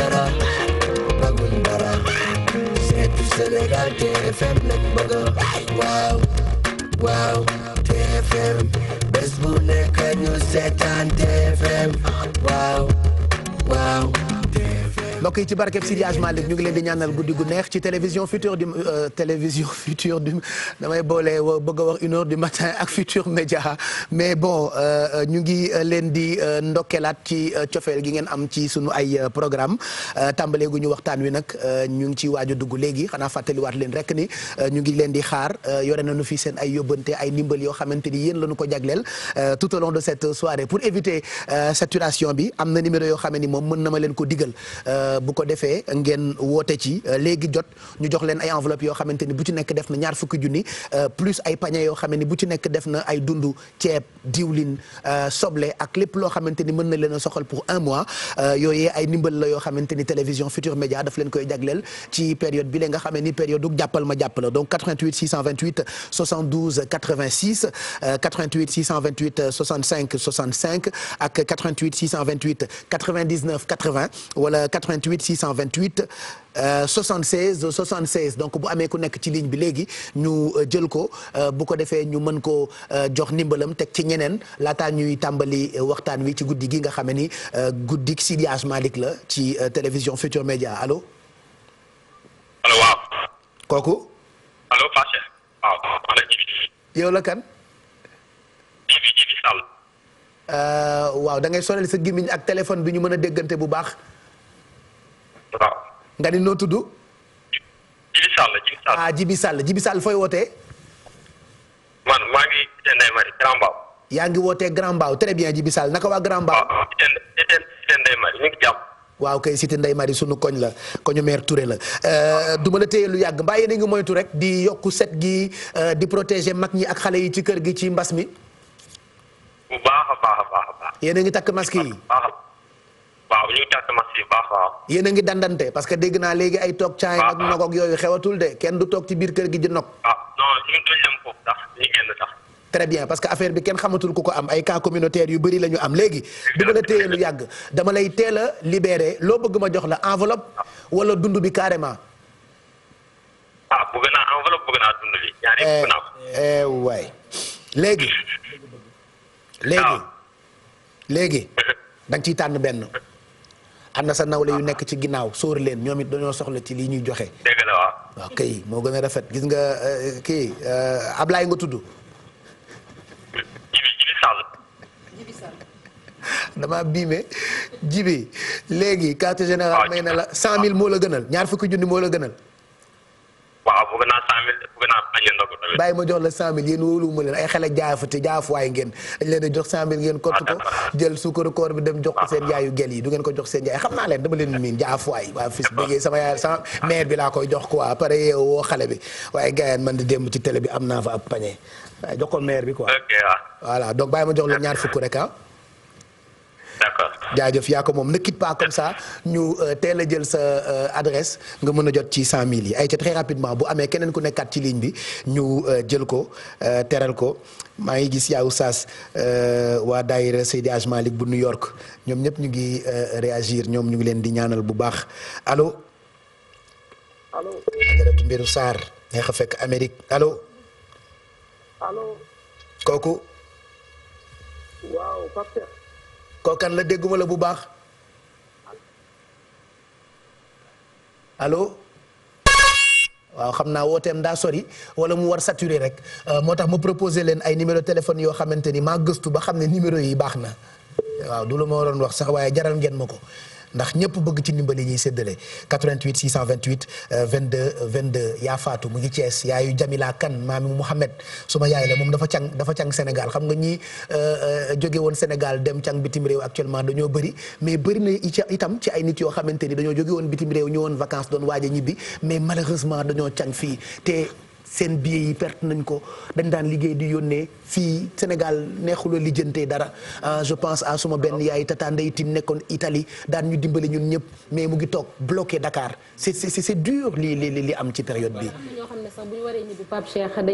dara bëgguñ dara seetu Sénégal TFM lañ bëgg waaw waaw TFM bés bu nekk ñu seetaan TFM waaw waaw mbokk yi ci barkeb Sidi Hadj Malick ñu ngi leen di ñaanal guddi gu neex ci télévision future du euh, télévision future du damay boole bëgg wax une heure du matin ak future média mais bon euh, ñu ngi leen di euh, ndokkeelaat ci cofeel gi ngeen am ci suñu ay programme tàmbalee ñu waxtaan wi nag ñu ngi ci waaj a dugg léegi xanaa fàttaliwaat leen rek ni ñu ngi leen di xaar yore nañu fi seen ay yóbbante ay ndimbal yoo xamante ni yéen la ñu ko jagleel tout au long de cette soirée pour éviter saturation bi am na numéro yoo xam ne ni moom mën na ma leen ko digal bu ko defee ngeen woote ci euh, léegi jot ñu jox leen ay enveloppe yoo xamante ni bu ci nekk def na ñaar fukki junni euh, plus ay panier yoo xam ne bu ci nekk def na ay dundu ceeb diwlin euh, soble ak loo xamante ni mën na leen a soxal pour un mois yooyee ay la yoo xamante ni télévision Futur Média daf leen koy jagleel ci période bi la nga xam ni période du jàppal ma jàpp la donc 88 628 72 86 88 628 65 65 ak 88 628 99 80 wala 88. 628 628 euh, 76 76 donc bu amee ku nekk ci ligne bi léegi ñu euh, jël ko euh, bu ko defee ñu mën ko euh, jox ndimbalam teg ci ñeneen laataa ñuy tàmbali waxtaan wi ci guddi gi nga xam ni guddi Sidi Hadj la ci télévision Futur Média allo. waaw. kooku. allo Fatou waaw da ngay sonal sa gémmiñ ak téléphone bi ñu mën a déggante bu baax. waaw. nga ni noo tudd. Jibi Sall Jibi Sall. ah fooy wootee. yaa ngi wootee Grand Mbao très bien Jibi Sall naka waa Grand Mbao. waaw Cité Cité Ndeye kay Cité Ndeye Marie sunu koñ la koñu maire Touré la euh, du ma la téye lu yàgg mbaa yéen a ngi moytu rek di yokku set gi euh, di protéger mag ñi ak xale yi ci kër gi ci mbas mi. bu baax ngi takk masque yi. waaw ñu ngi tànn match waaw. yéen a ngi dandante parce que dégg naa léegi ay toog caay ak nog yooyu xewatul de kenn du toog ci biir kër gi di nog. Ah, très bien parce que affaire bi kenn xamatul ku ko am ay cas communautaire yu bëri lañu am léegi. du ma la téye lu yàgg dama lay teel a libéré loo bëgg ma jox la enveloppe. wala dund bi carrément. ah bëgg eh, eh, léegi. léegi ah. léegi. da ciy tànn benn. am na sa nawle yu nekk ci ginnaaw sóor leen ñoom it dañoo soxla ci lii ñuy joxe. dëgg la moo gën a rafet gis nga euh, kii euh, Ablaye nga tudd. Jibi Jibi Sall. Jibi Sall. damaa biime Jibi léegi quartier général may na la cent mille moo la gënal ñaar fukki junni moo la gënal. waaw bëgg naa cent mille bëgg naa pañe ndogu tamit. bàyyi ma jox la cent mille yéen jaafuwaay ngeen dañ leen jox cent ngeen kott ko jël suukaru koor bi dem jox ko seen yaayu gel yi du ngeen ko jox seen yaay xam naa leen dama leen miin jaafuwaay waa fis bëggee sama yaay sama mère bi laa koy jox quoi après yow woo xale bi waaye gaayaan man di démb ci tele bi am naa fa ab pañe waaye jox ko mère bi quoi voilà donc bàyyi ma jox la ñaar fukk rek ah d'accord jaajëf yaa moom ne quitte pas comme ça ñu euh, teel a jël sa euh, adresse nga mën a jot ci cent mille yi ay ca très rapidement bu amee keneen ku nekkaat ci ligne bi ñu euh, jël ko teral ko maa ngi ji yaa oustaz waa daayira Seydi Aj Malick bu New York ñoom ñëpp ñu ngi réagir ñoom ñu ngi leen di ñaanal bu baax alo allo. Ajaratu Mbiru Sarr neex a kooku. kookan la dégguma la bu baax allo waaw xam naa wooteem ndaa sori wala mu war saturé rek euh, moo tax ma proposé leen ay numéro téléphone yoo xamante ni maa gëstu ba xam ne numéro yi baax na waaw du lu ma waroon wax sax waaye jaral ngeen ma ko ndax ñëpp bëgg ci ndimbali ñuy séddale 88 628 22 22 yaa Fatou mu ngi Thiès yaayu jamilaa Kan maami Mouhamed ma yaay la moom dafa càng dafa càng Sénégal xam nga ñi euh, euh, jóge woon Sénégal dem càng bitim réew actuellement dañoo bëri mais bëri na itam ci ay nit yoo xamante ni dañoo jóge woon bitim réew ñëwoon vacances doon waaj a ñibbi mais malheureusement dañoo càng fii te seen billet yi perte nañ ko dañ daan liggéey di yónnee fii Sénégal neexula lijjantee dara euh, je pense à suma benn yaay tata Ndeye nekkoon Italie daan ñu dimbale ñun ñëpp mais mu ngi toog bloqué Dakar c'est c'est c'est li am ci période bi. ñoo xam ne sax xam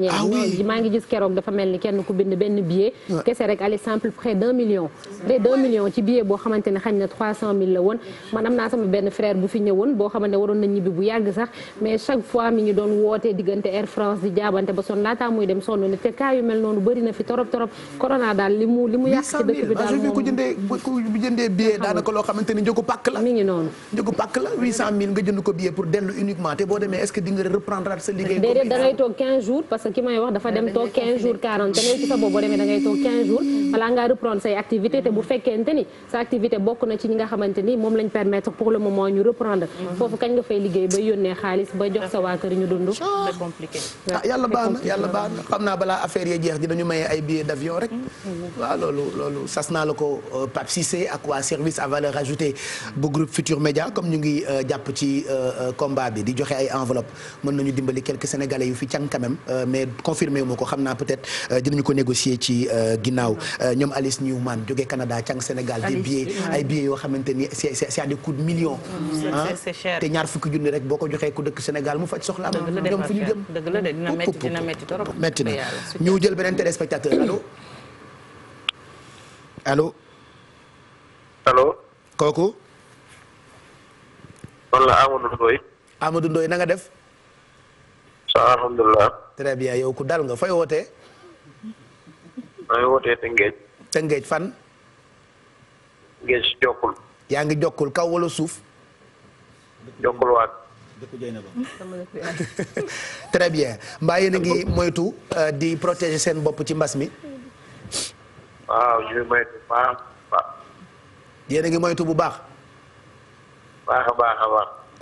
ne ah maa ngi gis keroog dafa mel ni kenn ku bind benn billet. kese rek aller simple près d'un million. ci billet boo xamante ne xañ na 300000 la woon man am naa sama benn frère bu fi ñëwoon boo xamante ne waroon na bu yàgg sax mais chaque fois mi ngi doon wootee diggante Air France di jaabante ba sonn laataa muy dem sonn ne te cas mel noonu bëri fi torop torop corona daal li mu li mu yàq daal mi ngi noonu njëgu pàkk la nga jënd ko billet pour dellu uniquement te boo demee est-ce que di nga reprendre sa liggéey déedéet da ngay toog 15 jours parce que ki may wax dafa ah, dem toog 15 jours 40 da ngay ci sa boobu demee da toog 15 jours balaa nga xamante ni moom lañ permettre pour le moment ñu xaalis ba jox sa waa kër ñu dund. c'est ah, compliqué. yàlla baax na yàlla baax na xam naa balaa affaire yi jeex dinañu maye ay billets d'avion rek. Mm, mm, mm. waaw loolu loolu sas naa la ko euh, Pape Cissé ak waa service à valeur ajoutée bu groupe Futur Média comme ñu ngi euh, jàpp ci euh, combat bi di joxe ay enveloppe mën nañu dimbali quelques sénégalais yu fi can quand même mais confirmé wu ko xam naa peut-être dinañu ko négocier ci ginnaaw ñoom Alice Newman jóge Canada can Sénégal des billets ay billets yoo xamante ni c'est c'est à des coups de millions. c'est cher dëkk Sénégal mu faj soxlaam dem fu ñu jëm dëgg la de jël beneen téléspectateur allo allo kooku man la Amadou Ndoye Amadou Ndoye na def soo alhamdulilah très yow ku dal nga fay wootee may wootee Tëngéej Tëngéej fan Tëngéej jokkul yaa ngi jokkul kaw wala suuf jokkul waat très bien mbaa yéen a ngi moytu euh, di protéger seen bopp ci mbas mi. waaw ngi moytu bu baax baax. yéen a ngi moytu bu baax. baax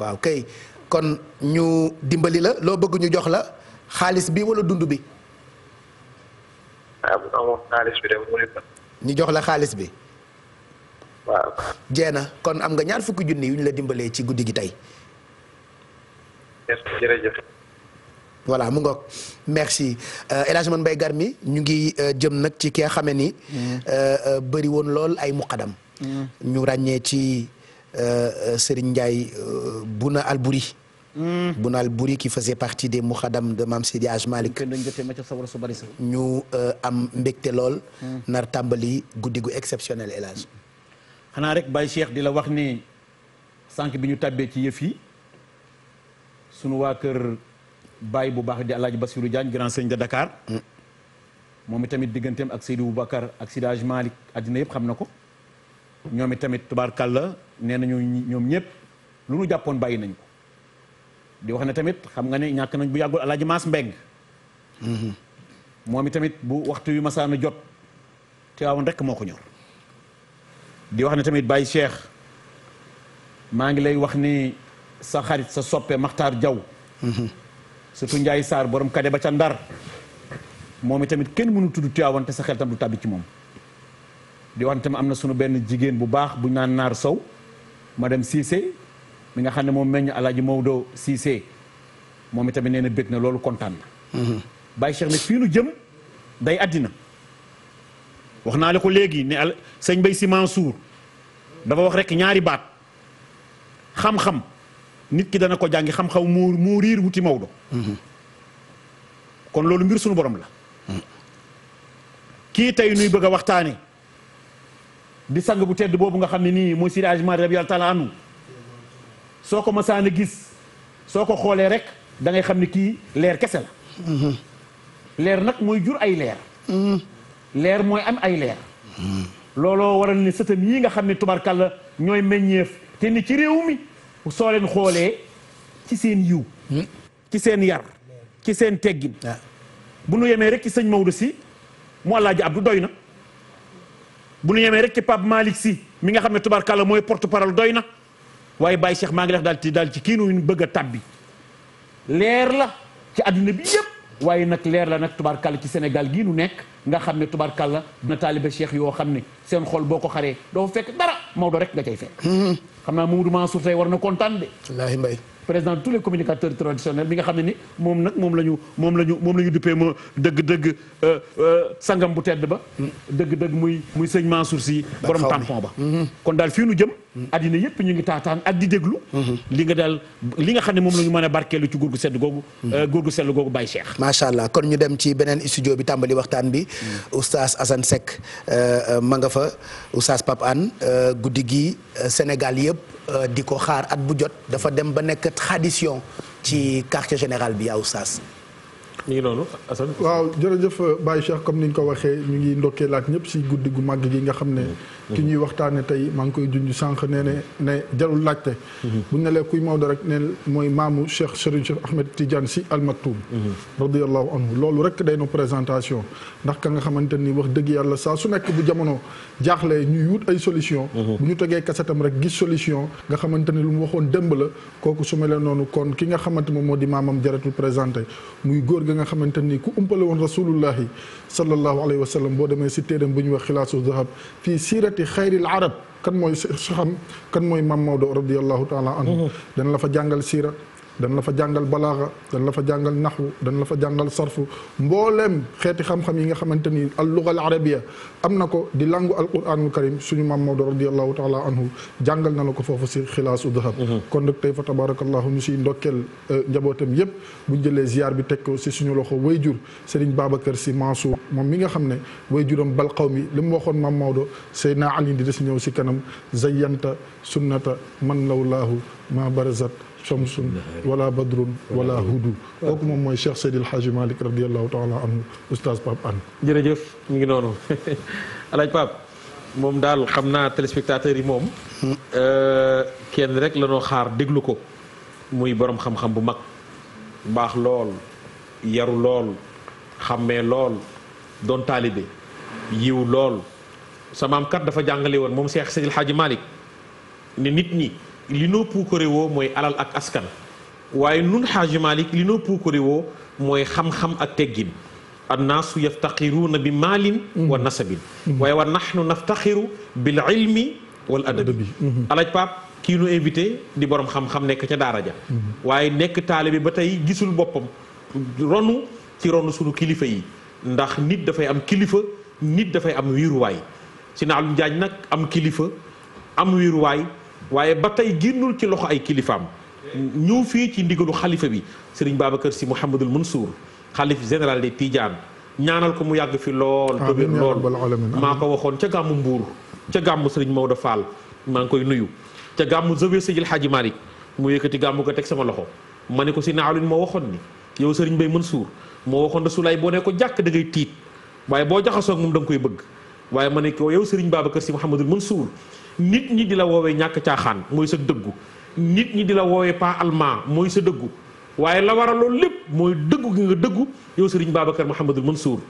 waaw kay kon ñu dimbali la loo bëgg ñu jox la xaalis bi wala dund bi. Ah, ñu jox la xaalis bi. waaw. jeena kon am nga ñaar fukki junni yu ñu la dimbalee ci guddi gi tey. jërëjëf. voilà mu ngoog merci euh, El Hadj Man Garmi ñu ngi euh, jëm nag ci ki nga xame ni. Euh, bëri woon lool ay muqadam. ñu ràññee ci Serigne Ndiaye Buna bu na Albouri qui faisait partie des muqadam de Mame Sidi Hadj Malick. ñu am mbégte lool. Hmm. nar tàmbali guddi gu exceptionnel El Hadj. xanaa rek Baye Cheikh di la wax ni sànq bi ñu tàbbee ci yëf yi. sunu waa kër baay bu baax di Alaaji Basiru Diagne grand sëñ de Dakar moom itamit digganteem ak Seydi Boubacar ak Seydi Hadj Malick àddina yëpp xam na ko ñoom itamit tubaarkàlla nee nañu ñoom ñëpp lu nu jàppoon bàyyi nañ ko di wax ne tamit xam nga ne ñàkk nañ bu yàggul Alaaji Maas Mbeng moom itamit bu waxtu ma masaana jot Tiwaawan rek moo ko ñor di wax ne tamit Baye Cheikh maa ngi lay wax ni sa xarit sa soppe Maxtaar Jaw surtout Njaay Saar borom kade ba ca Ndar moom itamit kenn mënu tudd Tiwaawan te sa xel tam du tàbbi ci moom di wax am na sunu benn jigéen bu baax bu naan Naar Sow madame Cissé mi nga xam ne moom meññ Alaaji Maodo Cissé moom itamit nee na bég na loolu kontaan na Baye Cheikh jëm day àddina wax naa la ko léegi ne al sëñ Bay Si Mansour dafa wax rekk ñaari baat xam-xam nit ki dana ko jàngi xam-xaw mu riir wuti Maodo. kon loolu mbir sunu borom la. kii tey nuy bëgg a waxtaane di sang bu tedd boobu nga xam ne nii mooy Seydi Hadji Malick radiyallahu taala anhu soo ko masaan a gis soo ko xoolee rek dangay xam ni kii leer kese la. leer nag mooy jur ay leer. leer mooy am ay leer. looloo waral ne sëtam yii nga xam ne tubarkalla ñooy meññeef te ni ci réew mi. soo leen xoolee ci seen yiw ci seen yar ci seen teggin ah. bu nu yemee rek ci sëñ Maodo si mu Alaaji Abdu doy na bu nu yemee rek ci Pape Malick si mi nga xam ne tubarkalla mooy porte parole doy na waaye Baye Cheikh maa ngi def daal ci daal ci kii nu bëgg a tabbi leer la ci àdduna bi yëpp waaye nag leer la nag tubarkalla ci senegal gii nu nekk nga xam ne tubarkalla na taaliba Cheikh yoo xam ne seen xool boo ko xaree doo fekk dara Maodo rek nga cay xam naa Mamadou Mansour tey war na kontaan de. wallaahi Mbaye. président tous les communicateurs traditionnels bi nga xam ne ni moom nag moom la moom la ñu moom la ñu duppee ma dëgg-dëgg euh, euh, sangam bu tedd ba. Hmm. dëgg-dëgg muy muy sëñ Mansour si borom tampon ba. Hmm. kon daal fii nu jëm. addina yëpp ñu ngi taataan ak di déglu li nga daal li nga xam ne moom la ñu mën a barkeelu ci góor gu sedd googu euh, góor gu sell googu Baye Cheikh macha allah kon ñu dem ci beneen studio bi tàmbali waxtaan bi oustaz Assane Seck euh, euh, ma nga fa oustaz Pape Anne guddi gi Sénégal yëpp di ko xaar at bu jot dafa dem ba nekk tradition ci quartier général bi yaa oustaz mi ngi noonu Assane waaw jërëjëf Baye Cheikh comme ni ñu ko waxee ñu ngi ndokkee laat ñëpp si guddi gu màgg gi nga xam ne ki ñuy waxtaane tey maa ngi koy junj sànq nee ne ne jarul laajte mhm. buñ ne lee kuy Maodo rek ne mooy maamu Cheikh Serigne Cheikh Ahmed Tidiane si Al Maktoum mhm. radiallahu anhu loolu rek day no présentation ndax ka nga xamante ni wax dëgg yàlla saa su nekk bu jamono jaaxlee ñuy wut ay solution mhm. bu ñu tegee kasetam rek gis solution nga xamante ni lu mu waxoon démb la kooku su ma leen noonu kon ki nga xamante moom moo di maamam jaratul présenté muy góor ga nga xamante ni ku umpale woon rasulullahi sallallahu alayhi wa sallam boo demee si téeram bu ñuy wax xilaasu zahab fii siirati xayril arab kan mooy saxam kan mooy mam Maodo radiyallahu taala anhu mm-hmm. dana la fa jàngal siira dañ la fa jàngal balaaxa dañ la fa jàngal naxwu dañ la fa jàngal sarfu mboolem xeeti xam-xam yi nga xamante ni al luga al arabia am na ko di langu al quranul karim suñu maam Maodo radiallahu taala anhu jàngal na la ko foofu si xilaasu dahab mhm. kon nag tey fa tabarakallahu ñu siy ndokkeel eh, njabootam yépp buñ jëlee ziar bi teg ko si suñu loxo wayjur Serigne Babacar si Mansour moom mi nga xam ne wayjuram bal xaw mi li mu waxoon maam Maodo Seydina Ali di des ñëw si kanam zayyanta sunnata man lawlaahu ma barazat shamsun wala badrun wala hudu kooku moom mooy Cheikh Seydil Hadji Malick radiallahu taala anhu oustaz Pape Anne jërëjëf mu ngi noonu alaaj Pape moom daal xam naa téléspectateurs yi moom hmm. euh, kenn rek lanoo xaar déglu ko muy boroom xam-xam bu mag baax lool yaru lool xàmmee lool doon taalibe yiw lool samaam kat dafa jàngale woon moom Cheikh Seydil Hadji Malick ne nit ñi li noo puukare woo mooy alal ak askan waaye nun xaaji malik li noo puukare woo mooy xam-xam ak teggin annaasu yaftaxiruuna bi maalin wa nasabin waaye wa nahnu naftaxiru bil ilmi wal adabi mhm. alaj nu invité di borom xam-xam nekk ca daara ja mhm. waaye nekk taalibe ba tey gisul boppam ronu ci ronu sunu kilifa yi ndax nit dafay am kilifa nit dafay am wiiruwaay si naalum jaañ nag am kilifa am wiiruwaay waaye ba tey génnul ci loxo ay kilifaam ñëw fii ci ndigalu xalifa bi sëriñ Babacar si Mouhamadul Mansour xalif général de Tidiane ñaanal ko mu yàgg fi lool te wér lool maa ko waxoon ca gàmmu Mbuur ca gàmmu sëriñ Maodo Fall maa ngi koy nuyu ca gàmmu Zawiya Seydil Hadji Malick mu yëkkati gàmmu ko teg sama loxo ma ne ko si naalin moo waxoon ni yow sëriñ Bay Mansour moo waxoon da sulaay boo ne ko jàkk da ngay tiit waaye boo jaxasoo moom da nga koy bëgg waaye ma ne ko yow sëriñ Babacar si Mouhamadul Mansour nit ñi di la woowee ñàkk caaxaan mooy sa dëggu nit ñi di la woowee pas allemand mooy sa dëggu waaye la waral loolu lépp mooy dëggu gi nga dëggu yow sëriñ Babacar Mouhamadul Mansour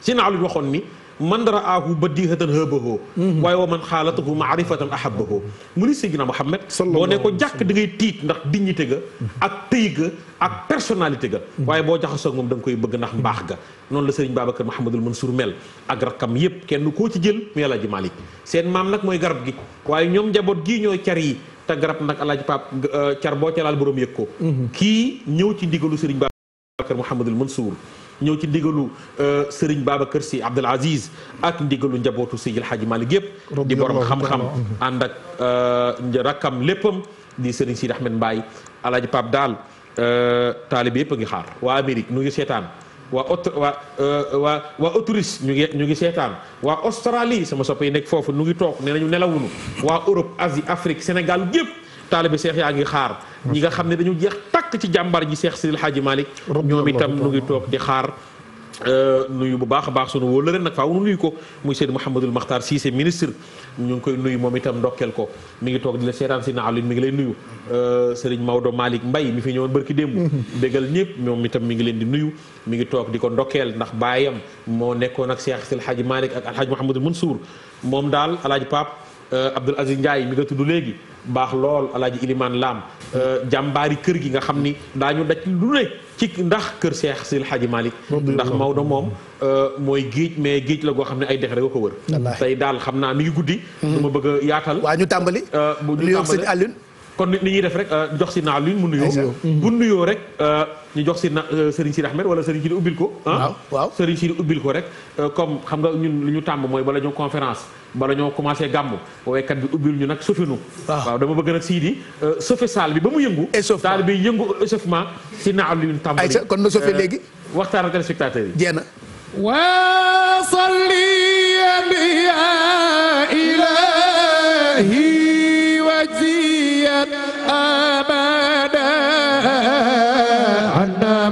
si naa lu waxoon ni man ra'aahu badihatan hëbahoo mhm. waaye wa man xaalatahu maarifatan ahabaho mu ni Seydina Muhammad loo ne ko jàkk da ngay tiit ndax dignité ga ak tëy ga ak personnalité ga mhm. waaye boo jaxasoog moom da nga koy bëgg ndax mbaax ga noonu la Serigne Babacar Mouhamadul Mansour mel ak rakkam yépp kenn koo ci jël mu El Hadji Malick seen maam nag mooy garab gi waaye ñoom njaboot gi ñooy car yi te garab nag El Hadji Pape euh, car boo ca laal borom yëg ko mhm. kii ñëw ci ndigalu Serigne Babacar Mouhamadul Mansour ñëw ci ndigalu euh, Serigne Babacar Sy Abdoul Aziz ak ndigalu njabootu Seydil Hadji Malick yëpp di borom xam-xam mm-hmm. ànd ak euh, rakkam léppam di Serigne Sidi Ahmed Mbaye alaaji Pape Daal euh, taalibe yëpp a ngi xaar waa Amérique nu ngi seetaan waa aut waa waa waa Autriche ñu ngi ñu ngi seetaan waa Australie sama soppe yi nekk foofu nu ngi toog nee nañu nelawunu waa Europe Asie Afrique Sénégal yëpp taalibe seex yaa ngi xaar ñi nga xam ne dañu jeex takk ci jàmbar ji seex Sidil Hadji Malick ñoom itam nu ngi toog di xaar euh, nuyu bu baax a baax sunu wóor la ren nag faaw nuyu ko muy Seydou Mouhamadul Makhtar Cissé ministre ñu ngi koy nuyu moom itam ndokkeel ko mi ngi toog di la seetaan si naaw mi ngi lay nuyu euh, Serigne Maodo Malick Mbaye mi fi ñëwoon barki démb ñëpp moom itam mi ngi leen di nuyu mi ngi toog di ko ndokkeel ndax baayam moo nekkoon ak Cheikh Sil Hadji Malick ak Alhaji Mouhamadul Mansour moom daal Alhaji Pape euh, Abdoul Aziz Ndiaye mi nga tudd léegi baax lool alaaji ilimaan laam euh, jàmbaari kër gi nga xam ni daañu daj lu ne ci ndax kër Seex Sil Xaaji Malik ndax Maodo moom euh, mooy géej mais géej la goo xam ne ay dex rek ko wër tey daal xam naa mi ngi guddi hmm. du ma bëgg a yaatal waa ñu tàmbali euh, bu ñu tàmbali kon nit ñuy def rek euh, jox si naa luñ mu nuyoo. Mm-hmm. bu nuyoo rek euh, ñu jox si na euh, Serigne Sidi Ahmed wala Serigne Sidi ubbil ko. waaw waaw Serigne Sidi ubbil ko rek comme xam nga ñun lu ñu tàmb mooy bala ñoo conférence bala bi ubbil ñu nag sofinu ah. waaw dama bëgg nag Sidi sofe saal bi ba mu yëngu. échauffement daal bi yëngu échauffement si naa luñ tàmbali. ayca kon na sofe léegi. waxtaan ak téléspectateurs yi. jeena. wasalli bi ya ilahi wajzi أبدا عنا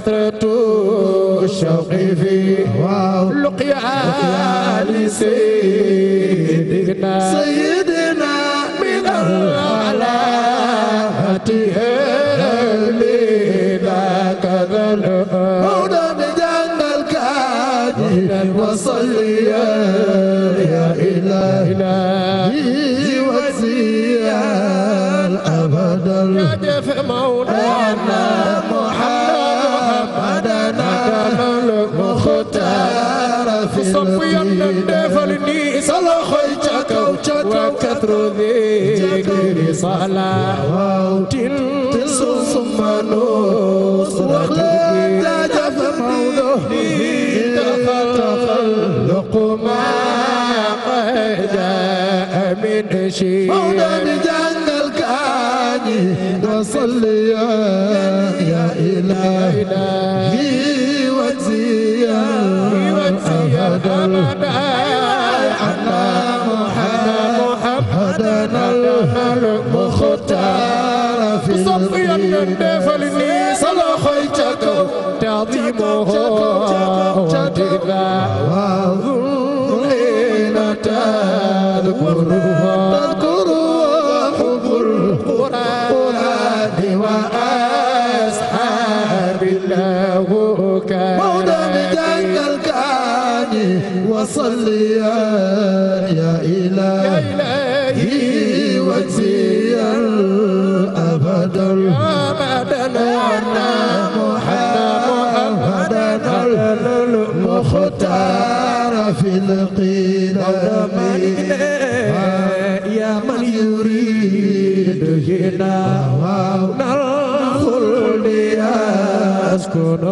كثرة الشوق فيه لقيا لسيدنا سيدنا loxoy ca kaw ca kaw wa katru dikri salaatin summa nusratuki jafa mawdo تخلق ما قد من شيء مولانا جنة الكاني وصلي يا إلهي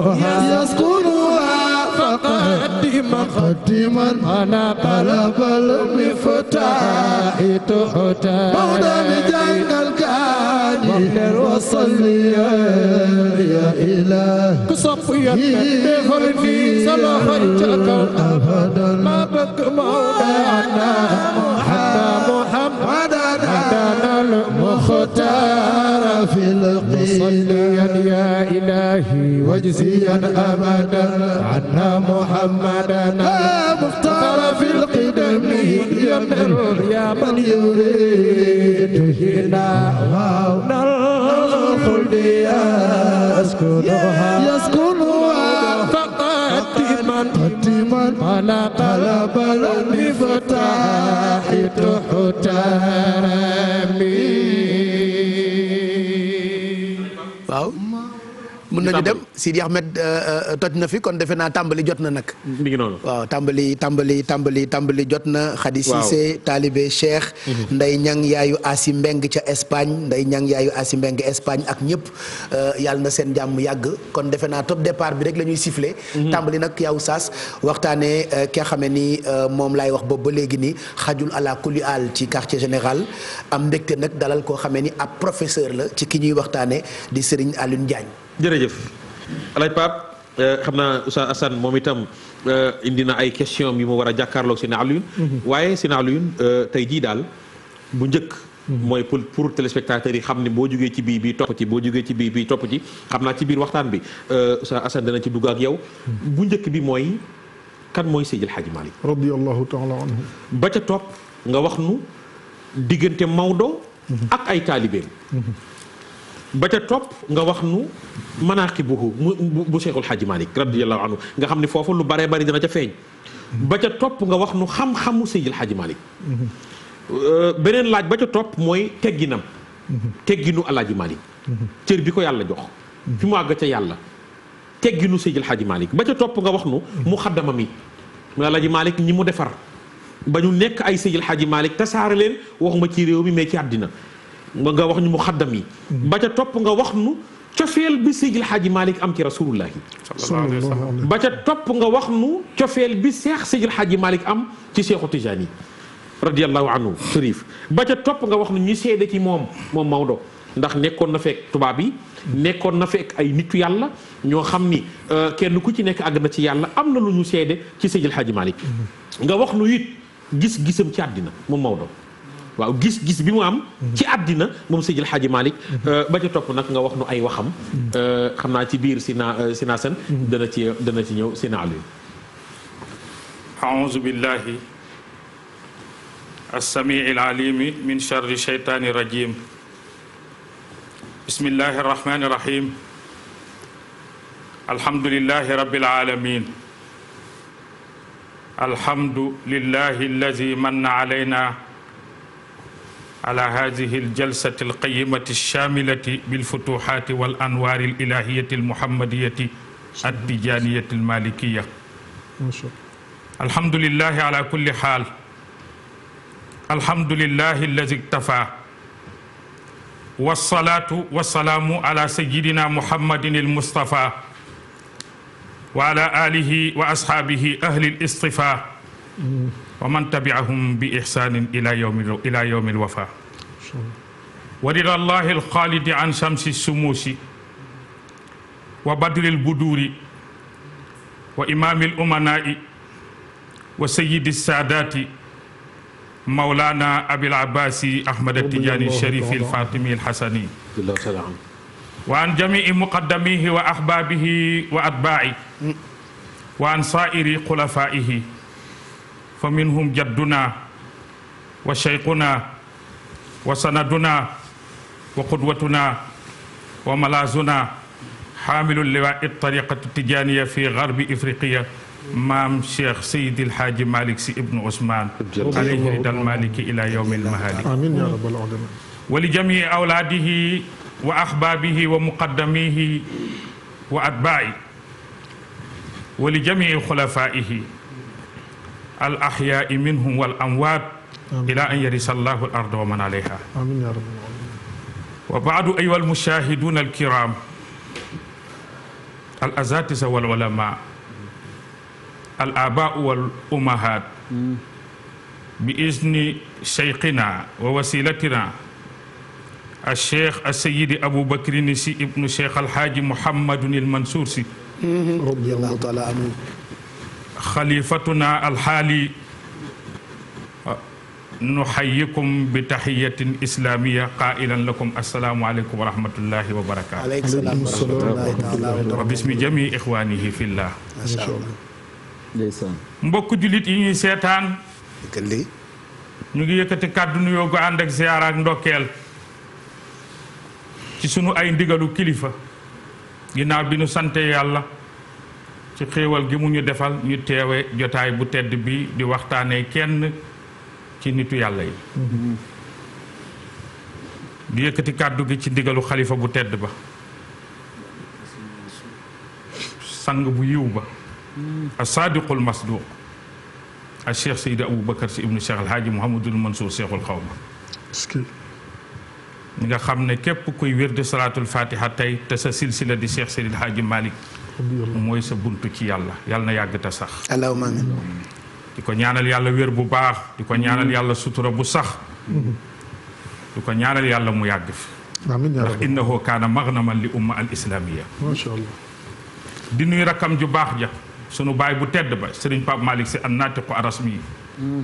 يذكرها فقدما قدما أنا بلغ المفتاح تؤتى مولا بجنك الكاني وصلي يا إله كصفية تغرني سمحت أبدا ما بك مولا محمد محمد لنا المختار في القيل يا إلهي واجزيا أبدا عنا محمدا مختار في القدم يمر يا من يريد هنا الخلد يسكنها يسكن قال طلب المفتاح تحترمي mën nañu dem Sidi Ahmed euh, euh, toj na fi kon defe naa tàmbali jot na nag. noonu tàmbali tàmbali tàmbali tàmbali jot na. Khady Cissé Talibé Cheikh. Mhm. nday ñang yaayu Asi Mbeng ca Espagne Ndeye ñang yaayu Asi Mbeng Espagne ak ñëpp euh, yàlla na seen jàmm yàgg kon defe naa top départ bi rek la ñuy sifflé. Mhm. tàmbali nag yow saas waxtaanee ki nga xamee ni moom laay wax boobu ba léegi ni xajul ala kulli al ci quartier général am mbégte nag dalal koo xamee ni ab professeur la ci ki ñuy waxtaanee di Serigne Alioune Diagne. jërëjëf alaaj Pape eh, xam naa Oustaz Assane moom itam eh, indi na ay question yu ma war a si ne Alioune mhm. waaye Sina Alioune eh, tey jii daal bu njëkk mhm. mooy pour pour téléspectateurs yi xam ne boo jugee ci biir bii topp ci boo jógee ci biir bii topp ci xam naa ci biir waxtaan bi Oustaz Assane dana ci dugg ak yow mhm. bu njëkk bi mooy kan mooy Seydil Hadji Malick radiyallahu taala anhu ba ca topp nga wax nu diggante Maodo ak ay taalibeem ba ca topp nga wax nu manaaqibuhu mu bu Cheikhul Xaaji Malik radiyallahu anhu nga xam ne foofu lu baree bari dina ca feeñ ba ca topp nga wax nu xam-xamu Seydil Xaaji Malik mm-hmm. beneen laaj ba ca topp mooy tegginam mm-hmm. tegginu Alaaji Malik mm-hmm. cër bi ko yàlla jox fi mu àgg ca yàlla tegginu Seydil Xaaji Malik ba ca topp nga wax nu mu xaddama mi mu Alaaji Malik ñi mu defar ba ñu nekk ay Seydil Xaaji Malik tasaare leen waxuma ci réew mi mais ci àddina nga wax ñu mu xaddam yi mm-hmm. ba ca topp nga wax nu cofeel bi Seydil Hadji Malick am ci rasulullahi ba ca topp nga wax nu cofeel bi seex Seydil Hadji Malick am ci seexu yi radiyallahu anhu sharif ba ca topp nga wax nu ñu seede ci moom moom Maodo ndax nekkoon na fekk tubaab yi mm-hmm. nekkoon na fekk ay nitu yàlla ñoo xam ni euh, kenn ku ci nekk àgg na ci yàlla am na lu ñu seede ci Seydil Hadji Malick mm-hmm. nga wax nu it gis-gisam ci àddina moom Maodo waaw gis-gis bi mu am. Mhm. ci àddina moom Seydil Hadji Malick. Mhm. Euh, ba ca topp nag nga wax nu ay waxam. Mhm. Euh, xam naa ci biir Sina euh, Sina Sène. dana ci dana ci ñëw Sina Aliou. aouzu billahi as-samii al-alimi min charri shaytaani rajim. bismillahi rahmaani rahim. alhamdulillahi rabbil alamin. alhamdulillahi allazi manna alayna. ala hadihi aljalsati alqayimati alchamilati bilfutuhati wal anwaari alilahiyati almuhammadiyati attijaniyati almalikiya alhamdulilahi ala kulli xaal alhamdulilahi alladi iktafa wasalaatu wasalaamu ala sayidina muhammadin almustafa wa ala alihi wa ashaabihi ahli listifa wa man tabiahum bi ixsanin ila yawmi ila yawmi alwafa ولرى الله الخالد عن شمس السموس وبدر البدور وإمام الأمناء وسيد السادات مولانا أبي العباس أحمد التجاني الشريف الفاطمي الحسني وعن جميع مقدميه وأحبابه وأتباعه وعن سائر خلفائه فمنهم جدنا وشيخنا wa sanaduna wa qudwatuna wa malaazuna xaamilu liwaa'i tariqati tijaaniya fi garbi ifriqiya maam Cheikh Seydi El Hadji Malick Sy ibnu Ousmane alayhi ridal maliki ila yawmi lmahaalik wa li jamii awlaadihi wa ahbaabihi wa muqaddamihi wa atbaa'i wa li jamii xulafaaihi al axyaai minhum wal amwaat ila an yarisa allahu al arda wa man alayha wa baadu ayuha almushahiduna alkiram al azatisa wal ulama al abaau wal umahat hmm. bi izni cheikhina wa wasilatina alcheikh asayidi aboubacrin si ibnu cheikh alhaaji mouhammadun ilmansour si hmm. radiallahu taala anhu xalifatuna alhaali nuxayikum bi taxiyatin islaamiya qaa'ilan lakum assalaamu aleykum wa rahmatullahi wa bismi jamii ixwaanihi fillah. macha allah. jullit yi ñuy seetaan. ñu ngi yëkkati kàddu nuyoo gu ànd ak ziyaara ndokkeel. ci sunu ay ndigalu kilifa. ginnaaw bi ñu sante yàlla. ci xéewal gi mu ñu defal ñu teewe jotaay bu tedd bi di waxtaanee kenn. ci nitu yàlla yi di yëkkati kàddu gi ci ndigalu xalifa bu tedd ba sang bu yiw ba a saadiqul masduq a cheikh seydi abou bakar si ibnu cheikh alhaaji mouhamadul mansour cheikhul xawma ñi nga xam ne képp kuy wérde salaatul fatiha tey te sa silsila di cheikh seydi alhaaji malik mooy sa bunt ci yàlla yàlla na yàgg te sax di ko ñaanal yàlla wér bu baax di ko ñaanal yàlla sutura bu sax di ko ñaanal yàlla mu yàgg fi ndax innahu kaana magnaman li umma al islamiyya ma sha allah di nuyu rakam ju baax ja sunu baay bu tedd ba sëriñ Pape Malick si an naatiqu arasmi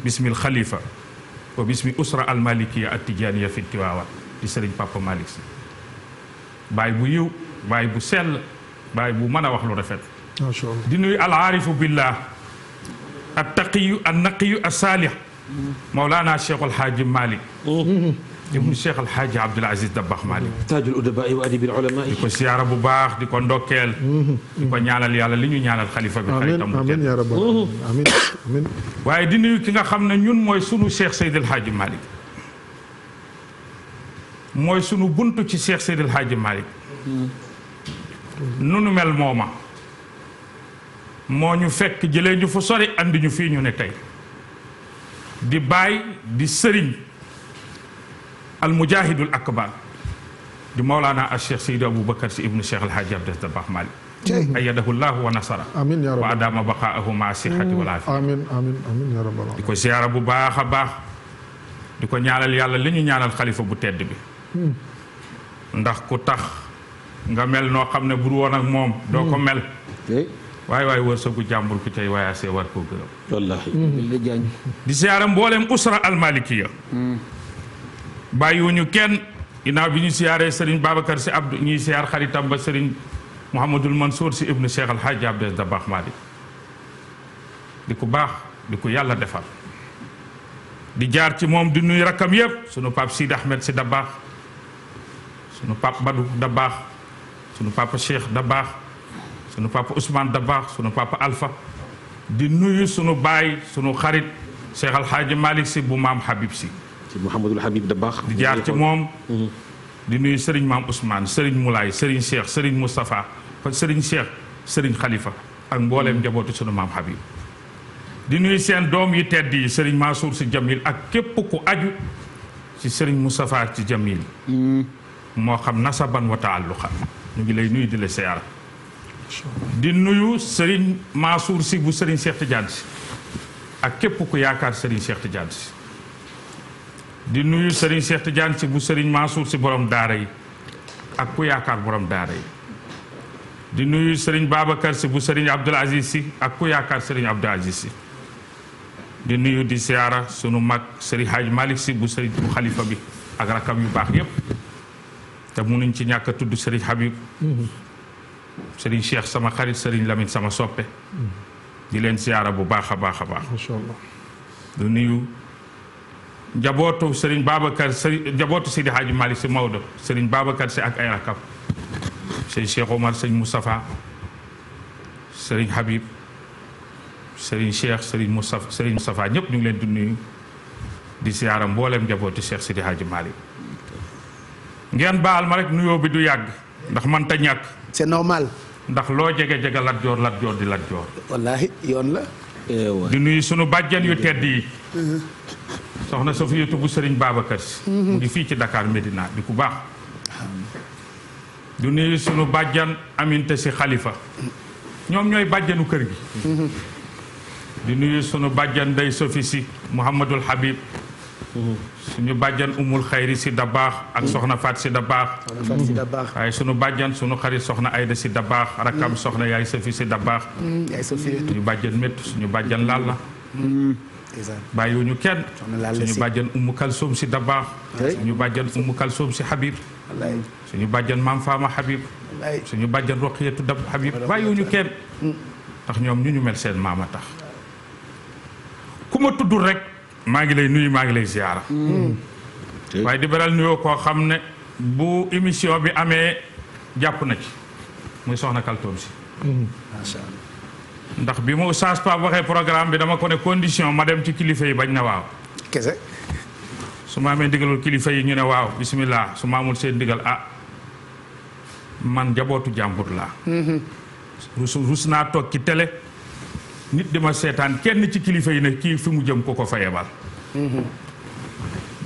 bismil xalifa wa bismi usra al malikiya at tijaniya fi tiwaawan di sëriñ Pape Malick si baay bu yiw baay bu sell baay bu mën a wax lu rafet di nuyu al aarifu billah ak taqiyu ak naqiyu ak saalix Mawlana Cheikh El Hadj Malick. ibnu Cheikh El Hadj Abdoul Aziz Dabakh Malick. taajul udabaai wa adibil ulamaai. di ko siyaara bu baax di ko ndokkeel. di ko ñaanal yàlla li ñu ñaanal xalifa bi. amiin amiin yaa rabbal amiin amiin. waaye di nuyu ki nga xam ne ñun mooy sunu Cheikh Seydi El Hadj Malick. mooy sunu buntu ci Cheikh Seydi El Hadj Malick. Hmm. nunu mel mooma. moo ñu fekk jëlee ñu fu sori andi ñu fii ñu ne tey di baay di sëriñ al mujahidul akbar di mawlaana al cheikh seydi aboubacar si ibnu cheikh alhaaji abdas dabax mali ayadahu llahu wa nasara wa adama baqaahu ma sihati wal afiya amiin amiin amiin di ko ziyaara bu baax a baax di ko ñaanal yàlla li ñu ñaanal xalifa bu tedd bi hmm. ndax ku tax nga mel noo xam ne bur woon ak moom doo ko hmm. mel waaye waaye wërsëgu jàmbur ku tey waayaasee war koo gërëm. wallaahi. Mm-hmm. di siyaara mboolem usra almalikiya. Mm. bàyyiwuñu kenn ginnaaw bi ñu siyaaree Serigne Babacar si Abdou ñuy siyaar xaritam ba Serigne Mouhamadul Mansour si ibnu Cheikh Al Hadj Abdes da baax Malick di ku baax di ku yàlla defal. di jaar ci moom di nuyu rakkam yëpp sunu pap Sid Ahmed si da baax sunu pap Badou da baax sunu papa Cheikh da baax. sunu papa Ousmane Dabakh sunu papa Alpha di nuyu sunu baay sunu xarit Cheikh Al Hadj Malick si bu maam Habib si. ci Mouhamadul Habib di jaar ci moom. di nuyu Serigne maam Ousmane Serigne Moulay Serigne Cheikh Serigne Moustapha Serigne Cheikh Serigne Khalifa ak mbooleem njabootu sunu maam Habib. di nuyu seen doom yi tedd yi Serigne Mansour si Jamil ak képp ku aju ci Serigne Moustapha ci Jamil mm. moo xam nasaban wa taalluqa ñu ngi lay nuyu di la siyaara di nuyu Serigne Mansour si bu Serigne Cheikh si ak képp ku yaakaar Serigne Cheikh Tidiane si di nuyu Serigne Cheikh Tidiane si bu Serigne Mansour si borom daara yi ak ku yaakaar borom daara yi di nuyu sëriñ Babacar si bu sëriñ Abdoul Aziz si ak ku yaakaar sëriñ Abdoul Aziz si di nuyu di siyaara sunu mag Serigne Hadj Malick si bu Serigne bu xalifa bi ak rakam yu baax yépp te munuñ ci ñàkk tudd Serigne Habib mhm. sëriñ Cheikh sama xarit sëriñ Lamine sama soppe di leen siyaara bu baax a baax a baax masha Allah du nuyu njabootu sëriñ Babacar sëriñ njabootu Sidi Hadji Malick si Maodo sëriñ baabakar si ak ay rakam sëriñ Cheikh Omar sëriñ Moustapha sëriñ Habib sëriñ Cheikh sëriñ Moustapha sëriñ Moustapha ñëpp ñu ngi leen di di siyaara mboolem njabootu Cheikh Sidi Hadji Malick ngeen baal ma rek nuyoo bi du yàgg ndax man ñàkk c'est normal ndax loo jeg jege Lat Joor Lat Joor di Lat la. di nuyu sunu bàjjan yu tedd yi. Mm-hmm. soxna Safiyatu bu Sëriñ Babacar mm-hmm. mu ngi fii ci Dakar Medina di ku baax. du nuyu sunu bàjjan aminte si xalifa ñoom ñooy bàjjanu kër gi di nuyu sunu bàjjan day sofi si Mouhamadul Habib mm-hmm. ñu bàjjan umul xayri si da baax ak soxna faat si da baax waaye suñu bàjjan suñu xarit soxna ayda si da baax rakam mm. soxna yaay safi si da baax mm, ñu bàjjan métt suñu bàjjan laal la mm. bàyyiwuñu kenn suñu bàjjan umu kalsoom si da baax suñu bàjjan umu kalsoom si habib suñu bàjjan maam faama habib suñu bàjjan roqiyatu da habib bàyyiwuñu kenn tax ñoom ñu ñu mel seen maama tax ku ma tudd rek maa ngi lay nuyu maa ngi lay ziyaara mm. waaye di beral nuyoo koo xam ne bu émission bi amee jàpp na ci muy soxna kaltoom si ndax bi mu Oustaz Pape waxee programme bi dama ko ne condition ma dem ci kilifa yi bañ na waaw kese su ma amee ndigalul kilifa yi ñu ne waaw bismillah su ma amul seen ndigal ah man jabootu jàmbur laa mm-hmm. rus naa toog ci télé nit di ma seetaan kenn ci kilifa yi ne kii fi mu jëm ko ko fa yebal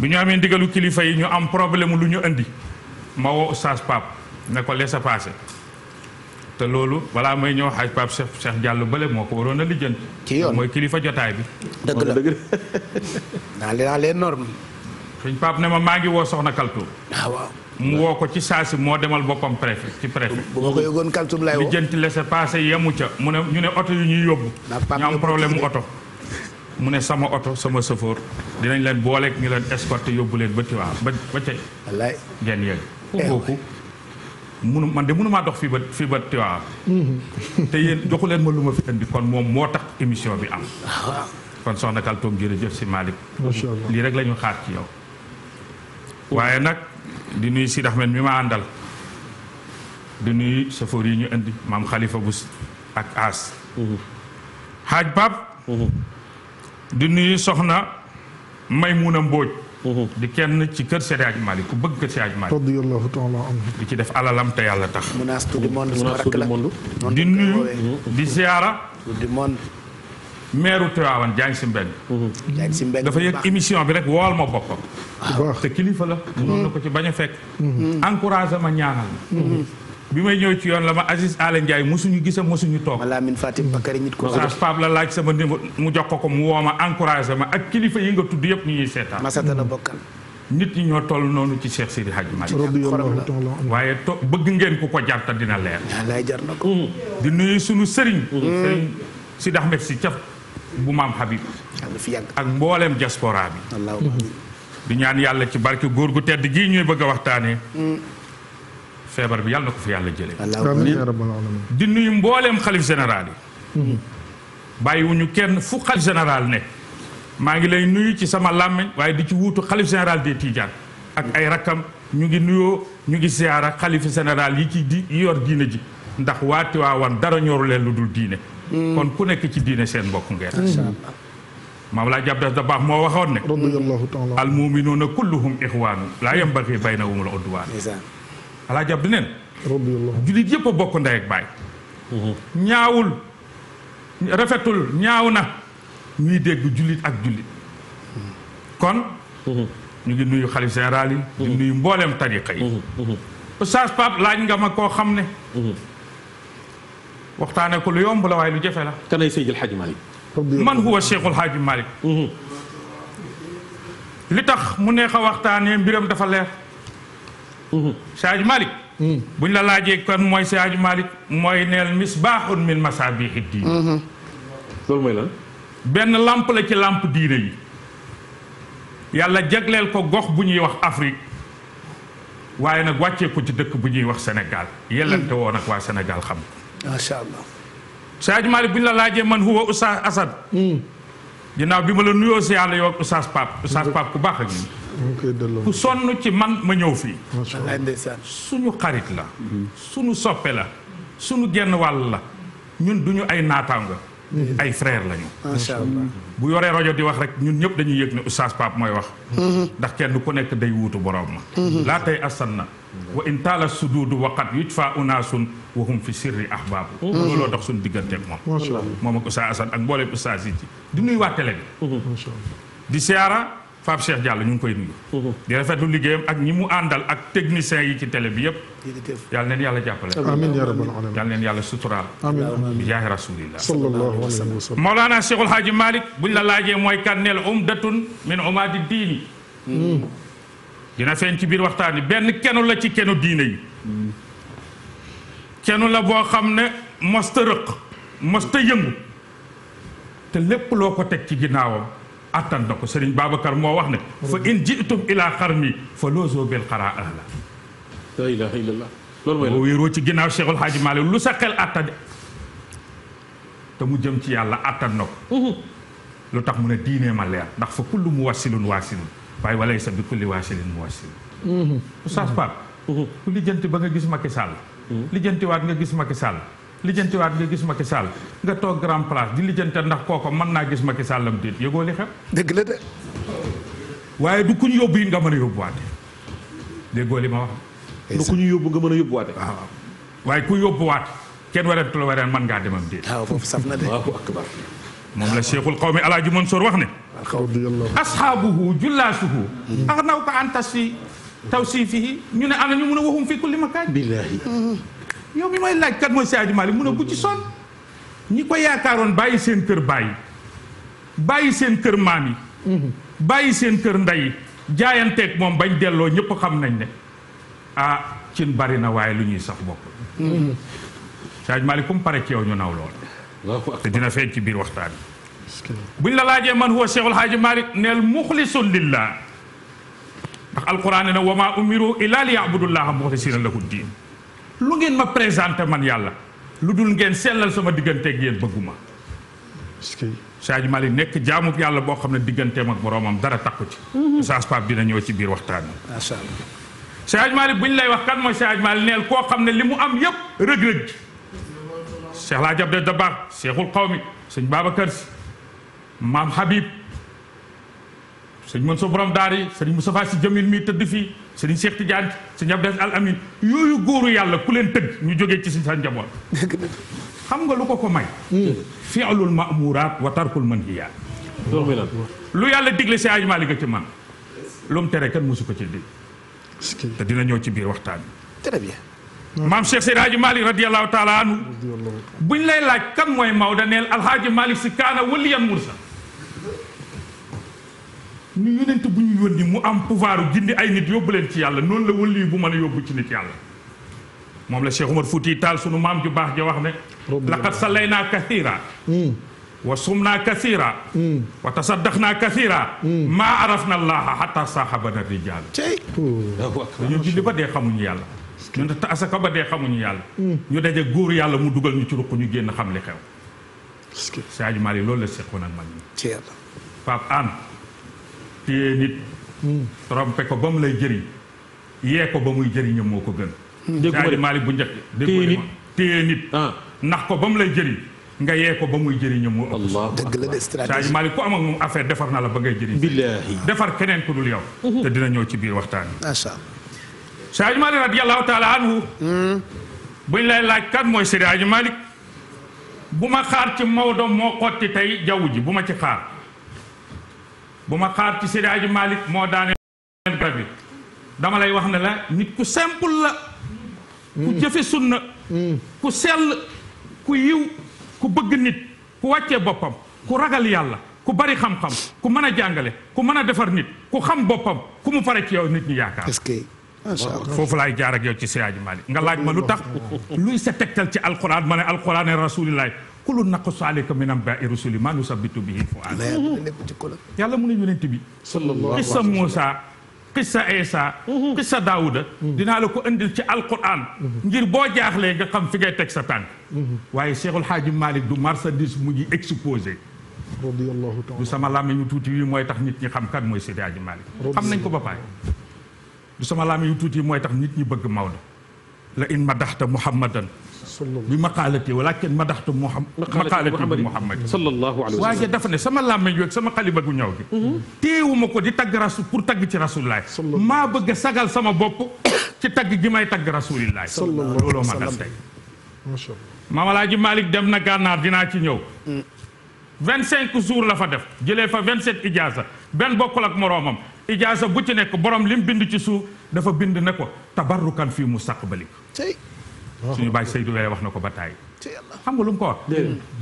bi ñu amee ndigalu kilifa yi ñu am problème lu ñu indi ma woo Oustaz Pape ne ko laisse passer te loolu balaa may ñëw xaaj Pape Cheikh Cheikh Bale moo ko waroon a lijjanti. ci mooy kilifa jotaay bi. dëgg la dëgg la. dans les normes. suñ Pape ne ma maa ngi woo Soxna Kaltoum. ah mu woo ko ci saasi moo demal boppam préfet ci préfet. bu ma ko yëgoon kaltum lay woo. lijjanti laisser yemu ca mu ne ñu ne oto yu ñuy yóbbu. ñu am problème mu oto. mu ne sama oto sama sëfoor dinañ leen booleeg ñu leen escorté yóbbu leen ba Tiwaawan ba ba tey. wallaay ngeen yëg. kooku munu man de mënumaa dox fii ba fii ba Tiwaawan. Mm-hmm. te yéen joxu leen ma lu ma fi indi kon moom moo tax émission bi am. Ah. kon soxna Kaltoum jërëjëf si Malick. macha allah lii rek lañu xaar ci yow. waaye nag. di nuyu Sidi Ahmed mi ma àndal di nuyu safoor yi ñu indi maam Khalifa Bus ak As. xaaj mhm. Pape. Mhm. di nuyu Soxna Maymuna Mbóoj mhm. di kenn ci kër Seydi Hadji Malick ku bëgg kër Seydi Hadji Malick. radiyallahu ta'ala anhu di ci def alalam te yàlla tax. menace tout di nuyu di ziara. meeru Tiwaawan Diagne si Mbengue. Mhm. Diagne Sy Mbengue dafa yëg émission bi rek wool ma boppam. te kilifa la. Mhm. mënoon na ko ci bañ a fekk. Mhm. encouragé ma ñaanal. bi may ñëw ci yoon la ma Aziz Alé Ndiaye mosuñu gisa suñu toog. wala Amin Fatim Bakary nit ko. Oustaz la laaj sama numéro mu jox ko ko mu woo ma encouragé ma ak kilifa yi nga tudd yëpp ñu ñuy seetaan. Masata la bokkal. nit ñi ñoo toll noonu ci Cheikh Sidi Hadj Malick waaye to bëgg ngeen ko jarta dina leer. lay jar na ko. di si caf. bu maam Habib. ak mbooleem diaspora bi. du mhm. ñaan yàlla ci barke góor gu tedd gii ñuy bëgg a waxtaanee. Mm. feebar bi yàlla na ko fi yàlla jëlee. di nuyu mbooleem xalif général yi. Mhm. bàyyiwuñu kenn fu xalif général ne. maa ngi lay nuyu ci sama làmmiñ waaye di ci wuutu xalif général des Tidiane. ak ay rakkam ñu ngi nuyoo ñu ngi siyaara xalif général yi ci di yor diine ji ndax waati waawan dara ñoru leen lu dul diine. Mm. kon ku nekk ci diine seen mbokk ngeen mm. maam laa jab das da baax moo waxoon ne al muminuuna kulluhum ixwaanu laa yambaxi baynahum la udwaan alaa jab di neen jullit yëpp a bokk ndey ak baay mm-hmm. ñaawul rafetul ñaaw na ñuy dégg jullit ak jullit kon mm-hmm. ñu ngi nuyu xalif général yi di mm-hmm. nuyu mbooleem tariqa yi oustaz Pape laaj nga ma koo xam ne waxtaanee ko lu yomb la waaye lu jafe la. kanay Seydil Hadj Malick. man huwa Cheikhul Hadj malik mhm. li tax mu neex a waxtaanee mbiram dafa leer. Mhm. Hadj Malick. Mhm. buñ la laajee kon mooy si Hadj Malick mooy neel misbaaxun min masaabihi diin. loolu mooy lan. benn làmp la ci làmp diine yi. yàlla jagleel ko gox bu ñuy wax Afrique. waaye nag wàccee ko ci dëkk bu ñuy wax Sénégal. yellante woon ak waa Sénégal xam ko. macha allah. Seydi Hadji Malick bu ñu la laajee man huwa Oustaz Assane. Hmm. ginnaaw bi ma la nuyoo si yàlla yow ak Oustaz Pape Oustaz hmm. ku baax ak ñun. ku sonn ci man ma ñëw fii. suñu xarit la. Hmm. suñu soppe la. suñu genn wàll la. ñun duñu ay naataango. ay frère lañu. macha bu yoree rajo di wax rek ñun ñëpp dañuy yëg ne Oustaz Pape mooy wax. ndax kenn ku nekk day wuutu borom ma. laa tey na. wa in taala suduudu waqat yujfa unaasun waxum fi sirri ahbaabu mm-hmm. looloo tax suñu digganteeg moom moom ak Oustaz Assane ak mbooleem Oustaz yi ci di nuy waa télé bi mm-hmm. di siyaara Pape Cheikh Diallo ñu ngi koy nuyu mm-hmm. di rafetlu liggéeyam ak ñi mu àndal ak techniciens yi ci télé bi yëpp yàlla neen yàlla jàppale amiin yaa rabbal alamin yàlla neen yàlla suturaal amiin bi jaahi rasulillah sallallahu alayhi wa sallam Mawlana Cheikhul Hadji Malick buñ la laajee mooy kanneel umdatun min umaadi diini mm. dina feeñ ci biir waxtaan ni benn kenu la ci kenu diine yi mm. cenu la boo xam ne mosta rëq mosta yëngu te lépp loo ko teg ci ginnaawam attan na ko sëriñ Babacar moo wax ne fa in jitum ila xarmi fa loosoo bil xaraa ahla la ilaha illallah loolu mooy boo wéeroo ci ginnaaw Cheikhul Hadji Malick lu sa xel attane te mu jëm ci yàlla attan na ko uhuh. lu tax mu ne diinee ma leer ndax fa kullu mu wasilun wasilun waaye walay sa bi kulli wasilin mu wasilun uhuh. oustaz Pape uhuh. ku lijjanti ba nga gis Macky Sall Mm-hmm. lijjantiwaat nga gis Macky Sall lijjantiwaat nga gis Macky Sall nga toog grand place di lijjante ndax kooko mën naa gis Macky Sall am déet yëgoo li xew dëgg la de waaye du ku ñu yóbbu yi nga mën a yóbbuwaate déggoo li ma wax du ku nga mën a yóbbuwaate waaw ah, waaye ku yóbbuwaat kenn la wareen man ngaa demam déet waaw ah, foofu saf na de waaw akbar moom la cheikhul qawmi alaaji Mansour wax ne asxaabuhu jullaasuhu mm-hmm. axnaw ka antas fii tawsifihi ñu ne am na ñu mun a waxum fi kulli makaan billahi yow mi may laaj kat mooy si Aji Malik mun a bu ci sonn ñi ko yaakaaroon bàyyi seen kër bàyyi bàyyi seen kër maam yi bàyyi seen kër ndey jaayanteek moom bañ delloo ñëpp xam nañ ne ah cin bari na waaye lu ñuy sax bopp si Aji Malik ku pare ci yow ñu naw lool dina feeñ ci biir waxtaan buñ la laajee man huwa Cheikhul Haaji Malik neel muxlisun lillah ndax alquran ne na wa maa umiru illa li yabudullaha muxlisina lahu diin lu ngeen ma présenté man yàlla lu dul ngeen sellal sama digganteeg yéen bëgguma Sadio Malick nekk jaamu yàlla boo xam ne digganteem mag boroomam dara takku ci mhm. saas pap ñëw ci biir waxtaan bi maa bu ñu lay wax kan mooy Sadio Malick neel koo xam ne li mu am yëpp rëg-rëg ji Cheikh Laa Jab de Dabaax Cheikhul Xawmi sëñ Babacar Si maam Habib sëñ Mansour borom daar yi sëñ Moustapha si Jamil mi tëdd fii sëñ Cheikh Tidiane sëñ Abdel Al Amin yooyu góoru yàlla ku leen tëgg ñu jógee ci sa njaboot xam nga lu ko ko may hmm. fi'lul ma'muraat wa tarkul manhiyaat lu yàlla digle si ajmaali ga ci man lu mu tere kenn mosu ko ci dig te dina ñëw ci biir waxtaan bi très bien maam Cheikh Seydi Hadji Malick radiyallahu taala anhu buñ lay laaj kan mooy Maodo neel alhaaji Malick si kaana waliyan mursa ñu yonent bu ñu yónni mu am pouvoir gindi ay nit yóbbu leen ci yàlla noon la wëlli bu mën a yóbbu ci nit yàlla moom la Cheikh Umar Fuuti Taal sunu maam ju baax ja wax ne laqad sallaynaa kathiira hmm. wa sumnaa kathiira hmm. wa tasaddaqnaa kathiira hmm. maa arafna allaaha xatta saaxabana rijaal dañoo julli ba dee xamuñu yàlla ñu ne ba dee xamuñu yàlla ñu daje góor yàlla mu dugal ñu ci ruq ñu génn xam li xew loolu la seqoon ak téye nit. Hmm. rompe ko ba mu lay jëriñ. yee ko ba muy jëriñam moo ko gën. Hmm. dégguma de Maalik bu njëkk téye nit téye nit. Ah. nax ko ba mu lay jëriñ. nga yee ko ba muy jëriñam moo ëpp. am affaire defar na la ba ngay jëriñ. billaahi defar keneen ku dul yow. Uhuh. te dina ñëw ci biir waxtaan yi. macha allah. Seydi Maalik radiyallaahu taala hmm. lay laaj kan mooy Seydi Maalik. bu ma xaar ci Maodo moo xotti tey jaww ji bu ma ci xaar. bu ma xaar ci Seydi Hadji moo daaneel bi dama lay wax ne la nit ku simple la ku jëfe sunna ku sell ku yiw ku bëgg nit ku wàccee boppam ku ragal yàlla ku bari xam-xam ku mën a jàngale ku mën a defar nit ku xam boppam ku mu fare ci yow nit ñi yaakaar foofu laay jaar ak yow ci Seydi Hadji Malick nga laaj ma lu tax luy sa tegtal ci alquran ma ne alquran e rasulillahi kullu naqussu alayka min anbaa'i rusuli maa nusabbitu bihi fu'aadak yàlla mu ne yonent bi xissa Muusa xissa Isa xissa mhm. Daawuda mhm. dinaa la ko indil ci alquran mhm. ngir boo jaaxlee nga xam fi ngay teg sa tànk waaye Cheikhul Xaaji Malick du marchandise mu ngi exposé radiyallahu taala du sama làmmiñ yu tuuti yi mooy tax nit ñi xam kan mooy Seydi Hadji Malick xam nañ ko ba pare du sama làmmiñ yu tuuti yi mooy tax nit ñi bëgg Maodo la in madaxta Muhammadan bi maqaalati walakin madaxtu muham maqaalati bi muhammad sallallahu alayhi wa sallam waaye dafa ne sama làmmiñ weeg sama xalima gu ñaw gi mm-hmm. téewuma ko di tagg rasul pour tagg ci rasulillah maa bëgg a sagal sama bopp ci tagg gi may tagg rasulillah looloo ma dal tey maam Alaaji Malick dem na gànnaar dinaa ci ñëw mm. vingt cinq jours la fa def jëlee fa vingt sept ijaasa benn bokkul ak moroomam ijaasa bu ci nekk borom lim bind ci suuf dafa bind ne ko tabarrukan fii mustaqbalik suñu bàyyi Seydou Wele wax na ko ba taay xam nga lu mu ko wax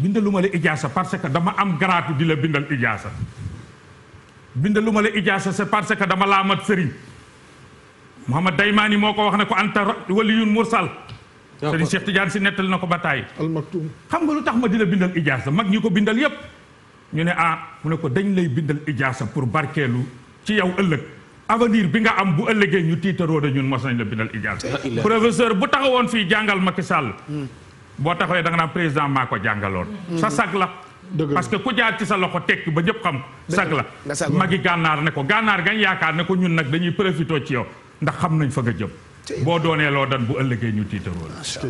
bindalu ma la ijaasa parce que dama am garaatu di la bindal ijaasa bindalu ma la ijaasa c'est parce que dama laa mat sëriñ Mouhamad Daymaani moo ko wax ne ko anta waliyun mursal sëriñ Cheikh Tidiane si nettali na ko ba taay almaktum xam nga lu tax ma di la bindal ijaasa mag ñi ko bindal yépp ñu ne ah mu ne ko dañ lay bindal ijaasa pour barkeelu ci yow ëllëg avenir bi nga am bu ëllëgee ñu tiitaroo de ñun mos nañ la bindal ijaas professeur bu taxawoon fii jàngal Macky Sall boo taxawee da naa président maa ko jàngaloon mm. sa sag la parce que ku jaar ci sa loxo tekki ba ñëpp xam sag la magi gànnaar ne ko gànnaar gañ yaakaar ne ko ñun nag dañuy profité ci yow ndax xam nañ fa nga jëm boo doonee loo dan bu ëllëgee ñu tiitaroo la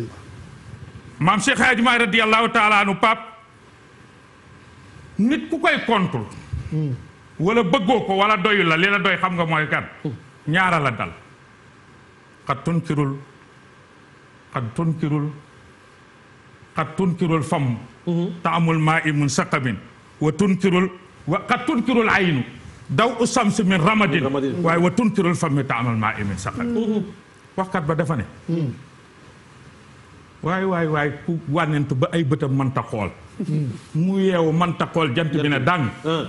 maam Cheikh Hadj Maay radiyallahu taala anu nit ku koy kontul wala bëggoo ko wala doyu la li la doy xam nga mooy kan ñaara la dal xat tunkirul xat tunkirul xat tunkirul famm mm-hmm. taamul maa imun saqamin wa tunkirul wa xat tunkirul aynu daw u samsi min ramadin waaye wa tunkirul fammi taamul maa imun saqamin mm-hmm. waxkat ba dafa ne mm. waay waay waay ku wànnentu ba ay bëtam mënta xool mm. mu yeewu mënta xool jant bi ne dàng ah.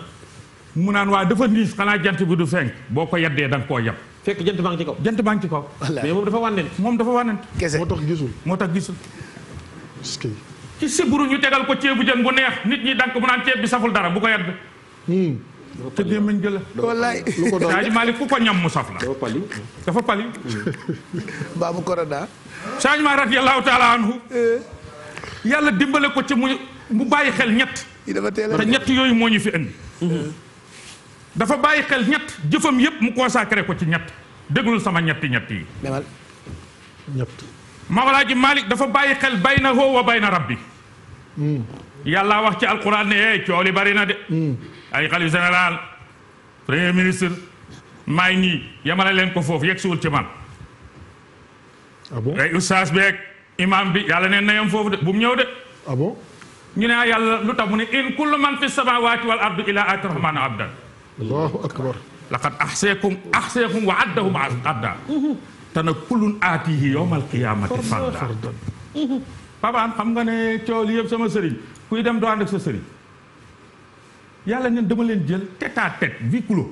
mu naan waa dafa niis xanaa jant bi du fenk boo ko yeddee da nga koo yab. fekk jant baa ngi ci kaw. jant baa ngi ci kaw. mais moom dafa wànnent. moom dafa wànnent. moo tax gisul. ci siburu ñu tegal ko ceebu jën bu neex nit ñi dank mu naan ceeb bi saful dara bu ko yedd. Hmm. te gémmiñ gi la. wallaay lu ko doon Saaji Malick ku ko ñam mu saf la. dafa pali. dafa pali. baabu korona. Saaji Malick radiyallahu taala eh. yàlla dimbale ko ci mu mu bàyyi xel ñett. te ñett yooyu moo ñu fi indi. Eh. dafa bàyyi xel ñett jëfam yépp mu consacré ko ci ñett déglul sama ñetti ñett yi ñett Mawlaaji Malick dafa bàyyi xel baynahu wa bayna rabbi hmm. yàlla wax ci alquran ne eh coow li bari na de hmm. ay xalif général premier ministre maay nii leen ko foofu yegg siwul ci man ah bon ay ustaas beeg imam bi yàlla neen na yem foofu de bu mu ñëw de ah ñu ne ah, yàlla lu tax mu ne in kullu man fi samawati wal ardi illa aati rahmana abdan la akbar laqad ahsaakum ahsaahum wa addahum adda te nag yow aatihi yawmal qiyaamati fardan babaan xam nga ne coow li yëpp sama sëriñ kuy dem doo ànd ak sa sëriñ yàlla ñun dama leen jël tête à tête huis clos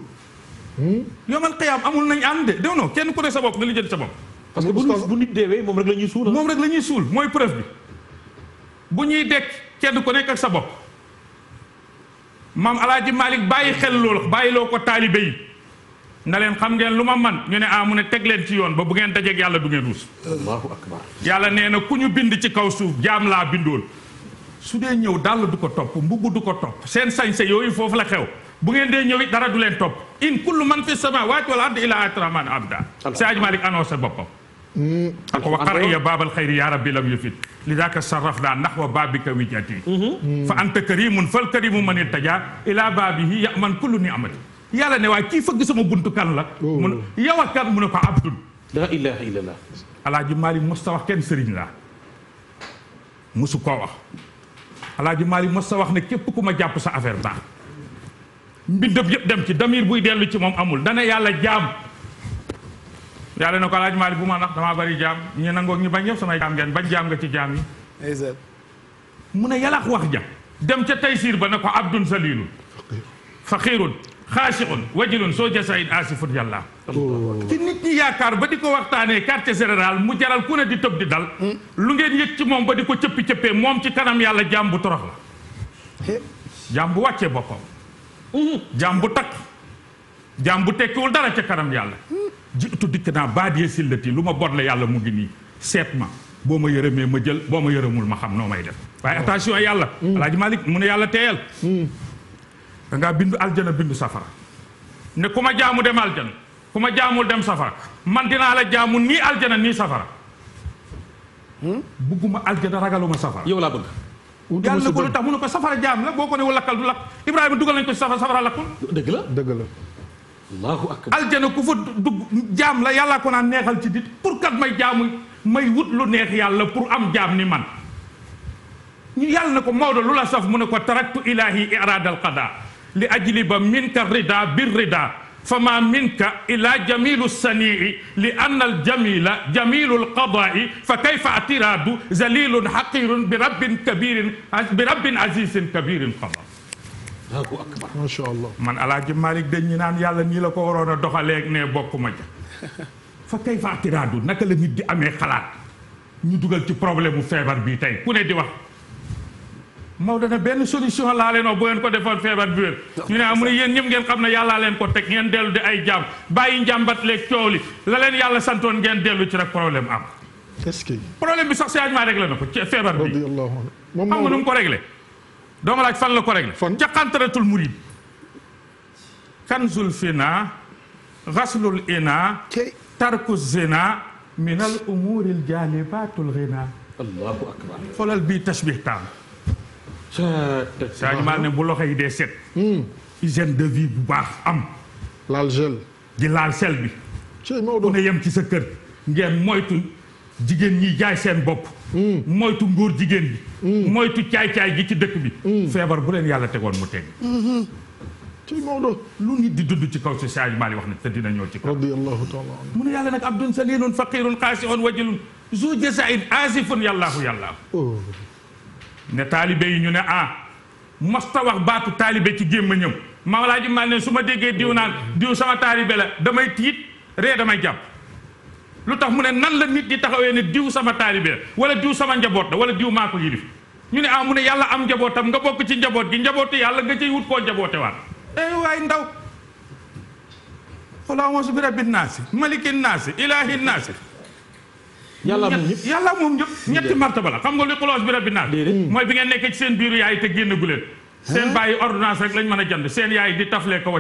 hmm? yawmal qiyaam amul nañ ànd de déw kenn ku ne sa bopp nga li jël sa bopp parce que bu nit deewee moom rek la suul moom rek la ñuy suul mooy preuve bi bu ñuy dekk kenn ku nekk ak sa bopp maam alaaji Malick bàyyi xel lool bàyyiloo ko taalibe yi na leen xam ngeen lu ma man ñu ne ah mu ne teg leen ci yoon ba bu ngeen dajeeg yàlla du ngeen ruus yàlla nee na ku ñu bind ci kaw suuf jaam laa bindool su dee ñëw dàll du ko topp mbubb du ko topp seen sañ sa yooyu foofu la xew bu ngeen dee ñëw it dara du leen topp in kullu man fi samawati wal ardi illa atrahman abda si aj Malick annoncé boppam Mm. wa qaraya baabal xayri yaa rabbi lam yufit lidaaka sarrafna naxwa baabika wijati mm-hmm. mm. fa anta karimun fal karimu man ittaja ila baabihi ya man kullu ni amati yàlla ne waa kii fëgg sama buntu kan la oh. mun yow a kan mu ne ko abdun la ilaha illallah alaaji maali mos ta wax kenn sëriñ laa mosu koo wax alaaji maali mos ta wax ne képp ku ma jàpp sa affaire baax mbindam yëpp dem ci damir buy dellu ci moom amul dana yàlla jaam yàlla na ko laaj maali bu ma nax damaa bari jaam ñu nangoog ñu bañ yëpp samay jaam ngeen bañ jaam nga ci jaam yi mu ne yalax wax ja dem ca taysiir ba ne ko abdun salilun faqirun xaasiun wajilun soo jasayin asifun yàlla ci oh. nit ñi yaakaar ba di ko waxtaanee quartier général mu jaral ku ne di tëb di dal hmm. lu ngeen yëg ci moom ba di ko cëpp cëppee moom ci kanam yàlla jaam bu torox la jaam bu wàccee boppam hmm. jaam bu takk jaam bu tekkiwul dara ca kanam yàlla hmm. jiitu dikk naa baadiyee sillati lu ma bon la yàlla mu ngi nii seet ma boo ma yërëmee ma jël boo ma yërëmul ma xam noo may def waaye attention yàlla mm. Mm. alaaji malik mu ne yàlla teeyal mm. da ngaa bindu aljana bindu safara ne ku ma jaamu dem aljana ku ma jaamul dem safara man dinaa la jaamu nii aljana nii safara hmm? bugguma aljana ragaluma safara yow laa bëgg yàlla ko lu tax mu ne ko safara jaam la boo ko ne wu lakkal du lakk ibrahima dugal nañ ko safara safara lakkul dëgg la dëgg la aljana ku fa dugg jaam la yàlla ko naan neexal ci dit pour kat may jaamu may wut lu neex yàlla pour am jaam ni man ñu yàlla na ko Maodo lu la saf mu ne ko taraktu ilahi irada al qada li ajliba minka rida bir rida fama minka ila jamilu sanii li anna al jamila jamilu al qadai fa kayfa atiradu zalilun haqirun bi rabbin kabirin bi rabbin azizin kabirin qada macha allah man alaaji Malick dañ ñu naan yàlla nii la ko waroon a doxaleeg ne ma ca fa kay fa atiraadu naka la nit di amee xalaat ñu dugal ci problème mu feebar bii tey ku ne di wax Maodo ne benn solution laa leen wax bu ngeen ko defoon feebar bi wér ñu ne amu ah, ne yéen ngeen xam ne yàllaa leen ko teg ngeen dellu di ay jaam bàyyi njàmbat leeg coow li la leen yàlla santoon ngeen dellu ci rek problème am. est-ce que problème bi sax si maa réglé na ko feebar bi xam nga nu mu doo ma laaj fan la ko réglé ca xantaratul murid kanzul fina xaslul ina tarku zina min al umuri al jalibatul ghina allahu akbar xoolal bii tashbih taam saañ maa ne bu loxo yi dee set hmm. hygiène de vie bu baax am laal gel di laal sel bi ku yem ci sa kër ngeen moytu jigéen ñi jaay seen bopp moytu ngóor jigéen bi mm. moytu caay-caay gi ci dëkk bi mm. feebar bu leen yàlla tegoon mu teg mm-hmm. ci Maodo lu nit di dund ci kaw si Seydi Maalik wax na te dina ñëw ci kaw radiyallahu taala mu ne yàlla nag abdun saliilun faqiirun xaasiun wajilun zu jasa'in aasifun yàllaahu yàllaahu oh. ne taalibe yi ñu ne ah masta wax baatu taalibe ci gémma ñëm Mawlaaji Maalik ne su ma déggee diw naan diw sama taalibe la damay tiit ree damay jàpp lu tax mu ne nan la nit di taxawee ne diw sama taalibe la wala diw sama njaboot la wala diw maa ko yilif ñu ne ah mu ne yàlla am njabootam nga bokk ci njaboot gi njaboot yàlla nga ciy wut koo njaboote waat eh waay ndaw xolaa moosu bi rabbi naasi maliki naasi ilaahi naasi yàlla moom ñëpp yàlla moom ñëpp ñetti martaba la xam nga li xoloos bi rabbi naasi mooy bi ngeen nekkee ci seen biiru yaay te génn gu leen seen bàyyi ordonnance rek lañ mën a jënd seen yaay di taflee ko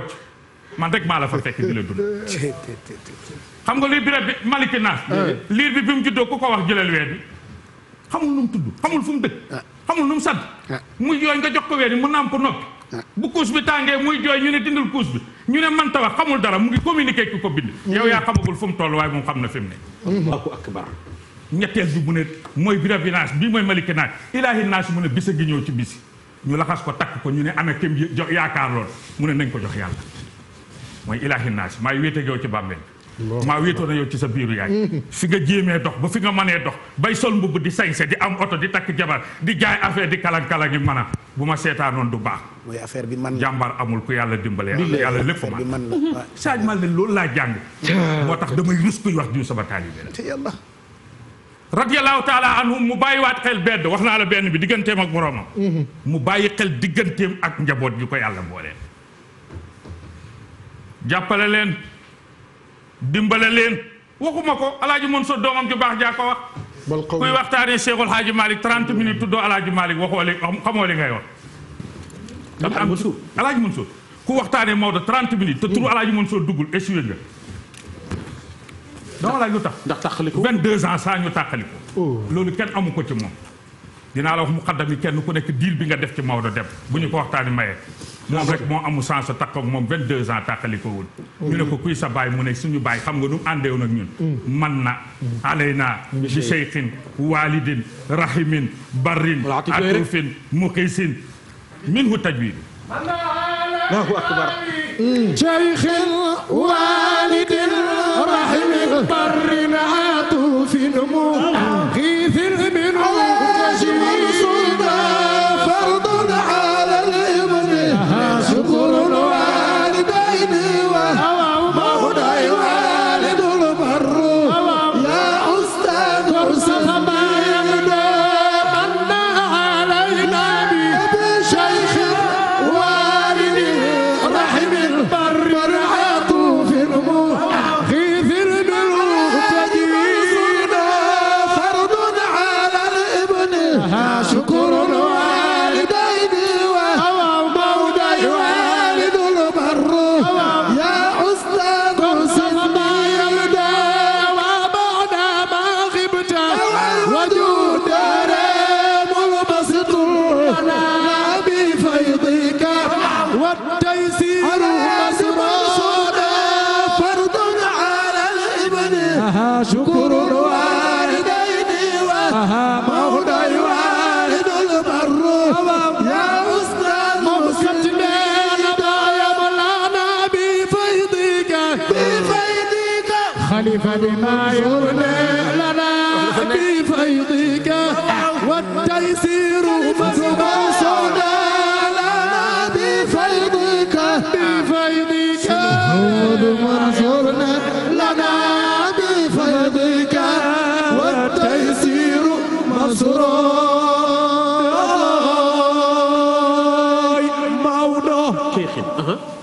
man rek maa la fa fekk di xam nga liir bi rek Malick Naas. liir bi bi mu juddoo ku ko wax jëlal weer bi xamul nu mu tudd xamul fu mu dëkk. Ah. xamul nu mu sant. Ah. muy jooy nga jox ko weer bi mu nàmp ah. bu kuus bi tàngee muy jooy ñu ne dindul kuus bi ñu ne manta wax xamul dara mu ngi communiqué ku ko bind. Mm. yow yaa xamagul fu mu toll waaye moom xam na fi mu ne. waaw akbar ne mooy bi rabi bii mooy Malick Naas ilaahi naas mu ne bisa gi ñëw ci bisi ñu laxas ko takk ko ñu ne ana kem yaakaar lool mu ne nañ ko jox yàlla mooy ilaahi naas maay wéete yow ci bàmmeel maa wéetoon na yow ci sa biiru yaay fi nga jéemee dox ba fi nga mënee dox bay sol mbubb di sañse di am oto di takk jabar di jaay affaire di kalan-kalangi mën a bu ma seetaanoon du baax mooy affaire bi man jàmbaar amul ku yàlla dimbalee yàlla lépp man man la Sadio Mal ne loolu laa jàng moo tax damay rus kuy wax diw sama taalibe la te yàlla radiallahu taala mu bàyyi waat xel bedd wax naa la benn bi digganteem ak moroomam mm-hmm. mu bàyyi xel digganteem ak njaboot gi ko yàlla booleen jàppale leen dimbale leen waxuma ko alaaji Mansour doomam ju baax jaa ko wax kuy waxtaanee Cheikhul Haaji Malick 30 minutes tuddoo alaaji Malick waxoo li xamoo li ngay wax dafa am alaaji Mansour ku waxtaanee Maodo 30 minutes te turu mm. alaaji Mansour duggul essuie nga dama laaj lu tax ndax tàqaliku 22 ans saa ñu tàqaliku oh. loolu kenn amu ko ci moom dinaa la wax muqaddam yi kenn ku nekk diil bi nga def ci Maodo dem bu ñu ko waxtaanee mayee moom rek moo amul chance takk ak moom 22 ans tàqali ko woon. Oh. ñu ne ko kuy sa baay mu ne suñu baay xam nga nu àndeewoon ak ñun. Mm. man na. Mm. alayna bi cheikhin walidin rahimin barrin atufin muqisin minhu tajwid allahu akbar cheikhin mm. walidin rahimin barrin atufin muqisin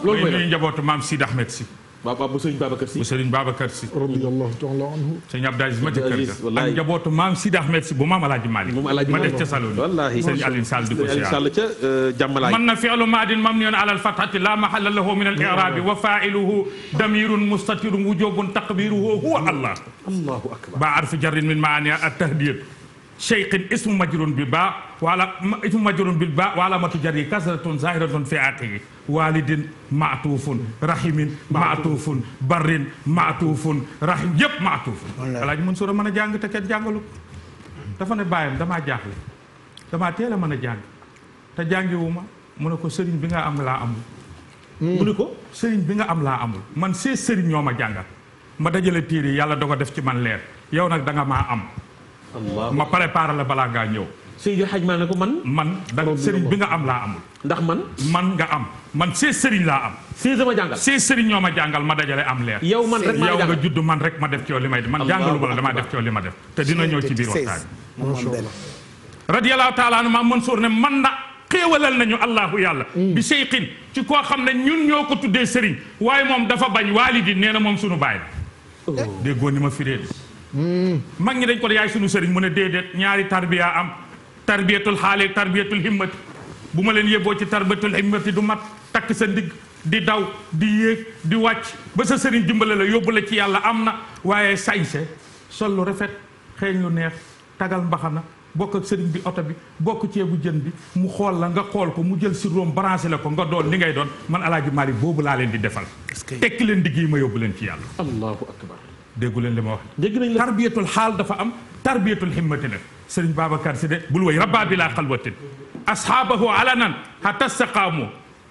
loolu mooy njabootu maam Sidi Ahmed si waaw bu sëriñ Babacar si bu sëriñ Babacar si. radiyallahu taala anhu. sëriñ Abdou Aziz ma ca kër ga ak njabootu maam Sidi Ahmed si bu maam Alaaji Malick. moom Alaaji Malick ma def ca Saloum. wallaahi sëriñ Alioune Sall di ko siyaar sëriñ Alioune Sall ca euh, Jàmmalaay. man na fi'lu maadin mamniyun ala al-fathati la mahalla lahu min al-i'rabi wa fa'iluhu damirun mustatirun wujubun taqdiruhu huwa Allah. Allahu akbar. ba arfu jarrin min maani at-tahdid shay'in ismu majrun bi ba wala ismu majruurun bil baa wa alaamatu jarrihi kasratun zaahiratun fi aaxirihi waalidin maatuufun rahimin maatuufun barrin maatuufun rahim yëpp maatuufun alaaji Mansuur a mën a jàng te kenn jàngalu ne bàyyam damaa jaaxle a mën a jàng te jàngiwu ma mu ne ko sëriñ bi nga am laa amul hmm. mu ne ko sëriñ bi nga am laa amul man see sëriñ ñoo ma jànga ma dajale téere yi yàlla da ko def ci man leer yow nag danga nga maa am ma préparé la balaa ngaa ñëw Seydi Hadj ko man. man da bi am laa amul. ndax man. man nga am man see sëriñ laa am. see sama jàngal see sëriñ ñoo ma jàngal ma dajale am leer. yaw man rek ma yow nga judd man rek ma def coow li may def man jàngalu ma la damaa def coow li ma def. te dina ñëw ci biir waxtaan bi. radiyallahu taala anhu ma Mansour ne man na xéewalal nañu allahu yàlla. Mm. bi seyxin ci koo xam ne ñun ñoo ko tuddee sëriñ waaye moom dafa bañ waalidi nee na moom sunu baay la. Oh. déggoo ni ma firee mm. mag ñi dañ ko yaay sunu sëriñ mu ne déedéet ñaari tarbiya am tarbiyatul xaali tarbiyatul himmati bu ma leen yeboo ci tarbiyatul himmati du mat takk sa ndigg di daw di yéeg di wàcc ba sa sëriñ dimbale la yóbbu la ci yàlla am na waaye sañse sol lu rafet xeeñ lu neex tagal mbaxana bokk ak sëriñ bi oto bi bokk ceebu jën bi mu xool la nga xool ko mu jël si room branché la ko nga doon li ngay doon man alaaji yi boobu laa leen di defal tekki leen digg yi ma yóbbu leen ci yàlla allahu akbar déggu leen li ma wax tarbiyatul tarbiyatul himmati la sëriñ Babacar si de bul way rabba bila xalwatin ashaabahu alanan hatta staqaamu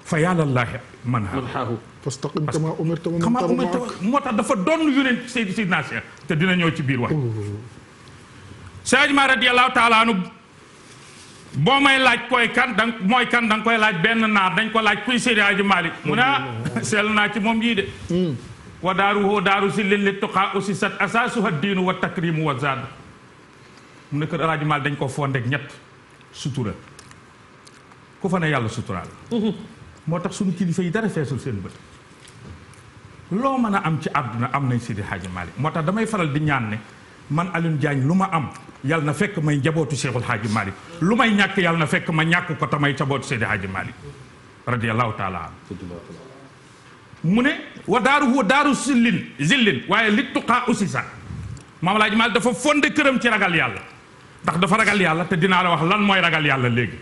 fa yàllallahi man haahu fastaqim kama umirta kama umirta moo tax dafa doon yonent Seydi Sidna Cheikh te dina ñëw ci biir wax Sëriñ ma radiyallahu taala anu boo may laaj koy kan dang mooy kan danga koy laaj benn naar dañ ko laaj kuy Seydi Hadji Malick mu ne ah, sell naa ci moom yii de hmm. wa daaruhu daaru si lin li tuqaa ussisat asaasuha diinu wa takrimu wa zaad mu ne kër alaaji Maal dañ ko fondeek ñett sutura ku fa ne yàlla suturaal mm-hmm. moo tax suñu kilifa yi dara feesul seen bët loo mën a am ci àdduna am nañ Seydi Hadji moo tax damay faral di ñaan ne man Alioune Diagne lu ma am yàlla na fekk may njabootu Cheikhul Hadji lu may ñàkk yàlla na fekk ma ñàkk ko tamay njabootu Seydi Hadji Malick radiyallahu taala ne wa daaruhu daaru sillin zillin waaye li tuqaa usisa maam Alaaji Malick dafa fonde këram ci ragal yàlla ndax dafa ragal yàlla te dinaa la wax lan mooy ragal yàlla léegi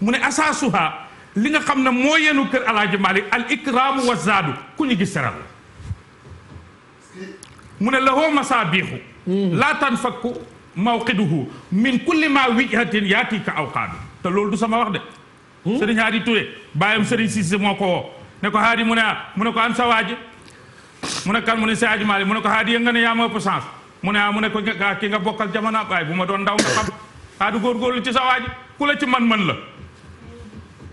mu ne asaasuha li nga xam ne moo yenu kër alaaji malik al ikraamu wa zaadu ku ñu gis mu ne lahoo masaabiixu laa tanfakku mawqiduhu min kulli ma wijhatin yaatika awqaadu te loolu du sama wax de sëriñ Haadi Touré bàyyam sëriñ Cissé moo ko woo ne ko Haadi mu ne ah, mu ne ko an sa waaji mu ne ko Haadi yënga ma ëpp mu ne ah mu ne ko gaa ki nga bokkal jamono waaye bu ma doon ndaw nga xam aa du góorgóorlu ci sa waa ji ku la ci mën-mën la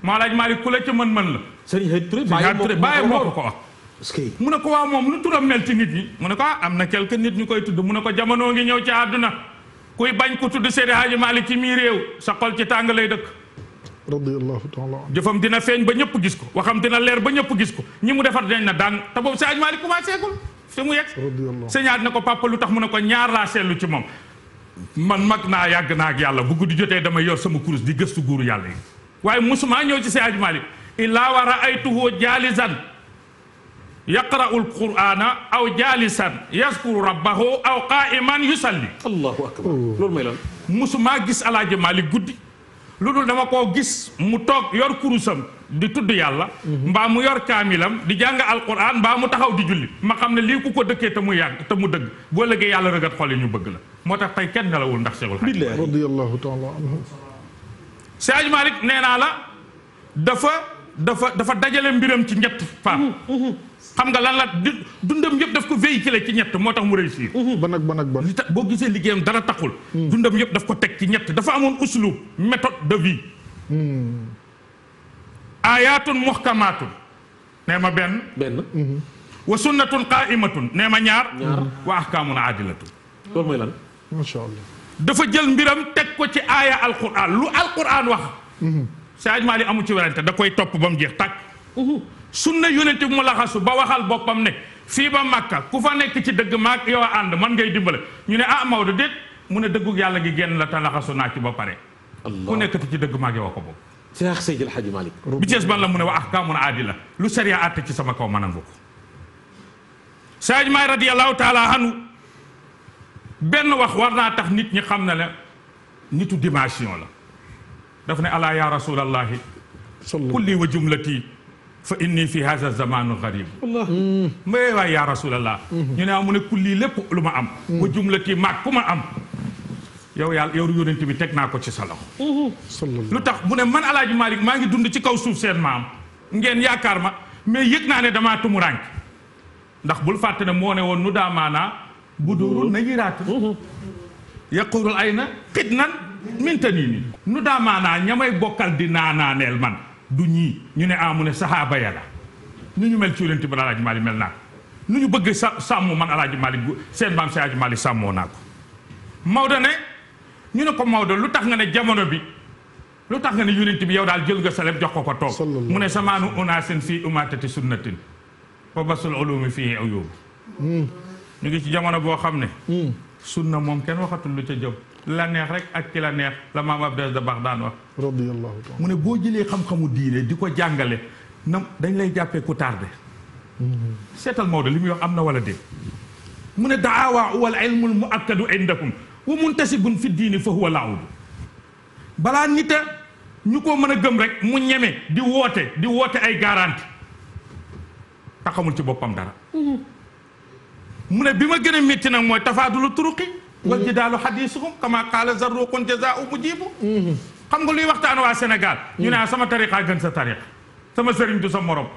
Maalaaj Maalik ku la ci mën-mën la. sëriñ Hadj bàyyi moo ko ko wax. mu ne ko waa moom nu turam mel ci nit ñi mu ne ko ah am na quelque nit ñu koy tudd mu ne ko jamono ngi ñëw ci àdduna kuy bañ ku tudd Seydi Hadji Malick ci mii réew sa xol ci tàng lay dëkk radiyallahu taala jëfam dina feeñ ba ñëpp gis ko waxam dina leer ba ñëpp gis ko ñi mu defar dinañ na daan te boobu Seydi Hadji Malick fi mu yegg señaat ne ko papa lu tax mu ne ko ñaar laa seetlu ci moom man mag naa yàgg naa ak yàlla bu guddi jotee damay yor sama kurus di gëstu guuru yàlla yi waaye musuma ñëw ci Seydi Malick illaa wa raaytuhu jaalisan yaqra'u alqur'ana aw jaalisan yaskuru rabbahu aw qaa'iman yusalli allahu akbar oh. loolu mooy lan musuma gis alaaji Malick guddi lu dul dama koo gis mu toog yor kurusam di tudd yàlla mbaa mu yor kaamilam di jàng alquran mbaa mu taxaw di julli ma xam ne lii ku ko dëkkee te mu yàgg te mu dëgg boo lëggee yàlla rëgat xol yi ñu bëgg la moo tax tey kenn nelawul ndax Seexul Xadiim radiyallahu taala anhu Seydi Malick nee naa la dafa dafa dafa dajale mbiram ci ñett faam mm-hmm. xam nga lan la dundam yëpp daf ko véhiculé ci ci ñett moo tax mu réussir. Mhm. ban ak ban ak ban li tax boo gisee liggéeyam dara taxul. Mhm. dundam yëpp daf ko teg ci ñett dafa amoon uslub méthode de vie. Mhm. ayatun muhkamatun nee ma benn. benn. wa sunnatun qaimatun nee ma ñaar. ñaar wa ahkamun adilatun. loolu dafa jël mbiram teg ko ci aaya alquran lu alquran wax. Sadio Mali amu ci werante da koy topp ba mu jeex tàkk. sunna yonent bi mu laxasu ba waxal boppam ne fii ba màkka ku fa nekk ci dëgg maag yow a ànd man ngay dimbale ñu ne ah Maodo déet mu ne dëggug yàlla gi génn la te laxasu naa ci ba pare ku nekkati ci dëgg maag yow a ko boobu Cheikh Seydil Hadji Malick bi Cees ban la mu ne wa lu sariya àtte ci sama kaw ma nangu ko Seydi Maay radiyallahu taala benn wax war naa tax nit ñi xam ne la nitu dimension la daf ne alaa yaa rasulallahi kulli wa jumlati fa inni fi hada zamanu garib may mm. waay ya rasulallah mm-hmm. ñu ne waaw mu ne kulli lépp lu ma am mm-hmm. wa jumlati maag ku ma am yow yàlla yow yónent bi teg naa ko ci sa loxo mm-hmm. lu tax mu ne man alaaji Malick maa ngi dund ci kaw suuf seen maam ngeen yaakaar ma mais yëg naa ne damaa tumurank ndax bul fàtte ne moo ne woon nu daa maanaa bu dóorul nañu raatu ay na xit nan minta nii ni nu daa ñamay bokkal di naanaaneel man du ñii ñu ne amu ah, ne saxaaba ya la nu ñu mel ci yonent bi alaaji maali mel naa ko nu ñu bëgg sa sàmm man alaaji maali seen maam si alaaji maali sàmmoo naa ko Maodo ne ñu ne ko Maodo lu tax nga ne jamono bi lu tax nga ne yonent bi yow daal jël nga saleb jox ko ko toog mu ne samaanu unaasin fii umatati sunnatin fa basul ulumi fii aw yóbbu hmm. ñu ngi ci jamono boo xam ne hmm. sunna moom kenn waxatul lu ca jëm la neex rek ak ki la neex la maam Abdel Dabax daan wax. radiyallahu taala mu ne boo jëlee xam-xamu diine di ko jàngale na dañ lay jàppee ku tardé. Mm-hmm. seetal Maodo li muy wax am na wala déet. mu ne daawa wal ilmul muakkadu indahum wa muntasibun fi diini fa huwa laawdu balaa nit a ñu ko mën a gëm rek mu ñeme di woote di woote ay garanti taxamul ci boppam dara. Mm-hmm. mu ne bi ma gën a métti nag mooy tafaadulu turuqi wal jidaalu xadiisukum kama qaala zarruqun jazaau mujibu xam nga luy waxtaan waa senegal ñu ne ah, sama tariqa gën sa tariqa sama sëriñ du sa morom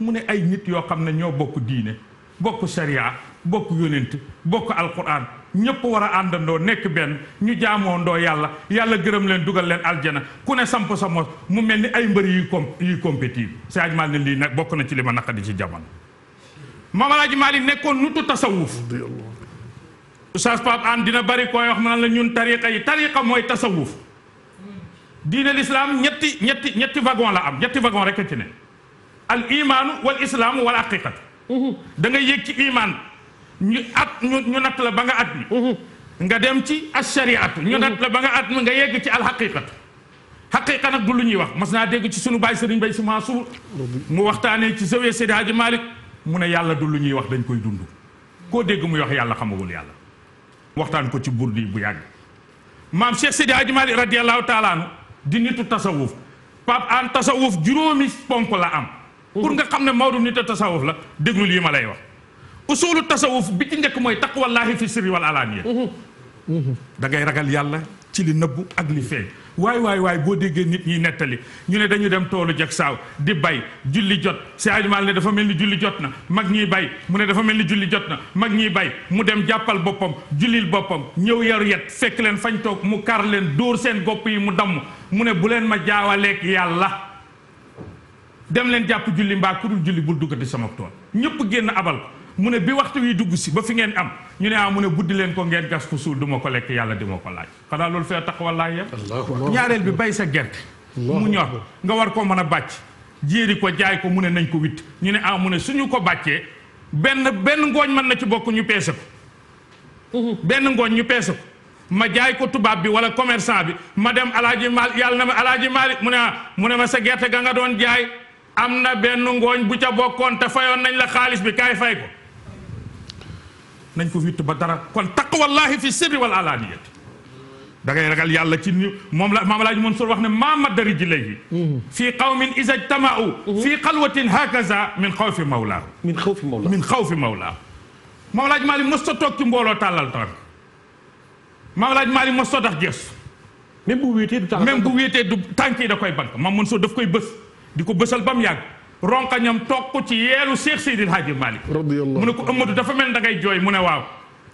mu ne ay nit yoo xam ne ñoo bokk diine bokk sharia bokk yonent bokk alquran ñëpp war a àndandoo nekk benn ñu jaamoondoo yàlla yàlla gërëm leen dugal leen aljana ku ne samp sa mos mu mel ni ay mbër yuy com yuy compétir Sëriñ Maalik ne lii nag bokk na ci li ma naqadi ci jamono Maam Alaaji Maalik nekkoon Oustaz Pape Hann dina bari koy wax naan la ñun tariqa yi tariqa mooy tasawuf diine lislaam ñetti ñetti wagon la am ñetti wagon rek a ci ne al imaanu wal islaamu wal aqiqatu da nga yëg ci imaan ñu ñu ñu natt la ba nga at mi nga dem ci ashariatu ñu natt la ba nga at mi nga yegg ci alxaqiqatu xaqiqa nag du lu ñuy wax mas naa dégg ci sunu baay sëriñ bay si Mansour mu waxtaanee ci sëwee Seydi Hadji Malick mu ne yàlla du lu ñuy wax dañ koy dund koo dégg muy wax yàlla xamawul yàlla waxtaan ko ci burdi bu yàgg maam Cheikh Seydi Hadji Malick radiyallahu di nitu tasawuf Pape tasawuf juróomi ponk la am pour nga xam ne Maodo nitu tasawuf la déglu lii ma lay wax usulu tasawuf bi ci njëkk mooy taqwallaahi fi sirri wal alaaniya mhm. da ngay ragal yàlla ci li nëbbu ak li feeñ waay waay waay boo déggee nit ñi nettali ñu ne dañu dem toolu jag saaw di bay julli jot si alimal ne dafa mel ni julli jot na mag ñiy bay mu ne dafa mel ni julli jot na mag ñiy bay mu dem jàppal boppam jullil boppam ñëw yaru yet fekk leen fañ toog mu kar leen dóor seen gopp yi mu damm mu ne bu leen ma jaawaleeg yàlla dem leen jàpp julli mbaa ku julli bul duggati sama tool ñëpp génn abal ko mu ne bi waxtu wi dugg si ba fi ngeen am ñu ne ah mu ne buddi leen ko ngeen gas ko suul du ma ko lekk yàlla di ma ko laaj xanaa loolu fee tax walaay yem ñaareel bi bay sa gerte mu ñor nga war ko mën a bàcc jéeri ko jaay ko mu ne nañ ko witt ñu ne ah mu ne suñu ko bàccee benn benn ngooñ mën na ci bokk ñu peese ko benn ngooñ ñu peese ko ma jaay ko tubaab bi wala commerçant bi ma dem alaaji maal yàlla na ma alaaji maali mu ne ah, mu ne ma sa gerte ga nga doon jaay am na benn ngooñ bu ca bokkoon te fayoon nañ la xaalis bi kaay fay ko nañ ko fi ba dara kon taqwallahi fi sirri wal alaniyati da ngay ragal yàlla ci ni moom la maam Alaaji Mansour wax ne maa maddari ji lay fii qawmin iza jtama'u mhm. fii xalwatin hakaza min xawfi mawlaahu min xawfi mawlaahu min xawfi mawlaahu maam Alaaji Maalik mos ta toog ci mbooloo tàllal tànk maam Alaaji Maalik mos ta tax gees même bu wéetee du tànk même bu wéetee du tànk yi da koy bank maam Mansour daf koy bës di ko bësal ba mu yàgg ronkañam toog ci yeelu Cheikh Seydil Hadji Malick mu ne ko Amadou dafa mel da ngay jooy mu ne waaw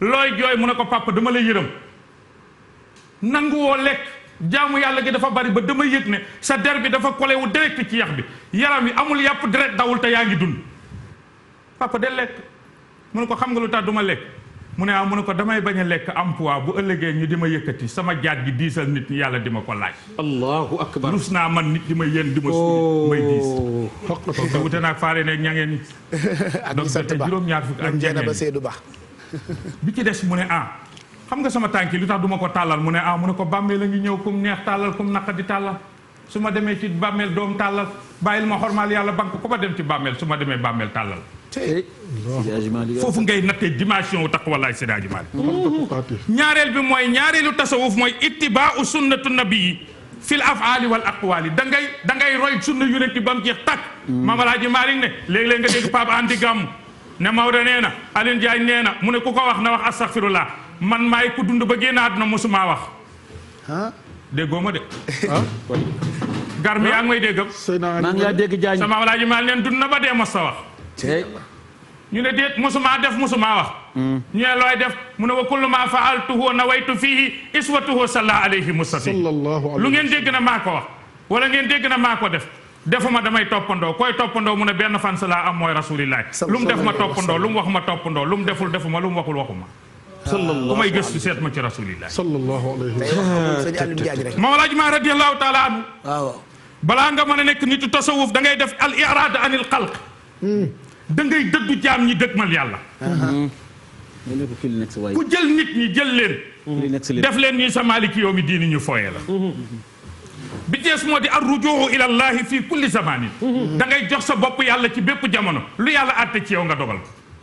looy jooy mu ne ko papa dama la yërëm nangu woo lekk jaamu yàlla gi dafa bari ba dama yëg ne sa der bi dafa collé wu direct ci yax bi yaram yi amul yàpp direct dawul te yaa ngi dund papa de lekk mu ne ko xam nga lu tax du lekk mu ne ah mu ko damay bañ a lekk bu ëllëgee ñu di ma yëkkati sama jaat gi diisal nit yàlla di ko laaj. allahu akbar rus naa man nit di ma yéen di ma. suuf oh. may diis. ne ña ngeen ni. ak sant ba ñaar fukk ak ñeneen ba Seydou Ba. bi ci des mu ne ah xam nga sama tànki lu tax du ma ko tàllal mu ne ah mu ne ko bàmmeel la ngi ñëw kum neex tàllal kum naqadi tàllal su ma demee ci bàmmeel doom tàllal bàyyil ma xormaal yàlla bank ko ba dem ci bàmmeel su ma demee bàmmeel tàllal Eh, foofu ngay nattee dimension wu taqwallaay Seydi Hadji Malick ñaareel bi mooy ñaareelu tasawuf mooy ittibaa sunnatu nabii fil afaali wal aqwaali da ngay da ngay roy sunna yonent mm. ne léeg-léeg nga dégg Pape ne Maodo nee na Alioune Ndiaye nee na mu ne ku ko wax na wax astaghfirullah man maay ku dund ba génn àdduna mosumaa wax déggoo ma de ah. garmi yaa ngi may déggam maa ngi laa dégg jaañ sama na ba dee mos wax ñu ne déet musuma def musuma wax hmm. ñu ne looy def mu ne wa kullu ma faaltuhu nawaytu fihi iswatuhu salla alayhi mustafi lu ngeen dégg na maa ko wax wala ngeen dégg na maa ko def defuma damay toppandoo kooy toppandoo mu ne benn fan sa laa am mooy rasulillahi lu mu def ma toppandoo lu mu wax ma toppandoo lu mu deful ma lu mu waxul waxuma ku may ma ci rasulillahi mawlaaj ma radiallahu taala anhu balaa nga mën a nekk nitu tasawuf da ngay def al irada anil xalq hmm. da ngay dëddu jaam ñi dëgmal yàlla. ku jël nit ñi jël leen. def leen ñuy sa maaliki yow mi diini ñu fooye la. bi jees moo di ar rujuu ila llahi fii kulli zamanin da ngay jox sa bopp yàlla ci bépp jamono lu yàlla àtte ci yow nga dogal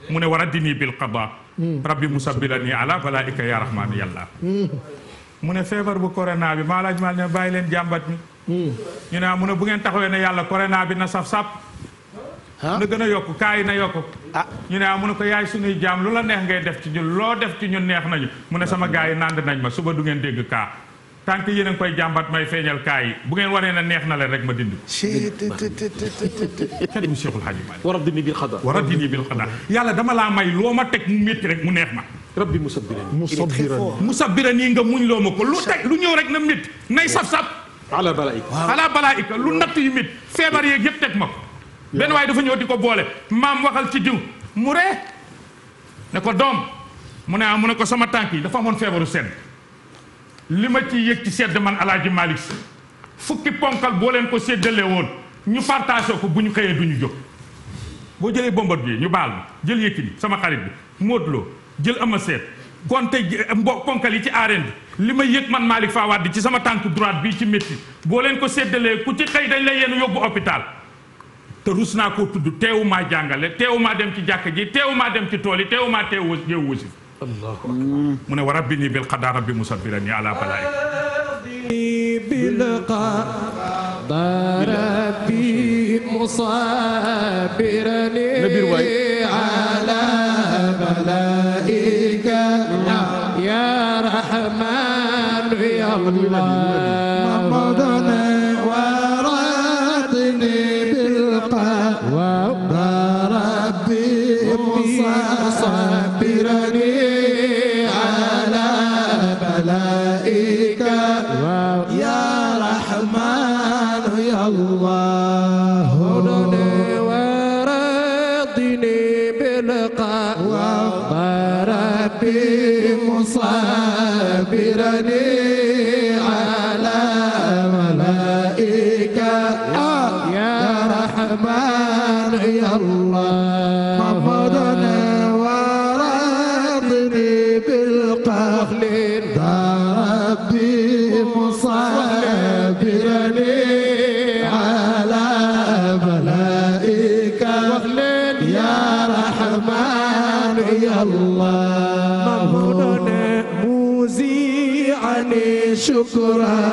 mu ne war a dini bil qada rabbi musabilani ala balaika ya rahmanu yàlla mu ne feebar bu corona bi maa laaj maa ne bàyyi leen jàmbat mi hmm. ñu ne ah mu ne bu ngeen taxawee ne yàlla corona bi na saf-sàpp na gën a yokk kaay na yokk ah ñu ne ah mu ne ko yaay suñuy jaam lu la neex ngay def ci ñun loo def ci ñun neex nañu mu ne sama gars yi nand nañ ma suba du ngeen dégg kaa tant que yéen koy jàmbat may feeñal kaa yi bu ngeen waree na neex na leen rek ma dindi ko mu Cheikhul Hadji Malick war a dindi bil xada war a dindi yàlla dama laa may loo ma teg mu métti rek mu neex ma rabbi musabbiran musabbiran yi nga muñ loo ma ko lu teg lu ñëw rek na métti nay saf-saf ala balaika ala balaika lu natt yu métti yëpp teg ma benn waaye dafa ñëw di ko boole maam waxal ci diw mu ree ne ko doom mu ne ah mu ne ko sama tànk yi dafa amoon feebaru sedd li ma ci yëg ci sedd man alaaji Malick si fukki ponkal boo leen ko séddalee woon ñu partagé ko bu ñu xëyee du ñu jóg boo jëlee bombat bi ñu baal jël Yékini sama xarit bi Modou Lo jël Eumeu Sène gonte eh, mbo ponkal yi ci arène bi li ma yëg man Malick Fawad di ci sama tànk droite bii ci métti boo leen ko séddalee ku ci xëy dañ lay yenn yóbbu hôpital te rus naa koo tudd teewumaa jàngale teewumaa dem ci jàkka ji teewumaa dem ci tool yi teewumaa teew ñëw wasif mu ne wa rabbi ni bil qada rabbi musabbirani ala balaay bil qada rabbi musabbirani ala balaika ya rahman ya allah شكرا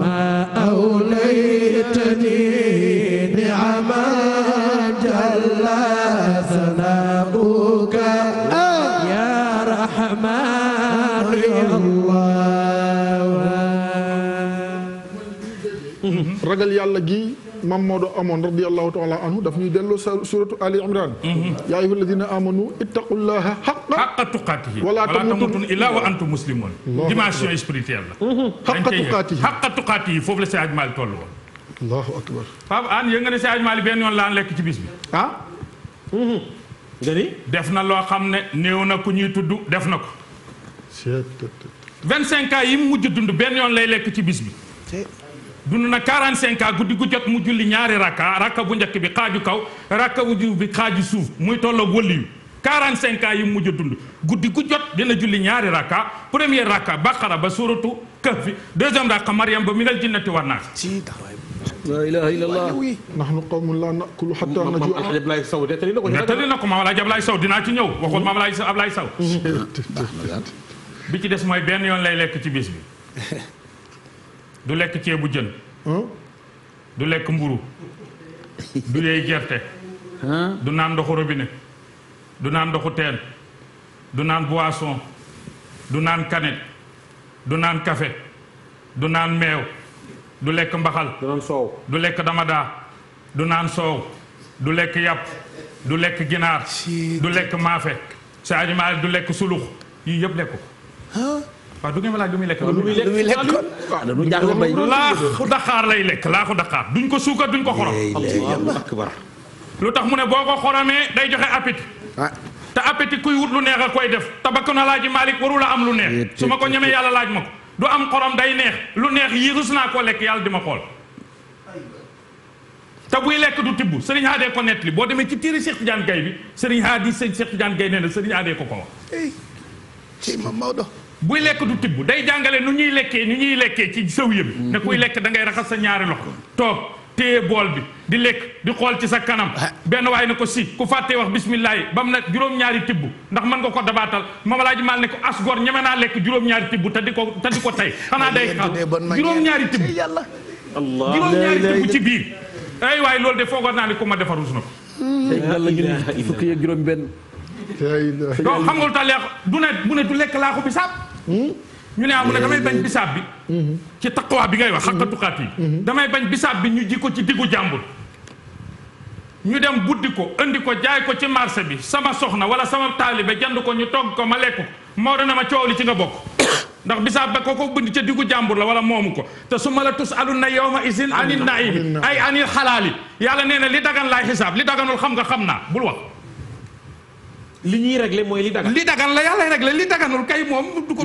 ما أوليتني نعما جل ثناؤك يا رحمن يا الله ragal yàlla gi maam Maodo amoon radiyallahu taala anhu daf ñuy delloo sa suratu Ali Imran mm-hmm. yaa ayyuhal wala tamutunna illa wa antum muslimun dimension spirituelle la xaqa mm-hmm. tuqaatihi xaqa la si ajmaali toll woon allahu akbar Pape Hann yënga ne si ajmaali benn yoon laan lekk ci bis bi ah mm-hmm. na loo xam ne néew na tudd def na ko vingt cinq ans yi mu mujj dund benn lay lekk ci bis bi dund na 45 ans guddi gu jot mu julli ñaari rakka rakka bu njëkk bi xaaju kaw rakka bu jub bi xaaju suuf muy tolloog wëlli yu 45 ans yi mujj a dund guddi gu jot dina julli ñaari rakka première rakka baqara ba suuratu kahf deuxième rakka mariam ba minal jinnati wan naas la ilaha illallah nahnu qawmun la nakulu hatta naju Ablaye Sow nettali na ko nettali na ko maam Alaaji Ablaye Sow dinaa ci ñëw waxul maam Alaaji Ablaye Sow bi ci des mooy benn yoon lay lekk ci bis bi du lekk ceebu jën. Hmm? du lekk mburu du yeey gerte. Hmm? du naan ndoxu robinet du naan ndoxu teen du naan boisson du naan canette du naan kafe du naan meew du lekk mbaxal. du lekk damadaa du naan soow du lekk yàpp du lekk ginaar. du lekk maafe. Sadio Mané du lekk sulux yii yëpp lekk ko. waaw du ngeen ma laaj lu muy lekk. lu muy lekk lu muy lekk waaw dañu jaaxle mbay. laaxu daxaar lay lekk laaxu daqaar duñ ko suukar duñ ko xorom. lu tax mu ne boo ko xoromee day joxe appétit. Ah. te appétit kuy wut lu neex a koy def tabakk na laaji Malick waru la am lu neex. su ma ko ñemee yàlla laaj ma ko. du am xorom day neex lu neex yii rus naa koo lekk yàlla di ma xool. te buy lekk du tibb sëriñ Hadé ko nettali boo demee ci téere Cheikh Tidiane Gaye bi Serigne Hadé Serigne Cheikh Tidiane Gaye nee na Serigne Hadé ko ko wax. buy lekk du tibb day jàngale nu ñuy lekkee nu ñuy lekkee ci sëwiya bi mm-hmm. ne kuy lekk da ngay raxas sa ñaari loxo toog téye bool bi di lekk di xool ci sa kanam ah. benn waaye ne ko si ku fàttee wax bisimilah ba mu ne juróom-ñaari tibb ndax mën nga ko dabaatal mama laa ji maal ne ko as gor ñeme naa lekk juróom-ñaari tibb te di ko te ko tey xanaa day xaw juróom-ñaari tibb juróom-ñaari tibb ci biir ay waaye loolu de foogoon naa ne ku ma defarus na ko mm-hmm. fukki yeeg juróom benn donc xam nga lu tax bu ne du lekk laaxu bi saab ñu ne ah mu damay bañ bisaab bi. Mm-hmm. ci taqwa bi ngay wax mm-hmm. xaqatuqaat yi. Mm-hmm. damay bañ bisaab bi ñu ji ko ci diggu jàmbur. ñu dem buddi ko indi ko jaay ko ci marché bi sama soxna wala sama taalibe jënd ko ñu togg ko ma lekk ko Maodo na ma coow li ci nga bokk. ndax bisaab ba ko ko bind ca diggu jàmbur la wala moomu ko te su ma la tus alu na yow ma isin anil naimi ay anil xalaali yàlla nee na li dagan laay xisaab li daganul xam nga xam naa bul wax. li ñuy réglé mooy li dagan. li dagan la yàlla réglé li daganul kay moom. du ko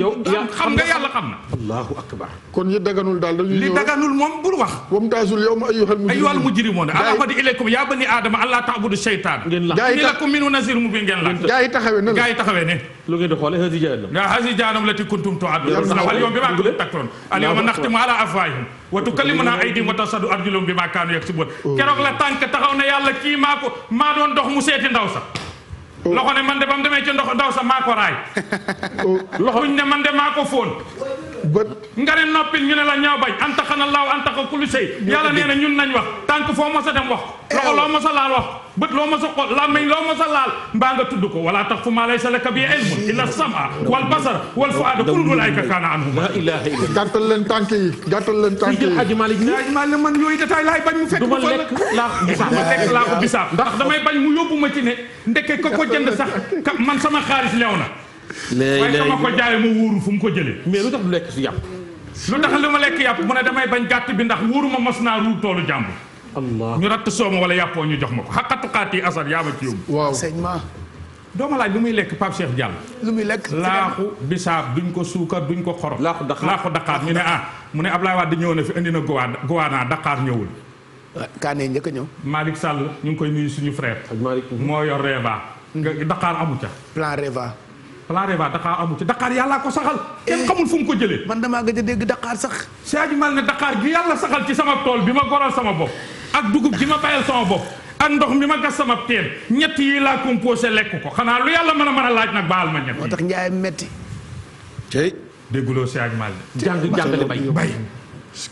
xam nga yàlla xam na. allahu akbar kon yi daganul daal dañuy li daganul moom bul wax. wamtaazul yawma ayyuhal mujrimuun alamadi ilaykum yaa bani aadama allah taabudu shaytaan. ngeen la inni lakum minhu nasiirun mubiin ngeen la. gaa yi taxawee ne la gaa yi taxawee ne. lu ngeen di xoolee haazii jahannam. haazii jahannam latii kuntum tuu'aduun wal yawma bimaa kuntum takfuruun al yawma naxtimu alaa afwaahihim wa tukallimunaa aydiihim wa tashhadu arjuluhum bimaa kaanuu yaksibuun oh. keroog la tànk taxaw na yàlla kii maa ko maa doon dox mu seeti ndaw sa loxo ne man de ba mu demee ca ndox ndaw sa maa ko raay. loxo buñ ne man de maa ko fóon. nga ne noppil ñu ne la ñaaw bañ antaxana laaw antaxa kulli sey yàlla nee na ñun nañ wax tànk foo mos a dem wax eh, loxo loo mos a wax bët loo mos a xool làmmiñ loo mos a laal ko wala tax fu ma laysa laka bi ilmun illa sama wal basar wal fuaada kullu ulaayka kaana anhu gàttal leen tànk yi gàttal leen tànk man yooyu détail laay bañ mu fekk du ma lekk laa ko ma lekk laa ndax damay bañ mu ma ci ne ndeke ko ko jënd sax man sama xaalis leew na léegi léegi sama ko jaay mu fu mu ko jëlee. mais lu lekk si yàpp. lu tax lu ma lekk yàpp mu ne damay bañ gàtt bi ndax wóoru ma mos naa ruur toolu jàmbur. allah ñu ratt sooma wala yàppoo ñu jox ma ko xaqatuqaati asar yaa ma ci yóbbu. waaw enseignement. doo lu muy lekk Pape Cheikh Diallo. lu muy lekk laaxu bisaab duñ ko suukar duñ ko xorom. laaxu daqaar laaxu daqaar ñu ne ah mu ne Ablaye Wade ñëw na fi indi na gowaanaa daqaar ñëwul. Ah, Kaane njëkk a ñëw. Malick Sall ñu ngi koy nuyu suñu frère. ak moo yor Reva. nga hmm. daqaar amu ca. plan Reva. plan Reva daxaa amu ci daqaar yàllaa ko saxal. kenn eh, xamul fu mu ko jëlee. man damaa gëj a dégg Dakar sax. Sadio Mal ne Dakar gi yàlla saxal ci sama tool bi ma goral sama bopp ak dugub ji ma bayal sama bopp ak ndox mi ma gas sama teen ñetti yi laa composé lekk ko xanaa lu yàlla mën a mën a laaj nag baal ma ñett yi. moo tax njaay metti. tey dégguloo Sadio Mal. jàng jàngale bay bay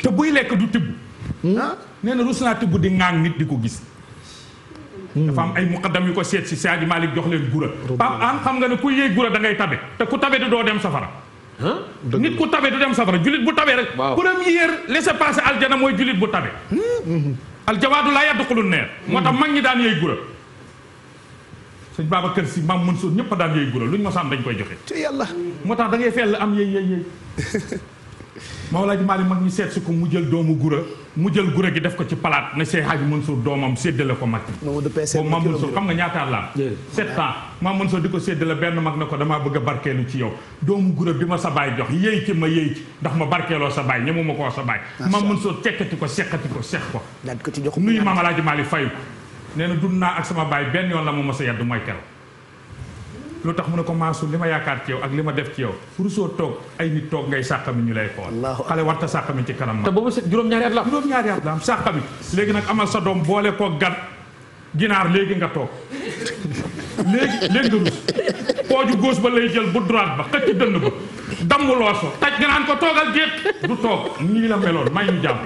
te buy lekk du tibb. Hmm? nee na rus naa tibb di ŋaang nit di ko gis. Hmm. dafa am ay muqaddam yu ko seet si Seydi Malick jox leen gura Pape Hann xam nga ne ku yëy gura da ngay tabe te ku tabe du doo dem safara nit ku tabe du dem safara julit bu tabe rek première laisser passer aljana mooy julit bu tabe hmm. Hmm. aljawaadu laa yadxulun naar moo tax mag ñi daan yëy gura sëñ kër Si mën Mansour ñëpp daan yëy gura lu ñu ma sàmm dañ koy joxe yàlla moo tax da ngay fell am yëy yëy yëy Mawlaay Maalik mag ñi seet si ko mu jël doomu gura mu jël gure gi def ko ci palaat ne Cheikh Hadji Mansour doomam séddale ko mag boobu Mame Mansour xam nga ñaataat la am sept ans Mame Mansour di ko séddale benn mag ne ko damaa bëgg a barkeelu ci yow doomu guro bi ma sa baay jox yéy ci ma yéy ci ndax ma barkeeloo sa baay ñemu ma koo sa baay Mame Mansour cekkati ko seqati ko seq ko nuyu Mame Alaaji Maalik fayu nee na dund naa ak sama baay benn yoon la ma mos a yedd mooy keroog lu tax mu ne ko maasul li ma yaakaar ci yow ak li ma def ci yow pour soo toog ay nit toog ngay sàqami ñu lay xool xale warta sàqami ci kanam ma te boobu juróom-ñaari at la juróom-ñaari at am sàqami léegi nag amal sa doom boole ko gan ginaar léegi nga toog léegi léegi nga rus pooju gauche ba lay jël bu droite ba xëcc dënn ba damm looso taj nga naan ko toogal déet du toog nii la meloon may ñu jàmm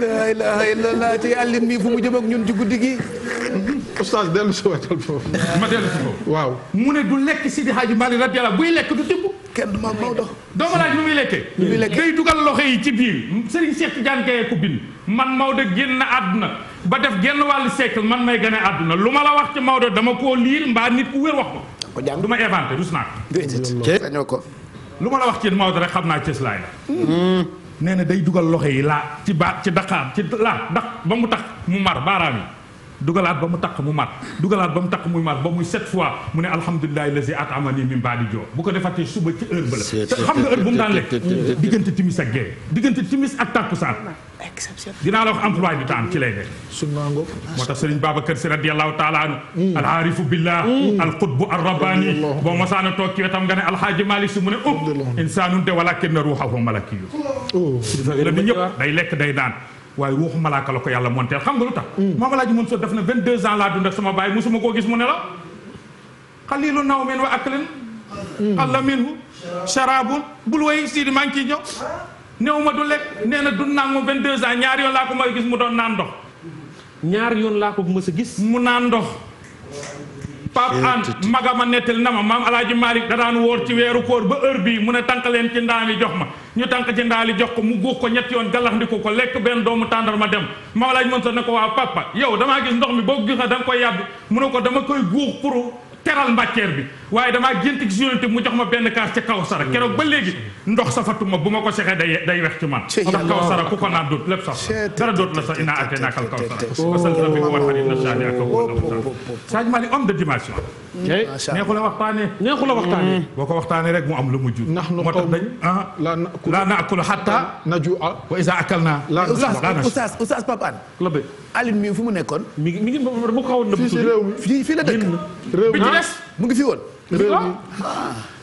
la ilaha illallah ci àllin mii fu mu jëm ñun ci guddi gi. oustaz dellu si waatal foofu. ma dellu si foofu. waaw mu ne du lekk Sidi Hadj Malick radiyallahu buy lekk du tibb. kenn du ma Maodo. doomu laaj bi muy lekkee. muy dugal loxo yi ci biir Serigne Cheikh Tidiane Gaye ko bind. man Maodo génn adduna ba def genn wàll siècle man may gën adduna lu ma la wax ci Maodo dama koo liir mbaa nit ku wér wax ko. ko du ma inventé rus naa ko. déedéet lu ma la wax ci Maodo rek xam naa cëslaay la. Hmm. nee na day jugal loxo yi laa ci baat ci daqaam ci laa daq ba mu tax mu mar baaraam yi dugalaat ba mu takk mu mat dugalaat ba mu takk muy mat ba muy sept fois mu ne alhamdulilahi lazi at amani min baadi joo bu ko defatee suba ci heure ba la te xam nga heure bu mu daan lekk diggante timis ak gee diggante timis ak tàkkusaan dinaa la wax emploi du temps ci lay def sunnaango moo tax sëriñ Babacar si radiallahu taala anu mm. alhaarifu billah mm. alqutbu arrabani boo masaana toog ci wetam nga ne alhaaji malik si mu ne ub insaanun de walakin ruuxahu malakiyu oh. la ñëpp day lekk day naan waaye waxu malaaka la yàlla monteel xam nga lu tax maam laa mën soo def na vingt deux ans laa dund ak sama baay mosuma koo gis mu ne la xalilu naw men wa aklin alla minhu sharabun bul way siidi maa ngi ciy ñëw néew ma du lekk nee na dund naa moom vingt deux ans ñaar yoon laa ko ma gis mu doon naan ndox ñaar yoon laa ko mës a gis mu naan ndox Pape An magama nettal na ma maam alaaji Malick da daan wóor ci weeru koor ba heure bii mu ne tànk leen ci ndaami jox ma ñu tànk ci li jox ko mu guux ko ñetti yoon gallaxndiku ko lekk benn doomu tàndar ma dem maam alaaji Mansour ne ko waa papa yow damaa gis ndox mi boo gis na da nga koy yàbb mu ne ko dama koy guux pour teral mbàcceer bi waaye damaa gént gis yonent mu jox ma benn kaas ca Kawsara keroog ba léegi ndox safatuma bu ma ko sexee day day wex ci man ndax Kawsara ku ko naan doot lépp sax dara doot la sax inaa atte naakal Kawsara asalna bi war oh. xarit na sani ak Sadji Malick homme de dimension neexu la waxtaanee neexu la waxtaanee mm. boo ko waxtaanee rek mu am lu mu jur moo tax dañ ah, laa naakulu hatta najua wa isa akal naa oustaz oustaz Pape Anne la Aline mi fu mu nekkoon mi ngi mi ngi mu ko xawoon na fii la dëkk ci des mu ngi fi woon.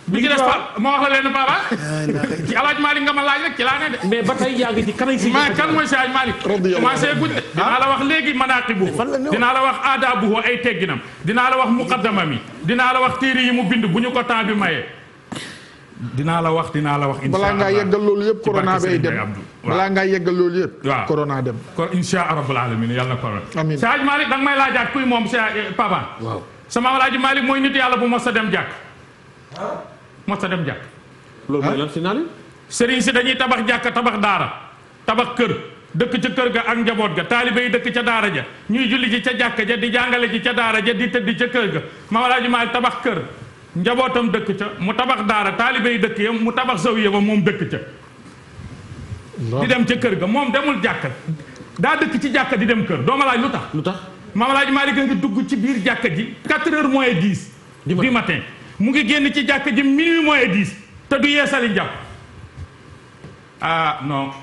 bi ci ah. des Pape ma wax la leen Papa. Ah? ci alaaj Malick nga ma laaj rek ci laa ne de. mais ba tey yaa ngi ci kanay si. mais kan mooy si alaaj Malick. commencé gudd ah. dinaa la wax léegi manaaqibu dinaa la wax aadaabu ay tegginam. dinaa la wax muqaddama mi. dinaa la wax téere yi mu bind bu ñu ko temps bi maye. dinaa la wax dinaa la wax. incha allah balaa ngaa yeggal loolu yëpp corona bay dem balaa ngaa yeggal loolu yëpp. waaw corona dem. kon incha allah rabbul alamin yàlla na corona. amiin si alaaj Malick danga may laajaat kuy moom si eh, Papa. waaw. sama alaaji Malick mooy nit yàlla bu mos a dem jàkk mos a dem jàkk loolu mooy lan sëriñ si dañuy tabax jàkk tabax daara tabax kër dëkk ca kër ga ak njaboot ga taalibe yi dëkk ca daara ja ñuy julli ji ca jàkk ja di jàngale ji ca daara ja di tëddi ca kër ga ma alaaji Malick tabax kër njabootam dëkk ca mu tabax daara taalibe yi dëkk ya mu tabax zawiya ba moom dëkk ca di dem ca kër ga moom demul jàkk daa dëkk ci jàkk di dem kër dooma laaj lu tax Maam Alaaji Maalik nga dugg ci biir jàkka ji quatre mois moins dix du matin mu ngi génn ci jàkka ji mois moins dix te du yeesali njàpp ah non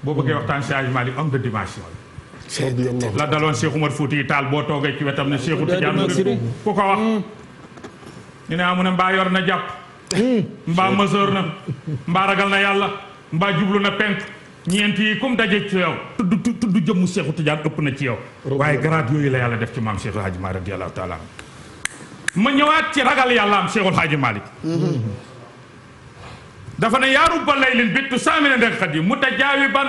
boo bëggee waxtaan si Alaaji Maalik homme de dimension la daloon Cheikh Oumar Fouti Taal boo toogee ci wetam ne Cheikh Tidiane ku ko wax ñu ne amu mbaa yor na jàpp hmm. mbaa mësoor na mbaa ragal na yàlla mbaa jublu na penk ñeent yi comme daje ci yow tudd na ci yow waaye garaat yooyu la yàlla def ci maam Seexul Haaji Maalik radiyallaahu taala ma ñëwaat ci ragal yàlla am Seexul Haaji Maalik dafa ne yaa rubba laylin bittu saamina ndeg xat yi mutajaawiban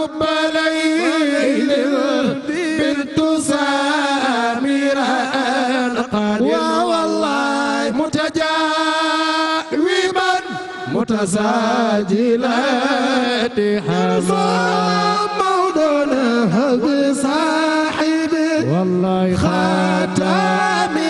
مساجل حما موضوع هب صاحب والله خاتم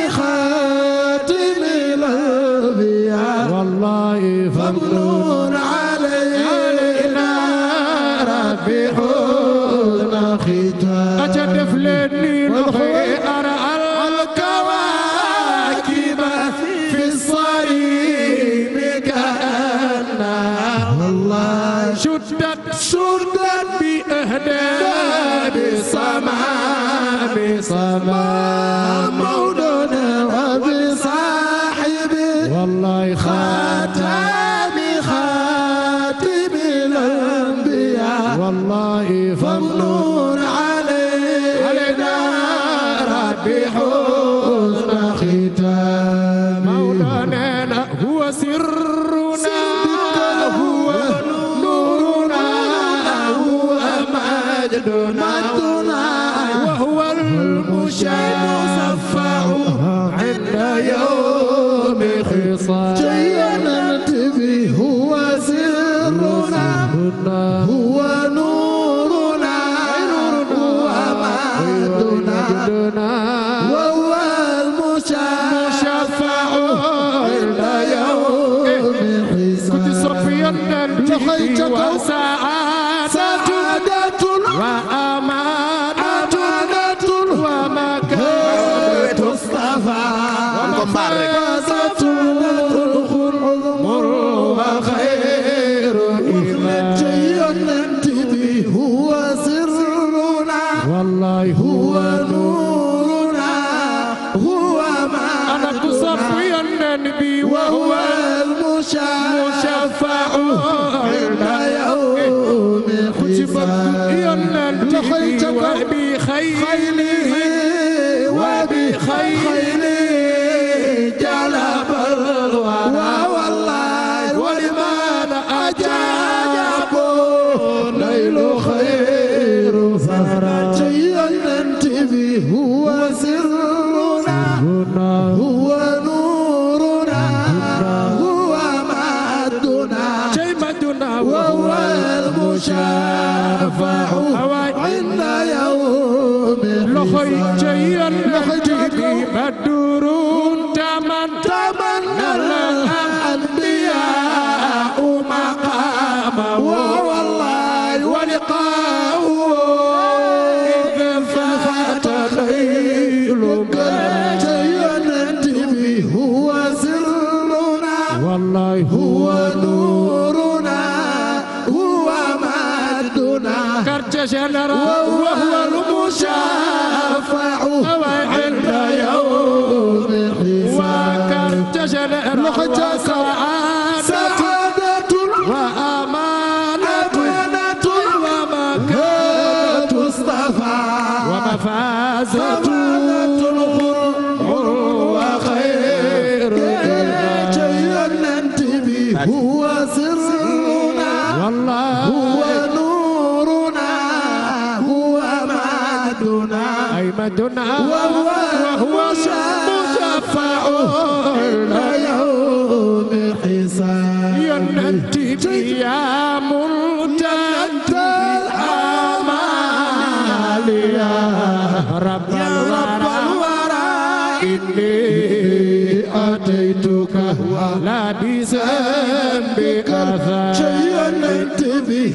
بسام بكفى شينت بي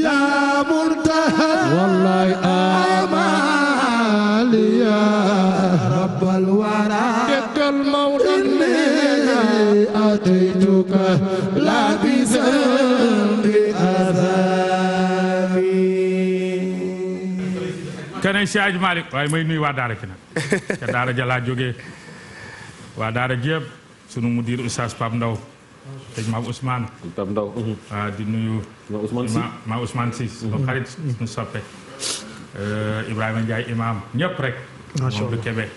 يا مرتهى والله آمالي يا رب الورى دق المولى إني أتيتك لا بسام keneen si aj Malick waaye may nuyu waa daara ki nag ca daara ja laa jógee waa daara jépp sunu mudir Oustaz Pape Ndaw sëñ maam Ousmane. Pape Ndaw. waaw ah, di nuyu. maam Ousmane si maam Ousmane si. suñu mhm. xarit suñu soppe. Eh, Ibrahima Ndiaye imaam ñëpp rek. macha allah moom du Kébé.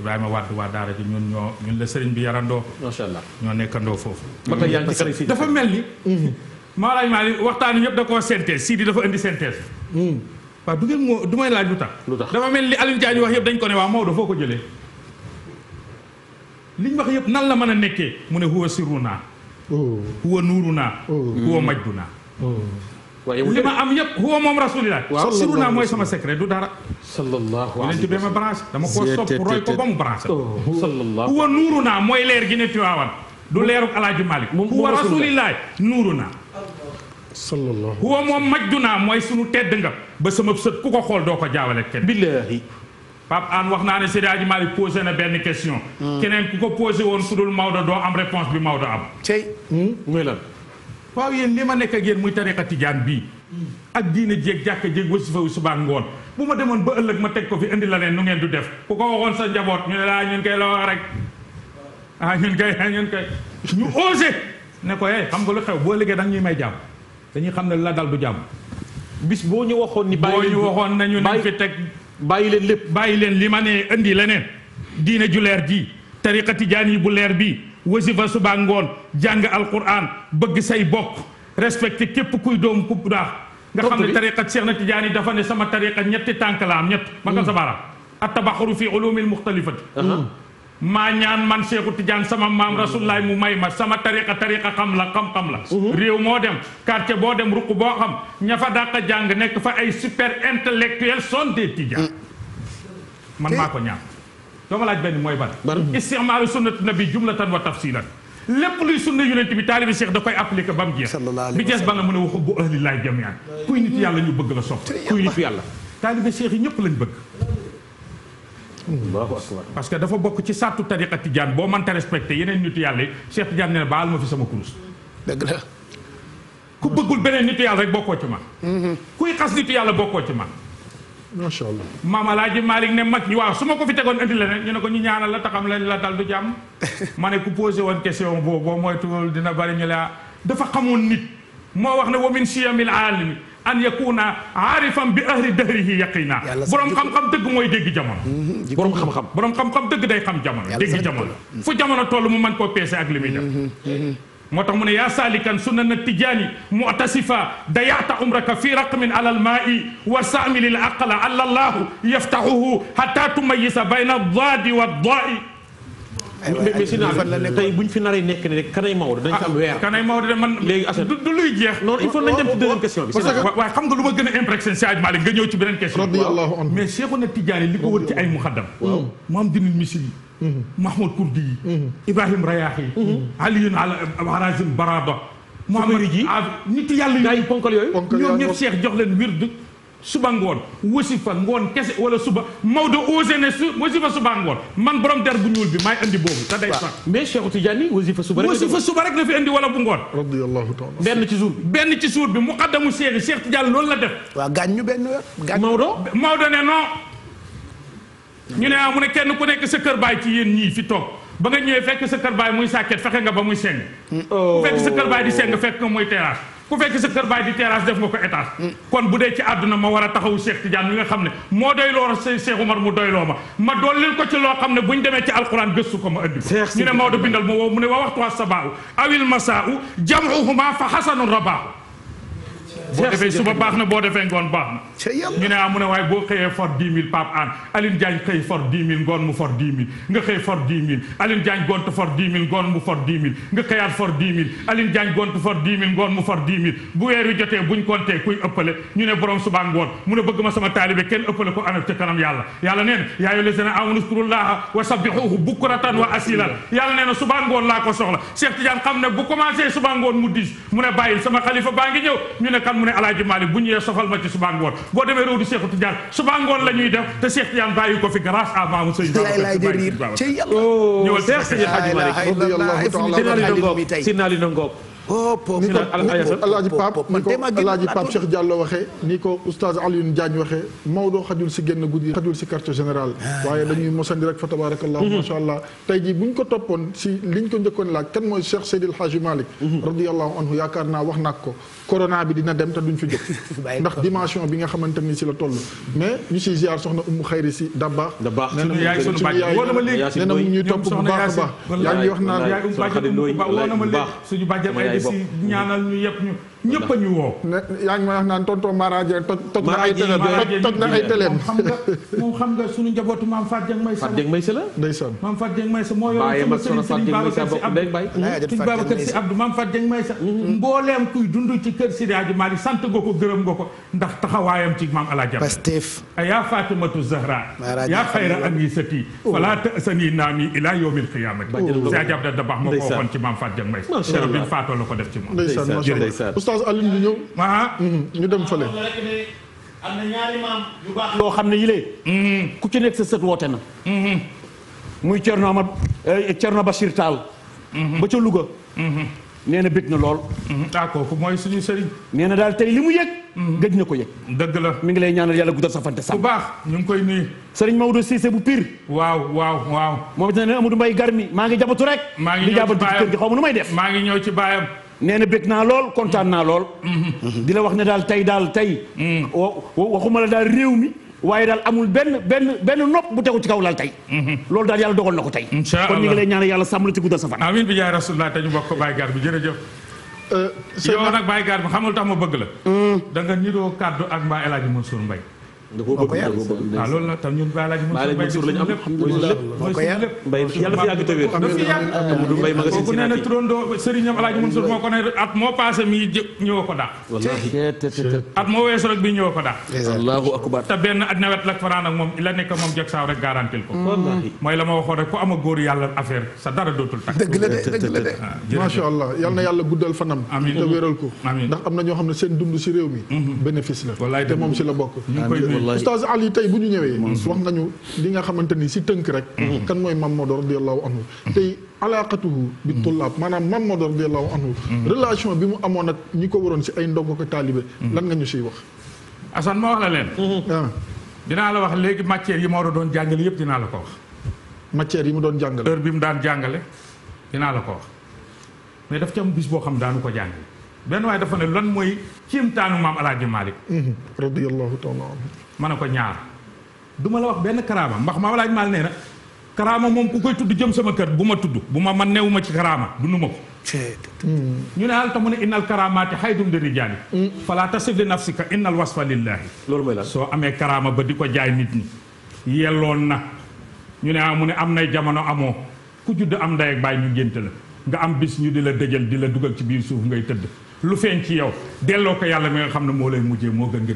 Ibrahima waa Daara ji ñun ñoo ñun la sëriñ bi yarandoo. macha allah ñoo nekkandoo foofu. ba tey yaa ngi ci kër fii dafa mel ni. Maolay Mali waxtaan yëpp da koo synthèse Sidi dafa indi synthèse. Hmm. waaw du ngeen moo du may laaj lu tax. lu tax dafa mel ni Alioune Diagne wax yëpp dañ ko ne waaw Maodo foo ko jëlee. liñ wax yëpp nan la mën a nekkee mu ne huwa sirruna Mm. huwa nuuruna mm. huwa majduna mm. li ma am huwa moom rasulillah siruna mooy sama secret du dara sallallahu alayhi wa sallam ma branché roy ko ba mu branché oh. huwa nuuruna mooy leer gi ne Tiwaawan du leeruk Alaaji Malik huwa rasulillah nuuruna huwa moom majduna mooy sunu tedd ba sama sët ku ko xool doo jaawale kenn Pape Anne wax naa ne si Seydi Hadji Malick posé na benn question. Hmm. keneen ku ko posé woon ku dul Maodo doo am réponse bi Maodo am. tey. muy hmm? lan. waaw yéen li ma nekk ak yéen muy tariqa tijaan bi hmm. ak diine jéeg jàkka jéeg wasifa wu subaa ngoon bu ma demoon ba ëllëg ma teg ko fi indi la neen nu ngeen du def ku ko waxoon sa njaboot ñu ne laa ñun kay la wax rek ah ñun kay ah ñun kay ñu osé ne ko eh xam nga lu xew boo liggéey da ñuy may jàmm dañuy xam ne la dal du jàmm. bis boo ñu waxoon ni. bàyyi boo ñu bàyyi leen lépp bàyyi leen li ma ne leneen diine ju leer ji tariqa tijaan yi bu leer bi wasifa suba ngoon jàng alquran bëgg say bokk respecté képp kuy doom ku daax nga xam ne tariqa Cheikh na Tidiane yi dafa ne sama tariqa ñetti tànk la am ñett. ma ko hmm. sa baaraam at tabaxuru fi ulumil muxtalifati uh-huh. maa ñaan man Seexu Tijaan sama maam rasulullaay mu may ma sama tariqa tariqa xam la xam-xam la réew moo dem quartier boo dem ruq boo xam ña fa dàq jàng nekk fa ay super intellectuel sont des Tijaan mmh. man mmh. maa ko ñaan dama laaj benn mooy ban mmh. istimaalu sunnati nabi jumlatan wa tafsilan lépp luy sunna yonent bi taalibi Cheikh da koy appliqué ba mu jeex bi jeex ba nga a waxu bu ahlillaay jamian kuy nit yàlla ñu bëgg la sopp kuy nit yàlla taalibi Cheikh yi ñëpp lañ bëgg parce que dafa bokk ci sàttu tariqa tijaan boo mënta respecté yeneen nitu yàlla yi Cheikh Tidiane ne la baal ma fi sama kurus. ku bëggul beneen nitu yàlla rek bokkoo ci man. Mm-hmm. kuy xas nitu yàlla bokkoo ci man. macha allah maam Alaaji Malick ne mag ñi waaw su ma ko fi tegoon indi leneen ñu ne ko ñu ñaanal la taxam lañ la dal du jàmm. ma ne ku posé woon question boobu boo moytuwul dina bari ñu la dafa xamoon nit moo wax ne wa si siyamil aalimi an yakuna aarifan bi ahli dahrihi yaqina borom xam-xam dëgg mooy dégg jamono mhm, borom xam-xam borom xam-xam dëgg day xam jamono dégg jamono fu jamono toll mu mën koo peese ak li muy def mhm, mhm. moo tax mu ne yaa saalikan sunan tijaani mu'tasifa dayata umraka fi raqmin ala almaai wa saamili l aqla alla allahu yaftahuhu hatta tumayisa bayna addaadi wa addaai Eh, mais si naan tey bu ñu fi naree nekk ne rek kanay Maodo dañ fi am weer. Ah, kanay Maodo de man léegi Assane du luy jeex. non il faut nañ dem ci oh, oh, deuxième oh, question bi. waaye xam nga lu ma gën a impressionné si Hadj Malick nga ñëw ci beneen question. mais Cheikhouna Tidiane li ko wër ci ay muxaddam. maam Dinin Misri yi. Mm-hmm. Mahmoud Kurdi yi. Mm-hmm. Ibrahim Rayaax yi. Mm-hmm. Alioune Harazim Barada. Mouhamed Avi nitu yàlla yi. ponkal yooyu ñoom ñëpp Cheikh jox leen wird suba ngoon wasifa ngoon kese wala suba Maodo osé ne su wasifa suba ngoon man borom der bu ñuul bi maay indi boobu. te day sax mais Cheikh Tidiane wasifa suba rek. wasifa suba rek la fi andi wala bu ngoon. radiyallahu taala benn ci suur benn ci suur bi mu xaddamu Cheikh Cheikh Tidiane loolu la def. waaw gaañ ñu benn weer. Maodo Maodo ne non. ñu ne ah mu ne kenn ku nekk sa kër baay ci yéen ñii fi toog. ba nga ñëwee fekk sa kër baay muy sàkket fexe nga ba muy seng. bu mm, oh. fekk sa kër baay di seng fekk nga muy terrasse. ku fekk sa kër baay di terrasse def nga ko étage kon bu dee ci àdduna ma war a taxawu Cheikh Tidiane mi nga xam ne moo doy loo Cheikh Oumar mu doy loo ma ma dooleel ko ci loo xam ne bu ñu demee ci alquran gëstu ko ma ëddi ñu ne Maodo bindal mu woo mu ne wa waxtuwa sabaau awil masaau jam'uhuma fa xasanun rabaahu boo defee suba baax na boo defee ngoon baax na ñu ne ah mu ne waaye boo xëyee for 10 000 Pape An Aline xëy for 10 ngoon mu for 10 000 xëy for 10 000 Aline gont for 10 ngoon mu for 10 bu weer jotee buñ compté kuy ëppale ñu ne borom subaa ngoon mu bëgg ma sama taalibe kenn ëppale ko anab ca kanam yàlla yàlla nee na yaa ayyuha lazina subaa ngoon laa ko soxla Cheikh Tidiane xam ne bu commencé subaa ngoon mu dis mu bàyyil sama xalifa baa ngi ñëw ñu ne kan mu ne alaaji ma boo demee réew di Cheikh Tidiane suba ngoon la ñuy def te Cheikh Tidiane bàyyi ko fi grâce à maamu sëñ oh, ñëwal teer sëñ Hadji Malick si na ngoog ni ko alaaji Pape ni ko alaaji Pape Cheikh Diallo waxee ni ko oustaz Alioune Diagne waxee Maodo xajul si génn guddi xajul si quartier général ah, waaye dañuy mosandi rek fa tabarakallahu mm-hmm. masha allah tey jii bu ñu ko toppoon si liñ ko njëkkoon laaj kan mooy Cheikh Seydil Hadji Malick mm-hmm. radiyallahu anhu yaakaar naa wax naa ko corona bi dina dem te duñ fi jóg ndax dimension bi nga xamante ni la toll mais ñu siy ziar soxna Umu Xayri si Dabaax suñu ñuy topp bu baax a baax yaa wax naan yaay um bàjj woo na ma léegi suñu bàjjam ay si ñaanal ñu yëpp ñu ñëpp a ñu woo. yaa ngi may wax naan tonton Mara Dieng toj toj na ay télé toj na ay télé moom xam nga moom xam nga suñu njabootu maam Fatou Dieng Maysa. Fatou Dieng Maysa la ndeysaan. maam Fatou Dieng Maysa moo yor sama sëriñ sëriñ Babacar si Abdou sëriñ Babacar si Abdou maam Fatou Dieng Maysa. Mhm. mbooleem kuy dund ci kër Sidi Hadji Malick sant nga ko gërëm nga ko ndax taxawaayam ci maam El Hadj Pastef. yaa Fatimatu Zahra. yaa xayra amisati. ko waxoon ci maam Fatou Dieng Maysa. faatoo la ko def ci moom. oustaz Alioune bi ñëw. ah mm-hmm. ñu dem fële. am na ñaari maam yu baax yoo xam ne yile mm-hmm. ku ci nekk sa sët woote na. Mm-hmm. muy Thierno Amad eh, Thierno Bachir Tall. ba ca Louga. nee na bég na lool. ah kooku mooy suñu sëriñ. nee na daal tey li mu yëg. gëj na ko yëg. dëgg la mi ngi lay ñaanal yàlla guddal sa fante sax. bu baax ñu ngi koy nuyu. sëriñ Maodo Cissé bu Pire. waaw waaw waaw. moom itam ne Amadou Mbaye Garmi maa ngi jabatu rek. maa ngi ñëw ci baayam ci kër gi xaw ma nu may def. maa ngi ñëw ci baayam. nee na bég naa lool kontaan naa lool. Mm-hmm. di la wax ne daal tey daal tey. Mm. waxuma la daal réew mi. waaye daal amul benn benn benn nopp bu tegu ci kaw laal tey. Mm-hmm. loolu daal yàlla dogal na ko tey. kon ñu ngi lay ñaanal yàlla sàmm la ci guddal sa fan. amiin bi jaay rasulullah te ñu bokk Baye Gar bi jërëjëf. sëñ euh, yow nag Baye Gar bi xamul tax ma bëgg la. Mm. da nga niroo kàddu ak mbaa El Hadj Mansour mbay moo ko yar ah loolu la tam ñun Baye Alaaji Mansour lañu am alhamdulilah moo ko yar mbay yàlla fi na turandoo Serigne Alaaji Mansour moo ko ne at moo passé mi ñëw ko ko dàq allahu benn at nawet la fanaan ak moom la nekk moom jog saaw rek garantil ko mooy la ma waxoon rek ku ama góor yàlla affaire sa dara dootul tax dëgg la de dëgg la de ah, macha allah yal mm-hmm. yàlla guddal fanam te wéral ko ndax am na ñoo xam ne seen dund si réew mi mm-hmm. bénéfice la oustaz Ali tey bu ñu ñëwee wax nañu li nga xamante ni si tënk rek mm-hmm. kan mooy Mamadou radiyallahu anhu mm-hmm. tey alaqatuhu bi mm-hmm. tullaab maanaam Mamadou radiyallahu anhu relation bi mu amoon ak ñi ko waroon si ay ndongo ko taalibe lan nga ñu siy wax Assane ma wax la leen ah. dinaa la wax léegi matière yi Maodo doon jàngale yëpp dinaa la ko wax matière yi mu doon jàngale heure bi mu daan jàngale dinaa la ko wax mais daf ci am bis boo xam daanu ko jàngale benn waaye dafa ne lan mooy kiimtaanu maam alaaji Malick radiyallahu taala anhu ma ne ko ñaar duma la wax benn karaama mbax ma laaj ma nee na karaama moom ku koy tudd jëm sama kër bu ma tudd bu ma man newuma ci karaama dunu ma ko ñu ne yàlla ta mu ne innal karaamaati xaydum di rijaali mm. fala tasif li nafsika innal wasfa lillahi loolu mooy la soo amee karaama ba di ko jaay nit ñi yelloon na ñu ne ah mu ne am nay jamono amoo ku judd am ndey ak baay ñu génte la nga am bis ñu di la dëjal di la dugal ci biir suuf ngay tëdd lu feeñ ci yow delloo ko yàlla mi xam ne moo lay mujjee moo gën nga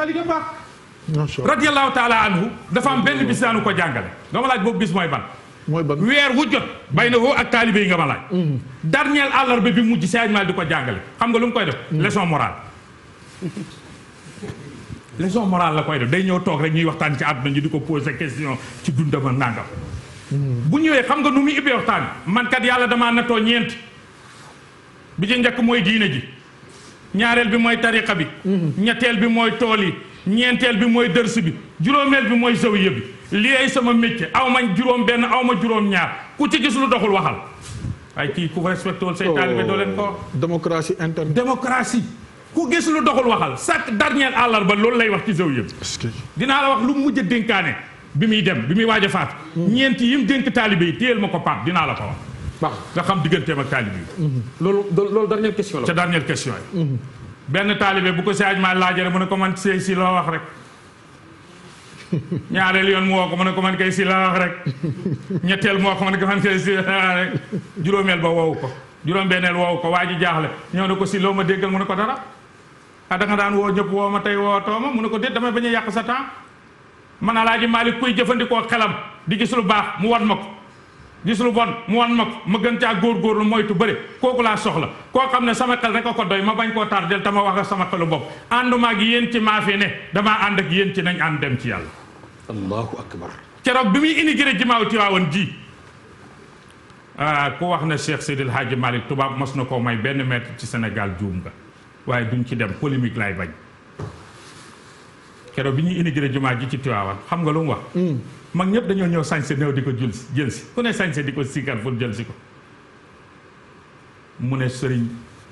Maalik a baax radiallahu taala anhu dafa am benn bis daanu ko jàngale nga ma laaj boobu bis mooy ban mooy weer wu jot bay na foofu ak taalibe yi nga ma laaj mm-hmm. dernier àllarba bi mujj Sëriñ Maalik di ko jàngale xam nga lu mu koy def mm-hmm. leçon morale leçon morale la koy def day ñëw toog rek ñuy waxtaan ci àdduna ñu di ko poser question ci dundam ak nangam mm-hmm. bu ñëwee xam nga nu muy ubbee waxtaan man kat yàlla damaa natoo ñeent bi ci njëkk mooy diine ji ñaareel bi mooy tariqa bi mm-hmm. ñetteel bi mooy tool yi ñeenteel bi mooy dërs bi juróomeel bi mooy zawiya bi lii ay sama métier aw ma juróom benn aw ma juróom ñaar ku ci gis lu doxul waxal waaye kii ku ko respecté wul say oh, taalibe doo leen ko démocratie interne démocratie ku gis lu doxul waxal chaque dernier àllarba loolu lay wax ci zawiya bi dinaa la wax lu mu mujj dénkaane bi muy dem bi muy waaj a faat mm-hmm. ñeent yi mu dénk taalibe yi téyel ma ko paat dinaa la ko wax baax nga xam digganteem ak taalibe yi. Mm-hmm. loolu loolu dernière question la. ca dernière question yi. Mm-hmm. benn taalibe bu ko si ajmaa laajee rek mu ne ko man si si loo wax rek. ñaareel yoon mu woo ko mu ne ko man kay si laa wax rek ko mu ne ko man kay si laa juróomeel ba woowu ko juróom-benneel woowu ko waa ji jaaxle ñëw ne ko si loo ma déggal mu ne ko dara a ah, da daan woo ñëpp woo ma tey woo too ma mu ne ko déet damay bañ a yàq sa temps man Alaaji Maalik kuy jëfandikoo xelam di gis lu baax mu wan ma ko gis lu bon mu wan ma ma gën caa góorgóorlu moytu bëri kooku laa soxla koo xam ne sama xel rek a ko doy ma bañ koo tardel te ma wax ak sama xelu bopp ànduma ak yéen ci maa fi ne damaa ànd ak yéen ci nañ ànd dem ci yàlla. allahu akbar. keroog bi muy immigré jimaaw Tiwaawan ji ah, wax ne Cheikh Seydil Hadji Malick tubaab koo may benn mètre ci Sénégal juum nga waaye duñ ci dem polémique laay bañ bi ñuy immigré jumaa ji ci Tiwaawan xam nga lu mu wax. Hmm. mag ñëpp dañoo ñëw sañse néew di ko jël jël si ku ne sañse di ko siikar pour jël si ko mu ne sëriñ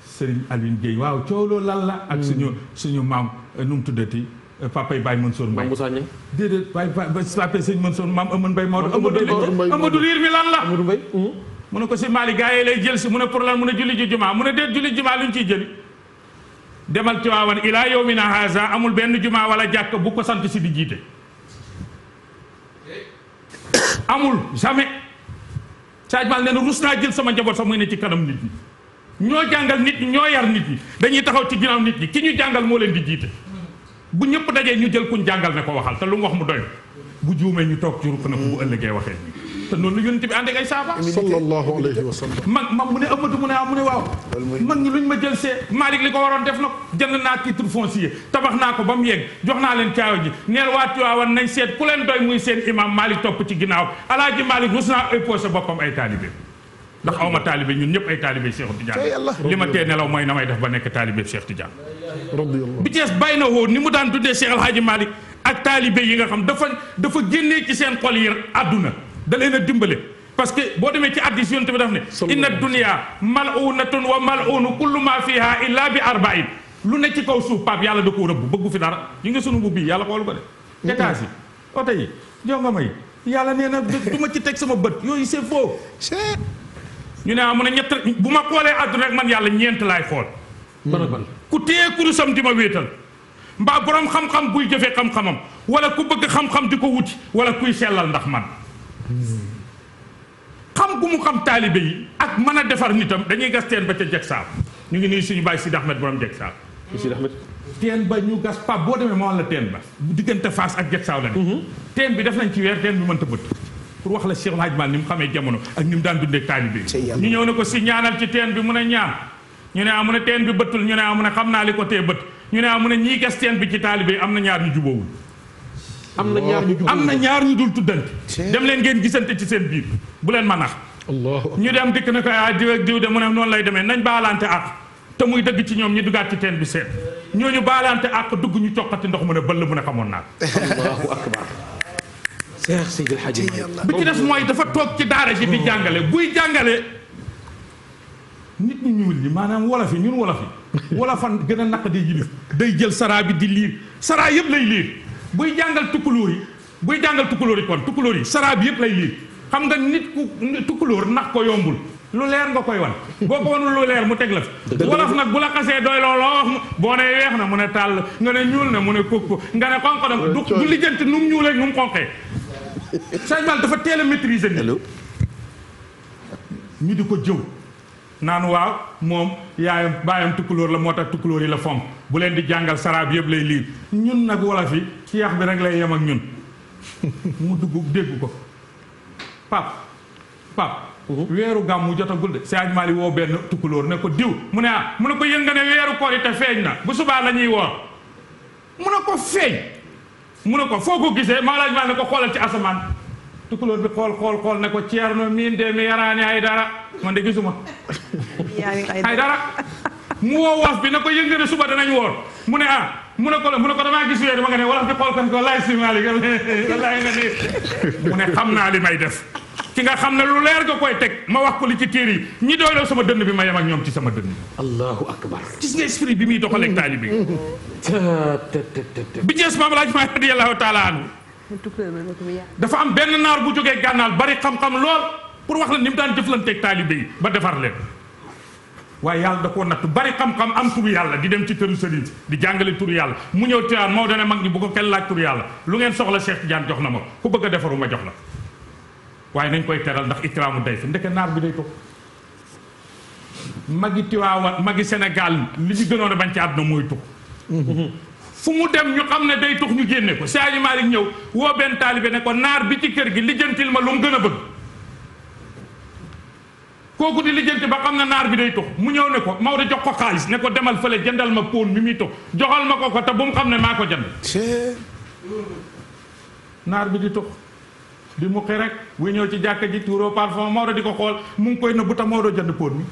sëriñ Alioune Guèye waaw coow loolu lan la ak hmm. suñu suñu maam euh, nu mu tuddati euh, papay Baye Mansour Mbaye déedéet Baye papay sëñ Mansour maam Amadou Mbaye Maodo Amadou liir mi lan la hmm? mu ne ko si maali gaa yi lay jël si mu ne pour lan mu ne julli ji jumaa mu ne déet julli jumaa lu ñu ciy jëli demal Tiwaawan ilaa naa haza amul benn jumaa wala jàkk bu ko sant si di jiite amul jamais Sadio Mané nee na rus naa jël sama njaboot sax muy ne ci kanam nit ñi ñoo jàngal nit ñi ñoo yar nit ñi dañuy taxaw ci ginnaaw nit ñi ki ñu jàngal moo leen di jiite bu ñëpp dajee ñu jël kuñ jàngal ne ko waxal te lu mu wax mu doy bu juumee ñu toog ci rukk na bu ëllëgee waxee te noonu la yonent bi ànd ak ay saaba. sallallahu alayhi wa sallam. man man mu ne Amadou mu ne ah mu ne waaw. man ñi luñ ma jël see Malick li ko waroon def nag jënd naa titre foncier tabax naa ko ba mu yegg jox naa leen caawa ji neel waa Tiwaawan nañ seet ku leen doy muy seen imam Malick topp ci ginnaaw alaaji Malick rus naa imposé boppam ay taalibe. ndax aw ma taalibe ñun ñëpp ay taalibe Cheikh Tidiane li ma tee nelaw mooy na may def ba nekk taalibe Cheikh Tidiane bi Cees woo ni mu daan dundee Cheikh Alhaaji Malick ak taalibe yi nga xam dafa dafa génnee ci seen xol yi àdduna da leen a dimbale parce que boo demee ci hadiis yonent bi daf ne inna dunya mal'unatun wa mal'unu kullu ma fiha illa bi arba'in lu ne ci kaw suuf paap yàlla da koo rëbb bëggu fi dara ñu ngi sunu mbubb yi yàlla xoolu ko de étage yi oto yi may yàlla nee na du ma ci teg sama bët yooyu c'est faux ñu ne ah mu ne ñett bu ma xoolee àdduna rek man yàlla ñeent laay xool mm. ku téye kurusam di ma wéetal mbaa borom xam-xam buy jëfee xam-xamam wala ku bëgg xam-xam di ko wuti wala kuy sellal ndax man xam gu mu xam taalibe yi ak mën a defar nitam dañuy gas teen ba ca jeg saab ñu ngi nii suñu bàyyi Sidi Ahmed borom jeg saab teen ba ñu gas pap boo demee moo la teen ba diggante fas ak jeg saaw la ne mhm. teen bi def nañ ci weer teen bi mënta bëtt pour wax la Cheikh El Hadj ni mu xamee jamono ak ni mu daan dundee taalibe yi ñu ñëw ne ko si ñaanal ci teen bi mun a ñaan ñu ne amu ah, ne teen bi bëttul ñu ne amu ah, ne xam naa li ko tee bëtt ñu ne amu ah, ne ñi gas bi ci taalibe yi am na ñaar ñu jubóowul am na ñaar ñu am na ñaar ñu dul tuddante. dem leen ngeen gisante ci seen biir bu leen ma nax. ñu dem dikk ne ko ah diw diw de mu ne noonu lay demee nañ baalante àq te muy dëgg ci ñoom ñu dugaat ci teen bi seet ñooñu baalante àq dugg ñu coqati ndox mu ne bëll mu ne xamoon naa ko. allahu akbar. Seex Seydi El Hadji bi ci des mooy dafa toog ci daara ji di jàngale buy jàngale. nit ñu ñuul ñi maanaam wolof yi ñun wolof yi wolofan gën a naq di yilif day jël saraa bi di liir saraa yëpp lay liir. buy jàngal tukkulóor yi buy jàngal tukkulóor yi kon tukkulóor yi saraa bi yëpp lay lii xam nga nit ku tukkulóor nax ko yombul lu leer nga koy wan boo ko wanul lu leer mu teg la fi wolof nag bu la xasee doy loolu wax boo ne weex na mu ne tàll nga ne ñuul na mu ne kókko nga ne xonq na du du lijjanti nu mu ñuulee nu mu xonqee Cheikh Ibra dafa teel a maîtriser ni ñu di ko jëw naan waaw moom yaayam baayam tukkulóor la moo tax tukkulóor yi la fomp bu leen di jàngal saraab yëpp lay liir ñun nag wolof yi ci yax bi rek lay yem ak ñun mu dugg dégg ko pap pap weeru gàmmu jotagul de Sëñ Maali woo benn tukkulóor ne ko diw mu ne ah mu ne ko yënga ne weeru koor yi te feeñ na bu subaa la ñuy woor mu ne ko feeñ mu ne ko foo ko gisee maa laaj maa ne ko xoolal ci asamaan tukulóor bi xool xool xool ne ko ceerno miin de mi yaraani ay dara man de gisuma ay dara mu woo wolof bi na ko yëngëne suba danañ woor mu ne ah mu ne ko mu ne ko damaa gis weer ma nga ne wolof bi xool ko ne ko laay simaali nga laay mu ne xam naa li may def ki nga xam ne lu leer nga koy teg ma wax ko li ci téere yi ñi doyloo sama dënn bi ma yem ak ñoom ci sama dënn allahu akbar gis nga esprit bi muy doxaleeg taalibe bi bi jees maam laaj ma radiyallahu taala dafa am benn naar bu jógee gànnaal bari xam-xam lool pour wax la ni mu daan jëflanteeg taalibe yi ba defar leen waaye yàlla da koo nattu bari xam-xam am turu yàlla di dem ci këru sëriñ di jàngale turu yàlla mu ñëw Tiwaawan moo dana mag ñi bu ko kenn laaj turu yàlla lu ngeen soxla Cheikh Tidiane jox na ma ku bëgg a defaru ma jox la waaye nañ koy teral ndax ikraamu day fi ndeke naar bi day toog magi Tiwaawan magi Sénégal li ñu gënoon a bañ ci àdduna mooy tukk mhm. fu mu dem ñu xam ne day tux ñu génne ko Seydi Malick ñëw woo benn taalibe ne ko naar bi ci kër gi lijjantil ma lu mu gën a bëgg kooku di lijjanti ba xam ne naar bi day tux mu ñëw ne ko Maodo jox ko xaalis ne ko demal fële jëndal ma póon mi muy tux joxal ma ko ko te bu mu xam ne maa ko jënd naar bi di tux di muqi rek buy ñëw ci jàkka ji tuuroo parfum Maodo di ko xool mu ngi koy nëbbu te Maodo jënd póon mi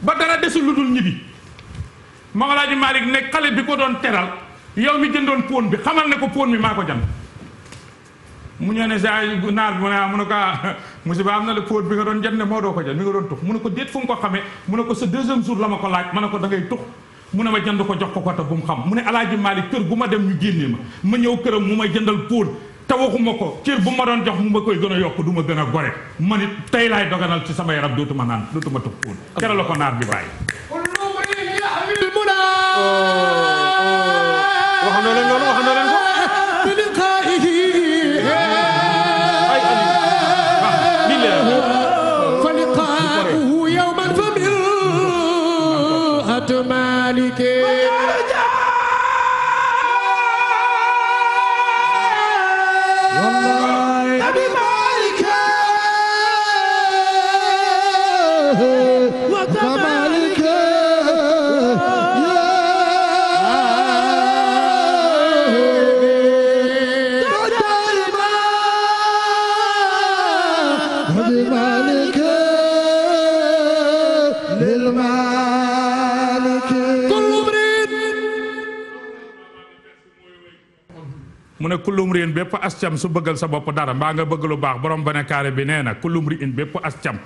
ba dara desul lu dul ñibbi Maam Alaaji Malick ne xale bi ko doon teral yow mi jëndoon poon bi xamal ne ko poon mi maa ko jam mu ñëw ne saa naar bi mu ne ah mu ne ko na la póon bi nga doon jam ne moo doo ko jam mi nga mu ko déet fu nga ko xamee mu ne ko sa deuxième jour la ko laaj ma ne ko ma jënd ko jox ko ko te mu xam mu ne Alaaji Malick kër gu ma dem ñu génnee ma ma ñëw këram mu may jëndal póon te waxuma ko cër bu ma doon jox mu ma koy gën a yokk du ma gën a gore ma it tey laay doganal ci sama yaram dootuma naan dootuma tux póon kera la ko naar bi bàyyi demain. ne kullum riin bépp as cam su bëggal sa bopp dara mbaa nga bëgg lu baax borom ba ne kaare bi nee na kullum bépp as cam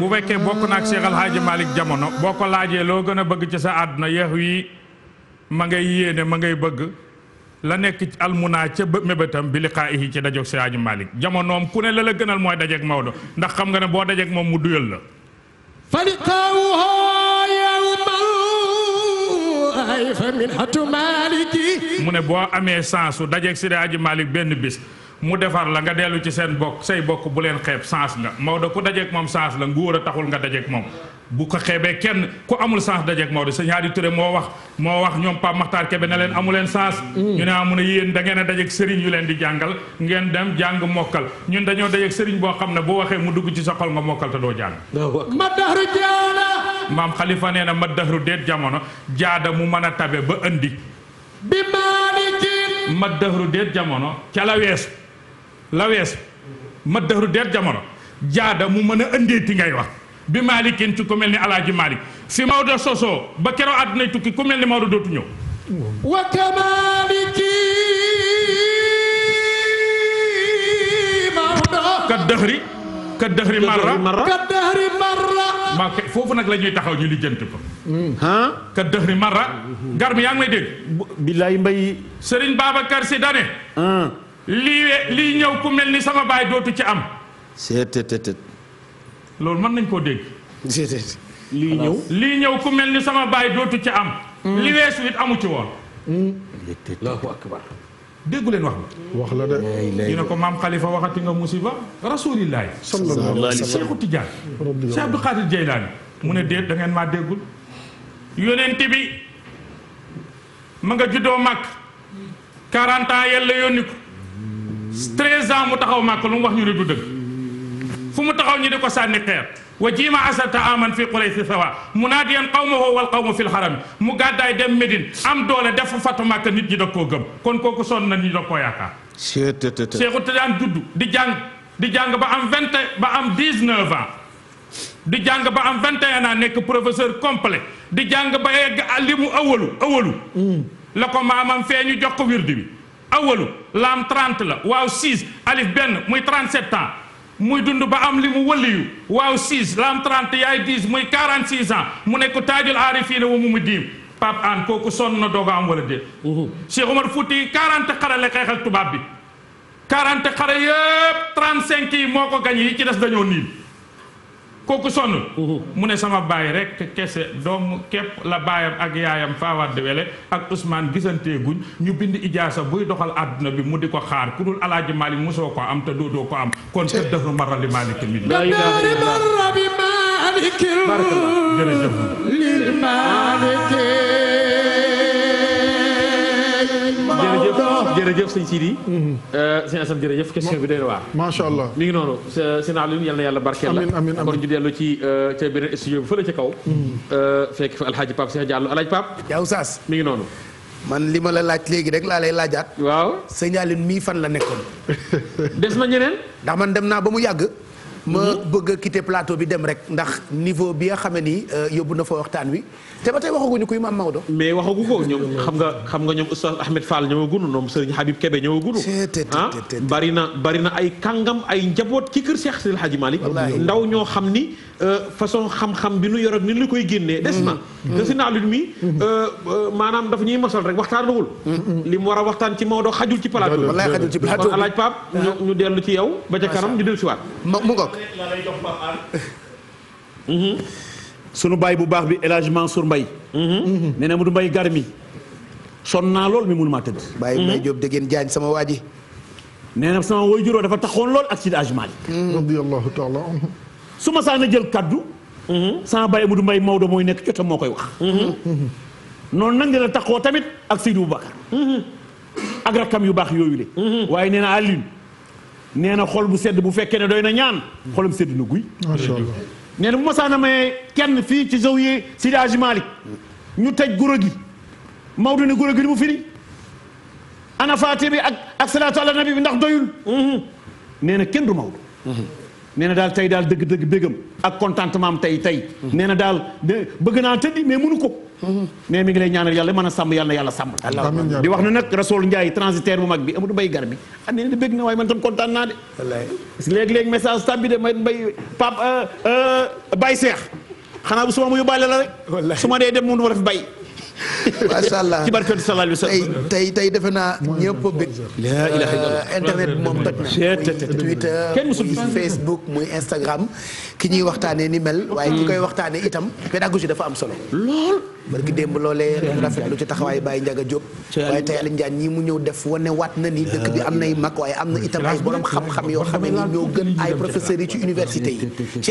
bu fekkee bokk naa Cheikh El Hadji jamono boo ko laajee loo gën a bëgg ci sa àdduna yeex wi ma ngay yéene ma ngay bëgg la nekk almunaa ca mébétam bi liqaa'ihi ci dajoog Cheikh Hadji Malick jamonoom ku ne la la gënal mooy dajeeg Maodo ndax xam nga ne boo dajeeg moom mu duyal la fa liqaa'uhu yawmal mu ne boo amee sansu su si Seydi Aji Malick benn bis mu defar la nga dellu ci seen bokk say bokk bu leen xeeb sens nga Maodo ku dajeeg moom sens la nguur a taxul nga dajeek moom bu ko xeebee kenn ku amul sens dajeeg Maodo sa ñaari Touré moo wax moo wax ñoom Pape kebe na leen amu leen sens. Mm. ñu ne amu ah, ne yéen da ngeen a sëriñ yu leen di jàngal ngeen dem jàng mokkal ñun dañoo dajeeg sëriñ boo xam ne boo waxee mu dugg ci sa xol nga mokkal te doo jàng. maam Khalifa nee na ma dahru deet jamono jaada mu mën a tabe ba andi. bi maani jamono ca la ma dahru deet jamono jaada mu mën a andeeti ngay wax. bi maalikin ci ku mel ni alaaji maalik fi Maodo sosoo ba keroo àdduna tukki ku mel ni Maodo dootu ñëw wa kamaliki Maodo ka dëxri ka dëxri marra ka dëxri foofu nag la ñuy taxaw ñu lijjanti ko ka dëxri marra gar mi yaa ngi may dégg billaay mbay sëriñ Babacar si dane lii lii ñëw ku mel ni sama baay dootu ci am seet loolu mën nañ koo dégg. lii ñëw lii ñëw ku mel ni sama baay dootu ci am. Hmm. li weesu it amu ci woon. Hmm. allahu akbar déggu leen wax la. wax la de. ñu ne ko maam Khalifa waxati nga musiba. rasulillahi. sallallahu alayhi wa sallam Cheikhu Tidiane. Cheikh Abdou Khadir Jeylaani mu ne déet da ngeen maa déggul. yonent bi ma nga juddoo màkk. 40 ans yàlla yónni ko. 13 ans mu taxaw màkk lu mu wax ñu ne du dëgg. fu mu taxaw ñi di ko sànni xeer wa jiima asabta aman fi quraysi sawa munaadiyan qawmahu wal qawmu fi lxarami mu gàddaay dem Médine am doole def fatu Màkka nit ñi da koo gëm kon kooku sonn na nit ñi da koo yaakaar Seexu Tijaan judd di jàng di jàng ba am vingt ba am dix-neuf ans di jàng ba am vingt et un nekk professeur complet di jàng ba yegg li mu awalu la ko maamam fee ñu jox ko wirdi bi awalu laam trente la waaw six alif benn muy trente-sept muy dund ba am li mu wëliyu waaw 6 la am 30 yaay 10 muy 46 ans mu nekk taajul aarifiina wa mu mu diim Pape An kooku sonn na doog am wala déet. Cheikh Omar Fouti 40 xare la xeexal tubaab bi 40 xare yëpp 35 yi moo ko gañ yi ci des dañoo niil. kooku sonn mu ne sama baay rek kese doom képp la baayam ak yaayam faawaatde wele ak Ousmane gisanteeguñ ñu bind ijaasa buy doxal àdduna bi mu di ko xaar ku dul alaaji Maalik mosoo ko am te doodoo ko am kon te dafa marali Maalik mi dari marra bi Maalik lil Maalik jërëjëf jërëjëf sëñ Sidi. Mm-hmm. Euh, sëñ Assane jërëjëf question bi doy na waar. macha allah mi ngi noonu sëñ Alioune yal na yàlla barkeel la. amiin amiin amiin kon ñu dellu ci euh, ca beneen studio bi fële ca kaw. Mm-hmm. Euh, fekk fa alxaaji Pape Cheikh Diallo alxaaji Pape. yow Saas mi ngi noonu. man li ma la laaj léegi rek laa lay laajaat. waaw sëñ Alioune mii fan la nekkoon. des na ñeneen. ndax man dem naa ba mu yàgg. ma mm-hmm. bëgg a quitter plateau bi dem rek ndax niveau bi a xam ne nii yóbbu na fa waxtaan wi te ba tey waxaguñu kuy maam Maodo. mais waxagu ko ñoom xam nga xam nga ñoom oustaz Ahmed Fall ñëwagunu ñoom Serigne Habib Kebe ñëwagunu. ah bari na bari na ay kàngam ay njaboot ci kër Cheikh Seydi El Hadji Malick ndaw ñoo xam ni euh, façon xam-xam bi nu yoroon ni lu koy génne des na. Mm-hmm. te si naa mi mm-hmm. euh, euh, maanaam dafa ñuy mosal rek waxtaanagul. Mm-hmm. li mu war a waxtaan ci Maodo xajul ci plateau bi. wallaay xajul ci plateau bi kon alaaj Pape ah. ñu dellu ci yow. ba ca ñu dellu si waat. mu ngoog. sunu baay bu baax bi El Hadj mbay Mbaye. Mhm. nee na Amadou Mbaye garmi sonn naa lool mi mënu maa tëdd. baay Mbaye mhm. Diop dégg ngeen jaañ sama waa ji. nee na sama woy juróom dafa taxoon lool ak Sidi Hadj Malick. Mhm. radiyallahu taala anhu. su ma saan jël kaddu. sama baay Amadou Mbaye Maodo mooy nekk jotam moo koy wax. noonu nag dina taxoo tamit ak bu Boubacar. ak rakkam yu baax yooyu de. waaye nee na Alioune. nee na xol bu sedd bu fekkee ne doy na ñaan. xolam sedd na guy. nee na bu masaana mayee kenn fii ci zawiye Seydi Hadji Malick ñu tej goro gi Maodo ne goro gi li mu firi ana faate bi ak ak salaatu ala nabi bi ndax doyul mhm. nee na kenn du Maodo mhm. nee daal tey daal dëgg-dëgg bégam ak contentement tey tey mhm. nee na daal bëgg naa tëddi mais mënu ko mhm. nee mi ngi lay ñaanal yàlla man a sàmm yàlla na yàlla sàmm di wax na nag Rasoul Ndiaye transitaire bu mag bi Amadou Mbaye gar bi ah nee na bégg na waaye man tam kontaan naa de léeg-léeg message tab bi de may mbay Pape euh, euh, Baye Seex xanaa bu suma mu yóbbaale la rek su ma dee dem moom du ma la fi bay macha allah ci barkeel sallallahu alayhi wa sallam tey tey defe naa ñëpp bëgg. laa ilaaha illallaah euh, internet bi moom toj na. Twitter muy Facebook muy Instagram. ki ñuy waxtaanee ni mel. waaye ki koy waxtaanee itam. pédagogie dafa am solo. lool barki démb loolee. rafet lu ci taxawaay Baye Ndiaga Diop. waaye tey Alioune Diagne ñii mu ñëw def wane waat na am nay mag waaye am na itam ay borom xam-xam yoo xamee ni ñoo gën ay professeurs yi ci université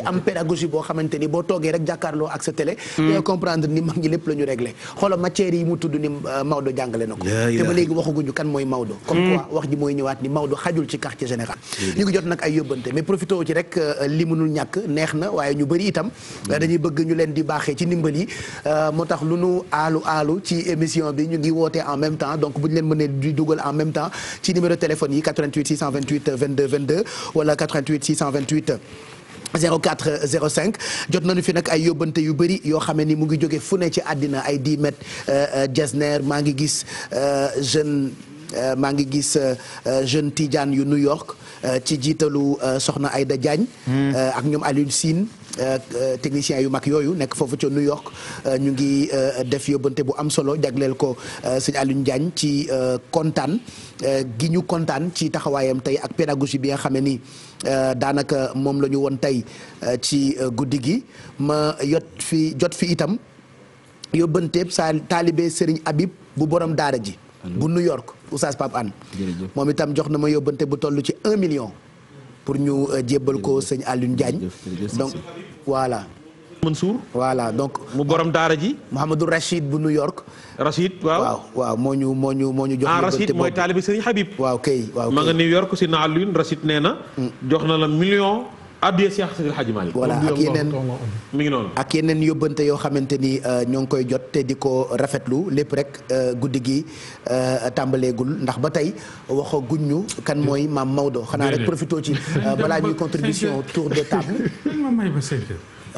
am pédagogie boo xamante ni boo toogee rek jàkkaarloo ak sa télé. Hmm. dañoo comprendre ni mag ñi lépp la ñu réglé xoolal matières yi mu tudd ni euh, Maodo jàngale na ko. te ba léegi waxaguñu kan mooy Maodo. Hmm. comme quoi wax ji mooy ñëwaat ni Maodo xajul ci quartier général. ñu ngi jot nag ay yóbbante mais neex na waaye ñu bëri itam mm-hmm. dañuy bëgg ñu leen di baaxee ci ndimbal yi euh, moo tax lu nu aalu aalu ci émission bi ñu ngi wootee en même temps donc bu ñu leen mënee di dugal en même temps ci numéro téléphone yi 88 628 22 22 wala 88 628 04 jot nañu fi nag ay yóbbante yu bëri yoo xam ne ni mu ngi jóge fu ne ci àddina ay 10 mètres Jesner euh, euh, maa ngi gis jeune Euh, maa ngi gis euh, euh, jeune Tidiane yu New York ci jiitalu soxna Aïda Diagne. Hmm. ak ñoom Alioune Sine. techniciens yu mag yooyu nekk foofu ca New York ñu ngi def yóbbante bu am solo jagleel ko sëñ Alioune Diagne ci kontaan gi ñu kontaan ci taxawaayam tey ak pédagogie bi nga xam ne ni daanaka moom la ñu woon tey ci guddi gi ma yot fi jot fi itam yóbbanteeb sa taalibe Serigne Habib bu borom daara ji. bu New York Oustaz Pape Anne moom itam jox na ma yóbbante bu toll ci un million pour ñu euh, jébbal ko sëñ Alioune Diagne donc voilà Mansour voilà donc mu borom daara ji Mouhamadou Rachid bu New York Rachid waaw waaw moo ñu moo ñu moo ñu jox ah Rachid mooy taalibi sëñ Habib waaw kay waaw ma nga New York si na Alioune Rachid nee na hmm. jox na la million addiya Cheikh Seydil Hadji Malick voilà ak yeneen mi ngi noonu ak yeneen yóbbante yoo xamante ni euh, ñoo ngi koy jot te di ko rafetlu lépp rek euh, guddi gi euh, tàmbaleegul ndax ba tey waxo guññu kan mooy maam Maodo xanaa rek profité ci balaa ñuy contribution tour de table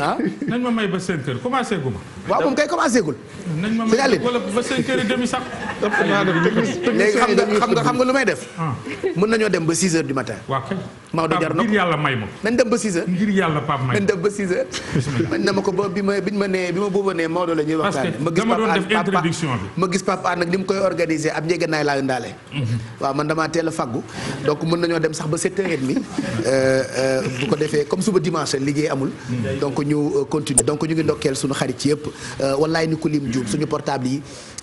ah nañ ma may ba seen kër commencé gu ma. waaw moom kay commencé gul. nañ ma may wala ba seen kër yi demi sax. léegi xam nga xam nga xam nga lu may def. Ah. mën nañoo dem ba 6 heures du matin. waaw kay Maodo jar na ko ngir yàlla may ma. nañ dem ba 6 heures ngir yàlla Pape may nañ dem ba 6 heures. man na ma ko ba bi ma bi ma nee bi ma booba nee Maodo la ñuy waxtaanee. ma gis Pape An ma gis Pape An nag ni mu koy organisé ab njëgënaay laayu ndaale. Mhm. waaw man damaa teel a faggu donc mën nañoo dem sax ba 7 heures et demie euh, euh, bu ko defee comme suba dimanche liggéey amul mhm. donc ñu euh, continuer donc ñu ngi ndokkeel suñu xarit ci yëpp euh, wallaay ni ku lim juum suñu portable yi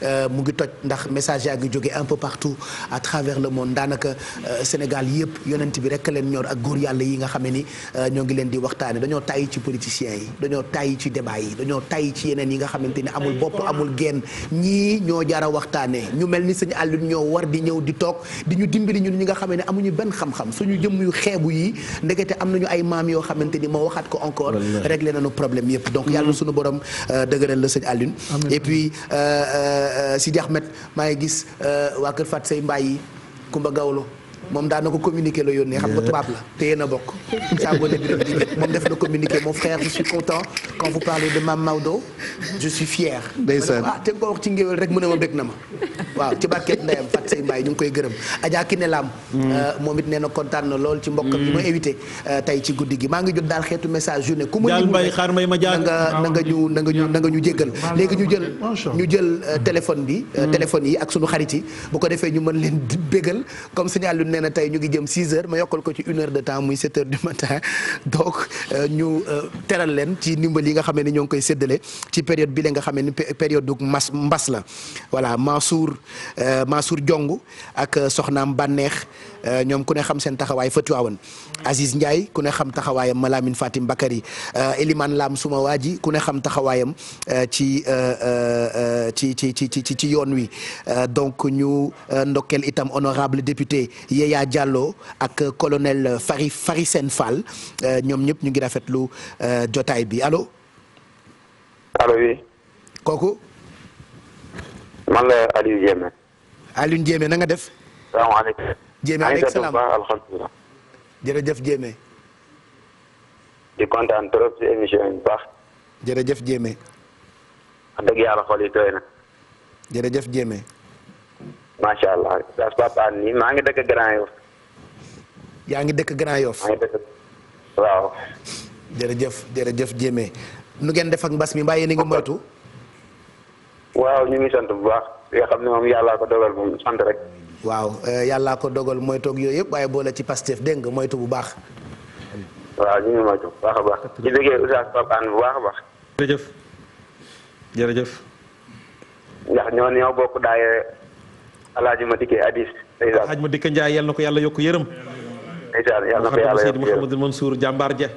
Euh, mu ngi toj ndax message yaa ngi jóge un peu partout à travers le monde daanaka euh, Sénégal yëpp yonent bi rek leen ñor ak góor yàlla yi nga xam ne ni euh, ñoo ngi leen di waxtaane dañoo tàyyi ci politiciens yi dañoo tàyyi ci débat yi dañoo tàyyi ci yeneen yi nga xamante ni amul bopp amul genn ñii ñoo jar a waxtaane ñu mel ni sëñ Aliou ñoo war di ñëw di toog di ñu dimbali ñun ñi nga xam ne amuñu benn xam-xam suñu jëm yu xeebu yi ndekete am nañu ay maam yoo xamante ni moo waxaat ko encore réglé nañu problème yëpp donc yàlla mm. suñu borom dëgëral la sëñ Aliou Sidi Ahmed maa ngi gis euh, waa Kër Fatou Seye Mbaye yi Kumba Gawlo moom daan na ko communiqué la yónnee xam nga tubaab la te yéen a bokk saago ne Birame moom def na communiqué mon frère je suis quand vous parlez de Mame Maodo je fier ah, te nga ko wax ci ngéwél rek mu ne ma bég na ma waaw ci barket ndeyam Fat Sey Mbaye ñu ngi koy gërëm Adja Kiné Lam mm. euh, moom it nee na kontaan na lool ci mbokkam bi ma mm. invité euh, tey ci guddi gi maa ngi jot daal xeetu message yu ne ku ma na nga na nga ñu na nga ñu na nga ñu jéggal léegi ñu jël ñu jël euh, téléphone bi mm. yi ak sunu xarit yi bu ko defee ñu mën leen bégal nee na tey ñu ngi jëm 6 heures ma yokkal ko ci une heure de temps muy 7 heures du matin donc euh, ñu euh, teral leen ci ndimbal yi nga xam ne ñoo ngi koy séddale ci période bi la nga xam ne période du mas mbas la voilà Mansour euh, Mansour Jong ak soxnaam bànneex Euh, ñoom ku ne xam seen taxawaay fa Tiwaawan Aziz Ndiaye ku ne xam taxawaayam Malamine Fatim Bakary euh, Elimane laam suma waa ji ku ne xam taxawaayam euh, ci ci ci ci ci ci yoon wi donc ñu ndokkeel itam honorable député Yaya jàlloo ak colonel Fari Fari Sène Fall ñoom ñëpp ñu ngi rafetlu jotaay bi allo. allo oui. kooku. man la Aliou Diémé. Aliou Diémé na nga def. jéeme aleykum salaam alhamdulilah jërëjëf jéeme di kontaan trop si émission bi baax jërëjëf jéeme wax dëgg yàlla xol yi tooy jërëjëf jéeme macha allah sas papa nii maa ngi dëkk Grand Yoff yaa ngi dëkk Grand Yoff ngi dëkk waaw jërëjëf jërëjëf jéeme nu ngeen def mbas mi mbaa yéen a ngi moytu waaw ñu ngi sant bu baax li xam ne moom yàllaa ko dogal moom sant rek waaw eh, yàllaa ko dogal moytoog yooyu yëpp waaye boole ci Pastef dégg nga moytu bu baax. waaw ñu ngi moytu baax a baax. di déggee Oustaz a baax. jërëjëf jërëjëf. ndax ñoo ñoo bokk daayee alaaji ma dikkee Addis. alaaji ma dikkee Ndiaye yal na ko yàlla yokk yërëm. ndeysaan yal na ko yàlla yokk yërëm Mouhamadou Mansour jàmbaar ja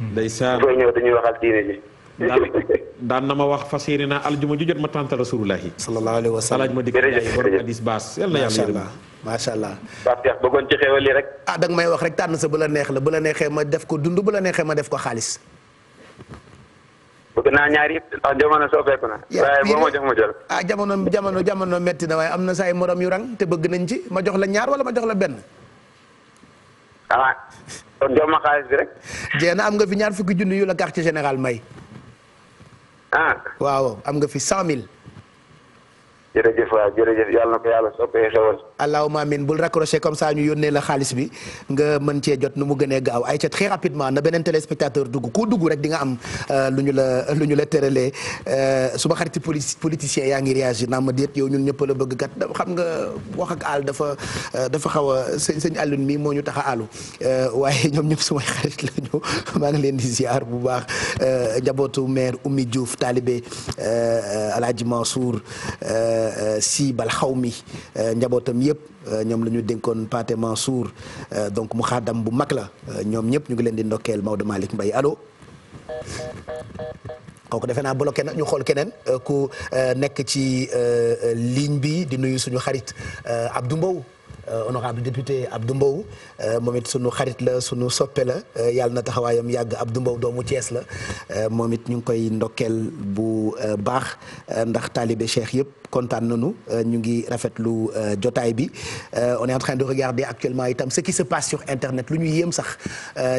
ndeysaan koy ñëw dañuy waxal diine ji. daan na ma wax fa yéene na aljuma ju jot ma tànta rasulullahi sallallahu alayhi wa sallam alaaj ma dikk jaay borom hadis baas yal na yàlla yërëm macha allah Pape Cheikh bëggoon ci xéwal yi rek ah danga may wax rek tànn sa bala neex la bala neexee ma def ko dund bala neexee ma def ko xaalis bëgg ñaar yëpp ndax jamono soppeeku na waaye boo jox ma jël ah jamono jamono jamono metti na waaye am na say morom yu rang te bëgg nañ ci ma jox la ñaar wala ma jox la benn ah kon jox ma xaalis bi rek jeex na am nga fi ñaar fukki junni yu la quartier général may ah waaw am nga fi cent mille jërëjëf waaw jërëjëf yàlla na ko yàlla soppee xewal ma amin bul raccroché comme ça ñu yónnee la xaalis bi nga mën cee jot nu mu gënee gaaw ay ca très rapidement na beneen téléspectateur dugg koo dugg rek di nga am euh, lu ñu la lu ñu la tëralee euh, su ma xariti politicien yaa ngi réagir naa ma déet yow ñun ñëpp la bëgg kat xam nga wax ak àll dafa euh, dafa xaw a sëñ sëñ àllun mii moo ñu tax a àllu waaye ñoom ñëpp sumay xarit la ñu maa ngi leen di ziar bu baax njabootu maire Oumy Diouf taalibe Alaaji Mansour si bal xaw mi njabootam yëpp euh, ñoom la ñu dénkoon Pathé suur euh, donc mu xaadam bu mag la euh, ñoom ñëpp ñu ngi leen di ndokkeel Maodo Malick Mbaye allo. kooku defe naa bloqué na ñu xool keneen ku nekk ci ligne bi di nuyu suñu xarit du Mbow. Euh, honorable député ab Mbow euh, moom it sunu xarit la suñu soppe la euh, yàlla na taxawaayam yàgg ab Mbow doomu cees la moom it ñu ngi koy ndokkeel bu baax ndax taalibe Cheikh yëpp kontaan nañu ñu ngi rafetlu jotaay bi on est en train de regarder actuellement itam ce qui se passe sur internet lu ñu yem sax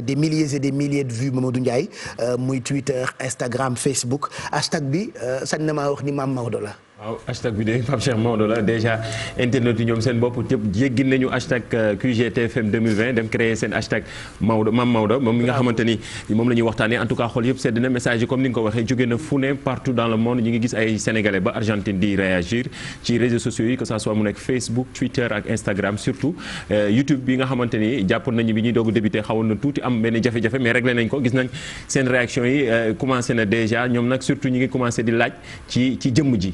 des milliers et des milliers de vues Mamadou Ndiaye muy Twitter Instagram Facebook hashtag bi sañ na maa wax ni maam Maodo la waaw hashtag bi de Pape Cheikh la déjà internet yi ñoom seen bopp yëpp jéggi nañu hashtag euh, QGTFM 2020 dem créer seen hashtag Maodo Mame Maodo moom mi nga xamante ni moom la ñuy waxtaanee en tout cas xool yëpp sedd na message yi comme ni nga ko waxee jóge na fu ne réagir ci réseaux sociaux yi que ça soit mu Facebook Twitter ak Instagram surtout euh, YouTube bi nga xamante ni jàpp nañu bi ñuy doog débuté xawoon na tuuti am benn jafe-jafe mais réglé nañ ko gis nañ seen réaction yi euh, commencé na déjà ñoom nag surtout ñu ngi commencé di laaj ci ci jëmm ji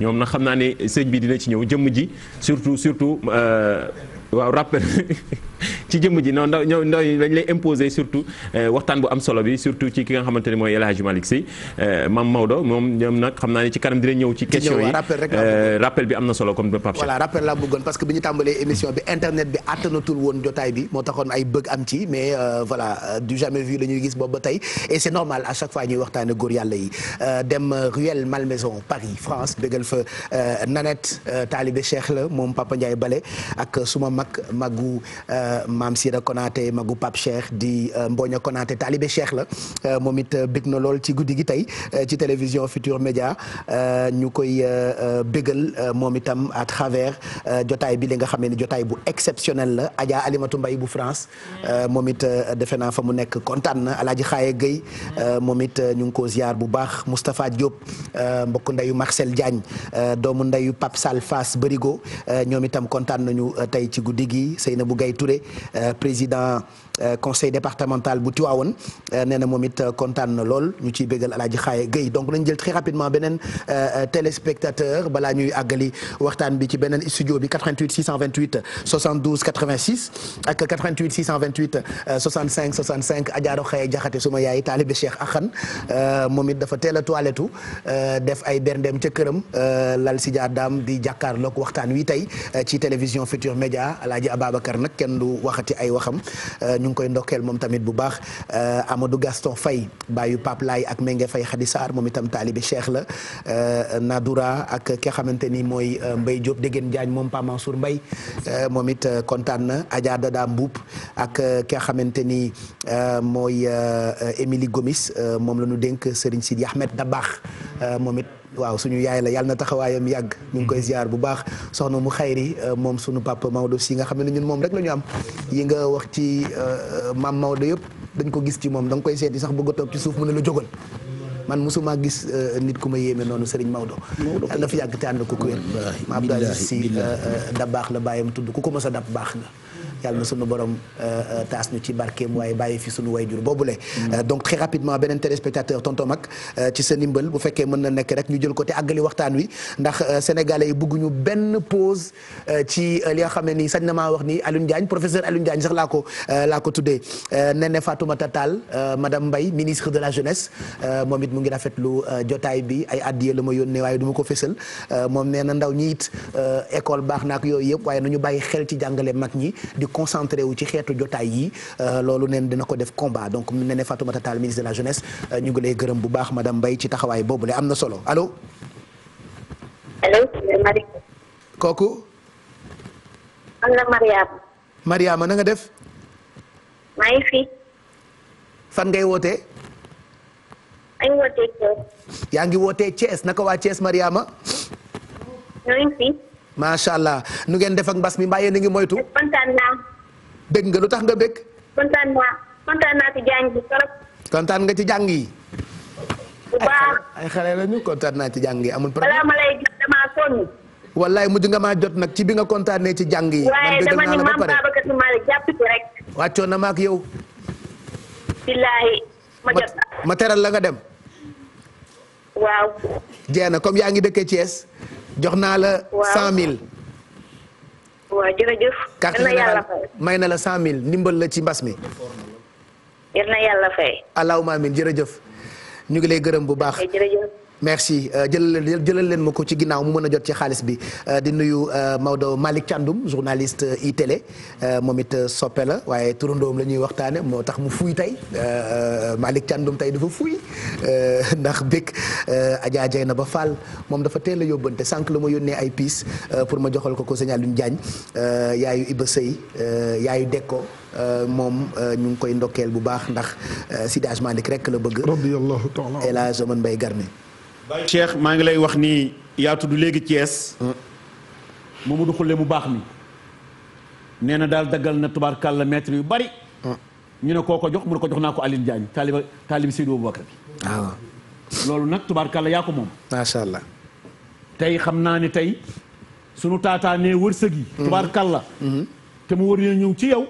ñoom nag xam naa ne sëñ bi dina ci ñëw jëmm ji surtout surtout euh, waaw rappel ci jëmm ji non ndaw ñoom ndaw dañ lay imposer surtout euh, waxtaan bu am solo bi surtout ci ki nga xamante ne mooy El Hadj Malick Sy euh, Mame Maodo moom ñoom nag xam naa ne ci kanam dina ñëw ci question yi euh, rappel bi am na solo comme Pape voilà rappel laa bëggoon parce que bi ñu tàmbalee émission bi internet bi attanatul woon jotaay bi moo taxoon ay bëgg am ci mais voilà du jamais vu la ñuy gis boobu ba tey et c'est normal à chaque fois ñuy waxtaane góor yàlla yi dem ruelle Malmaison Paris maam Sira Konaté magu Pape Cheikh di euh, Mboña Konaté taalibe Cheikh la euh, moom it euh, bég na lool ci guddi gi tey ci télévision Futur Média ñu koy bégal moom itam à travers jotaay bi li nga xamee ni jotaay bu exceptionnel la Adja Alimatu Mbay bu France moom it defe naa fa mu nekk kontaan na Alaaji Xaaye Guèye moom it ñu ko ziar bu baax Moustapha Diop mbokk ndeyu Marcel Diagne doomu ndeyu Pape Sall Fass Bërigo ñoom itam kontaan tey ci guddi gi Seynabou Gaye Touré Euh, président Euh, conseil départemental bu Tiwaawoon euh, nee na moom it euh, kontaan na lool ñu ciy bégal Alaaji Xaaye Guèye donc nañ jël très rapidement beneen téléspectateur balaa ñuy àggali waxtaan bi ci beneen studio bi 88 628 72 86 ak 88 628 65 65 Ajaaro Xaaye Jaxate suma yaay taalibe Cheikh Akhan moom it dafa teel a toilettu def ay berndem ca këram lal si jaadaam di jàkkaarloog waxtaan wi tey ci télévision Futur Média Alaaji Ababacar nag kenn du waxati ay waxam ñu ngi koy ndokkeel moom tamit bu baax euh, Amadou Gaston Faye baayu Pape Laye ak Menge fay Khady Sarr moom itam taalibi Cheikh la euh, Nadoura ak ki xamante ni mooy euh, mbay Diop Dégène Diagne moom Pa Mansour Mbaye moom it kontaan na Adja Dada Mboup ak ki xamante ni mooy Émilie Gomis moom la ñu dénk Serigne Sidi Ahmed Dabakh moom it waaw suñu yaay la yàlla na taxawaayam yàgg ñu ngi koy mm-hmm. ziar bu baax soxna mu xayri euh, moom suñu papa Maodo si nga xam ne ñun moom rek la am yi nga wax ci euh, maam Maodo yëpp dañ ko gis ci moom danga nga koy seeti sax bëgg a toog ci suuf mu ne la jógal man mosuma gis euh, nit ku ma yéeme noonu Serigne Maodo yàlla na fi yàgg te ànd ko ku wér ma Abdou Aziz da baax la bàyyam tudd ku ko mës a dab baax nga yàlla na sunu borom euh, euh, taas ñu ci barkeem waaye bàyyi fi sunu wayjur boobule. Euh, donc très rapidement beneen téléspectateur tonton mag na nekk rek ñu jël ko te àggali waxtaan wi ndax sénégalais yi bëgguñu benn pause ci li nga xam ne nii sañ na maa wax ni Alioune Diagne professeur Alioune Diagne sax laa ko laa ko tuddee Néné Fatoumata Tall madame Mbaye ministre de la jeunesse moom it mu ngi lu jotaay bi ay addiye la ma yónnee waaye duma ko fésal moom nee na ndaw ñi it école baax na ak yooyu yëpp waaye nañu bàyyi xel ci jàngale mag ñi concentré wu ci xeetu jotaay yi euh, loolu neen dina ko def combat donc ne ne Fatoumata Tall ministre de la jeunesse euh, ñu ngi lay gërëm bu baax madame Mbaye ci taxawaay boobu la am na solo allo. allo. kooku. am na Mariama. Mariama def. maa fi. fan ngay woote maa ngi wootee yaa ngi wootee Thiès naka waa Thiès Mariama. ñoo macha allah nu ngeen def mbas mi mbaa yéen ngi moytu. kontaan nga lu tax nga bég. kontaan nga ci jàng yi. bu baax kontaan naa ci jàng yi amul problème. mujj nga maa jot nag ci bi nga kontaanee ci jàng yi. naa la ba pare waaye dama ni maam Babacar Malick jàpp ci rek. wàccoon na maak yow. billaahi ma teral la nga dem. waaw. jeex na comme yaa ngi dëkk Thiès. jox naa la. waaw cent mille. waaw jërëjëf. yal na yàlla may na la cent mille ndimbal la ci mbas mi. yal na yàlla fay. allahumma amiin jërëjëf ñu ngi lay gërëm bu baax. merci euh, jëlal jëlal leen ma ko ci ginnaaw mu mën a jot ci xaalis bi euh, di nuyu euh, Maodo Malick Thiandoum journaliste iTélé moom it soppe la waaye turandoom la ñuy waxtaane moo tax mu fuy tey Malick Thiandoum tey dafa fuy ndax bég na ba Fall moom dafa teel a yóbbante sànq la ma yónnee ay piis pour ma joxal ko ko sëñ Alioune Diagne yaayu Iba Sëy yaayu Dekko moom ñu ngi koy ndokkeel bu baax ndax Sidi Ajmalik rek la bëgg. radiyallahu taala El Hadj Oman Mbaye Garmi Cheikh maa ngi lay wax ni yaa tudd léegi Thiès. Mamadou Xulle mu baax mi. nee na daal daggal na tubaarkàlla mètre yu bari. ñu ne koo ko jox mu ne ko jox naa ko Alioune Diagne taaliba taaliba Seydou Aboubacar bi. Ah. loolu nag tubaarkàlla yaa ko moom. macha allah. tey xam naa ne tey sunu taataanee wërsëg yi. kàll te mu war a ñëw ci yow.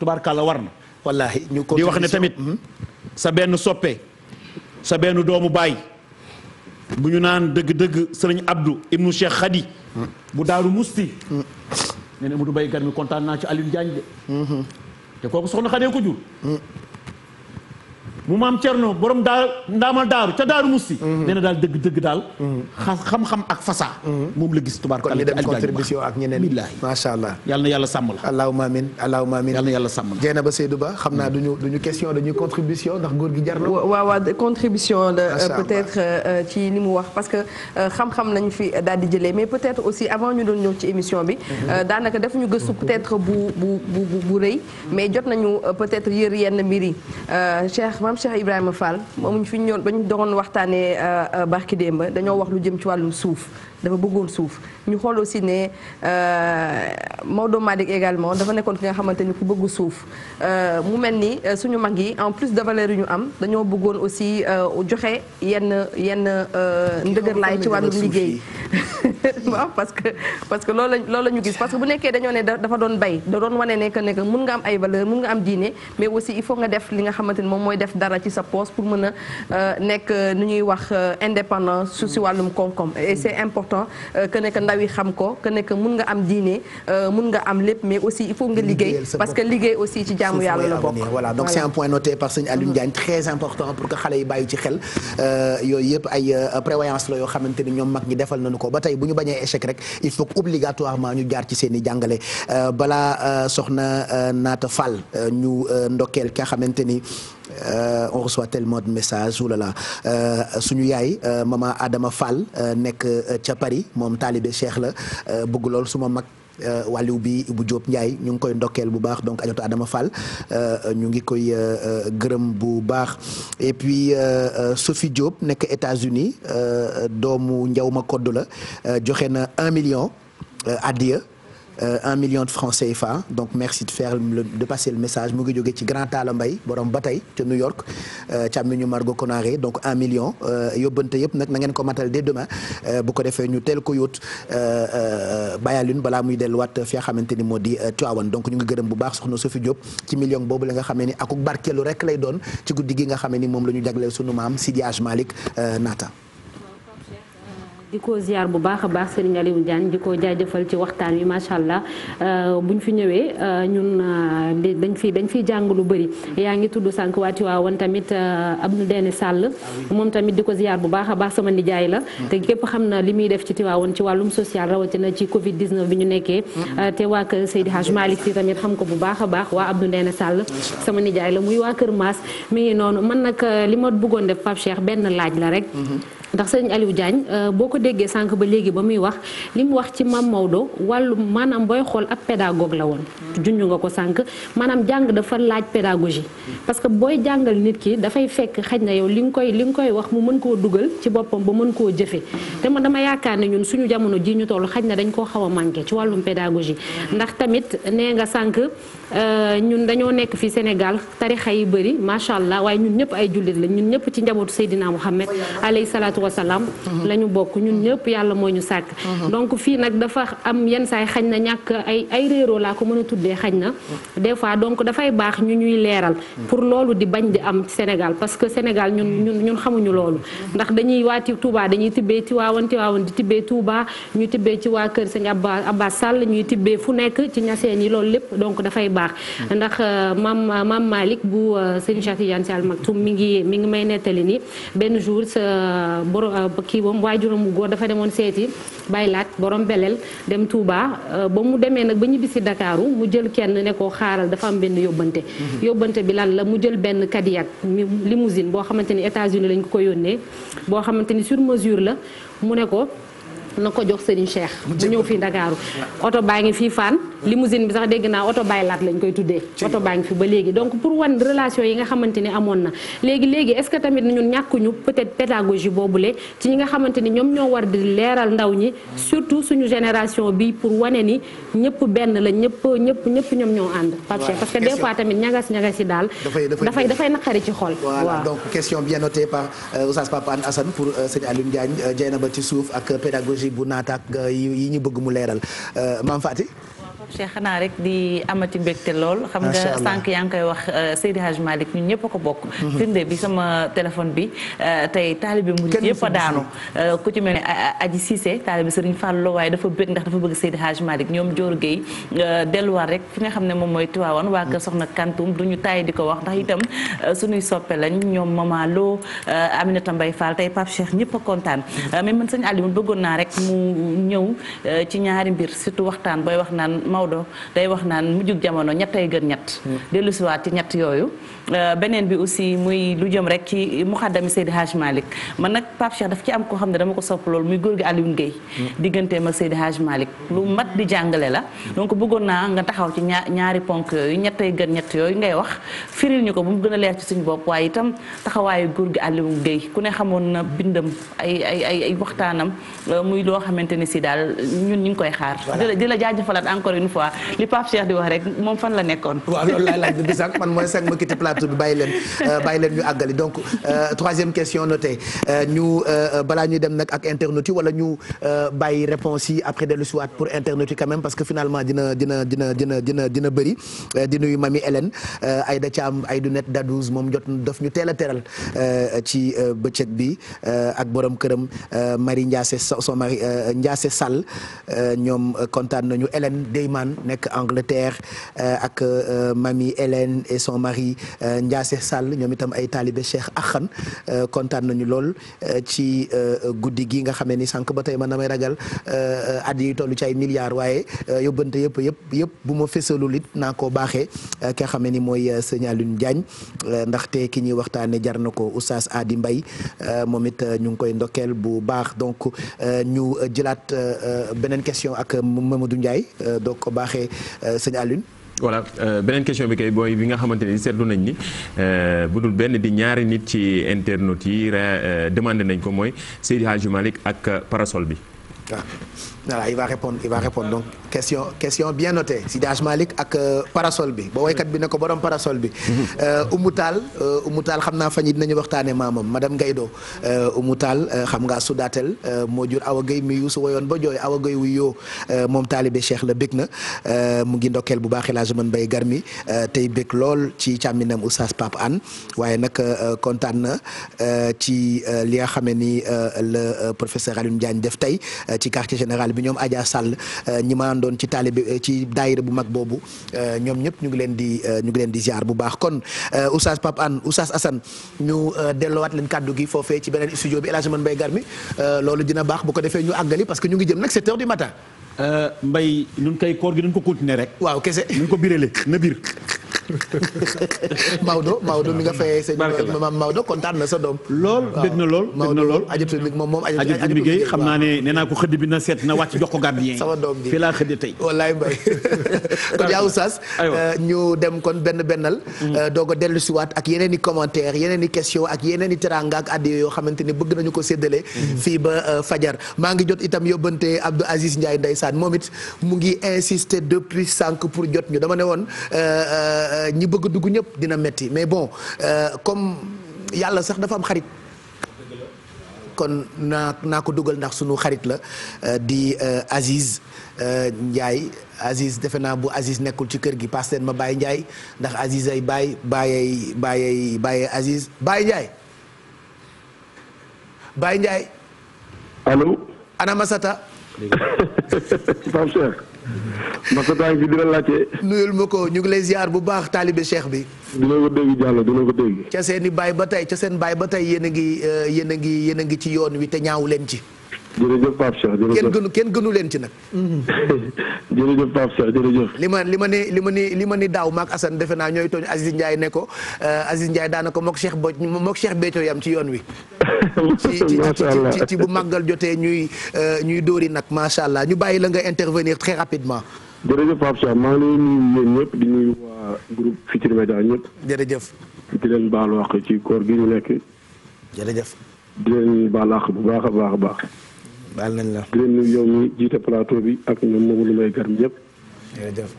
tubaarkàlla war na. wallaahi ñu di wax ne tamit sa benn soppe sa benn doomu baay. bu ñu naan dëgg-dëgg sëriñ Abdou ibnu Cheikh Khadi. bu daaru musti nee na Amadou Mbaye Garmi kontaan naa ci Alioune Diagne de. te kooku soxna Khadee ko jur. bu maam Cerno borom daal ndaamal daaru ca daaru musti mhm. mhm. nee daal dëgg dëgg daal mhm. xam-xam ak fasaa moom la gis tubaar kon ñu def contribution ak ñeneen billaahi macha allah yàlla na yàlla sàmm la allahumma amin allahumma amin yàlla na yàlla sàmm la jeena ba Seydou Ba xam naa duñu duñu question dañuy contribution ndax góor gi jar na waaw waaw contribution la euh, peut-être euh, euh, ci ni mu wax parce que xam-xam lañ fi daal di jëlee mais peut-être aussi avant ñu doon ñëw ci émission bi daanaka def gëstu peut-être bu bu bu bu mais jot nañu peut-être yër yenn mbir yi Cheikh Ibrahima Fall moom fi ñu ñëwoon ba ñu doon waxtaanee euh, euh, barki démb dañoo wax lu jëm ci wàllum suuf dafa bëggoon suuf ñu xool aussi ne euh, Maodo Malick également dafa nekkoon ki nga xamante ni ku bëgg suuf euh, mu mel ni euh, suñu mag yi en plus de valeur yu ñu am dañoo bëggoon aussi joxe yenn yenn ndëgër laay ci wàllu liggéey waaw parce que parce que loolu la la ñu gis parce que bu nekkee dañoo ne dafa doon bay da doon wane ne que ne que mun nga am ay valeur mun nga am diine mais aussi il faut nga def li nga xamante ni moom mooy def dara ci sa poste pour mën a nekk nu ñuy wax indépendance su si wàllum koom-koom et important euh, que ne yi xam ko que ne que mun nga am diine euh, mun nga am lépp mais aussi il faut nga liggéey parce que liggéey aussi ci jaamu yàlla la bokk voilà donc c'est un point noté par sëñ Alioune Diagne très important pour que xale yi bàyyi ci xel euh, yooyu yëpp ay prévoyance la yoo xamante ni ñoom mag ñi defal nañu ko ba tey bu ñu bañee échec rek il faut obligatoirement ñu jaar ci seeni jàngale balaa soxna Naata Fall ñu ndokkeel ki nga xamante ni Euh, on reçoit tellement de messages oulala oh euh, suñu yaay euh, maman Adama Fall nekk ca Paris moom taalibe Cheikh la bëgg lool suma mag wàlliw bi bu Diop Ndiaye ñu ngi koy ndokkeel bu baax donc ajatu Adama Fall ñu ngi koy gërëm bu baax et puis Sophie Diop nekk États-Unis doomu njaw ma kodd la joxe na un million àddiya Euh, un million de francs CFA donc merci de faire de passer le message mu ngi jóge ci grand Talla Mbaye borom ba tey ca New York euh, càmmiñu Margot Konaré donc un million euh, yóbbante yëpp nag na ngeen ko matal dès demain bu ko defee ñu teel ko yóot bayalin balaa muy delluwaat fi nga xamante ni moo di Tivaouane donc ñu ngi gërëm bu baax soxna Sophie Diop ci million boobu la nga xam ni akuk barkeelu rek lay doon ci guddi gi nga xam ne ni moom la ñu jagleel sunu maam Sidi Hadj Malick Naata di ko ziar bu baax a baax Serigne Aliou Diagne di ko jaajëfal ci waxtaan wi macha allah euh, buñ fi ñëwee euh, ñun euh, dañ fi dañ fiy jàng lu bëri yaa ngi tudd sànq waati waawoon tamit Abdou Dene sàll ah moom tamit di ko ziar bu baax a baax sama nijaay la hmm. te képp xam na li muy def ci Tiwaawoon ci wàllum social rawatina ci Covid 19 bi ñu nekkee hmm. te waa kër Seydi Hadj ci si tamit xam ko bu baax a baax waa ab Abdou Dene sàll sama nijaay la muy waa kër Maas mi noonu man nag li ma bëggoon def Pape Cheikh benn laaj la rek hmm. ndax sëñ Aliou Diagne euh, boo ko déggee sànq ba léegi ba muy wax li mu wax ci Mame Maodo wàllu maanaam booy xool ab pédagogue la woon. junj nga ko sànq maanaam jàng dafa laaj pédagogie. parce que booy jàngal nit ki dafay fekk xaj na yow li nga koy li nga koy wax mu mën koo dugal ci boppam ba mën koo jëfe te ma dama yaakaar ne ñun suñu jamono ji ñu toll xaj na dañ koo xaw a manqué ci wàllum pédagogie ndax tamit nee nga sànq. Euh, ñun dañoo nekk fi Sénégal tarixa yi bëri macha allah waaye ñun ñëpp ay jullit la ñun ñëpp ci njabootu Seydina Muhammad alayhi salaatu wasalaam mhm. la ñu bokk ñun mhm. ñëpp yàlla mooy ñu sàkk mhm. donc fii nag dafa am yenn saay xañ na ñàkk ay ay réeroo laa ko mën a tuddee xañ na des fois donc dafay baax ñu ñuy leeral pour loolu di bañ di am ci Sénégal parce que Sénégal ñun ñun ñun xamuñu loolu ndax dañuy waati Touba dañuy tibbee Tiwaawan Tiwaawan di tibbee Touba ñuy tibbee ci waa kër Sëñ Abba Sall ñuy tibbee fu nekk ci ñaseen yi lool lépp donc dafay baax ndax euh, maam maam Malick bu euh, sëñ Cheikh Tidiane mi ngi mi ngi may nettali ni benn jour sa euh, borom kii bam waajuram bu dafa demoon seeti bàyyi laat borom beleel dem Touba ba mu demee nag ba ñibbisi Dakaaru mu jël kenn ne ko xaaral dafa am benn yóbbante mhm. yóbbante bi lan la mu jël benn Cadillac limousine boo xamante ni États-Unis lañ ko ko yónnee boo xamante ni sur mesure la mu ne ko na ko jox Serigne Cheikh mu ñëw fii Ndakaaru oto baa ngi fii Fann limousine bi sax dégg naa oto bàyyi laat lañ koy tuddee oto baa ngi fi ba léegi donc pour wan relation yi nga xamante amoon na léegi léegi est-ce que tamit ñun ñàkkuñu peut-être ci ñi nga xamante ñoom ñoo war di leeral ndaw ñi surtout suñu génération bi pour wane ni ñëpp benn la ñëpp ñëpp ñëpp ñoom ñoo ànd Pape Cheikh parce que des fois tamit ñagas ñagas yi daal dafay dafay naqari ci bu naataak euh, yi ñu bëgg mu leeral euh, Maam Faty Cheikh xanaa rek di amati mbégte lool. xam nga sànq yaa ngi koy wax euh, Seydi Hadj Malick ñun ñëpp a ko bokk. Mhm. firnde bi sama téléphone bi euh, tey taalibe murid yëpp a daanu. Euh, ku ci mel ne Aji Cissé taalibe Serigne Fallou waaye dafa bëgg ndax dafa bëgg Seydi Hadj Malick ñoom Dior Gueye delluwaat rek xam ne moom mooy Tiwaawan waa kër Soxna Kantum du ñu taay di ko wax ndax itam suñuy soppe lañ ñoom Mama Lo Aminata Mbaye Fall tey Pape Cheikh ñëpp a kontaan. Mhm. mais man sëñ Aliou bëggoon naa rek mu ñëw ci ñaari mbir surtout waxtaan booy wax naan Maodo day wax naan mujjug jamono ñettay gën ñett hmm. waat ci ñett yooyu euh, beneen bi aussi muy lu jëm rek ci muxaddami Seydi Hadj Malick man nag Pape daf ci am ko xam ne dama ko sopp loolu muy góor gi Alioune Guèye hmm. digganteem ak Seydi Hadj Malick lu mat di jàngale la hmm. donc bëggoon naa nga taxaw ci ñaar ñaari ponk yooyu gën ñett yooyu ngay wax firil ñu ko bu mu gën a leer ci suñu bopp waaye tam taxawaayu góor gi Alioune Guèye ku ne xamoon na bindam ay ay ay ay waxtaanam euh, muy loo xamante ni si daal ñun ñu ngi koy xaar di la jaajëfalaat encore une fois li Pape Cheikh di wax rek moom fan la nekkoon. waaw loolu laay bi bisànq man mooy sànq ma quitté plateau bi euh, leen ñu àggali donc euh, troisième question notée euh, ñu balaa ñuy dem nag ak internautes wala ñu bàyyi réponse yi après dellu si waat pour internautes yi quand même parce que finalement dina dina dina dina dina dina bëri di nuyu mami Hélène Aïda Thiam Aïdou Net Dadouze moom jot daf ñu teel a teral ci bëccëg bi ak borom këram Marie Ndiassé son mari Ndiassé Sall ñoom kontaan nañu Hélène Souleymane nekk Angleterre euh, ak euh, mami Hélène et son mari euh, Ndiasse Sall ñoom itam ay taalibe Cheikh Akhan kontaan nañu lool ci guddi gi nga xamee ni sànq ba tey man damay ragal at yi toll ci ay milliards waaye yóbbante yëpp yëpp yëpp bu ma fesalul it naa koo baaxee ki nga xamee ni mooy sëñ Alioune ndaxte ki ñuy waxtaanee jar na ko Oustaz Adi Mbaye moom it ñu ngi koy ndokkeel bu baax donc ñu jëlaat beneen question ak Mamadou Ndiaye donc ko baaxee euh, sëñ Alioune. voilà euh, beneen question bi kay booy bi nga xamante ni seetlu nañ ni euh, bu dul benn di ñaari nit ci internet yi demande nañ ko mooy Seydi Hadji Malick ak parasol bi. waaw ah. voilà il va répondre il donc. question question bien notée Sidi Hadj Malick ak euh, parasol bi ba woykat bi ne ko borom parasol bi euh, euh, Oumou Tall xam naa fa ñi dinañu waxtaane maamam madame Gaydo Oumou Tall xam ngaa sudaatel moo jur Awa Gueye mi yu su woyoon ba jooy Awa Gueye wu yoo moom taalibe Cheikh la bég na mu ngi ndokkeel bu baax El Hadj Mane Mbaye Garmi tey bég lool ci càmminam Oustaz Pape an waaye nag kontaan na ci li nga xame ni le professeur Alioune Diagne def tey ci quartier général bi ñoom Adja Sall ñi doon ci taalibe eh, ci daayira bu mag boobu eh, ñoom ñëpp ñu ngi leen di eh, ñu ngi leen di ziar bu baax kon Oustaz Pape Hann Oustaz Assane ñu delloowaat leen kàddu gi foofee ci beneen studio bi El Hadj Mbaye Garmi loolu dina baax bu ko defee ñu àggali parce que ñu ngi jëm nag 7 heures du matin Euh, mbay nun kay koor gi nañ ko continuer rek. waaw kese nañ ko birale na bir. Maodo Maodo mi nga fayee sëñ maam Maodo kontaan na sa doom. lool bëgg na lool bëgg na lool. ajatu mi moom moom ajatu liggéey xam naa ne nee naa ko xëdd bi na seet na wàcc jox ko gardien. sama doom bi fii laa tey. wallaay mbay kon yaa oustaz euh, ñu dem kon benn bennal. Mm. Euh, doog a dellu siwaat ak yeneen i commentaire yeneen i question ak yeneen i teraangaak ak addi yoo xamante ni bëgg nañu ko séddale. Mm. fii ba fajar maa ngi jot itam yóbbante Abdou Aziz ndeysaan moom it mu ngi insister depuis sànq pour jot ñu dama ne woon euh, euh, ñi bëgg dugg ñëpp dina metti mais bon euh, comme yàlla sax dafa am xarit. kon naa naa ko dugal ndax sunu xarit la di Aziz Ndiaye Aziz defe naa bu Aziz nekkul ci kër gi paas leen ma Baye Ndiaye ndax Aziz ay Baye Baye Baye Baye Aziz Baye Ndiaye. Baye Ndiaye. allo. Pape Cheikh. Makhtar bi dina laajte. nuyul ma ko ñu ngi lay ziar bu baax taalibe Cheikh bi. dina ko dégg Diallo dina ko dégg. ca seen i baay ba tey ca seen baay ba tey yéen a ngi euh, yéen a ngi yéen a ngi ci yoon wi te ñaawu leen ci. jërëjëf Pape Cheikh jërëjëf kenn gënu leen ci nag. jërëjëf Pape Cheikh jërëjëf. li ma li ma ni li ma ni li ma ni daaw maak Assane defe naa ñooy tooñ Aziz Ndiaye ne ko euh, Aziz Ndiaye daanaka mook Cheikh Bo mook Cheikh Béthio yam ci yoon wi. ci ci ci bu màggal jotee ñuy euh, ñuy dóori nag macha allah ñu bàyyi la nga intervenir très rapidement. jërëjëf Pape Cheikh maa ngi lay nuyu yéen ñëpp di nuyu waa groupe Futurs Médias ñëpp. jërëjëf. di leen baal wax ci koor gi ñu nekk. jërëjëf. di wax bu baax a baax a baax. baal nañ la. di leen nuyu yow mi jiite plateau bi ak ñoom lu may gërëm ñëpp. jërëjëf.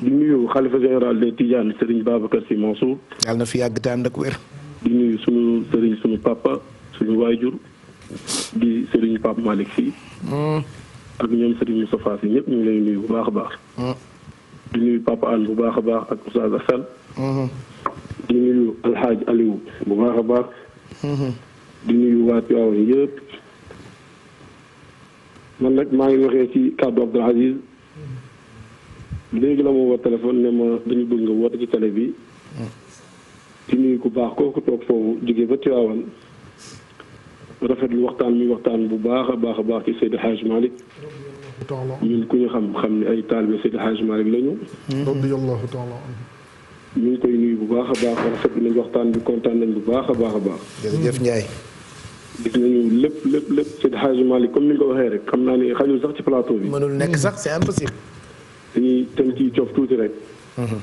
di xalifa général des Tidianes Serigne Babacar Sy Mansour. yàlla na fi yàgg tànn ak wér. di nuyu suñu Serigne suñu papa suñu waajur di Serigne Pape Malick Sy. Hmm. ak ñoom Serigne Moustapha Sy ñëpp ñu ngi lay nuyu bu baax baax. Hmm. di nuyu Papa Anne bu baax a baax ak Oustaz Assane. Hmm. di nuyu Alhaaj Aliou bu baax a baax. di nuyu waa Tiwaawan yëpp. man nag maa ngi waxee ci kàddu Abdoul Aziz léegi la ma woo téléphone ne ma dañu bëgg nga woote ci télé bi ci nuyu ku baax kooku toog foofu jógee ba rafet rafetlu waxtaan mi waxtaan bu baax a baax a baax ci sedd Hadj Malick ñun ku ñu xam xam ni ay taalibe Seydi Hadj Malick lañu mm-hmm. radiyallahu taala ñu ngi koy nuyu bu baax a baax rafetlu nañ waxtaan bi kontaan nañ bu baax a baax a baax jërëjëf Ndiaye gis nañu lépp lépp lépp Seydi Hadji Malick comme ni nga ko waxee rek xam naa ne xajul sax ci plateau bi. mënul nekk sax c'est impossible. dañuy tënk ci coof tuuti rek. Mhm.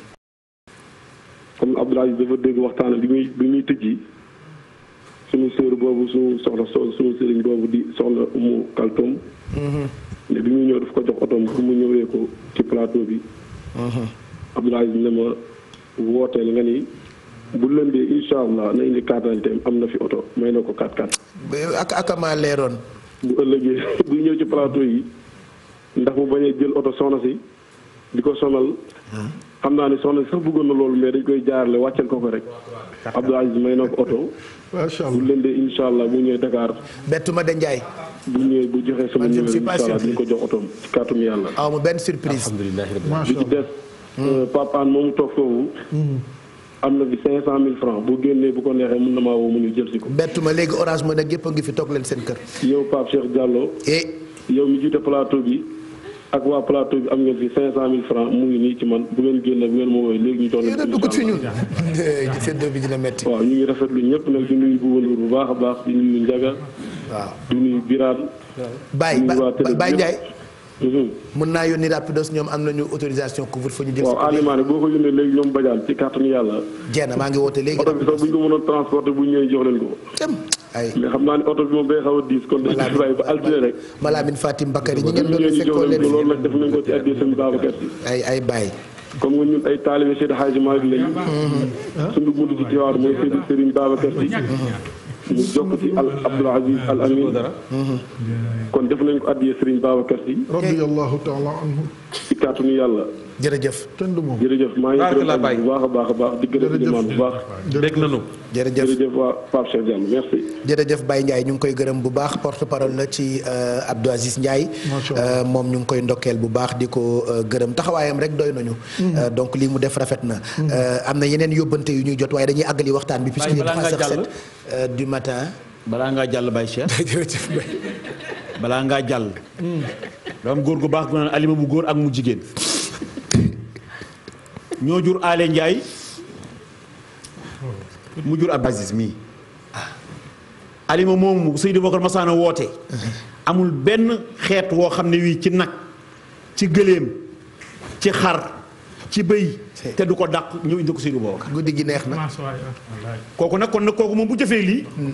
comme Abdoul Aziz dafa dégg waxtaan bi muy bi muy tëjji suñu sœur boobu suñu soxla so suñu sëriñ boobu di soxla umu kaltoom. Mhm. ne bi muy ñëw daf ko jox otoom pour mu ñëwee ko ci plateau bi. Mhm. Abdoul Aziz ne ma wooteel nga ni. bu lëndee incha allah na indi carte d'identité am na fi oto may na ko 4x4. ak akamaa leeroon. bu ëllëgee buy ñëw ci plateau yi ndax mu bañ jël oto soxna si di ko sonal. Hmm. xam naa ne soxna si sax bëggoon na loolu mais dañ koy jaarle wàcceel ko ko rek. Abdou Aziz may na ko oto. macha allah bu lëndee incha allah bu ñëwee Dakar. bettu ma de Ndiaye. bu ñëwee bu joxee sama numéro incha allah di ko jox otoom ci kàttum yàlla. aw ma benn surprise. alhamdulilah bi des. Euh, Pape Hann moomu toog foofu. Hmm. am na fi 500000 francs bu génnee bu ko neexee mën na maa woo mu ñu jël si ko. bett ma léegi orange mooy nag yëpp a ngi fi toog leen seen kër. yow Pape eh. mi jiite plateau bi ak waa plateau bi am ngeen fi 500000 francs mu ngi nii ci man bu ngeen génnee bu ngeen ma woowee léegi ñu. toog leen eh, metti waaw ñu ngi rafetlu ñëpp nag di nuyu bu wënduur bu baax a baax di nuyu Ndiaga. waaw di Mm-hmm. mën naa yónni rapidos ñoom am nañu autorisation couvre fa ñu jël waaw alimenté boo yàlla jeex maa ngi woote léegi oto ko ay mais xam naa ne oto bi moom day xaw a diis kon dañuy bàyyi ba altine rek Malamine Fatim Bakary ngeen doon fekkoo comme nga ñun ay taalibe Seydi Hadji Malick lañu mm-hmm. suñu bunt ci jiwaar mooy Seydi Serigne Babacar ñu jokk ci al Abdul Aziz al Amin kon def nañ ko addiyee Serigne Babacar Sy radiyallahu taala anhu si kàttanu yàlla. jërëjëf kenn du moom jërëjëf maa ngi gërëm bu a baax a baax ñu ngi koy gërëm bu baax porte parole la ci euh, Abdou Aziz Ndiaye euh, moom ñu ngi koy ndokkeel bu baax di ko euh, gërëm taxawaayam rek doy nañu mm-hmm. donc lii mu def rafet na mm-hmm. am na yeneen yóbbante yu ñuy jot waaye dañuy àggali waxtaan bi puisqu'il est 3 h balaa ngaa jàll Baye Cheikh jërëjëf balaa ngaa jàll mm. dama góor gu baax gu naan alima bu góor ak mu jigéen ñoo jur ale njaay mu jur Abdou Aziz mii alima moomu Seydou Bakar Masana woote amul benn xeet woo xam ne wii ci nag ci gëléem ci xar ci bëy te du ko dàq ñëw indi ko Seydou Bakar guddi gi neex na kooku nag kon nag kooku moom bu jëfee lii hmm.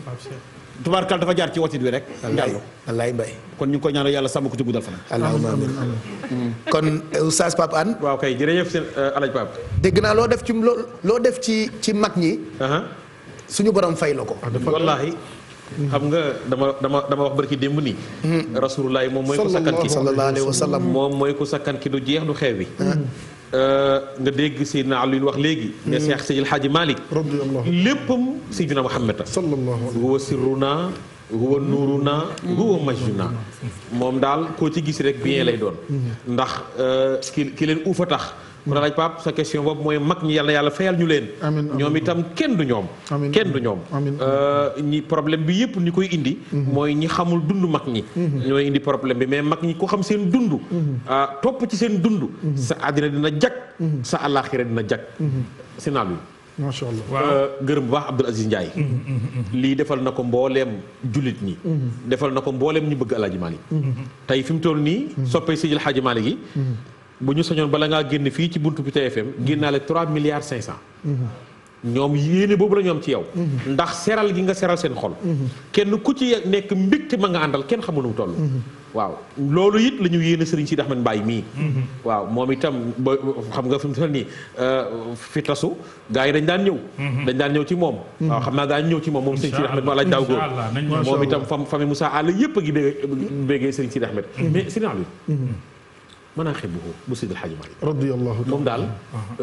tubaarkal dafa jaar ci watit wi rek. wallaay wallaay Mbaye. kon ñu ngi koy ñaanal yàlla sàmm ko ci guddal fan. allahumma amiin kon euh, oustaz Pape Hann. waaw kay jërëjëf seen El euh, Hadj dégg naa loo def ci loo def ci ci mag ñi. suñu borom fay la ko. Ah, wallaahi. xam nga dama dama dama wax barki démb nii. Hmm. rasulullah moom mooy ku sakkan ki. sallallahu alayhi wa sallam moom mooy ku sakkan ki du jeex du xew wi. Hmm. Euh, nga dégg Seydina Aliou wax léegi. ne hmm. Cheikh Seydil Hadji Malick. léppam Seydina Muhammad la. sallallahu alayhi wa sirruna huwa nuuruna hmm. huwa majjuna moom daal koo ci gis rek bien lay doon. Hmm. ndax euh, ki ki leen uufa tax. kon alaaj Pape sa question boobu mooy mag ñi yàlla yàlla fayal ñu leen ñoom itam kenn du ñoom kenn du ñoom euh, ñi problème bi yëpp ñi koy indi mhm. mooy ñi xamul dund mag ñi mhm. ñooy indi problème bi mais mag ñi ko xam seen dund mhm. ah, topp ci seen dund sa àddina dina jag sa àllaaxira dina jag si naal bi macha allah waaw euh, gërëm bu baax Abdoul Aziz Ndiaye. lii defal na ko mbooleem jullit ñi. defal na ko mbooleem ñu bëgg El Hadj Malick. tey fi mu toll nii. soppee Seydil Hadj gi bu ñu sañoon bala ngaa génn fii ci buntu bi TFM génnaale 3 milliards 500. ñoom yéene boobu la ñoom ci yow. ndax seral gi nga seral seen xol. kenn ku ci nekk mbégte ma nga àndal kenn xamul nu mu waaw loolu it la ñu yéene Serigne Sidi Ahmed Mbaye mii. waaw moom itam ba xam nga fi mu toll nii euh, fi tasu gars yi dañ daan ñëw. Mhm. dañ daan ñëw ci moom. Mhm. moom moom Serigne Sidi moom itam fam famille Moussa Alla yëpp a ngi béggee Serigne Sidi Ahmed mhm. mais Serigne Aliou. manaaxibuhu bu Seydi El Hadji Malick. radiyallahu moom daal.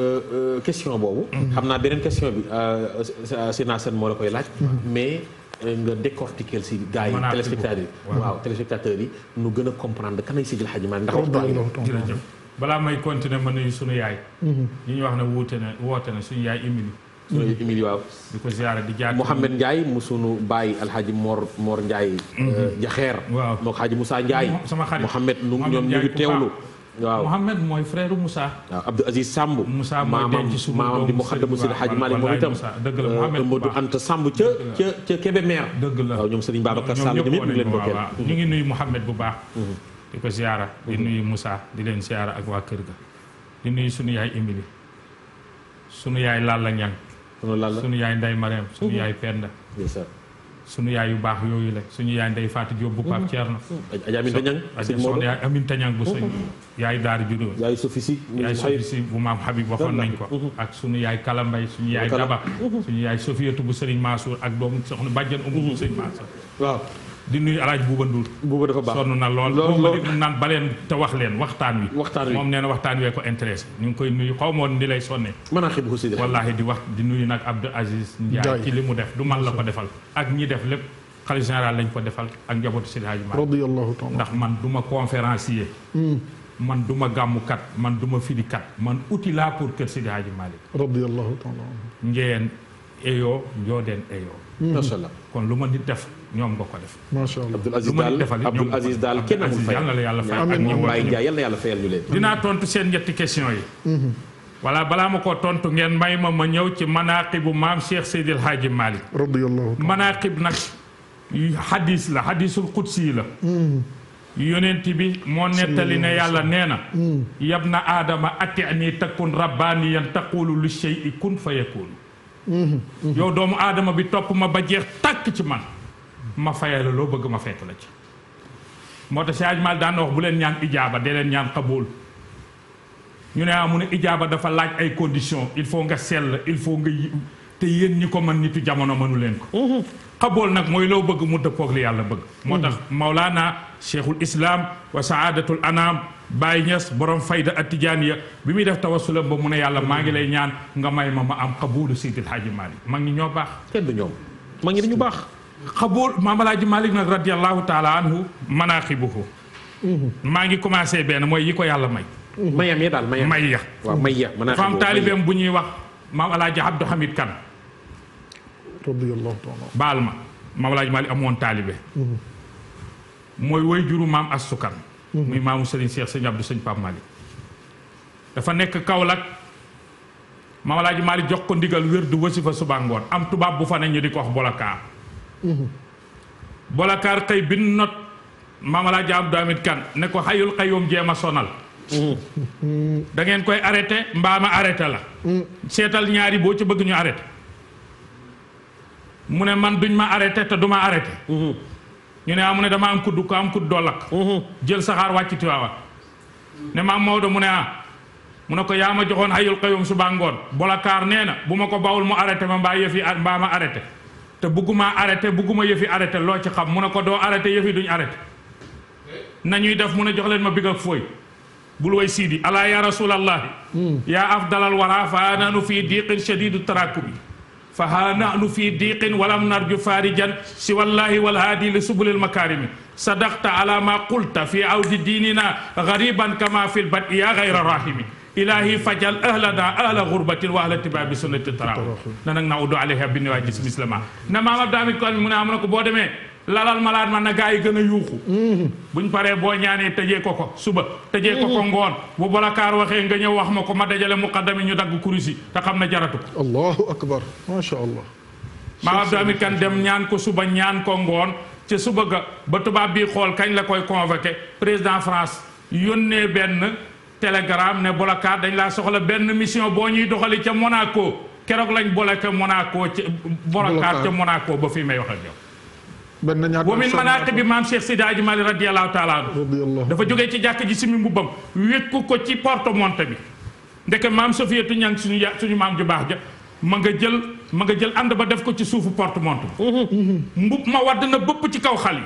Euh, question boobu. xam naa beneen question bi euh, Sina Sène moo la koy laaj. mais euh, nga décortiquer si gars yi. téléspectateurs yi waaw téléspectateurs yi nu gën a comprendre kanay Seydi El Hadji Malick ndax. jërëjëf balaa may continuer ma nuyu sunu yaay. ñu mm-hmm. ñu wax ne wuute na woote na suñu yaay Émilie. suñu Émilie waaw. di ko ziara di jaar Mouhamed Ndiaye mu sunu baay alhaji Mor Mor Ndiaye. Jaxeer. Mm-hmm. waaw moog Hadji Moussa Ndiaye. sama xarit Mouhamed ñu ngi teewlu. waaw Mouhamed mooy freeru musa waaw Abdou Aziz Samb. Moussa mooy denc suñu maamam di Mouhaddam Sidi Hadj Malick moom itam. dëgg la euh, Mouhamed Mbodj Anta ca ca ca Kébémer. dëgg la ñoom Serigne Babacar Samb tamit ñu leen bokkeel. ñu ngi nuyu Mouhamed bu baax. Mhm. di ko ziara. di mhm. nuyu Moussa di leen ziara ak waa kër ga. di nuyu sunu yaay Émilie. sunu yaay Lalla Niang. sunu yaay Ndeye Mariam sunu mhm. yaay Penda. sunu yaay yu baax yooyu la suñu yaay ndey Fatou Diop bu Pape mhm. Thierno. soxna yaay Amin Tañang bu sëñ mhm. yaay Daara Judo yaay Sofisi yaay Sofisi bu maam Habib waxoon nañ ko mhm. ak suñu yaay Kalambay suñu yaay Gaba suñu yaay Sofiyatu bu Sëriñ Mansour ak doomu soxna bàjjan umu bu Sëriñ Mansour di nuyu alaaj buuba nduur buuba dafa baax sonn na lool lool naan baleen te wax leen waxtaan wi waxtaan wi moom nee na waxtaan wee ko intéressé ñu ngi koy nuyu xaw moon ni lay sonne mën a xib aussi wallaahi di wax di nuyu nag Abdou Aziz Ndiaye ci li mu def du man la ko defal ak ñi def lépp xalifa général lañ ko defal ak njabootu Seydi Hadji Malick ndax man du ma conférencier hmm. man du ma gàmmukat man du ma firikat man outil laa pour kër Seydi Hadji Malick radiyallahu taala ngeen eyoo njoodeen eyoo hmm. kon lu ma nit def ñoom nga ko def. macha allah Abdoul Aziz daal Abdoul Aziz daal kenn amul fay yàlla yàlla yi. Mhm. balaa ma ko tontu ngeen may ma ma ñëw ci manaaqibu maam Cheikh Seydil Hadji Malick. radiyallahu manaaqib nag hadis la hadisul qudsi la. Mhm. yonent bi moo nettali ne yàlla nee na mhm. yab na aadama ati nii takkun rabbaaniyan taqulu li shay'i kun fa yakun yow doomu aadama bi topp ma ba jeex tàkk ci man ma fayala loo bëgg ma fekk la ci moo tax Cheikh Mal daan na wax bu leen ñaan ijaaba dee leen ñaan xabool ñu ne amu ah, ne ijaaba dafa laaj ay conditions il faut nga sell il faut nga te yéen ñi ko mën nitu jamono manu leen ko xabool nag mooy loo bëgg mu dëppoog li yàlla bëgg moo tax Maulana cheikhul islaam wa saadatul anam Baye Niass borom fayda ya bi muy def tawasulam ba mu ne yàlla maa ngi lay ñaan nga may ma ma am xabulu Seydil Hadji Malick ñoo baax xabul maam alaaji malik nag radiallahu taala anhu manaaxibuhu mhm. maa ngi commencé benn mooy yi ko yàlla may mhm. mayam ya daal may bu ñuy wax maam alaaji abdou hamid kan radiallahu taala baal ma maam alaaji amoon taalibe mhm. mooy way juru maam astu muy maamu sëriñ seex sëñ abdou sëñ pape malik dafa nekk Kaolack maam alaaji malik jox ko ndigal wér du wasifa suba ngoon am tubaab bu fa ne ñu di ko wax bolokaa bolakaar xëy bin not maamala jaam doomit kan ne ko xayul xayum jéem a sonal dangeen koy koy arrêté mbaama arrêté la seetal ñaari boo ci bëgguñu ñu arrêté mu ne man duñ ma arrêté te ma arrêté ñu ne ah ne dama am kudd ko am kudd doo lakk jël saxaar wàcc Tiwaawan ne maam Maodo mu ne ah mu ne ko yaa ma joxoon xayul xayum suba ngoon bolakaar nee na bu ma ko bawul mu arrêté ma mbaa yëf yi mbaa ma arrêté te bëgguma arrêté bëgguma yëfi arrêté loo ci xam mu ne ko doo arrêté yëfi duñ arrêté nañuy def mu ne jox leen ma big ak fooy bul way siidi alaa ya rasulallahi hmm. yaa afdalal wara fa nanu fii diqin shadidu tarakubi fa haa nahnu fii diqin walam narju farijan si wallahi walhaadi li subulil makarimi sadaqta ala ma qulta fi awdi diinina gariban kama fil bad ya gayra ilahi fajal ahlana ahla ghurbatin wa ahla tiba bi sunnati taraw na nag na uddu alayha bin wa jism islama na maamam daamit ko mu ne am ah, na ko boo demee lalal malaat man na gaa yi gën a yuuxu mm-hmm. ñu paree boo ñaanee tëjee ko ko suba tëjee ko ko mm-hmm. ngoon bu balakaar waxee nga ñëw wax ma ko ma dajale muqaddami ñu dagg kurusi te xam na jaratu ko allahu akbar macha allah maamam daamit kan dem ñaan ko suba ñaan ko ngoon ci suba ga ba tubaab bi xool kañ la koy convoqué président France benn télégramme ne bolakaat dañ laa soxla benn mission boo ñuy doxali ca Monaco keroog lañ bolake Monaco ca bolakaat ca Monaco ba fii may wax ak yow wa min manaqib bi maam Cheikh Sidi Hadji Malick radiallahu taala anhu dafa jógee ci jàkk ji simi mbubbam wékku ko ci porte-monnaie bi ndeke maam Sofiatou Niang suñu ya suñu maam ju baax ja ma nga jël ma jël ànd ba def ko ci suufu porte-monnaie mhm. mbub ma wadd na bëpp ci kaw xal yi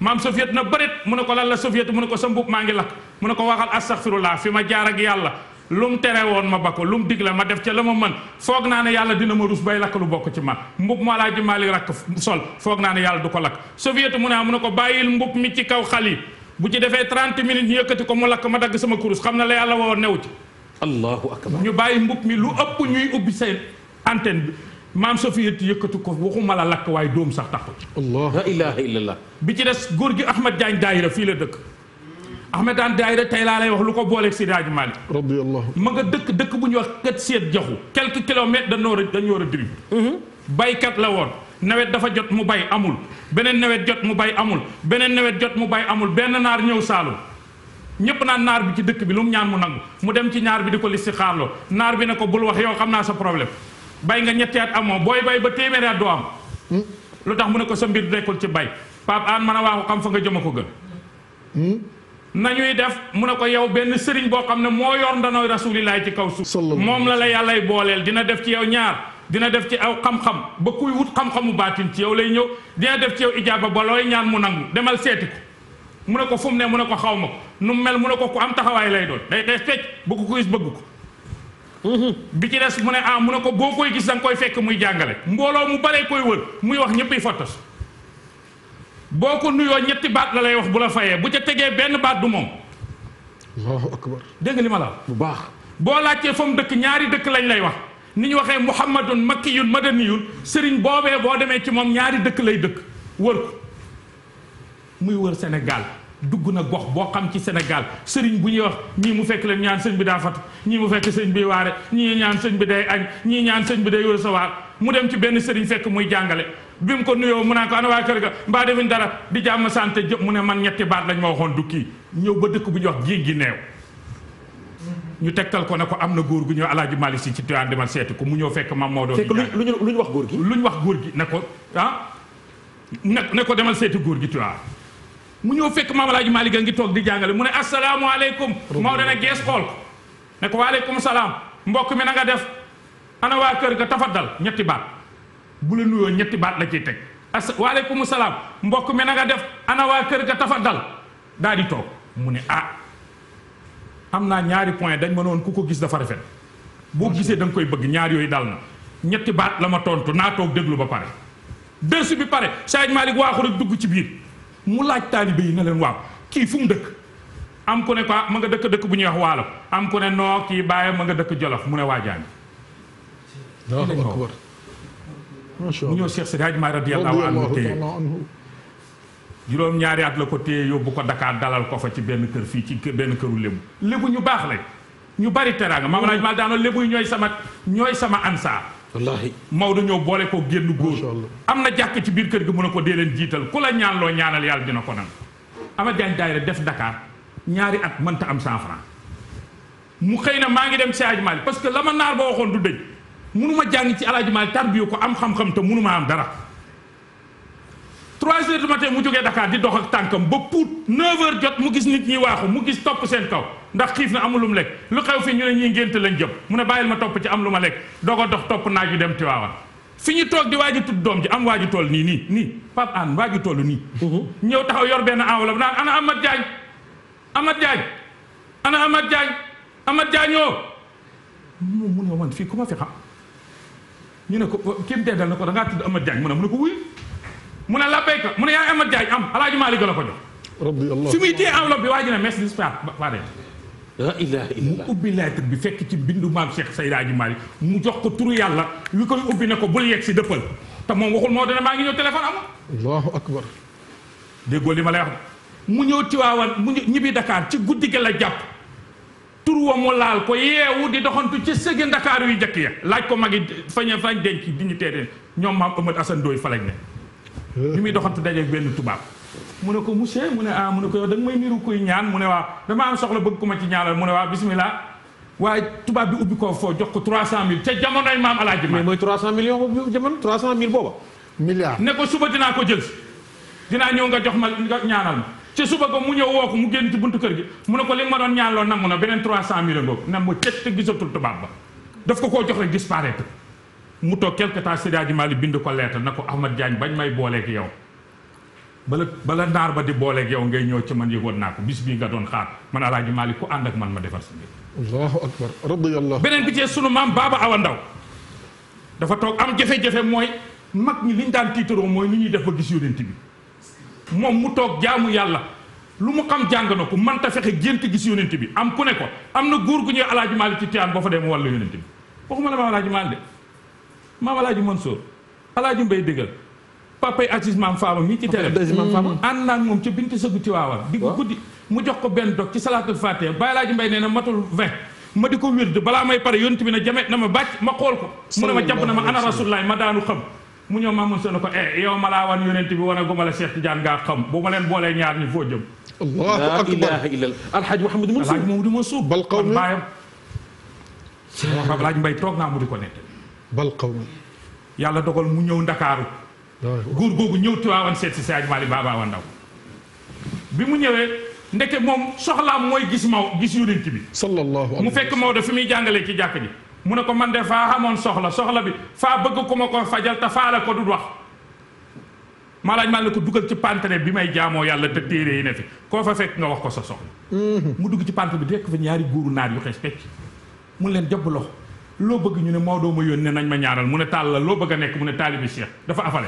maam soviet na bërit mu ne ko lal la soviet mu ne ko sa mbub maa ngi lakk mu ne ko waxal astaxfirullah fi ma jaar ak yàlla lu mu tere woon ma ba ko lu mu digle ma def ca la ma mën foog naa ne yàlla dina ma rus bay lakk lu bokk ci man mbub mu alaaji maali rakk sol foog naa ne yàlla du ko lakk soviet mu ne ah mu ne ko bàyyil mbub mi ci kaw xal yi bu ci defee 30 minutes ñu yëkkati ko mu lakk ma dagg sama kurus xam na la yàlla woo new ci allahu akbar ñu bàyyi mbub mi lu ëpp ñuy ubbi seen antenne bi maam Safiyatu yëkkatu ko waxuma la lakk waaye doom sax tax taxu ci. allah ilaha illallah. bi ci des góor gi Ahmed Diagne Daayira fii la dëkk. Ahmed Diagne Daayira tey laa lay wax lu ko booleeg si Daaj Malick. radiyallahu ma nga dëkk dëkk bu ñu wax kët seet jaxu. quelques kilomètres dañoo war a dañoo war a diri. baykat la woon. nawet dafa jot mu bay amul. beneen nawet jot mu bay amul. beneen nawet jot mu bay amul benn naar ñëw Saalum. ñëpp naan naar bi ci dëkk bi lu mu ñaan mu nangu mu dem ci ñaar bi di ko listixaarloo naar bi ne ko bul wax yow naa sa problème bay nga ñetti at amoo booy bay ba téeméeri doo am hmm? lu tax mu ne ko sa mbir nekkul ci bay Pape An mën a waaxu xam fa nga jëm a ko gën hmm? nañuy def mu ne ko yow benn sëriñ boo xam ne moo yor ndanooy rasulillahi ci kaw suuf moom la la yàllay booleel dina def ci yow ñaar dina def ci aw xam-xam ba kuy wut xam-xamu baatin ci yow lay ñëw dina def ci yow ijaaba ba looy ñaan mu nangu demal seeti ko mu ne ko fu mu ne mu ne ko xaw ma ko nu mel mu ne ko ku am taxawaay lay doon day ko bi ci des mu ne ah mu ne ko boo koy gis da koy fekk muy jàngale mbooloo mu baree koy wër muy wax ñëppay fottas boo ko nuyoo ñetti baat la lay wax bu la fayee bu ca tegee benn baat du moom allahu akbar dégg nga li ma la bu baax boo laajtee fa mu dëkk ñaari dëkk lañ lay wax ni ñu waxee muhammadun makkiyun madaniyun sëriñ boobee boo demee ci moom ñaari dëkk lay dëkk wër ko muy wër senegal dugg na gox boo xam ci Sénégal sëriñ bu ñuy wax ñii mu fekk leen ñaan sëñ bi daa fatu ñii mu fekk sëñ bi waare ñii ñaan sëñ bi day añ ñii ñaan sëñ bi day recevoir mu dem ci benn sëriñ fekk muy jàngale bi mu ko nuyoo mu naan ko ana waa kër ga mbaa defuñ dara di jàmm santé jëpp mu ne man ñetti baat lañ ma waxoon du kii ñëw ba dëkk bu ñuy wax gii gi neew ñu tegtal ko ne ko am na góor gu ñëw alaaji Malick si ci Tiwaawan demal seeti ko mu ñëw fekk ma moo doon fekk luñ wax góor gi ñu wax góor gi ne ko ah ne ko demal seeti góor gi Tiwaawan mu ñëw fekk maam alaaji Maalik a ngi toog di jàngale mu ne moo mao dana gees xool ne ko waaleykum salaam mbokk mi na nga def ana waa kër ga tafaddal ñetti baat bu la nuyoo ñetti baat la ci teg as waaleykum salaam mbokk mi na nga def ana kër ga tafaddal daa di toog mu ne ah am naa ñaari point dañ ma noon ku ko gis dafa rafet boo gisee da koy bëgg ñaar yooyu dal na ñetti baat la ma tontu naa toog déglu ba pare dërsu bi pare Saaj Maalik waaxu rek dugg ci biir mu laaj taalibe yi na leen waaw kii fu mu dëkk am ku ne ko ah, ma nga dëkk dëkk bu ñuy wax waalo am ku ne noo kii bàyyi ma nga dëkk jolof mu ne waajaani mu ñëw Cheikh Seydi Hadji Malick radiyallahu juróom ñaari at la ko téye yóbbu ko Dakar dalal ko fa ci benn kër fii ci benn këru lébu lébu ñu baax la ñu bari teraanga ma laaj mal daano lébu ñooy sama ñooy sama ansaa wallaahi Maodo ñëw boole ko génn góor am na jàkk ci biir kër gi mun ne ko dee leen jiital ku la ñaan loo ñaanal yàlla dina ko nan ama jaan daayira def Dakar ñaari at mënta am cent mu xëy na maa ngi dem si Alaaji Maalik parce que la ma naar ba waxoon du dëj munuma jàng ci Alaaji Maalik tarbiyu ko am xam-xam te munuma am dara trois heures du matin mu jógee Dakar di dox ak tànkam ba puut neuf jot mu gis nit ñi waaxu mu gis topp seen kaw ndax xiif na amulum lekk lu xew fi ñu ne ñii ngénte lañ jëm mu ne bàyyil ma topp ci am lu ma lekk doog a dox topp naaj yu dem Tiwaawan fi ñu toog di waaju tudd doom ji am waaju toll nii nii nii Pape Hann waaju toll nii mhm. ñëw taxaw yor benn bu naan ana Amath Diagne Amath Diagne ana Amath Diagne Amath Diagne oo moom mu ne man fii ku ma fi xam ñu ne ko képp dee na ko da ngaa tudd Amath mu ko mu ne labbayka mu ne yaa Amat Jaay am alaaji Maalik la ko jox. rabbi su muy téye enveloppe bi waa ji ne merci beaucoup. la ilaha mu ubbi lettre bi fekk ci bindu maam Cheikh Seydaaji Malick mu jox ko turu yàlla wi koy ubbi ne ko bul yegg si dëppal te moom waxul moo dana maa ngi ñëw téléphone amul. allahu akbar. déggoo li ma lay wax mu ñëw Tiwaawan mu ñibbi Dakar ci guddi gi la jàpp tur wa mu laal ko yeewu di doxantu ci sëgi ndakaar wi njëkk ya laaj ko magi fañ fañ denc di ñu teedeen ñoom maam Amadou Assane Ndoye fa li muy doxantu dajeeg benn tubaab mu ne ko monsieur mu ne ah mu ne ko yow da may niru kuy ñaan mu ne waaw dama am soxla bëgg ku ma ci ñaanal mu ne waaw bismillah waaye tubaab bi ubbi ko foo jox ko 300000 ca jamonoy maam alaaji ma. mais mooy 300 millions boobu jamono 300000 booba. milliard ne ko suba dinaa ko jël dinaa ñëw nga jox ma nga ñaanal ma. ci suba ko mu ñëw woo ko mu génn ci buntu kër gi mu ne ko li ma doon ñaanloo namm na beneen 300000 boobu namm cët te gisatul tubaab ba daf ko koo jox rek disparaître. mu toog quelque temps Seydi Hadji Malick bind ko lettre na ko Ahmad Diagne bañ may booleeg yow bala bala naar ba di booleeg yow ngay ñëw ci man yëgoon naa ko bis bii nga doon xaar man Alaaji Malick ku ànd ak man ma defar si mbir. allahu akbar beneen bi ci sunu maam Baaba Awa Ndaw dafa toog am jafe mooy mag ñi liñ daan tiitaroo mooy ni ñuy def ba gis yonent moom mu toog jaamu yàlla lu mu xam jàng na ko mënta fexe gént gis yonent bi am ku ne ko am na góor gu ñëw Alaaji Malick ci Tiyaan boo fa dem wàllu yonent bi waxuma la ma Alaaji Malick de maam alaaji Mansour alaaji Mbay dëggal papay Aziz maam Faama mii ci télé ànd naa ak moom ca binti sëggu Tiwaawan di guddi mu jox ko benn dog ci salaatul fatiha Baye alaaji Mbay nee na matul ma di ko wird balaa may pare yonent bi ne jamet na ma bàcc ma xool ko mu ne ma na ma ana rasulullah ma daanu xam mu ñëw maam Mansour ne ko e yow ma laa wan yonent bi wan a guma la Cheikh Tidiane ngaa xam bu ma leen boolee ñaar ñi foo jëm allahu akbar alhaaj Mouhamadou Mansour alhaaj Mouhamadou Mansour bal qawmi baayam Mbay toog naa mu di ko bal kaw ma. yàlla dogal mu ñëw ndakaaru góor googu ñëw Tiwaawan seet si Seydi Maalik Baaba Ndaw bi mu ñëwee ndeke moom soxlaam mooy gis maw gis yonent bi sallallahu alayhi mu fekk Maodo fi muy jàngalee ci jàkk ji mu ne ko man de faa xamoon soxla soxla bi faa bëgg ku ma ko fajal te faa la ko du wax maalaaj maa la ko dugal ci pantere bi may jaamoo yàlla te téere yi ne fi koo fa fekk nga wax ko sa soxla mm-hmm. mu dugg ci pantere bi dekk fa ñaari góoru naar yu xees mu leen jobb loo bëgg ñu ne Maodo ma yónnee nañ ma ñaaral mu ne tàll la loo bëgg a nekk mu ne taalibi Cheikh dafa afale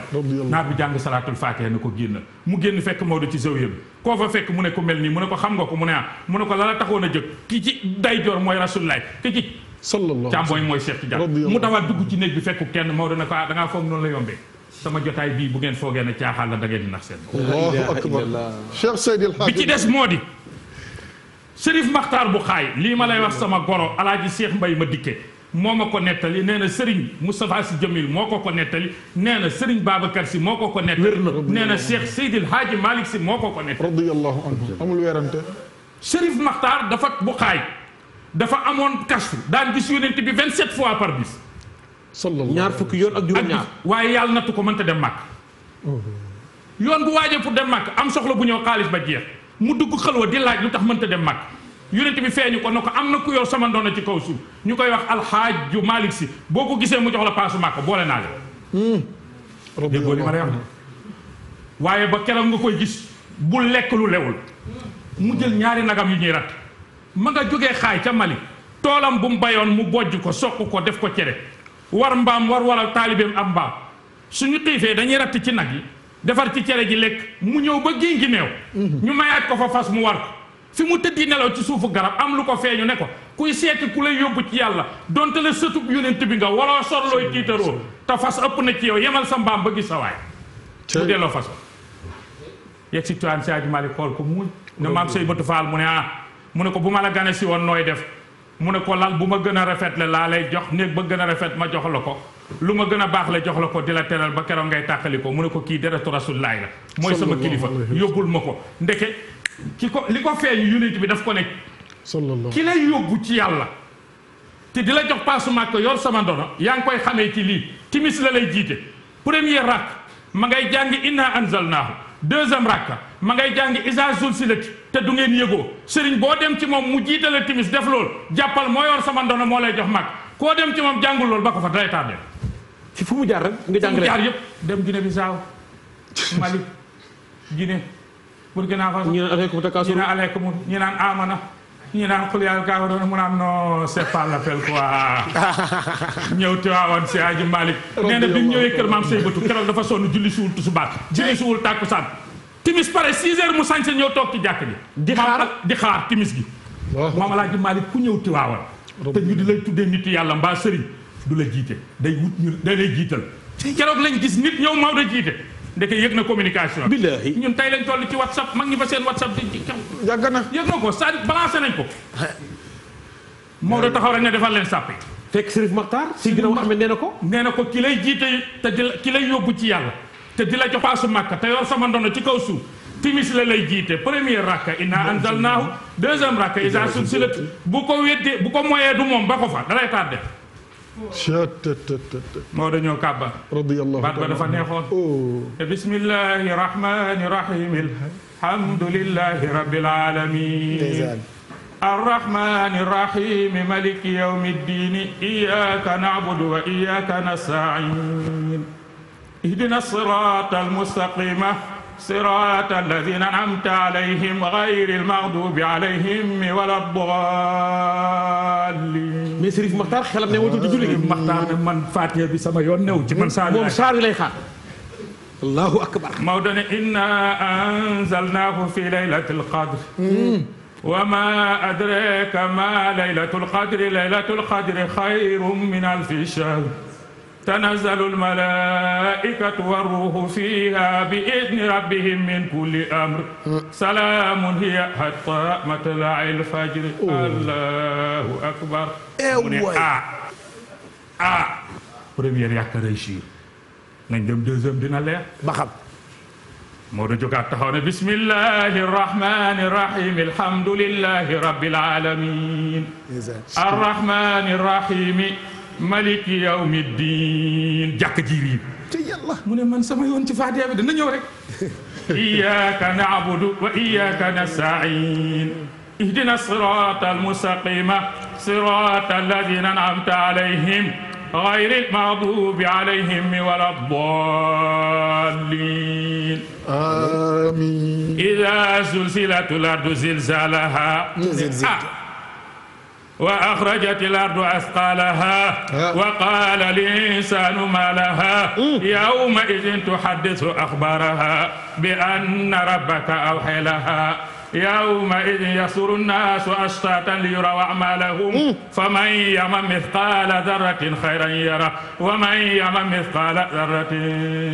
naar bi jàng salaatul faatiha na ko génn mu génn fekk Maodo ci zawiya bi mu ne ko mel nii mu ne ko xam nga ko mu ne ah mu ne a jóg ki ci day mooy rasulullaay ki ci sallallahu càmbooy mooy Cheikh Tidiane dugg ci néeg bi fekku kenn moo ne ko ah da ngaa foog noonu la yombee sama jotaay bii bu ngeen foogee ne caaxaan la da ngeen seen Allahu akbar Cheikh Seydi El Hadji bi ci des moo di Sërif Maxtaar bu xaay lii ma lay wax sama goro alaaji Cheikh Mbay ma dikke moo ma ko nettali nee na Serigne Moustapha Sy Jamil moo ko ko nettali nee na Serigne Babacar Sy moo ko ko nettali nee na Cheikh Seydil Hadji Malick Sy moo ko ko nettali radiyallahu anhu amul weerante Chérif Makhtar dafa bu xaay dafa amoon kastu daan gis yonent vingt 27 fois par bis sallallahu ñaar fukki yoon ak juróom-ñaar waaye yàlla nattu ko mënta dem màkk yoon bu waajee pour dem màkk am soxla bu ñëw xaalis ba jeex mu dugg xalwa di laaj lu tax mënta dem màkk yonent bi feeñu ko ne am na ku yor sama ndono ci kaw suuf ñu koy wax alxaaju Malick si boo ko gisee mu jox la paasu màkk boole naa la hmm. déggoo li ma waaye ba keroog nga koy gis bu lekk lu lewul mu jël ñaari nagam yu ñuy rat ma nga jóge xaay ca Mali toolam bu mu bayoon mu bojj ko soq ko def ko cere war mbaam war waral taalibeem am mbaam suñu xiifee dañuy ratt ci nag yi defar ci cere ji lekk mu ñëw ba géngi neew hmm. ñu mayaat ko fa fas mu war ko fi mu tëddi nelaw ci suufu garab am lu ko feeñu ne ko kuy seeti ku lay yóbbu ci yàlla donte la sëtub yonent bi nga waloo sorlooy tiitaroo te fas ëpp na ci yow yemal sa mbaam ba gis sa waay mu delloo faso yegg si tuwaan si Aji Malik xool ko muuñ ne mu ne ah, mu ne ko bu ma la ganesi woon nooy def mu ne ko lal bu ma gën a rafet la laa lay jox néeg ba gën a rafet ma jox la ko lu ma gën a baax la jox la ko di la teral ba keroog ngay tàqali ko mu ne ko kii deretu rasulullaay la mooy sama kilifa yóbbul ma ko ndeke ki ko li ko feeñu yonent bi daf ko ne ki lay yóbbu ci yàlla te di la jox paasu màkk yor sama ndono yaa ngi koy xamee ci lii timis la lay jiite premier rakk ma ngay jàng inna anzalnaahu deuxième rakk ma ngay jàng isa zulsilat te du ngeen yëgoo sëriñ boo dem ci moom mu jiitale timis def lool jàppal moo yor sama moo lay jox màkk koo dem ci moom jàngul lool ba ko fa day tardé ci fu mu jaar rek nga jàngale jaar yëpp dem Guinée Bissau Mali Guinée Burkina Faso ñu naan aleykum takasur ñu naan aleykum ñu naan amana ñu naan xul yàlla kaawaroon mu naan non c'est pas ñëw Tiwaawan si Aji Malick nee na bi mu ñëwee kër maam say batu keroog dafa sonn julli suwul tusubaat julli suwul tàkkusaan timis pare 6 heures mu sañse ñëw toog ci jàkk bi di xaar di xaar timis gi a Alaaji Malick ku ñëw Tiwaawan te ñu di lay tuddee nitu yàlla mbaa sëriñ du la jiite day wut ñu day lay jiital keroog lañ gis nit ñëw Maodo jiite ndeke yëg na communication. billaahi ñun tey lañ toll ci whatsapp mag ñi fa seen whatsapp di kaw. yàgg na yëg na ko saa à dire balancé nañ ko. Maodo taxaw rek ne defal leen sàppe. fekk Sërif Maxtaar si ginnaaw Ahmed nee na ko. nee na ko ki lay jiite te di la ki lay yóbbu ci yàlla te di la jox paasu Màkka te yor sama ndono ci kaw suuf. timis la lay jiite premier rakka inna anzalnaahu deuxième rakka isa subsilat bu ko weddee bu ko moyee du moom ba ko dalay tardé. moo dañoo kàbba radiyallahu baat ba dafa neexoon oh. te bismillahi rahmani rahim alhamdulillahi rabbil alamin الرحمن الرحيم ملك يوم الدين إياك نعبد وإياك نستعين اهدنا الصراط المستقيم صراط الذين أنعمت عليهم غير المغضوب عليهم ولا الضالين mais Sërif Maxtaar xelam ne wutul di julli gi Maxtaar ne man Faatiha bi sama yoon new ci man saar moom saar lay xaar allahu akbar Maodo ne inna anzalnaahu fi laylatil qadr hmm. wa ma adraaka ma laylatul qadri laylatul qadri xayrun min alfi shahr تنزل الملائكة والروح فيها بإذن ربهم من كل أمر سلام هي حتى مطلع الفجر الله أكبر mu ne ah ah première yàq réussir nañ dem deuxième dina leer ba xam moo da jógaat taxaw ne bismillahi arrahmani irrahim alhamdulillahi rabbil alamin arrahmani irrahimi malik yawmi diin jàkk ji riib te yàlla mu ne man sama yoon ci faatiha bi dana ñëw rek iyyaka na'budu wa iyyaka nasta'in ihdina sirata almustaqima sirata alladina an'amta alayhim ghayril maghdubi alayhim waladdallin amin idha zulzilatil ardu zilzalaha وأخرجت الأرض أثقالها وقال الإنسان ما لها يومئذ تحدث أخبارها بأن ربك أوحي لها يومئذ يصدر الناس أشتاتا ليروا أعمالهم فمن يعمل مثقال ذرة خيرا يره ومن يعمل مثقال ذرة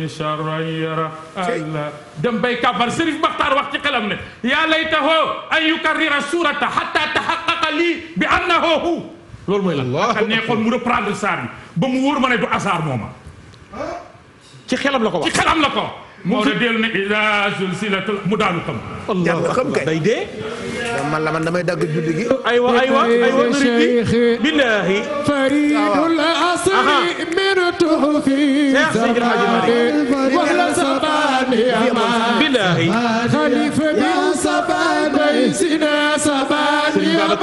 شرا يره الله dem bay kàbbar Sëriñ Baxtaar wax ci xelam ne yaa laytahu an yukarrira suurata hatta tahaqqaqa lii bi annahu hu loolu mooy lan ak neexoon mu reprendre saar bi ba mu wóor ma ne du asaar mooma ci xelam la ko wax ci xelam la ko mu fi dellu ne iza zulzilatul mu daanu xam. yàlla xam kay day dee. man la man damay dagg julli gi. aywa aywa aywa nari bi billahi. faridul asri min tuhfi zamani wala sabani ama billahi. xalifa bi sabani sina sabani ama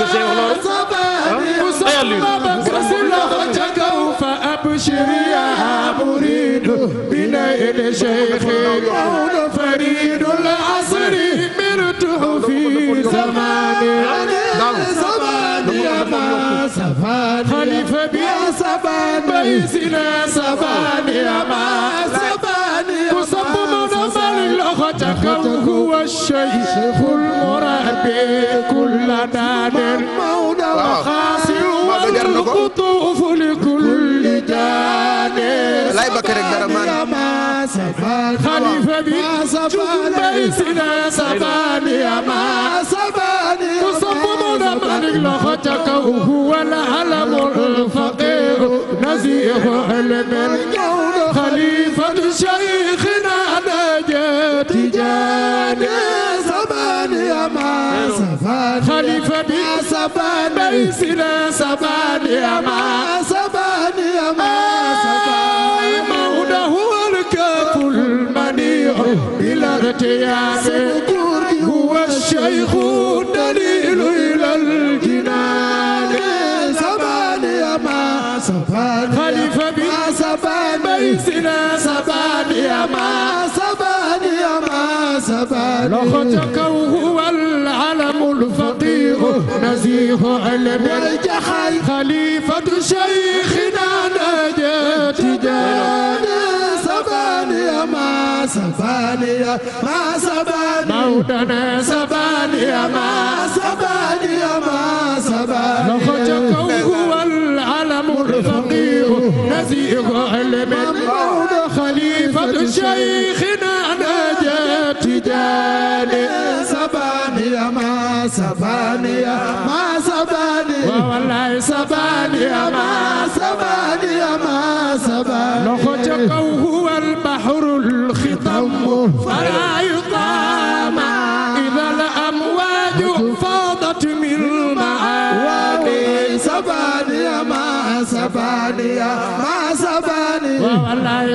sabani بنائل شيخ كون فريد العصر مرته في زماني زماني ما سفاني خليفة بيا سفاني بيسنا سفاني ما سفاني مصب من لغتك هو الشيخ المربي كل نادر وخاسر والقطب Baay Bakar ak dara man xalifa bi cugul bay sina sabani ama sabani ku sabumu na malik loxo ca kaw wala alamul faqir nazihu ilmin xalifatu shaykhina najat tijani sabani ama sabani xalifa bi sabani bay sina sabani ama الشيخ الدليل إلى الجنان سبان يا ما سبان خليفة بن سبان بيسنا سبان يا ما سبان يا ما سبان لختك وهو العلم الفقيه نزيه علم الجحي خليفة شيخنا نجاة جاه سبانيا ما سبانيا موتنا سبانيا ما سبانيا ما سبانيا لخجك هو العلم الفقيه نزيه علم خليفة شيخنا نجاب تجاني سبانيا ما سبانيا ما سبانيا والله سبانيا ما سبانيا ما سبانيا لخجك هو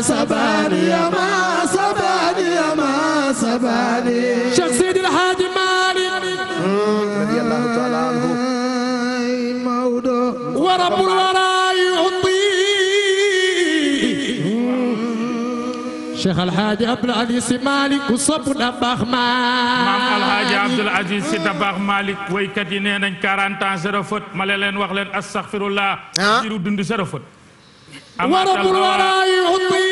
sabani ya ma sabani ya ma sabani Cheikh Seydi El Hadji Malick radiyallahu ta'ala anhu mawdo wa rabbul wara yu'ti Cheikh El Hadji Abdou Aziz Sy Malick sopp da baax Malick Maam El Hadji Abdou Aziz Sy da baax Malick waykat yi nee nañ 40 ans zéro faute ma leen wax leen astaghfirullah ah. diiru dund zéro faute warabul waraayi hubbi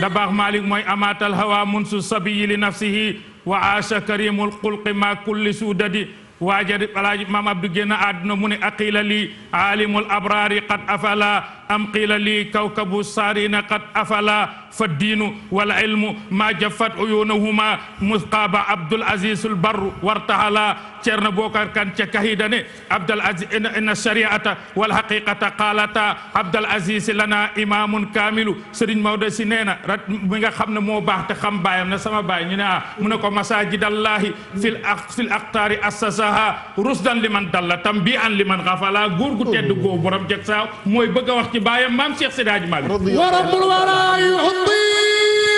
da baax Malik mooy amaatal hawa munsu sabiyi li nafsihi wa aasha karimul xulqi ma kulli suudadi waajari alaaji maam Abdou génn àdduna mu ne aqila li aalimul abraari qad afala am qiila lii kawkabu saarina qad afala fa diinu wal ilmu maa jafat uyuunahuma musqaaba abdul aziz al barru wartahala ceerno bokar kan ca kahida ne abdul aziz inna shariata wal haqiqata qaalata abdul aziz lana imamun kaamilu sëriñ Maodo si nee na rat mi nga xam ne moo baax te xam baayam na sama baay ñu ne ah mu ne ko masajidallahi fil fil aqtaari assasaha rusdan liman dalla tambian liman xafala góor gu tedd goo borom jeg saaw mooy bëgg a wax ci baayam maam Cheikh Seydi Hadji Malick wa rabbul waraa yu'ti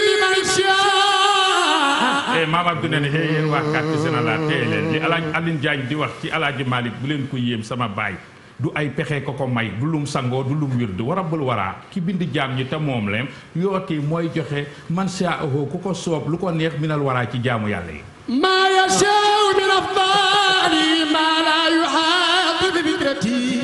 liman shaa eh, maam Abdou ne ne xëy yéen waa carte générale eh, tey leen li alaaj Aline Diagne di wax ci alaaji Malick bu leen ko yéem sama baay du ay pexe ko ko may du lum sangoo du lum wird wa waraa ki bind jaam ñi te moom leen yooti mooy joxe man saa ku ko soob lu ko neex minal waraa ci jaamu yàlla yi maa yashaa min afdaali maa laa yuhaatu bi fitrati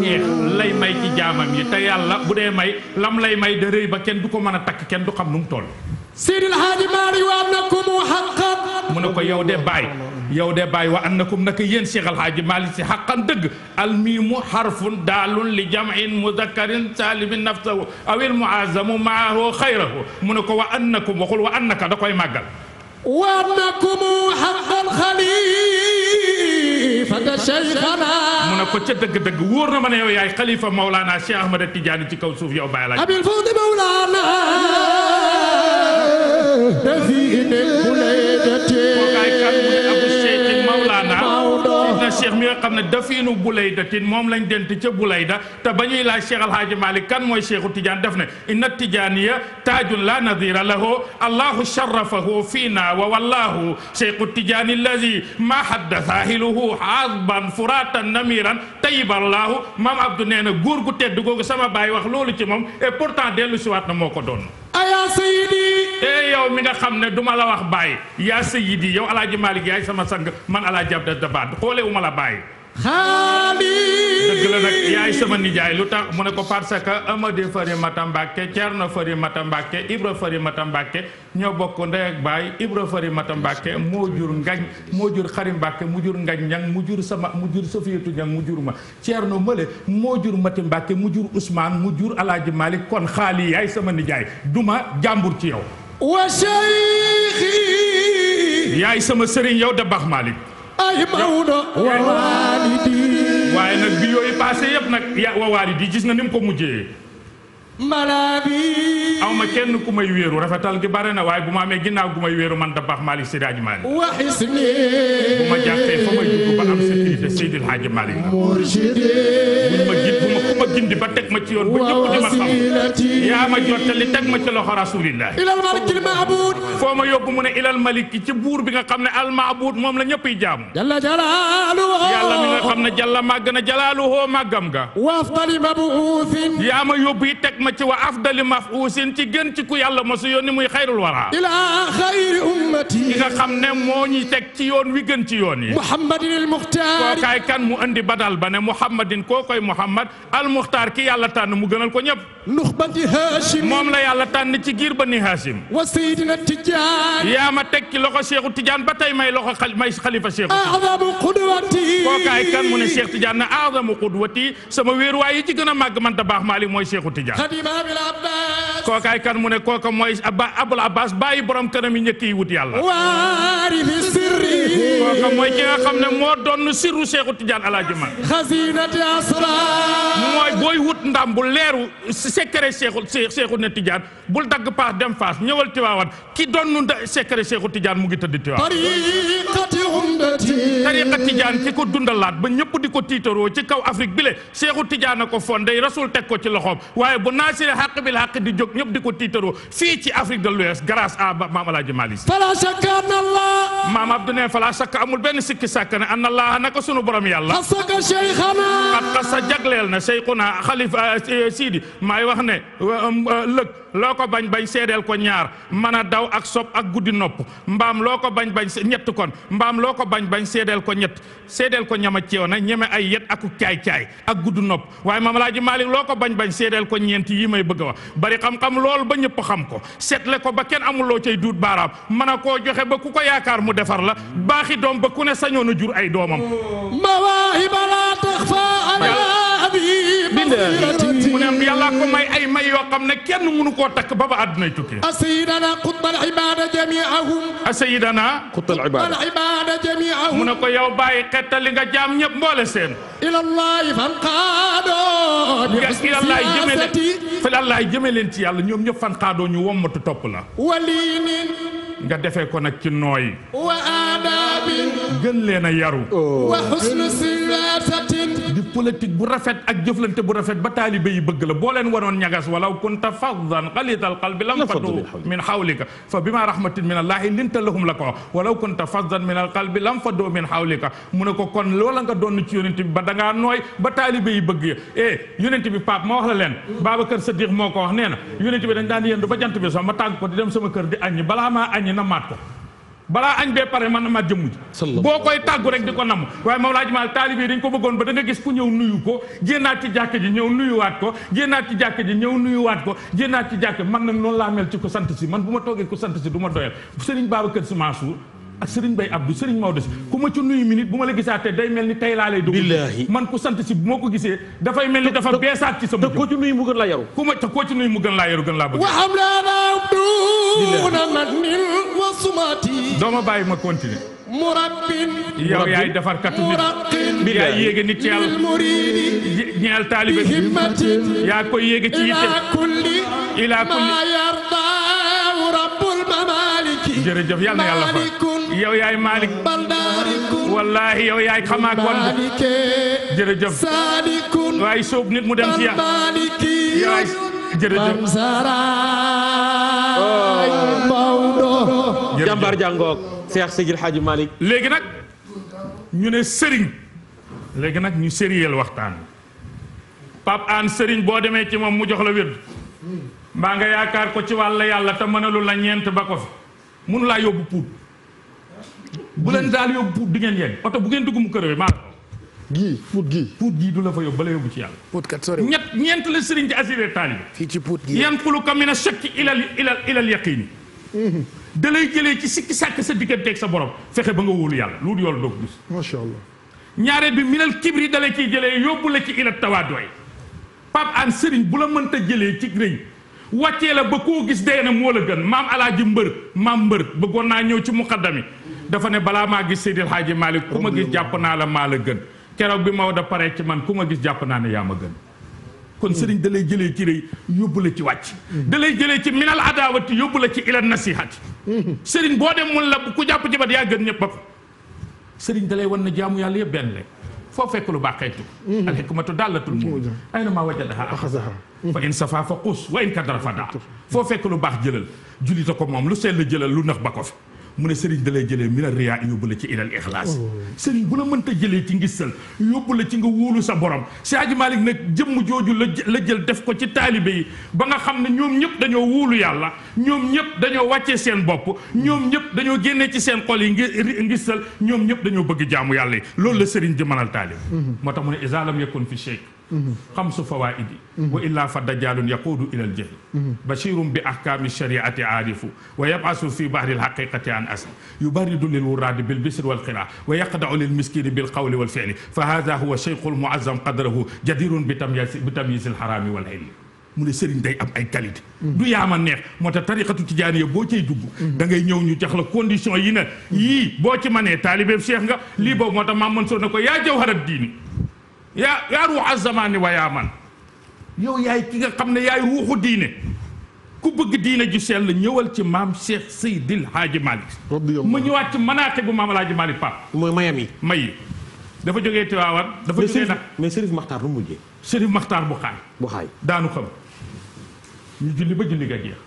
neex lay may ci jaamam yi te yàlla bu dee may lam lay may da rëy ba kenn du ko mën a takk kenn du xam nu mu toll. Seydil Haaji Maari wa annakum haqqan mu ne ko yow de baay yow de baay wa annakum naka yéen Cheikh Al Haaji Maalik Si haqqan dëgg almiimu harfun daalun li jam'in mudakkarin saalimin nafsahu awil muazzamu maahu xayrahu mu ne ko wa annakum waxul wa annaka da koy màggal wa annakum haqqan xaliil xalifata cheikhana mu ne ko ca dëgg-dëgg wóor na ma ne yow yaay xalifa Maulana Cheikh Ahmada Tidiane ci kaw suuf yow Baye Laaj abil fawdi Maulana dafi ne bu lay datee na cheikh mi nga xam ne dafiinu bulaydatin moom lañ dent ca bulayda te ba ñuy laaj cheikh alhaaji malik kan mooy cheikhu tidiane def ne inna tijaaniya taajun la nadira lahu allahu sharafahu fiina wa wallahu cheikhu tidiane allazi ma hadda saahiluhu azban furatan namiran tayiballahu maam abdou nee na góor gu tedd googu sama baay wax loolu ci moom et pourtant dellu siwaat na moo ko doon ayaa sayidi ee eh, yow mi nga xam ne du ma la wax bàyyi yaa sayidi yow alaaji Malick yaay sama sang man alaaji Abdou Dabane xoolee wu ma la bàyyi dëgg la nag yaay sama nijaay lu tax mu ne ko parce que Amady Farimata Mbacke Thierno Farimata Mbacke Ibra mata Mbacke ñoo bokk ndey ak baay Ibra Farimata Mbacke moo jur ngañ moo jur Xari Mbacke mu jur ngañ ñang mu jur sama mu jur Sofiyatu mu jur ma Thierno Mële moo jur Mati Mbacke mu jur Ousmane mu jur Alaaji Malik kon xaali yaay sama nijaay duma jàmbur ci yow. wa Cheikh. yaay sama sëriñ yow da Malik ay Maodo walaali di waaye nag bi yooyu passé yëpp nag ya wawaali di gis nga ni mu ko malaabi a ma kenn ku may wéeru rafetal gi bare na waaye bu ma amee ginnaaw gu may wéeru man da baax Malick Seydi Hadji Malick waxis ni bu ma jàppee fa ma jug ba am sécurité Seydi Hadji Malick bu ma gid bu ma ku ma gindi ba ma ci yoon ba ñëpp ma xam yaa ma jottali teg ma ci loxo rasulillah ilal ma yóbbu mu ne ilal ci buur bi nga xam ne al maabud moom la ñëpp yi jaamu yàlla mi nga xam màgg na jalaaluhoo màggam ga waftali mabuusin ma ci wa afdali mafuusin ci gën ci ku yàlla ma su yónni muy xayrul wara ila xayri ummati ki nga xam ne moo ñuy teg ci yoon wi gën ci yoon yi muhammadin al muxtaar kookaay kan mu andi badal ba ne muhammadin koo koy muhammad al muxtaar ki yàlla tànn mu gënal ko ñëpp nux bani hashim moom la yàlla tànn ci giir bani hashim wa sayidina tijaan yaa ma teg ci loxo cheikhu tijaan ba tey may loxo may xalifa cheikhu aadamu qudwati kookaay kan mu ne cheikh tijaan ne aadamu qudwati sama wéeruwaay yi ci gën a màgg man ta baax maalik mooy cheikhu tijaan باب العباس kookaay kan mu ne kooka mooy Abba Abul Abbas bàyyi borom kanam yi ñetti yi wut yàlla. waari bi sirri. kooka mooy ki nga xam ne moo doon sirru Seexu Tijaan Alaaji ma. xasinati mooy booy wut ndam bu leeru secret Seexu Seexu ne Tijaan bul dagg paas dem faas ñëwal Tiwaawan ki doon secret Seexu Tijaan mu ngi tëdd Tiwaawan. tariqati umdati. tariqa Tijaan ki ko dundalaat ba ñëpp di ko tiitaroo ci kaw Afrique bile Seexu Tijaan a ko fondé rasul teg ko ci loxoom waaye bu naasire ñëpp di ko tiitaroo fii ci Afrique de l'Ouest grâce a maam Alaaji Maalik Si fala shakka anna allah maam Abdou ne fala shakka amul benn sikki sàkk ne anna allah naka sunu borom yàlla xasaka cheikhana xasa jagleel na na xalif euh, euh, Sidi maay wax ne um, euh, lëg loo ko bañ bañ seedeel ko ñaar mën a daw ak sob ak guddi nopp mbaam loo ko bañ bañ ñett kon mbaam loo ko bañ bañ seedeel ko ñett seedeel ko ñama ceew na ñeme ay yet ak caay caay ak guddi nopp waaye maam Alaaji Maalik loo ko bañ bañ seedeel ko ñeenti yi may bëgg xam-xam lool ba ñëpp xam ko seetle ko ba kenn amuloo cay duut baaraam mën a koo joxe ba ku ko yaakaar mu defar la baaxi doom ba ku ne sañoon a jur ay doomam mu ne am yàlla ko may ay may yoo xam ne kenn mënu koo takk ba ba àddunay tukki asayidana xuttal ibada jamiahum asayidana xuttal ibada jamiahum mu ne ko yow bàyyi xettali nga jaam ñëpp mboole seen ilallahi fan xaadoo ilallahi jëme leen fi lallahi jëme leen ci yàlla ñoom ñëpp fan ñu wommatu topp la nga defee ko nag ci nooy wa aadaabin gën leen a yaru oh. wa xusnu siyaasatin di politique bu rafet ak jëflante bu rafet ba taalibe yi bëgg la boo leen wanoon ñagas walaw kunta faddan xalital qalbi lam fatu min xawlika fa bima rahmatin min allaahi linta lahum la ko walaw kunta faddan min al qalbi lam fadu min xawlika mu ne ko kon loola nga doon ci yonent bi ba dangaa nooy ba taalibe yi bëgg ya eh yonent bi Pape ma wax la leen Babacar Sadiq moo ko wax nee na yonent bi dañ daan yendu ba jant bi so ko ñi namaat ko balaa añ bee pare man namaat jëmm ji boo koy tàggu rek di ko namm waaye moom laa ji maal taalibe dañ ko bëggoon ba da nga gis ku ñëw nuyu ko génnaat ci jàkk ji ñëw waat ko génnaat ci jàkk ji ñëw waat ko naat ci jàkk man na noonu laa mel ci ko sant si man bu ma toogee ko sant si du ma doyal Sëriñ Babacar Si Mansour ak Serigne Baye Abdou Serigne Maodo si ku ma ci nuyu minute bu ma la gisaatee day mel ni tey laa lay dugg billaahi man ku sant si bu ma ko gisee dafay mel ni dafa beesaat ci sama te koo ci nuyu mu gën laa yaru ku ci nuyu mu gën laa yaru gën laa bëgg waxam laanaa duna nag nil wa sumaati dooma bàyyi ma continuer murabbin yow yaay defar katu nit bi yaay yéege nit ci yàlla ñeel taalibe bi yaa koy yéege ci yitte ila kulli ma yarda rabbul mamaliki jërëjëf yàlla na yàlla fa yow yaay Malick wallaahi yow yaay xamaa kon jërëjëf waaye sóob nit mu dem ci ya yaay jërëjëf jàmbaar jàngoog Cheikh Seydil léegi nag ñu ne sëriñ léegi nag ñu sériyel waxtaan Pape An sëriñ boo demee ci moom mu jox la wér mbaa nga yaakaar ko ci wàll yàlla te mënalu la ñeent ba ko fi yóbbu puut bu leen daal yóbbu di ngeen yegg oto bu ngeen dugg mu kërëwee maa gii puut gii puut du la fa yóbbu bala yóbbu ci yàlla puut kat sori ñett ñeent la sëriñ di assuré taalibe fii ci puut gii yanquluka mina shakki ilal ilal mhm. da lay jëlee ci sikki sàkk sa digganteeg sa borom fexe ba nga wóolu yàlla loolu yoolu doog gis macha allah ñaareel bi minal kibri da lay ciy jëlee yóbbu la ci ilal tawaadooy Pape An sëriñ bu la mënta jëlee ci rëy wàccee la ba koo gis dee na moo la gën maam alaaji mbër maam mbër bëggoon naa ñëw ci muqaddami dafa ne balaa maa gis Seydil Hadji Malick ku ma gis jàpp naa la maa la gën keroog bi Maodo paree ci man ku ma gis jàpp naa ne yaa ma gën kon sëriñ da lay jëlee ci rëy yóbbu la ci wàcc da lay jëlee ci minal adawati yóbbu la ci ilal nasihati sëriñ boo dem mun la ku jàpp ci bat yaa gën ñëpp ba ko sëriñ da wan na jaamu yàlla yëpp benn la foo fekk lu baaxaytu alxikmatu dallatul mu ay na maa wajadaha axasaha fa in safa fa xuus foo fekk lu baax jëlal julita ko moom lu sell jëlal lu nax ba ko fi mu ne sëriñ da lay jëlee mi na riyaa yóbbu la ci ilal ixlaas oh. sëriñ bu la mënta jëlee ci ngistal yóbbu la ci nga wóolu sa borom si Aji Malik nag jëmm jooju la la jël def ko ci taalibe yi ba nga xam ne ñoom ñëpp dañoo wóolu yàlla ñoom ñëpp dañoo wàccee seen bopp ñoom ñëpp dañoo génnee ci seen xol yi ngi ngistal ñoom ñëpp dañoo bëgg jaamu yàlla yi loolu la sëriñ di mënal taalib mm-hmm. moo tax mu ne isalam yakun fi cheikh xam su fawaidi wa illaa fa dajaalun yaquudu ila al jahl bashirun bi ahkaami shariati aarifu wa yabasu fi bahri lhaqiqati an asl yubaridu lil wuraadi bil bisri wal qira wa yaqdau lil miskini bil qawli wal fi'li fa hada huwa cheikhul muazzam qadrahu jadirun bi tamyiz bi tamyiz al harami wal hilli mu ne sëriñ day am ay qualité du yaama neex moo tax tariqatu tijaaniya boo cay dugg da ngay ñëw ñu jox la condition yi ne yii boo ci manee taalibeeb cheikh nga lii boobu moo tax maam Mansour ne ko yaa jawharat diini yaa yaa ruuxa zamaani wa yaa man yow yaay ki nga xam ne yaay ruuxu diine ku bëgg diine ju sell ñëwal ci maam Cheikh Seydil Hadji Malick ma ñëwaat ci manaate bu maam Alaaji Malick Pape mooy mayam yi may dafa jógee Tiwaawan dafa jógee nag mais Sérif Maxtaar lu mujjee Sérif Maxtaar bu xaay bu xaay daanu xam ñu julli ba julli ga jeex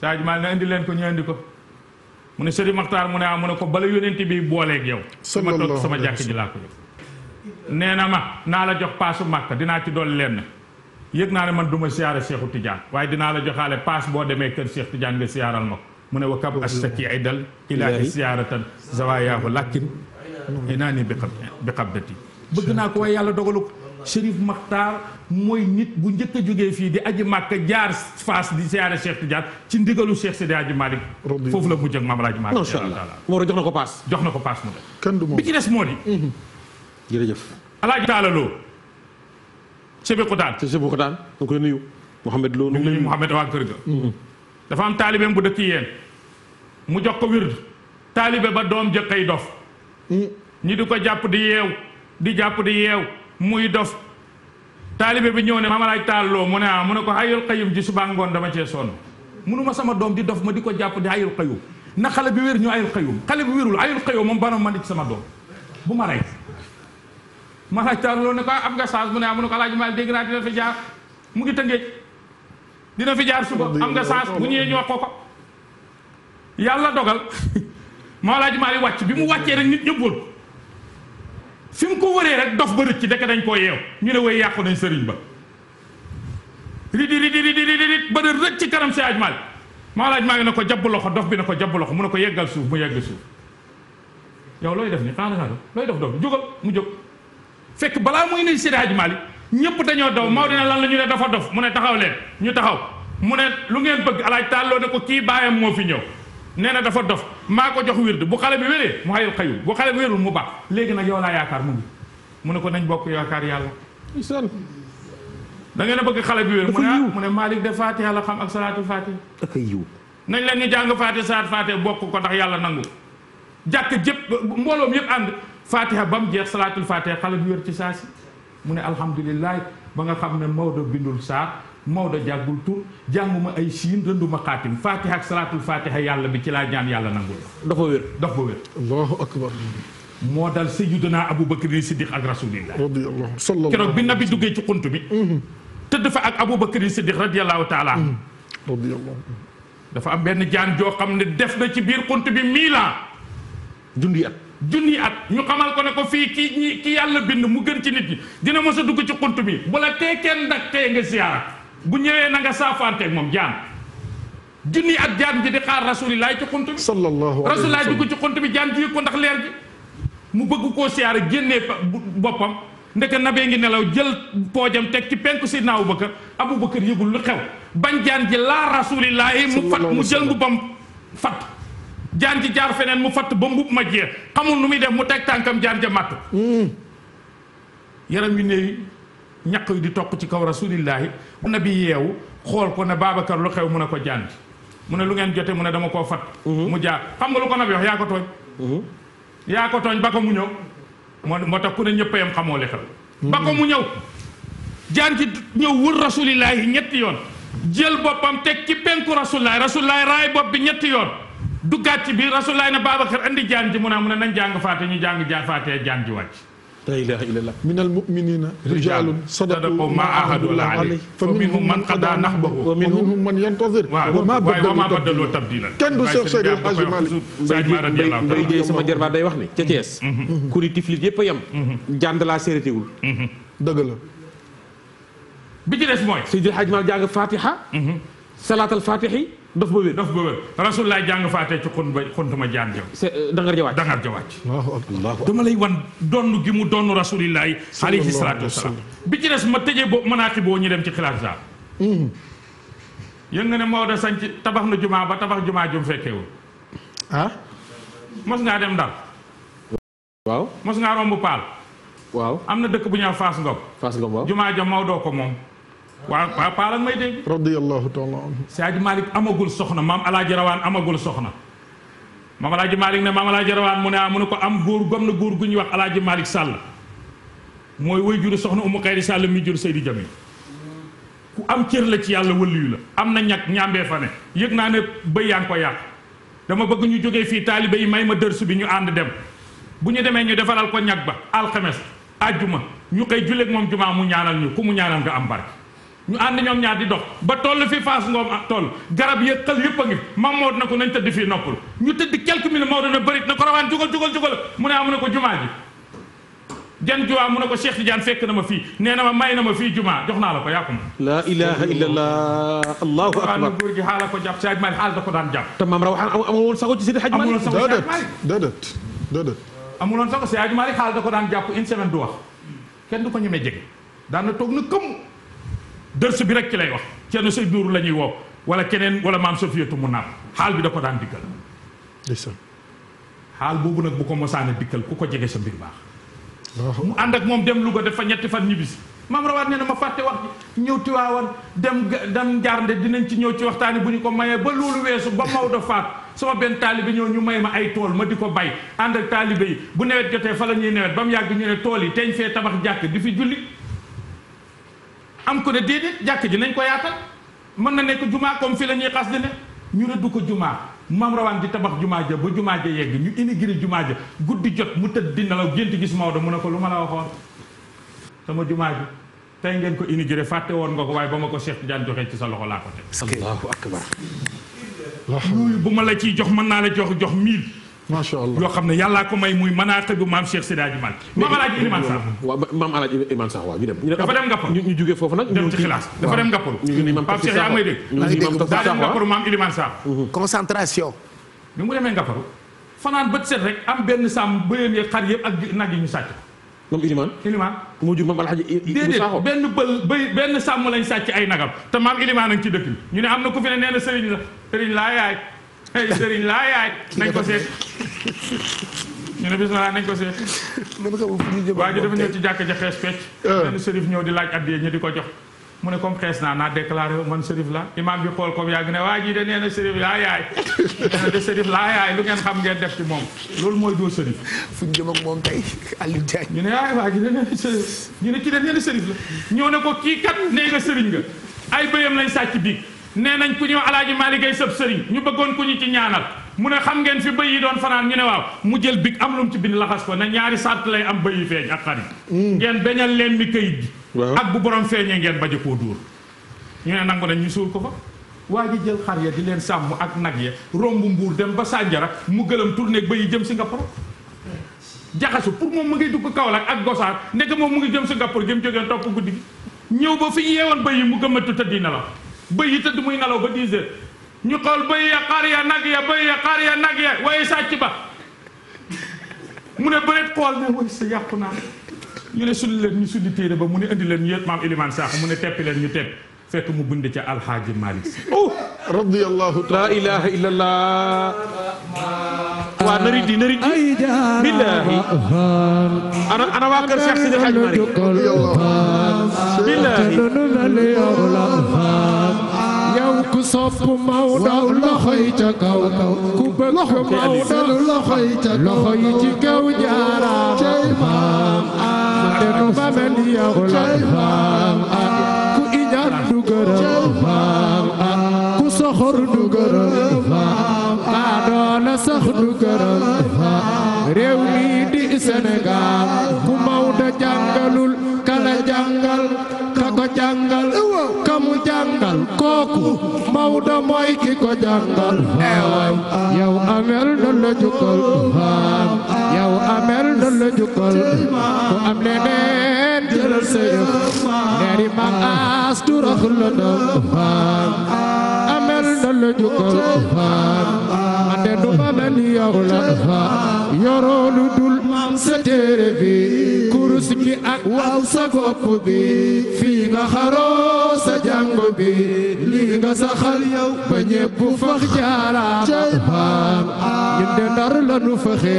Sadio Malick na indi leen ko ñu indi ko mu ne Sérif Maxtaar mu ne ah mu ne ko bala yónent bi booleeg yow sama toog sama jàkk ji laa ko yow nee na ma naa la jox paasu màkk dinaa ci dolli lenn yëg naa ne man du ma siyaare Seexu Tijaan waaye dinaa la joxaale paas boo demee kër Seex Tijaan nga siyaaral ma ko mu ne wa kab astaki ay dal ilaahi siyaaratan zawayaahu lakkin inaa ni bi xab bi xabdati bëgg naa ko waaye yàlla dogalu ko Chérif Makhtar mooy nit bu njëkk a jógee fii di aji màkk jaar Fass di siyaare Cheikh Tidiane ci ndigalu Cheikh Sidi Hadji Malick foofu la mujj ak Mame Alhaji Malick. macha allah moo jox ko paas. jox na ko paas mu def. kenn du moom bi ci des moo di. Mhm. alaaji taala loo Sébikotane Sébikotane nga koy nuyu Mouhamed Lo nuyu Mouhamed waa kër ga mm-hmm. dafa am mu jox ko wird taalibe ba doom jëkkay dof mm-hmm. ñi di ko jàpp di yeew di jàpp di yeew muy dof taalibe bi ñëw ne maam alaaji taala loo mu ne ah mu ne ko hayul xayum ji ngoon dama cee sonn munuma sama doom di dof ma di ko jàpp di hayul xayum na xale bi wér ñu ayul xayum xale bi wérul ayul xayum moom banam ma ni ci sama doom bu ma rey ma laajtaan ne ko nga chance mu ne ah mu ko alaaji maal dégg naa jaar mu ngi tëngeej dina fi jaar suba am nga chance bu ñëwee ñu wax yàlla dogal ma alaaji maal yi wàcc bi mu wàccee rek nit ñëppul fi ko wëree rek dof ba rëcc dekk dañ koo yeew ñu ne way yàqu nañ sëriñ ba ridi ridi ridi ridi ba ci kanam si ajmal maa laaj maa ngi ne ko jàpp loxo dof bi ne ko jàpp loxo mu ne ko yeggal suuf mu yegg suuf yow looy def ni xanaa xanaa looy def dof jógal mu jóg fekk balaa muy nuyu Seydi Hadji Malick ñëpp dañoo daw Maodo ne lan la ñu ne dafa dof mu ne taxaw leen ñu taxaw mu ne lu ngeen bëgg alaaj tàlloo ne ko kii baayam moo fi ñëw nee na dafa dof maa ko jox wird bu xale bi wéree mu xayul xayul bu xale bi wérul mu baax léegi nag yow laa yaakaar mu ngi mu ne ko nañ bokk yaakaar yàlla da ngeen bëgg xale bi wér mu ne ah, mu ne de Fatiha la xam ak salaatu Fatiha ak yiw nañ leen ñu jàng Fatiha salaat faate bokk ko ndax yàlla nangu jàkk jëpp mbooloom yëpp ànd fatiha ba mu jeex salaatul fatiha xale bi wér ci saa si mu ne alhamdulilah ba nga xam ne Maodo bindul saa Maodo jàggul tur jànguma ay siin rënduma xaatim fatiha ak salaatul fatiha yàlla bi ci laa jaan yàlla nangul dafa wér dafa wér allahu akbar moo dal sayyiduna Abu Bakri Siddiq ak rasulillah radiyallahu sallallahu keroog bi nabi duggee ci xunt bi tëdd fa ak Abu Bakri Siddiq radiyallahu taala mm-hmm. radiyallahu dafa am benn jaan joo xam ne def na ci biir xunt bi mille ans junni at ñu xamal ko ne ko fii ki ñi ki yàlla bind mu gën ci nit ñi dina mos a dugg ci xunt bi bu la tee kenn nag tee nga ziyaara bu ñëwee nanga nga saafaanteeg moom jaam junni at jaam ji di xaar rasulillahi ci xunt bi sallallahu rasulillahi dugg ci xunt bi jaam ji ko ndax leer gi mu bëgg koo siyaara génnee boppam ndeke nabee ngi nelaw jël poojam teg ci penku si naaw Bakar Abu Bakar yëgul lu xew bañ jaan ji laa rasulillahi mu fat mu jël bam fat jaan ji jaar feneen mu fatt ba mbub ma jee xamul nu muy def mu teg tànkam jaan ja màtt hmm. yaram yu néew ñaq yu di toq ci kaw na bi yeewu xool ko ne Babacar lu xew mu ne ko jaan ji mu ne lu ngeen jote mu ne dama koo fatt hmm. mu jaar xam nga lu ko nabi wax yaa ko tooñ hmm. yaa ko tooñ ñëw moo moo ku ne ñëpp yam xamoo li xew mu ñëw jaan ji ñëw wër rasulillahi ñetti yoon jël boppam teg ci penku rasulillahi rasulillahi raay bopp bi ñetti yoon duggaat ci biir rasulullah ne Babacar andi jaan ji mu naa mu ne nañ jàng faate ñu jàng jàng faate jaan ji wàcc la ilaha illallah min almuminina rijalun sadaqu ma ahadullah alayhi fa minhum man qada nahbahu wa minhum man yantazir wa ma baddalu tabdila kenn du Seex Seydi Hadji Malick bay jëy sama jarbaat day wax ni ca Thiès mm-hmm. Mm-hmm. Mm-hmm. kuri tiflit yépp a yem jànd laa séerétéwul dëgg la bi ci des mooy Seydi Hadji Malick jàng fatiha salaatal fatihi dof ba wér dof ba wér rasulullah jàng faatee ci xun ba ma jaan jëm eh, dangar ja wàcc dangar ja wàcc dama lay wan donn gi mu donn rasulillah yi alayhi salaatu wasalaam bi ci des ma tëjee boobu manaaqi boo ñu dem ci xilaas sa hmm. yënga ne Maodo sanc tabax na jumaa ba tabax jumaa jum fekkeewul ah mos ngaa dem Ndar waaw mos ngaa romb Paal waaw am na dëkk bu ñuy wax Fass Ngom Fass Ngom waaw jumaa ja Maodo ko moom waaw paa paa la may dégg. radiyallahu taala anhu. amagul soxna maam El Hadj Rawaan amagul soxna maam El Hadj Malick ne maam El Hadj Rawaan mu ne ah mu ne ko am góor gom na góor gu ñu wax El Hadj Malick Sall mooy way juru soxna Umu Xayri muy juru jur Seydi Jamil ku am cër la ci yàlla wëllu yu la am na ñàkk ñaambee fa ne yëg naa ne bëy yaa ngi ko yàq dama bëgg ñu jóge fii taalibe yi may ma dërsu bi ñu ànd dem bu ñu demee ñu defaral ko ñag ba alxames àjjuma ñu koy julleeg moom jumaa mu ñaanal ñu mu ñaanal nga am barke ñu ànd ñoom ñaar ba toll fi Fass Ngom ak toll garab yëpp xel yëpp a ngi Mamour na ko nañ tëdd fii noppal ñu tëdd quelques minutes Maodo na bërit na ko rawaan jugal jugal jugal mu ne ah ko jumaa ji. jan mu ne ko Cheikh Tidiane fekk na ma fii nee na ma may na ma fii jumaa jox naa la ko yaa ko ma. laa ilaaha illallah allahu akbar waaw góor gi xaala ko jàpp si ajmaay xaal da ko daan jàpp. te maam rawaxaan amul woon sago ci si ajmaay. amul woon sago si ajmaay ko daan jàpp une semaine du wax kenn du ko ñemee jege daan na toog na këmm dërs bi rek ci lay wax Thierno sa Nourou la ñuy woo wala keneen wala maam Sofiatou mu naat xaal bi da ko daan dikkal. ndeysaan. xaal boobu nag bu ko mosaane dikkal ku ko jege sa mbir baax. mu ànd ak moom dem Louga dafa ñetti fan ma maam rawaat ne na ma fàtte wax ji ñëw tiwaawan dem ga dem njaarnde dinañ ci ñëw ci waxtaani bu ñu ko mayee ba loolu weesu ba Maodo faat sama benn taalibe ñëw ñu may ma ay tool ma di ko bay ànd ak taalibe yi bu nawet jotee fa la ñuy nawet ba mu yàgg ñu ne tool yi teñ fee tabax jàkk di fi julli. am ko ne déedéet jàkk ji nañ ko yaatal mën na nekk jumaa comme fi la ñuy xas di ne ñu rëdd ko jumaa maam rawaan di tabax jumaa ja ba jumaa ja yegg ñu inauguré jumaa ja guddi jot mu tëdd di nelaw gént gis Maodo mu ne ko lu ma la waxoon sama jumaa ji tey ngeen ko inauguré fàtte woon nga ko waaye ba ma ko Cheikh Tidiane joxe ci sa loxo laa ko teg allahu akbar yooyu bu ma la ciy jox mën naa la jox jox mille macha allah yoo xam ne yàllaa ko may muy manaaqibu maam Cheikh Seydi Hadji Malick maam Alaaji Iliman Sax waaw maam Alaaji Iliman Sax waaw ñu dem dafa dem Ngappal ñu jugee foofu nag dem ci xilaas dafa dem Ngappal maam Cheikh yaa may dégg daa dem Ngappal maam Iliman Sax mhm. concentration bi mu demee Ngappal fanaan bët set rek am benn sàmm bëyam yi xar yëpp ak nag yi ñu sàcc moom Iliman Iliman moo jur maam Alaaji déedéet benn bël bëy benn sàmm lañ sàcc ay nagam te maam Iliman a ngi ci dëkk bi ñu ne am na ku fi ne nee na sëriñ la sëriñ laa yaay ay sëriñ er laa yaay nañ ko seet ñu ne bisimilah nañ ko seet. waa ji dafa ñëw ci jàkk ja xees pecc. benn sërif ñëw di laaj addiya ñu di ko jox. mu ne comme xees naa naa déclaré man sërif la imaam bi xool ko yàgg ne waa ji de nee na sërif laa yaay nee na de laa yaay lu ngeen xam ngeen def ci moom loolu mooy doo sërif. fu ñu jëm ak moom tey Aliou Diagne. ñu ne ah waa ji de nee na sërif ñu ne ci de nee na sërif la ñëw ne ko kii kat nee a sëriñ nga ay bëyam lañ sàcc biig nee nañ ku ñëw alaaji maaligay sëb sëriñ ñu bëggoon ku ñu ci ñaanal mu ne xam ngeen fi bëy yi doon fanaan ñu ne waaw mu jël big am lu mu ci bind laxas ko ne ñaari sàtt lay am bëy yi feeñ ak xarit mm. ngeen beñal leen mi këyit ak bu borom feeñee ngeen baje koo dóor ñu ne nangu nañ ñu suul ko fa waa ji jël xar ya di leen sàmm ak nag ya romb mbuur dem ba sànjara mu gëlëm tourné bëy yi jëm Singapour jaxasu pour moom mu ngi dugg Kaolack ak Gosaar ndeke moom mu ngi jëm Singapour jëm jógeen topp guddi gi ñëw ba fi ñu yeewoon bëy yi mu gëmmatu tëddi na la bëy yi tëdd muy nelaw ba 10 heures ñu xool bëy ya xar ya nag ya bëy ya xar nag ya waaye sàcc ba mu ne bëreet xool ne way sa yàqu naa ñu ne sulli leen ñu sulli ba mu ne indi leen ñu yët maam Elimane Sakho mu ne teppi leen ñu tepp fekk mu bind ca alxaaji Malick si oh, radiyallahu taala laa ilaha illallah waa narit di narit di billahi ana ana waa kër Cheikh Sidi Hadj Malick billahi yow ku sopp Maodo loxo yi ca kaw ku bëgg Maodo loxo yi ca kaw loxo yi ci kaw jaaraama maam ah te nu ma mel yow la maam ah gërëm ah. ku soxor du gërëm adoona sax du gërëm réew mi di Sénégal ku Maodo jàngalul kala jàngal ka ko jàngal ka mu jàngal kooku Maodo mooy ki ko jàngal yow amel na la na la jukkal ku am leneen leen jëlal sa yëf leeri maam aas turax la doon faam amel na la jukkal faam kenn balan yow la fa yoroo lu dul maam sa téere bi kurus gi ak waaw sa gopp bi fii nga xaroo sa jàngu bi lii nga saxal yow ba ñépp fax jaaraam baam ñun de ndar la nu fexe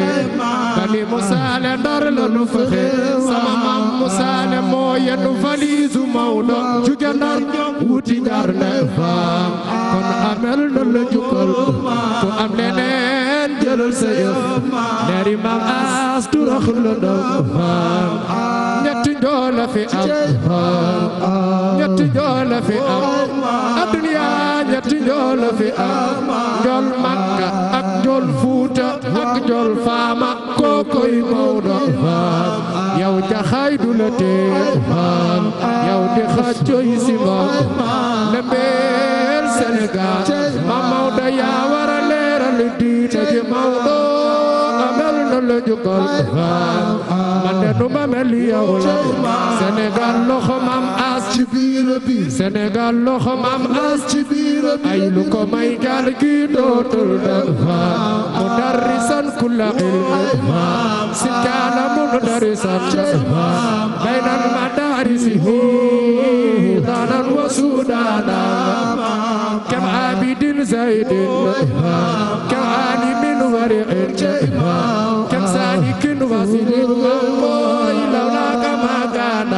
bani musaale ndar la nu fexe sama maam musaale moo yenu valisu Maodo juge ndar wuti ndar la faam kon amel na la jukkal ko am leen jëlal sa yëf leeri maam aas turax la ndaw ñetti njoo la fi am ñetti njoo la fi am adduniya ñetti njoo la fi am njool Makka ak njool Fuuta ak njool Faama kookoy Maodo yow jaxaay du la tee yow di xàccoy si moom lembeel Sénégal ma Maodo yaa Maodo amel na la jugal man de du ma mel yow la Sénégal loxo maam as ci biir bi Sénégal loxo maam as ci biir bi ay lu ko may gaal gi dootul dafa mu darisan kula ilma si kaana mu darisan dafa baynal ma darisihi daanan wa sudaana kem abidin zaydin طريق جيما كم سالك وصل المنبور لولاك ما كان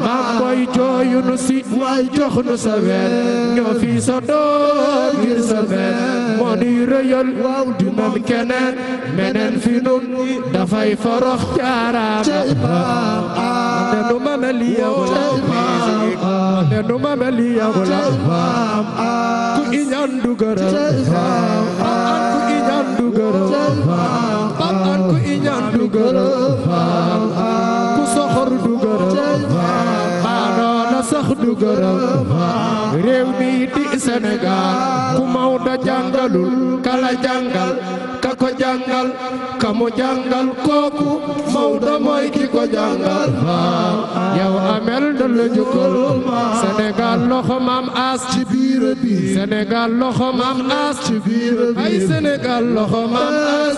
ما بوي جوي نسي واي جوخ نسوين ñoo fi sa doon ngir sa benn moo di rëyal waaw di moom keneen meneen fi nun dafay forox jaaraama ne nu ma mel yow la ne nu ma mel yow la ku iñaan du gërëm ku gërëm faam bakkan ku iñaan du ku soxor du gërëm faam baanoona sax du gërëm faam mi di Sénégal ku Maodo jàngalul kala jàngal ka ko jàngal ka mu jàngal kooku Maodo mooy ki ko jàngal waaw yow amel na la jukkal Sénégal loxo maam loxo maam as ci biir bi ay loxo maam as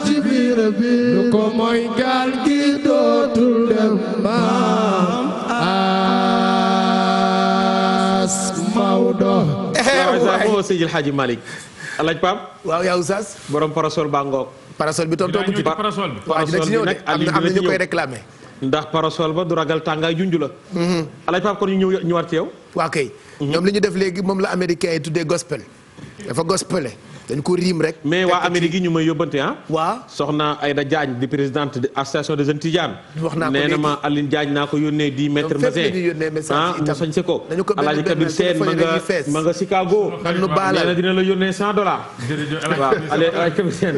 ci biir bi ko mooy gaal gi dootul dem maam as Maodo. waaw waaw Seydil Hadji Malick alaaj Pape. waaw yaa Oustaz. borom parasol baa ngoog. parasol bi tontoo ci parasol bi. waaw dina ci ñëw am na am na ñu koy réclamer. ndax parasol ba du ragal tàngaay junj la. Mhm. alaaj Pape kon ñu ñëw ñëwaat ci yow. waa kay. Mhm. ñoom li ñu def léegi moom la américain yi tuddee gospel. dafa gospelé. dañ ko riim rek. mais waa Amérique yi ñu may yóbbante ah. waa ay Aïda Diagne di présidente de association des jeunes Tidiane. wax naa ko léegi na ma Aline Diagne naa ko yónnee di maître Mbazin. ah mu sañse ko. dañu ko benn benn téléphone yi dañuy fees ma nga Chicago. nu baala nee na dina la yónnee 100 dollars. jërëjëf waaw allez El Hadj Kabir Sène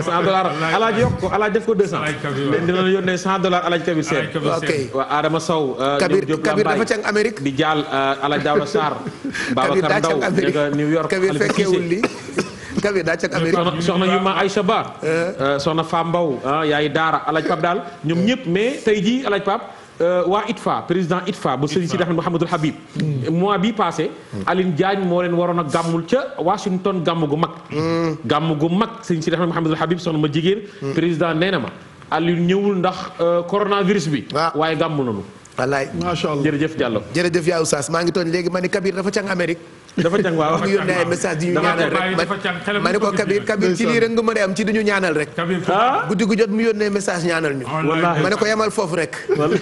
ko El Hadj def ko 200. nee na dina la yónnee 100 dollars El Hadj Kabir Sène. ok waaw Adama Sow. Euh, Kabir dafa ca Amérique. di jaal El euh, Hadj Daouda Sarr. Kabir daa ca Amérique Babacar Ndaw New York. Kabir Kabir daa cag Amérique soxna Yuma Aïcha Ba eh. Eh, soxna Fam Mbaw ah, yaay Daara Alaj Pap daal ñoom ñëpp mais tey jii Alaj Pap eh, waa ITFA président ITFA bu sëriñ Sidi Ahmed Mouhamadul Habib hmm. mois bi passé Aline Diagne moo leen waroon a gàmmul ca Washington gàmm gu mag hmm. gàmm gu mag sëriñ Sidi Ahmed Mouhamadul Habib soxna ma jigéen hmm. président nee na ma Aline ñëwul ndax coronavirus bi ah. waaye gàmm nanu wallaay macha allah jërëjëf Diallo jërëjëf yaa oustaz maa ngi tooñ léegi ma ni Kabir dafa càng Amérique dafa jàng waaw dafa yónnee ay message di ñu ñaanal rek ma ko Kabir Kabir ci lii rek nga mën a am ci di ñu ñaanal rek guddi gu jot mu yónnee message ñaanal ñu ma ko yemal foofu rek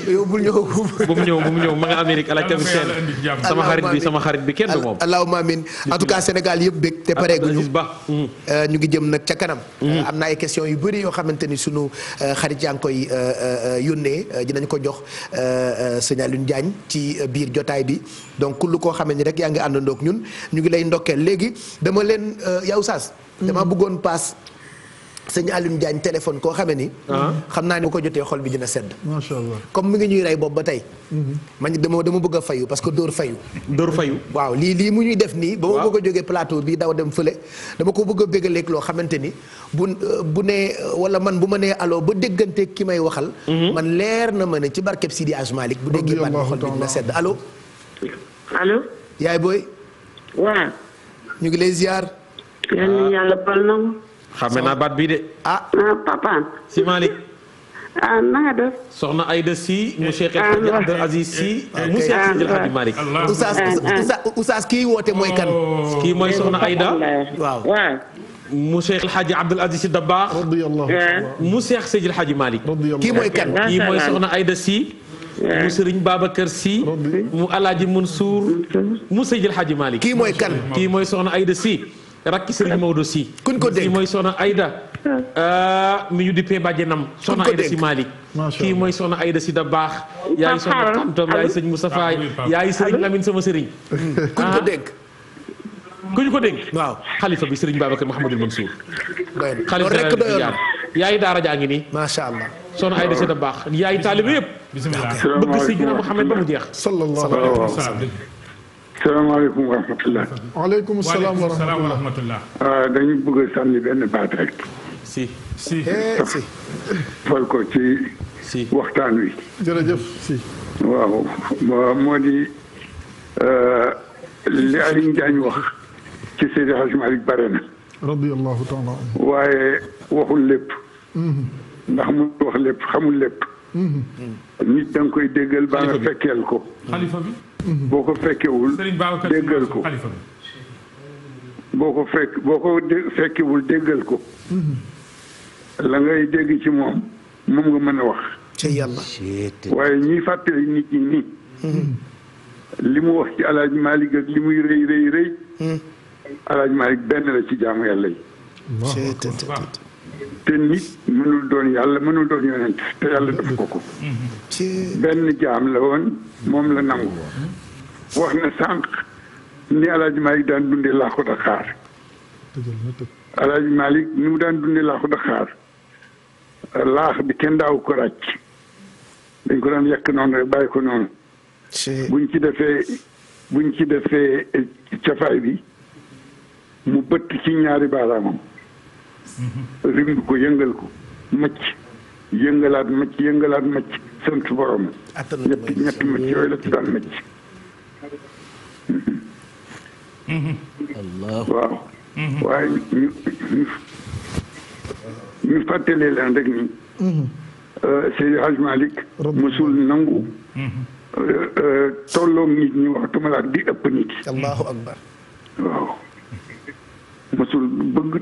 yow bul ko bu mu ñëw mu ñëw ma nga Amérique alaaj Kabir Sène sama bi sama xarit bi kenn du moom allahumma amin en tout cas Sénégal yëpp bég te pareeguñu euh, mm. ñu ngi jëm nag ca kanam mm. euh, am na ay question yu bëri yoo xamante ni sunu euh, xarit yaa ngi koy yónnee dinañ ko jox sëñ Alioune Diagne ci biir jotaay bi donc kullu koo xamante ni rek yaa ngi àndandoog ñun ñu ngi lay ndokkeel léegi dama leen euh, yow saas hmm. dama bëggoon paas sëñ Alioune Diagne téléphone koo xamee ni. Ah. xam naa ne bu ko jotee xol bi dina sedd. macha comme mi ngi ñuy rey boobu ba tey. Hmm. man dama dama bëgg fayu parce que dóor fayu. dóor fayu waaw lii lii mu ñuy def nii. ba ma bëgg a jógee plateau bi daw dem fële. dama ko bëgg a bégaleeg loo xamante ni bu euh, bu nee wala man bu ma nee allo ba déggante ki may waxal. Hmm. man leer na ma ne ci barkeb Sidi Aj Malick bu déggee baat xol bi dina sedd allo. allo. yaay waaw. ñu ngi lay ziar. yal na xame naa baat bii de. ah, ah si Malick. ah na nga def. soxna Aida Sy mu Cheikh El Hadj Abdou Aziz Sy ah, mu Cheikh Sidil ah, Hadji Malick. kii woote mooy kan. Oh. kii mooy soxna Aida waaw. mu Cheikh El Hadj Abdoul Aziz Sy Dabakh. Eh. mu Cheikh Seydil Hadj eh. Malick. kii mooy kan kii mooy soxna Aida Sy. mu Serigne Babacar Sy. mu El Hadj Mansour. mu Seydil Hadj Malick. kii mooy kan kii mooy soxna Aida Sy. rakki Serigne Maodo Sy. kuñ ko mooy soxna Aida. Eh. Ah, mi ñu dippee bàjjenam. soxna Aida Sy Malick. kii mooy soxna Aida Sy Dabakh. yaay soxna Kantoom yaay sëñ Moustapha yaay ku ñu ko dénk. waaw xalifa bi Serigne Babacar Mouhamadul Mansour. xalifa rek doyoon na yaay jaa ngi nii. macha allah soxna Aida Seyda baax yaay taalibe yëpp. bisimilah bëgg Seydina Mouhamed ba mu jeex. sallallahu alayhi wa sallam. salaamaaleykum salaam wa rahmatulah. Ah, dañu bëgg sànni benn baat rek. si si eh, si. fal ko ci. si waxtaan wi. jërëjëf si. waaw euh, li Alioune ci Seydi Hadj Malick bare na. radiyallahu taala waaye waxul lépp. Mhm. ndax mu wax lépp xamul lépp. Mhm. nit da nga koy déggal ba nga fekkeel ko. xalifa mhm. ko fekkewul déggal ko. boo fekkewul déggal ko. la ngay dégg ci moom moom nga mën a wax. ca yàlla. waaye ñiy fàttali nit ñi nii. li mu wax ci El Hadj ak li muy rëy rëy alaaj Malik benn la ci jaamu yàlla yi te nit mënul doon yàlla mënul doon yonent te yàlla def ko ko benn jaam la woon moom la nangu wax na sànq ni alaaj Malik daan dunde laaxu daxaar alaaj Malik ni mu daan dunde laaxu daxaar laax bi kenn daaw ko ràcc dañ ko daan yekk noonu rek bàyyi ko noonu buñ ci defee buñ ci defee cafaay bi mu bëtt ci ñaari baaraamam rimb ko yëngal ko macc yëngalaat macc yëngalaat macc sant borom ñetti ñetti macc yooyu la ci daan macc waaw waaye ñu ñu fàttalee leen rek ni euh, Seydi Hadj Malick musul nangu euh, euh, tolloom nit ñi waxtuma laa di ëpp nit allahu akbar mosul bëgg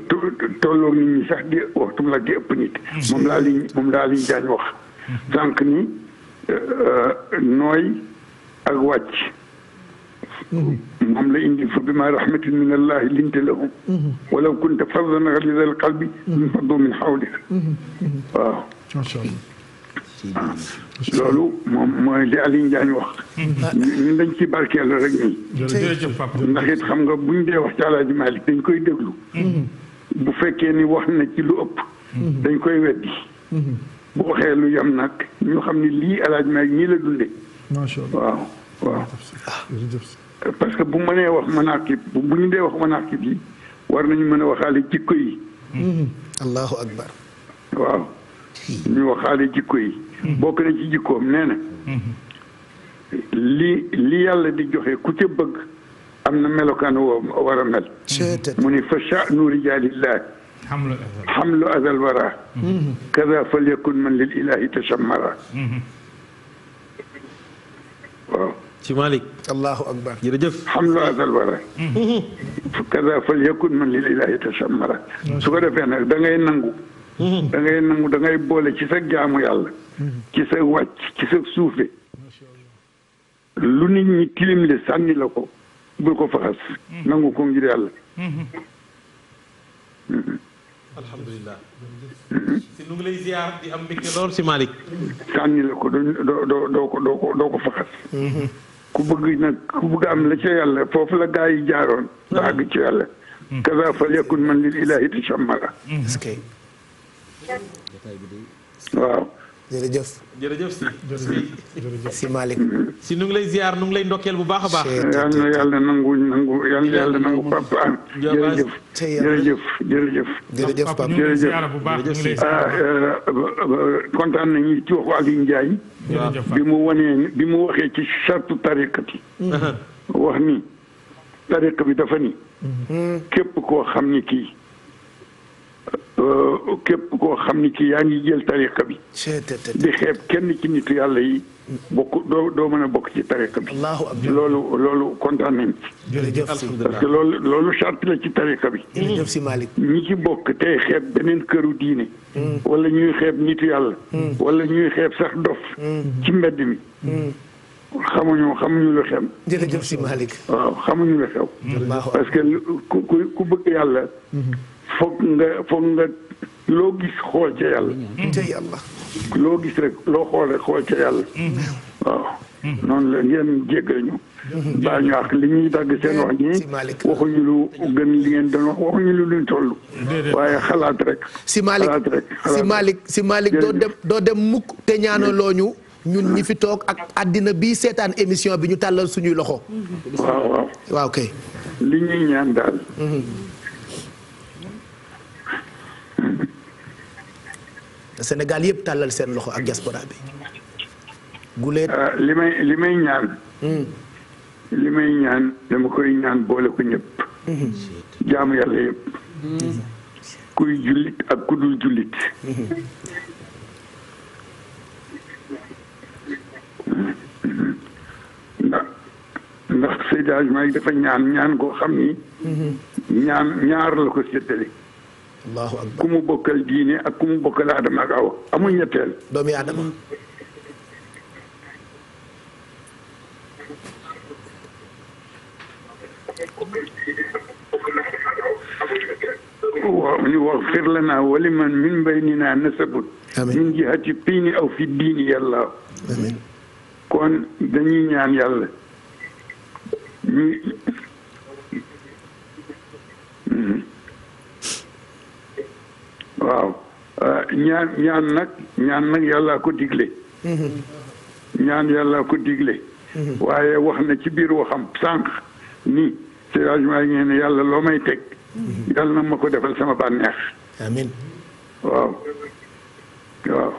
tolloo nit ñi di waxtu la di ëpp nit. moom laa li moom li daan wax. Mm-hmm. sànq ni euh, euh, nooy ak wàcc. Mm-hmm. moom la indi fa bimaa rahmatin min allahi linta lahum mm-hmm. walaw kunta fardan ghalida al qalbi. min min hawlika loolu moom mooy li Aliou Ndiagne wax. Ah. ñun dañ ci barkeel rek nii. jërëjëf Pape ndax it xam nga bu buñ dee wax ci Alaaji Malick dañ koy déglu. Mm-hmm. bu fekkee ni wax na ci lu ëpp. Mm-hmm. dañ koy weddi. Mm-hmm. bu waxee lu yam nag ñu xam ne lii Alaaji Malick nii la dundee. macha allah waaw parce que bu mënee wax manaqib bu ñu dee wax manaqib yi war nañu mën a waxaale jikko yi. allahu akbar waaw. ñu waxaale jikko yi mm-hmm. bokk na ci jikkoom nee na mm-hmm. li li yàlla di joxe ku ca bëgg am na melokaan woo war a mel mu ni fa cha'nu rijalillah xamlu azal wara mm-hmm. kada fal yakun man lil ilahi tashammara waaw ci Malick allahu akbar jërëjëf xamlu azal wara kada fal yakun man lil ilahi tashammara su ko defee nag da ngay nangu Mhm. da ngay nangu da ngay boole ci sa jaamu yàlla mhm. ci sa wàcc ci sa suufe lu nit ñi tilim li sànni la ko bul ko faxas mhm. nangu ko ngir yàlla sànni la ko doo doo doo ko doo ko doo ko faxas ku bëgg nag ku bëgg am la ca yàlla foofu la gaa yi jaaroon ba àgg ci yàlla kaza fal yakun man lil ilahi tachammala waaw. jërëjëf. jërëjëf si. jërëjëf si nu ngi lay ziar nu ngi lay ndokkeel bu baax a baax. yal na yàlla nangu nangu yal na yàlla nangu papa am. jërëjëf jërëjëf jërëjëf. jërëjëf papa ah, eh, kontaan nañu ci waxu Aliou Ndiaye. bi mu waxee ci sartu tariqati. Uh-huh. wax ni tariq bi dafa ni. Mm-hmm. képp koo xam ni kii. Euh, képp koo xam ni ki yaa ngi jël tariqa bi. di xeeb kenn ci nit yàlla yi. bokk doo doo mën a bokk ci tariqa bi. loolu loolu kontaan jërëjëf parce que loolu loolu charte la ci tariqa bi. jërëjëf si Malick. ñi ci bokk tey xeeb beneen këru diine. Mm. wala ñuy xeeb nitu yàlla. Mm. wala ñuy xeeb sax dof. Mm. ci mbedd mi. xamuñu xamuñu lu xew. jërëjëf si Malick. waaw xamuñu lu xew. parce que ku ku bëgg yàlla. Mm-hmm. foog nga foog nga loo gis xool ca yàlla. te hm. loo gis rek loo xoole xool ca yàlla. Hm. waaw. Hm. noonu la ngeen jéggal ñu. baal ñu àq li ñuy dagg seen wax ñi waxuñu lu gën li ngeen doon waxuñu lu luñ toll. waaye xalaat rek. si Malick si Malick doo dem doo dem mukk te ñaanaloo ñu. ñun ñi fi toog ak àddina bi seetaan émission bi ñu tàllal suñuy loxo. waaw waaw. waaw kay. li ñuy ñaan daal. Sénégal yëpp tàllal seen loxo ak diaspora bi. guleet euh, li may li may ñaan. Hmm. li may ñaan dama koy ñaan boole ko ñëpp. Hmm. jaamu yàlla yëpp. Hmm. kuy jullit ak ku dul jullit. ndax ndax séddage dafa ñaan ñaan koo xam ni. ñaan ñaar la ko séddale. allahu akbar ku mu bokkal diine ak ku mu bokkal aadama ak awa amul ñetteel. doomi aadama. waaw ñu wax fir lanaa man min baynina nasabun min jihati piini aw fi diini yàlla kon dañuy ñaan yàlla ñu waaw euh, ñaan ñaan nag ñaan nag yàllaa ko digle ñaan yàllaa ko digle waaye wax na ci biir waxam sànq ni seragement yi ngeen ne yàlla loo may teg yàlla na ma ko defal sama bànneex amiin waaw waaw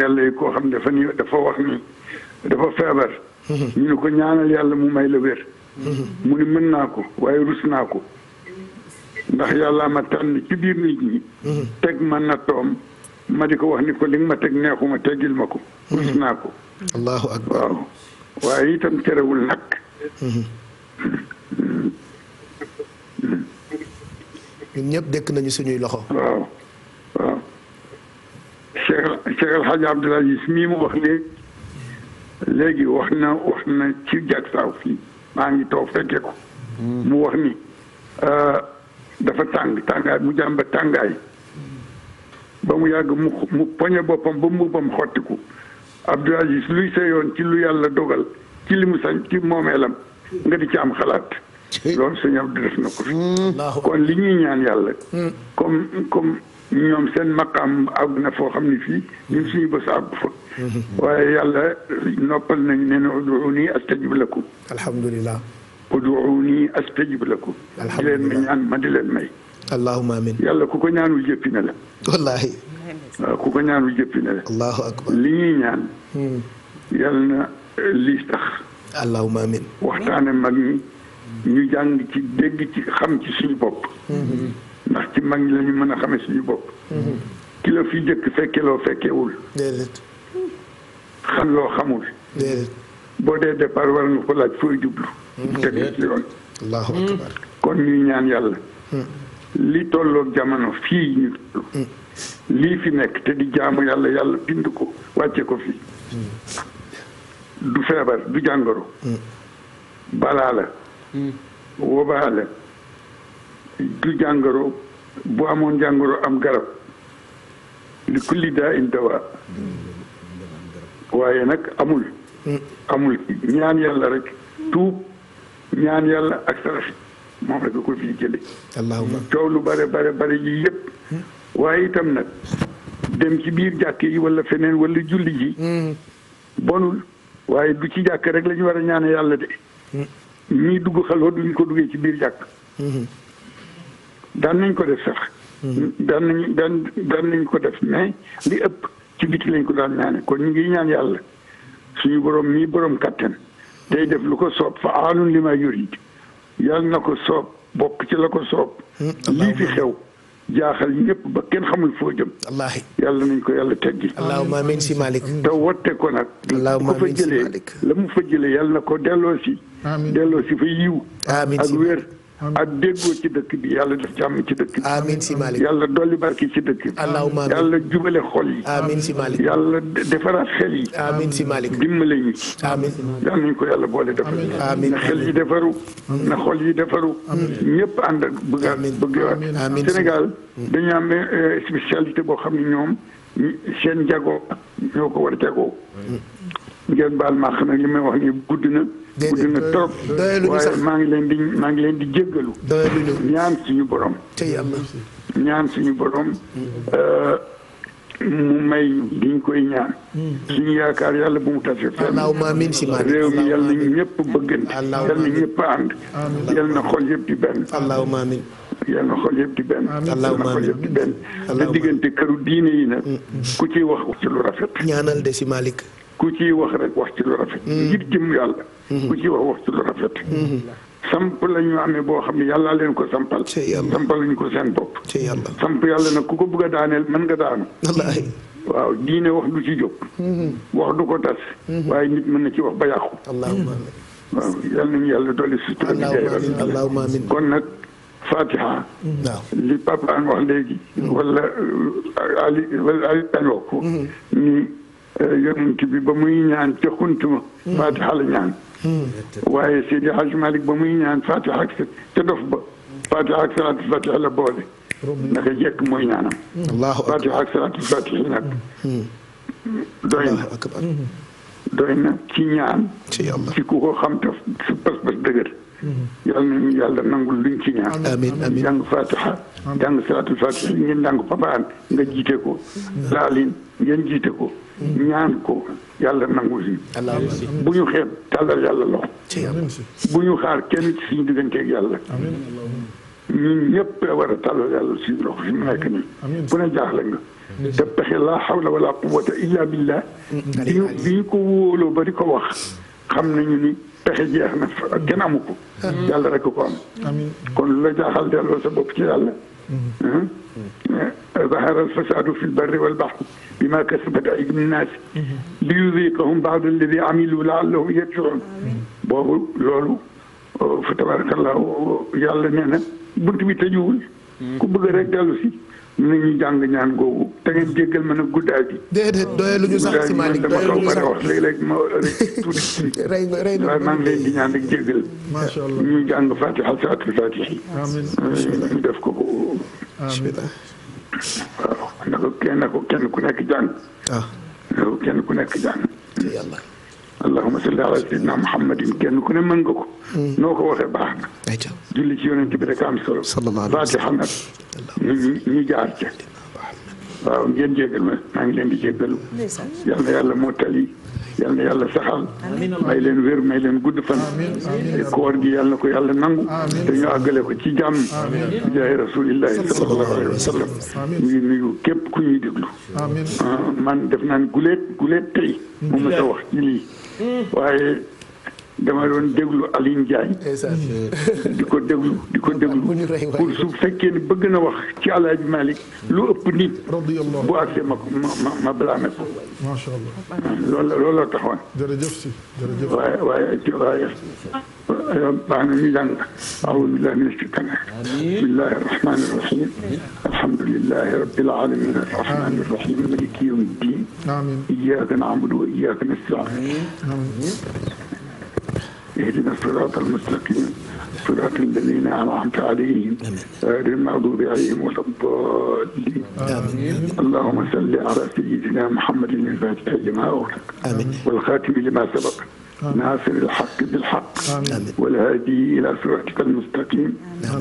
yàlla yi dafa wax ni dafa feebar ñu ne ko ñaanal yàlla mu may la wér mu ni mën naa ko waaye rus naa ko ndax yàlla ma tànn ci biir nit ñi teg ma nattoom ma di ko wax ni ko li nga ma teg neexuma teggil ma ko rus naa ko allahu akbar waaw waaye itam terewul nag ñun ñëpp dëkk nañu suñuy loxo waaw waaw Cheikh Cheikh El Hadj Aziz mii mu wax léegi léegi wax na wax na ci jagsaaw fii maa ngi toog fekke ko mu wax ni euh, dafa tàng tàngaay mu jàmba tàngaay ba mu yàgg mu mu poñe boppam ba mu boppam xottiku Abdou Aziz luy yoon ci lu yàlla dogal ci li mu sañ ci moomeelam nga di ci am xalaat loolu sëñ Abdou def na ko mm. kon li ñuy ñaan yàlla mm. comme comme ñoom seen maqaam àgg na foo xam ne fii ñun suñu bës àgg fa. waaye yàlla noppal nañ ne ne uduuni astajib lakum. alhamdulilah. uduuni astajib lakum. alhamdulilah di leen ma ñaan ma di leen may. allahumma amin. yàlla ku ko ñaanul jëppi na la. wallaahi. waaw ku ko ñaanul jëppi na la. allahu akbar li ñuy ñaan. Hmm. yàlla na lii tax. allahumma amin. waxtaane mag ñi. ñu jàng ci dégg ci xam ci suñu bopp. Hmm. ndax ci mag ñi la mën a xamee suñu bopp. Mhm. ki fi jëkk fekke loo fekkewul. déedéet. xam loo xamul. déedéet. boo dee départ war nga ko laaj fooy jublu. Mhm. teg ci yoon. Mhm. kon ñuy ñaan yàlla. li tolloog jamono fii ñu toll. lii fi nekk te di jaamu yàlla yàlla bind ko wàcce ko fi du feebar du jàngoro. balaa la. wobaa la. du jàngoro bu amoon jàngoro am garab li kulli daa waaye nag amul amul ki ñaan yàlla rek tuub ñaan yàlla ak sarax moom rek ko fii jële coow lu bare bare bare ji yëpp waaye itam nag dem ci biir jàkk yi walla feneen wala julli ji bonul waaye du ci jàkk rek la war a ñaan yàlla de hmm. ñii dugg xalwa duñ ko duggee ci biir jàkk hmm. daan nañ ko def sax. Hmm. daan nañ nañ ko def mais li ëpp ci biti lañ ko daan ñaane kon ñu ngi ñaan yàlla suñu borom mii borom kàttan day def lu ko soob fa aalun li ma yurid yàlla na ko soob bokk ci la ko soob. Hmm. lii fi xew. jaaxal ñëpp ba kenn xamul foo jëm. wallaahi yàlla nañ ko yàlla teggi. allahumma amiin si Malick. Hmm. te wotte ko nag. allahumma amiin si Malick la mu fa jëlee yàlla na ko delloo si. delloo si fa yiw. amiin ak wér. ak déggoo ci dëkk bi yàlla def jàmm ci dëkk bi. amiin si Malick yàlla dolli barki ci dëkk bi. allahumma amiin yàlla jubale xol yi. amiin si Malick yàlla defaraat xel yi. amiin si Malick dimbale ñi. yàlla boole na xel yi defaru. na xol yi defaru. ñëpp ànd ak bëgg a bëgg a Sénégal dañu am eh, eh, spécialité boo xam ne ñoom seen jago ñoo ko war a jagoo. baal ma xam ne li may wax nii gudd na. gudd na trop waaye maa ngi leen di maa ngi leen di jéggalu ñaan suñu borom ñaan suñu borom euh, mu may diñ koy ñaan hmm. suñu yaakaar yàlla bu mu tase fenn réew mi yàlla na ñëpp bëggante yàlla na ñëpp ànd yàlla na xol yëpp di benn yàlla na xol yëpp di benn yàlla na xol yëpp di benn te diggante këru diine yi nag hmm. ku ci wax ci lu rafet ñaanal de si Malick ku ci wax rek wax ci lu rafet. Mm-hmm. ngir jëm yàlla. Mm-hmm. ku ci wax wax ci lu rafet. Mm-hmm. samp la ñu amee boo xam ne yàllaa leen ko sampal. sampal lañu ko seen bopp. samp yàlla nag ku ko bëgg a daaneel mën nga daanu. waaw diine wax du ci jóg. wax du ko tas. waaye nit mën na ci wax ba yàqu. waaw yal nañu yàlla dolli sutura bi allahumma amiin kon nag fatiha li papa an wax léegi. wala uh, Ali wala Ali Tan wax ko ni yonent bi ba muy ñaan ca xuntuma hmm. fatiha la ñaan hmm. waaye Seydi Hadj Malick ba muy ñaan fatiha ak ca dof ba fatiha ak salaatul fatiha la boole naka jekk mooy ñaanam hmm. fatiha ak salaatul fatiha nag doy na doy na ci ñaan ci ku ko xam taf su pas-pas dëgër yal nañu yàlla nangul luñ ci ñaan. amiin amiin jàng fatiha. jàng salaatul fatiha ngeen jàng papaan nga jiite ko. laalin ngeen jiite ko. ñaan ko yàlla nangu si. bu ñu xeeb tàllal yàlla loxo. bu xaar kenn ci suñu digganteeg yàlla. ñun ñëpp la war a tàllal yàlla suñu loxo fi mu nekk nii. ne jaaxle nga. te pexe laa xawla wala quwwata illa billah. bi ñu ko wóoloo ba ko wax xam nañu ni. pexe jeex na fa ak gën amu ko. yàlla rek ko am. amiin kon lu la jaaxal delloo sa bopp ci yàlla. Mhm. Mhm. Eh, zahara al-fasaadu fil barri wal bahri bimaa kasabat aydi naas mhm. liyuziiqahum ba'da allazii amiluu la'allahum yarji'uun boobu loolu oh, fa tabaarakallahu yàlla nee na bunt bi tëjuwul. ku bëgg rek dellu si. nit ñi jàng ñaan googu te ngeen jéggal ma nag guddaay bi. déedéet doyelu ñu sax si Malick doyelu ñu sax wax léeg-léeg ma rek tuuti. rey na rey na waaye maa ngi leen di ñaan rek jéggal. macha allah ñu jàng Fatiha Salatul Fatihi. amiin ñu def ko ko. amiin waaw na ko kenn na ko kenn ku nekk jàng. waaw ah. na kenn ku nekk jàng. allahuma salli ala sayyidina muhammadin kenn ku ne mën nga ko. Hmm. noo ko waxee baax na. julli ci yonent bi rek am solo. fatiha nag ñu ñu jaar ca. waaw ngeen jégal ma maa ngi leen di jégalu. yal na yàlla mottali. yal na yàlla saxal. may leen wér may leen gudd fan. te koor gi yal na ko yàlla nangu. te ñu àggale ko ci jàmm. bi jaay rasulillahi sallallahu alayhi wa sallam. ñu ngi nuyu képp ku ñuy déglu. Ah, man def naan guleet guleet tey. mu mës a wax ci lii. waaye dama doon déglu Aline Ndiaye. di ko déglu di ko déglu pour su fekkee ni bëgg na wax ci El Hadj Malick lu ëpp nit. bu àggsee ma ma ma ma blâme ko. macha allah loolu loolu la taxoon. jërëjëf si jërëjëf. waaye waaye waaye. baax na ñu jàng أعوذ بالله من الشيطان بسم الله الرحمن الرحيم الحمد لله رب العالمين الرحمن الرحيم مالك يوم الدين إياك نعبد وإياك نستعين اهدنا الصراط المستقيم صراط الذين أنعمت عليهم غير المغضوب عليهم ولا الضالين اللهم صل على سيدنا محمد الفاتح لما أغلق والخاتم لما سبق ناصر الحق بالحق والهادي إلى صراطك المستقيم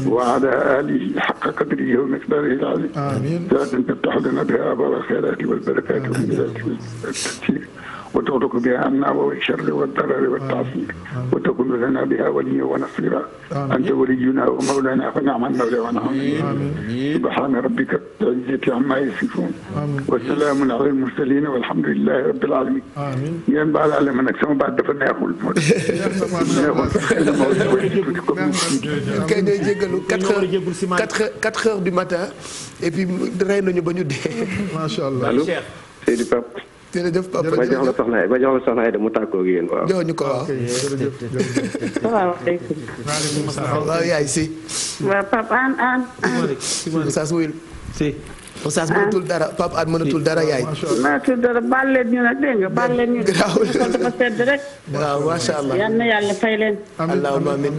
وعلى آله حق قدره ومقداره العظيم آمين تفتح لنا بها أبواب الخيرات والبركات والميزات والتسير وتغرق بها عنا وبالشر والضرر والتعصيب وتكون لنا بها وليا ونصيرا أنت ولينا ومولانا فنعم المولى ونعم سبحان ربك رب العزة عما يصفون وسلام على المرسلين والحمد لله رب العالمين yan baal àll ma nag sama baat dafa neexul moo neexul kay day jéggalu quatre heures quatre heures du matin et puis rey nañu ba ñu dee macha allah Seydou Pape jërëjëf papa ba jox la soxna ba jox la soxna Aida mu tàggoo ak yéen waaw. jox ñu ko waaw. salaamaaleykum. waaleykum salaam. waaw yaay si. waaw Pape Hann Hann. Oustaz Wuyul si. Oustaz mënatul dara Pape Hann mënatul dara yaay. mënatul dara baal leen ñu nag dégg nga baal leen ñu. garaawul kon dafa sedd rek. waaw macha allah. yal na yàlla fay leen. allahumma amin.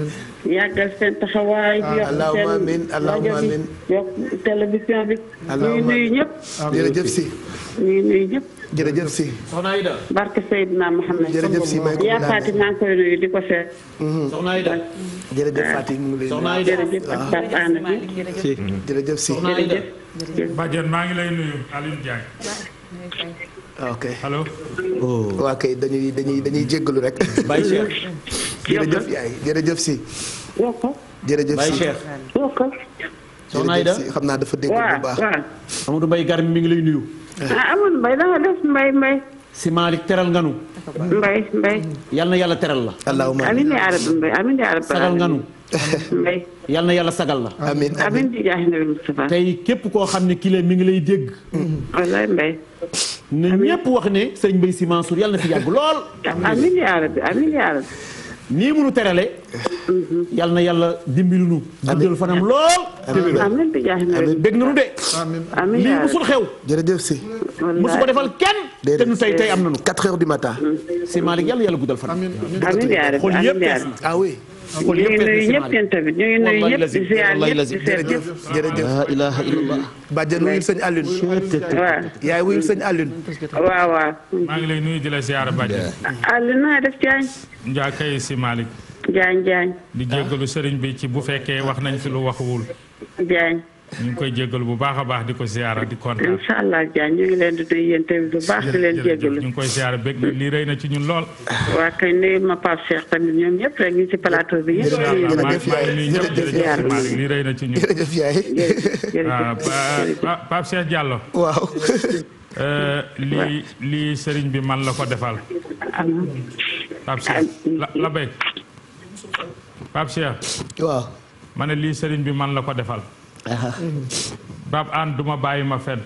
yàggal seen taxawaay. Ah, allahumma amin allahumma amin yokk seen rajo bi yokk télévision bi. allahumma nuyu ñëpp. jërëjëf si. jërëjëf si. soxna Aida. barke Seydina Mouhamed. jërëjëf si may ko yaa Fatick koy nuyu di ko seet. Mhm. jërëjëf Fatick si maa ngi lay nuyu Alioune Diagne. Ah, ok waa oh. kay dañuy dañuy dañuy jéggalu rek. Baye jërëjëf yaay jërëjëf si. jërëjëf si Baye Cheikh. soxna xam naa dafa dégg bu baax. Amadou Mbaye Gar mi ngi lay nuyu. ah mbay da nga def mbay mbay. si Malick teral nganu nu. mbay mbay. yal na yàlla teral la. allahumma amiin yaa rabbi mbay amiin yaa sagal nga yal na yàlla sagal la. tey képp koo xam ne kile mi ngi lay dégg. wallaay mbay. na ñëpp wax ne sëñ Mbaye yal na fi yàgg lool. yaa rabbi yaa rabbi nii munu terale yal na yàlla dimbilu nu guddal fanam lool amiin bég nanu de lii musul xew jërëjëf si musu ko defal kenn te nu tey tey am nanu quatre heures du matin si Malick yàlla yàlla guddal fanam xool yëpp ah oui ñu ngi nuyu ñëpp yéen tamit ñu ngi nuyu ñëpp ziar ñëpp jërëjëf jërëjëf. bàjjen wuyul sëñ Alioune. waaw yaay wuyul sëñ Alioune. waaw maa ngi lay nuyu di la ziar bàjjen. Ah, Alioune naa def Diagne. Ndiaye kay si Malick. Diagne Diagne. di jéggalu sëriñ bi ci bu fekkee wax nañ fi lu waxuwul. Diagne. ñu ngi koy jégalu bu baax a baax di ko ziara di kontaan. incha allah Diagne ñu ngi leen di nuyu yéen tamit bu baax leen jégalu. ñu ngi koy ziara bëgg lii rëy na ci ñun lool. waa kay nuyu ma Pape Cheikh tamit ñoom ñëpp rek ñu ci plateau bi. yëpp ñu ngi leen ngi lii rëy na ci ñun. jërëjëf ah, ah, euh, lii sëriñ bi man la ko defal. Pape Cheikh la ma ne lii sëriñ bi man la ko defal. Pape Hann duma bàyyi ma fen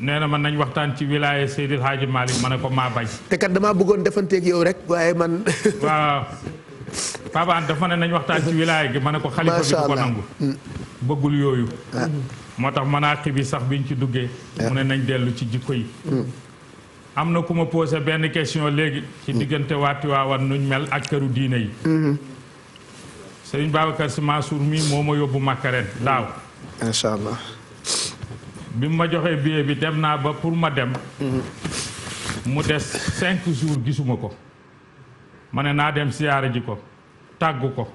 nee na man nañ waxtaan ci wilaya Seydil Hadji Malick ma ne ko maa bañ. te kat damaa bëggoon defanteeg yow rek waaye man. waaw Pape Hann dafa ne nañ waxtaan ci wilaya gi ma ne ko. xalifa bi du ko nangu. Hmm. bëggul yooyu. Ah. moo tax manaaxi bi sax biñ ci duggee. Ah. mu ne nañ dellu ci jikko yi. Hmm. am na ku ma posé benn question léegi. ci diggante waati nu nuñ mel ak këru diine yi. Hmm. sëriñ Babacar Sy Mansour mii moo ma yóbbu Makka ren daaw. allah. bi mu ma joxee billet bi dem naa ba pour ma dem. Mhm. mu des cinq jours gisuma ko. ma ne naa dem siyaare ji ko tàggu ko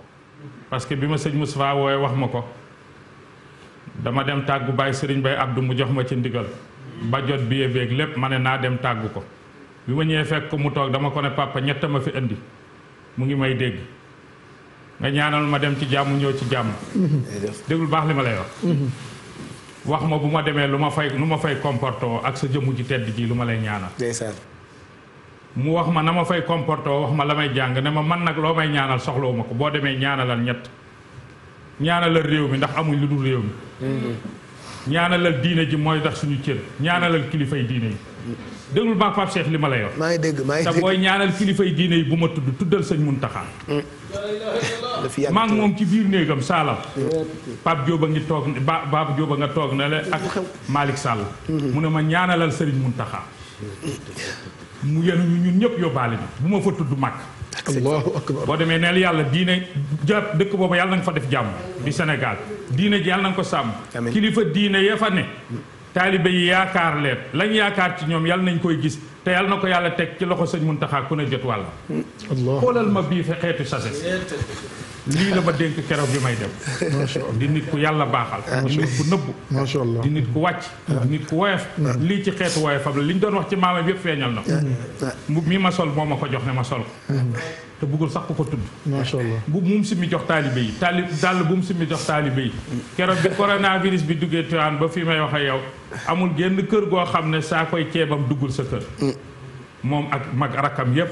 parce que bi ma sëñ Moustapha wooye wax ma ko dama dem tàggu bàyyi sëriñ Bay Abdou mu jox ma ci ndigal ba jot billet beeg lépp ma ne naa dem tàggu ko bi ma ñëwee fekk ko mu toog dama ko ne papa ñett ma fi indi mu ngi may dégg. nga ñaanal ma dem ci jàmm ñëw ci jàmm mm-hmm. déglu baax li ma lay wax mm-hmm. wax ma bu ma demee lu ma fay lu ma fay comportoo ak sa jëmm ji tedd jii lu ma lay ñaanal ndeysaan mu wax ma na ma fay comportoo wax ma la may jàng ne ma man nag loo may ñaanal soxlawu ma ko boo demee ñaanalal ñett ñaanalal réew mi ndax amuñ lu dul réew mi mm-hmm. ñaanalal diine ji mooy tax suñu cër ñaanalal kilifay diine yi déglul baax Pape Cheikh li ma lay wax. maa ngi dégg maa ngi dégg te booy ñaanal kilifa yi diine yi bu ma tudd tuddal sañ Muntaxa. Mm. maa ngi moom ci biir néegam saalam mm. Pape Diop a ngi toog ba Pape Diop a nga toog na le ak mm. Malick Sall. Mm-hmm. mu ne ma ñaanalal sëriñ Muntaxa. mu yenu ñu ñun ñëpp yóbbaale bi bu ma fa tudd mag boo demee nel yàlla diine ja dëkk boobu yàlla na nga fa def jàmm. di Sénégal diine ji yàlla na nga ko sàmm. kilifa diine ya fa ne. taalibe yi yaakaar leen lañ yaakaar ci ñoom yàlla nañ koy gis te yàlla na ko yàlla teg ci loxo mun Muntaxa ku ne jot wàlla xoolal ma bii fi xeetu sases lii la ma dénk keroog bi may dem di nit ku yàlla baaxal di nit ku nëbbu macha allah di nit wàcc ku woyof lii ci xeetu woyofam la li ñu doon wax ci maamam yëpp feeñal na ko mbub mi ma sol moo ma ko jox ne ma sol ko te bëggul sax ku ko tudd macha allah bu mu si mi jox taalibe yi taalib dàll bu mu si mi jox taalibe yi keroog bi coronavirus bi duggee Tiwaan ba fii may wax ak yow amul génn kër goo xam ne saa koy ceebam duggul sa kër moom ak mag rakam yépp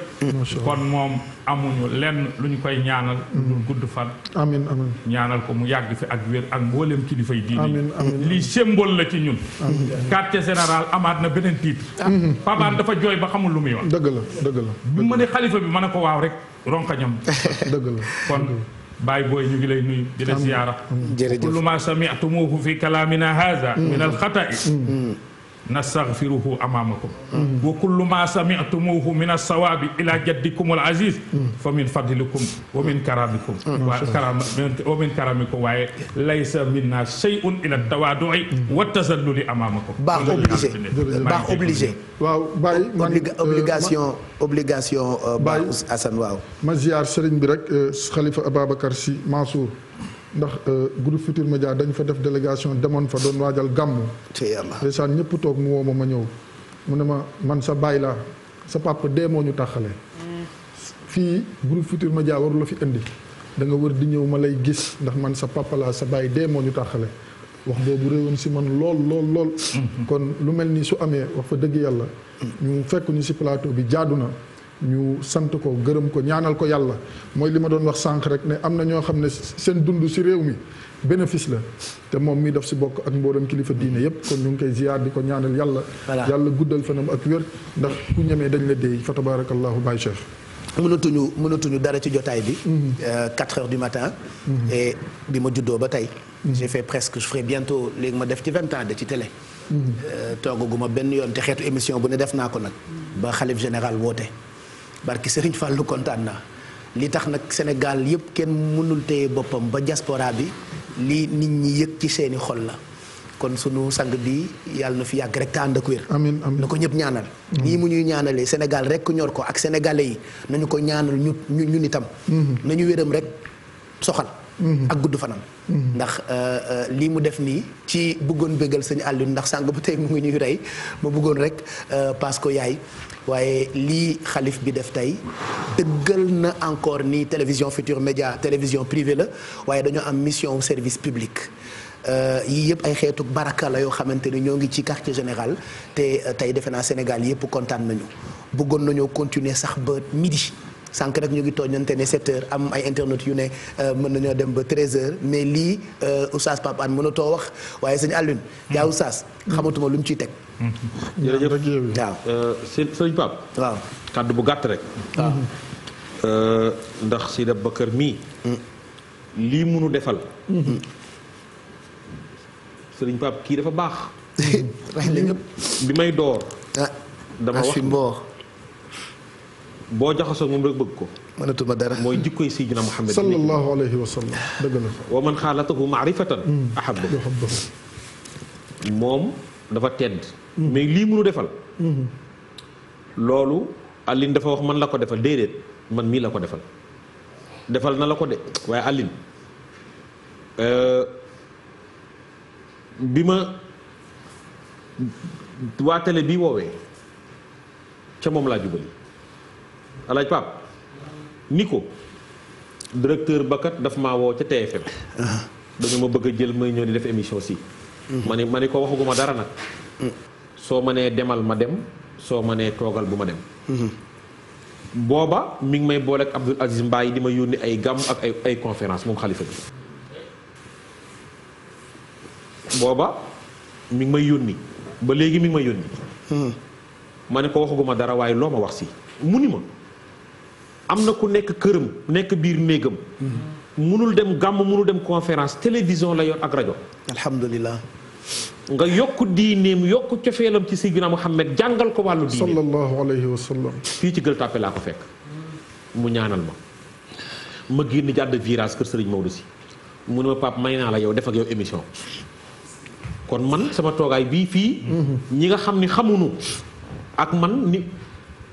kon moom amuñu lenn lu ñu koy ñaanal lu mm-hmm. gudd fan amiin amiin ñaanal ko mu yàgg fi ak wér ak mbooleem kilifa yi diine lii symbole la ci ñun quartier général amaat na beneen titre Fapal mm-hmm. dafa jooy ba xamul lu muy wax dëgg la dëgg la bi mu ne xalifa bi man a ko waaw rek ronkañam dëgg la kon baay booy ñu ngi lay nuyu di la ziyaara kullu ma sami'tumuhu fi kalamina hadha min al khata'i mm. mm. nastaghfiruhu amamakum wa kullu ma sami'tumuhu min as-sawabi ila jaddikum al-aziz fa min fadlikum wa min karamikum wa min karamikum waaye laysa minna shay'un ila tawadu'i wa tazalluli amamakum baax obligé baax obligé waaw Baye euh, man obligation obligation euh, Baye Assane waaw ma ziar sëriñ bi rek xalifa euh, Ababacar Sy Mansour ndax groupe euh, Futur Média dañ fa def délégation demoon fa doon waajal gàmmu te yàlla ndeysaan ñëpp toog mu woo ma ma ñëw mu ne ma man sa baay laa sa papa dee moo ñu taxale fii groupe Futur Média waru la fi indi da nga wër di ñëw ma lay gis ndax man sa papa laa sa baay dee moo ñu taxale wax boobu réewoon si man lool lool lool mm-hmm. kon lu mel ni su amee wax fa dëgg yàlla ñu fekk ñu si plateau bi jaadu na ñu sant ko gërëm ko ñaanal ko yàlla mooy li ma doon wax sànq rek ne am na ñoo xam ne seen dund si réew mi bénéfice la te moom muy daf si bokk ak mboolem kilifa diine yëpp kon ñu ngi koy ziar di ko ñaanal yàlla. yàlla guddal fanam ak wér ndax ku ñemee dañ la déy fa tabarakallahu baay cheikh. mënatuñu mënatuñu dara ci jotaay bi. 4 mhm. euh, heures du matin. Mhm. bi ma juddoo ba tey. Mhm. j'ai fait presque je ferai léegi ma def ci vingt ans de ci télé. Euh, toogaguma benn yoon te émission bu ne def naa ko nag. ba général woote. barki Serigne Fallou kontaan na li tax nag Sénégal yëpp kenn mënul téye boppam ba diaspora bi lii nit ñi yëg ci seeni xol la kon sunu sang bi yàlla na fi yàgg rek te ànd ak wér. na ko ñëpp ñaanal. nii mm-hmm. mu ñuy ñaanalee Sénégal rekk ñor ko ak sénégalais yi nañu ko ñaanal ñu ñu ñu nitam. Mm-hmm. nañu wéram rek soxal. Mm-hmm. ak gudd fanam. ndax euh, euh, lii mu def nii ci bëggoon bëggal sëñ Alioune ndax sàng ba tey mu ngi ñuy rey ma bëggoon rek euh, parce que yaay waaye lii xalif bi def tey dëggal na encore ni télévision Futur Média télévision privée la waaye dañoo am mission service public. yii yëpp ay xeetu baraka la yoo xamante ni ñoo ngi ci quartier général te tey defe naa Sénégal yëpp kontaan nañu bëggoon nañoo continuer sax ba midi. sànq rek ñu ngi tooñante ne 7 am ay internet yu ne euh, mën nañoo dem ba 13 mais lii euh, oustaz Pape Hann mënatoo wax waaye sëñ Alioune. yaa oustaz xamatuma lu mu ciy teg. jërëjëf waaw euh, sëñ Pape. waaw kàddu bu gàtt rek. waaw ndax Sida Bakar mii. Mm. lii munu defal. Mm-hmm. sëriñ Pape kii dafa baax. bi may door. Ah, dama wax boo jaxasoo moom rek bëgg ko. mënatuma dara mooy jikkoy Sayyidina Muhammad. sallallahu alayhi wa sallam dëgg la. wa man xaalatahu maarifatan. Mm. ahabba moom dafa tedd. Mm. mais lii mënu defal. Mm-hmm. loolu Aline dafa wax man la ko defal déedéet man mii la ko defal. defal na la ko de waaye Aline euh, bi ma waa bi woowee ca moom laa jubali. alaaj Pape ni ko directeur bakat dafa ma woo ca TFM dañu ma bëgg a jël may ñëw di def émission si ma ne ma ne ko waxaguma dara nag soo ma nee demal ma dem soo ma nee toogal bu ma dem booba mi ngi may boole ak Abdoul Aziz Mbaye di ma yónni ay gàmm ak ay ay conférence moom xalifa bi booba mu ngi may yónni ba léegi mi ngi may yónni hmm. ma ne ko waxaguma dara waaye loo ma wax si mu ni ma am na ku nekk këram nekk biir néegam munul dem gàmm munul dem conférence télévision la yoon ak rajo nga yokk diineem yokk cofeelam ci Seydina Muhammad jàngal ko wàllu diine sallallahu alayhi wa fii ci gël tàppe laa ko fekk mu ñaanal ma ma génn jàdd virage kër Serigne Maodo si mu ne ma pap may naa la yow def ak yow émission kon man sama toogaay bii fii mhm. ñi nga xam ni xamuñu ak man ni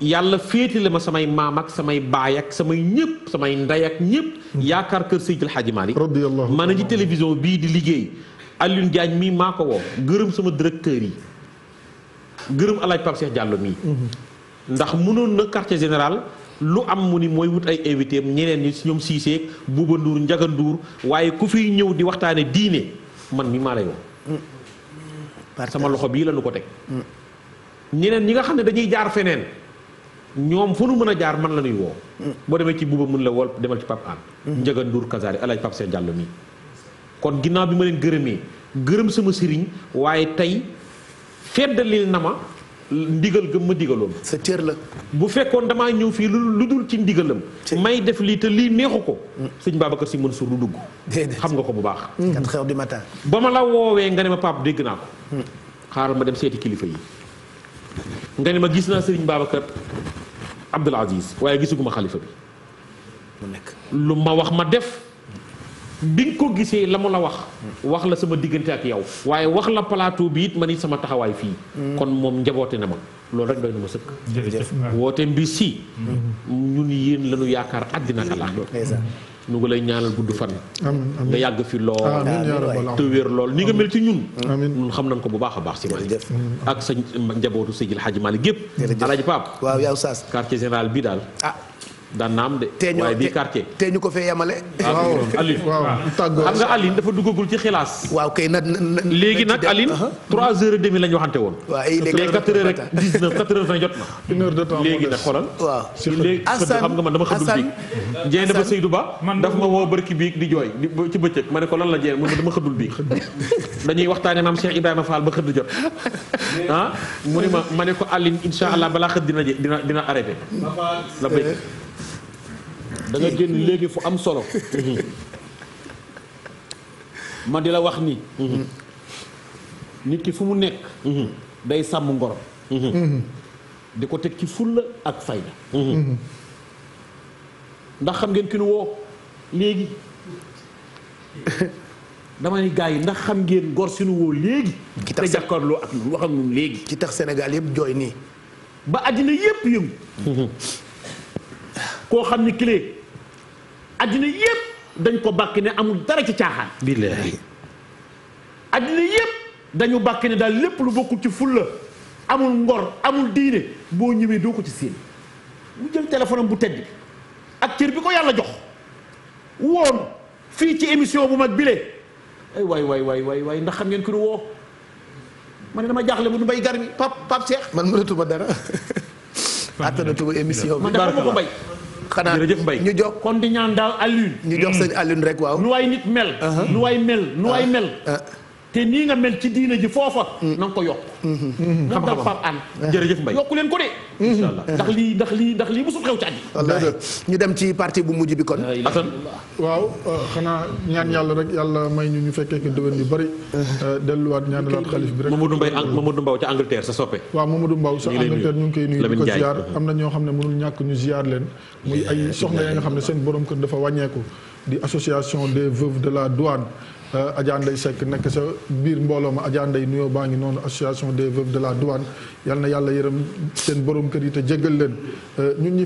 yàlla féetale ma samay maam ak samay baay ak sama ñëpp samay ndey ak ñëpp. yaakaar kër Seydil Hadji Malick. radiyallahu ma ne ci télévision bii di liggéey Alioune Diagne mii maa ko woo gërëm sama directeur yi gërëm El Hadj Pape Cheikh mii. Mhm. ndax mënoon na quartier général. lu am mu ni mooy wut ay invité ñeneen ñi si ñoom Cissé Bouba Ndour njaga Ndour waaye ku fiy ñëw di waxtaane diine man mi maa lay woo mm. sama loxo bii lañu ko teg mm. ñeneen ñi nga xam ne dañuy jaar feneen ñoom fu nu mën a jaar man la ñuy woo. boo demee ci buuba mën la wol demal ci Pape An. Mhm. Ndiaga Ndour Kazaari El Hadj Pape Sène Diallo mi kon ginnaaw bi ma leen gërëmee gërëm sama sëriñ waaye tey feddalil na ma ndigal gëm ma digaloon. sa cër la. bu fekkoon damaa ñëw fii lu lu dul ci ndigalam. may def lii te lii neexu ko. Mm. sëñ Babacar Sy Mansour du dugg. xam nga ko bu baax. 4 mm. heures du matin. ba ma la woowee nga ne ma Pape dégg naa ko. Mm. xaaral ma dem seeti kilifa yi. nga ne ma gis naa Serigne Babacar Abdoul Aziz waaye gisuguma xalifa bi mu nekk lu ma wax ma def bi nga ko gisee la mu la wax wax la sama diggante ak yow waaye wax la plateau bi it ma ni sama taxawaay fii mm. kon moom njaboote na ma loolu rek doy na ma sëkk woote mbi si mm-hmm. ñun yéen la ñu yaakaar àddina ak ñu ngi lay ñaanal gudd fan. nga yàgg fi lool. te wér lool ni nga mel ci ñun. ñun xam nañ ko bu baax a baax si Malick. ak sa njabootu Seydil Hadji Malick gépp. jërëjëf Alaaji Pape. waaw yow Saas quartier général bi daal. Ah. daan na am de. waaye bii quartier tey ñu ko fee yamale ah, waaw Alioune ah. waaw tàggoo xam nga Alioune dafa duggagul ci xilaas. waaw kay na na léegi nag Alioune. 3 heures et demi la ñu waxante woon. waaw ay léegi mais 4 heures rek 19 4 heures vingt jot na. une heure de temps léegi nag xoolal. waaw léegi xam nga man dama xëddul biig. Ndiaye dafa Seydou Ba. man daf ma woo barki biig di jooy ci bëccëg ma ne ko lan la Ndiaye man dama xëddul biig. dañuy waxtaanee maam Cheikh Ibrahima Fall ba xëdd jot ah mu ne ma ma ne ko Alioune incha allah balaa xëdd dina dina dina arrêté la danga génn léegi fu am solo ma di la wax ni mm-hmm. nit ki fu mu nekk mm-hmm. day sàmm ngoro mm-hmm. di ko teg ci fulla ak fayda ndax xam ngeen ki nu woo léegi dama ni gars yi ndax xam ngeen gor si nu woo léegi te jàkkaarloo ak ñun wax ak ñun léegi ci tax Sénégal yëpp jooy nii ba àddina yëpp yëngu koo xam ni clé addina yëpp dañ ko bàkk ne amul dara ci caaxaan. billaahi. addina yëpp dañu bàkk ne daal lépp lu bokkul ci fulla amul ngor amul diine boo ñëwee doo ko ci siin mu jël téléphone bu tedd bi ak cër bi ko yàlla jox woon fii ci émission bu mag bile ay waay waay waay waay waay ndax xam ngeen ku ñu woo ma ne dama jaaxle bu nu bay gar pap pap Cheikh. man mënatuma dara. attanatuma émission bi man dafa ma ko bay xanaa ñu jox kon di ñaan daal Alioune. ñu jox seen Alioune rek waaw. nu waay nit mel. nu waay mel nu ay mel. te nii nga mel ci diina ji foofa na nga ko yokk moom daal Pape Hann jërëjëf Mbaye yokku leen ko de incha allah ndax lii ndax lii ndax lii musul xew ci at ñu dem ci parti bu mujj bi kon atan waaw euh, xanaa ñaan yàlla rek yàlla may ñu ñu fekkee ko déwén lu bëri eh. euh, delluwaat ñaanalaat xalif bi rek Mamadou Mbaye euh. Mamadou Mbaw ca Angleterre sa soppe waaw Mamadou Mbaw sa Angleterre ñu ngi koy nuyu di ko ziar am na ñoo xam ne mënul ñàkk ñu ziar leen muy ay soxna ya nga xam ne seen borom kër dafa wàññeeku di association des veuves de la douane Euh, Adja Ndeye Seck nekk sa biir mbooloo ma Adja Ndeye baa ngi noonu association des veuves de la douane yal na yàlla yërëm seen borom kër yi te jéggal leen euh,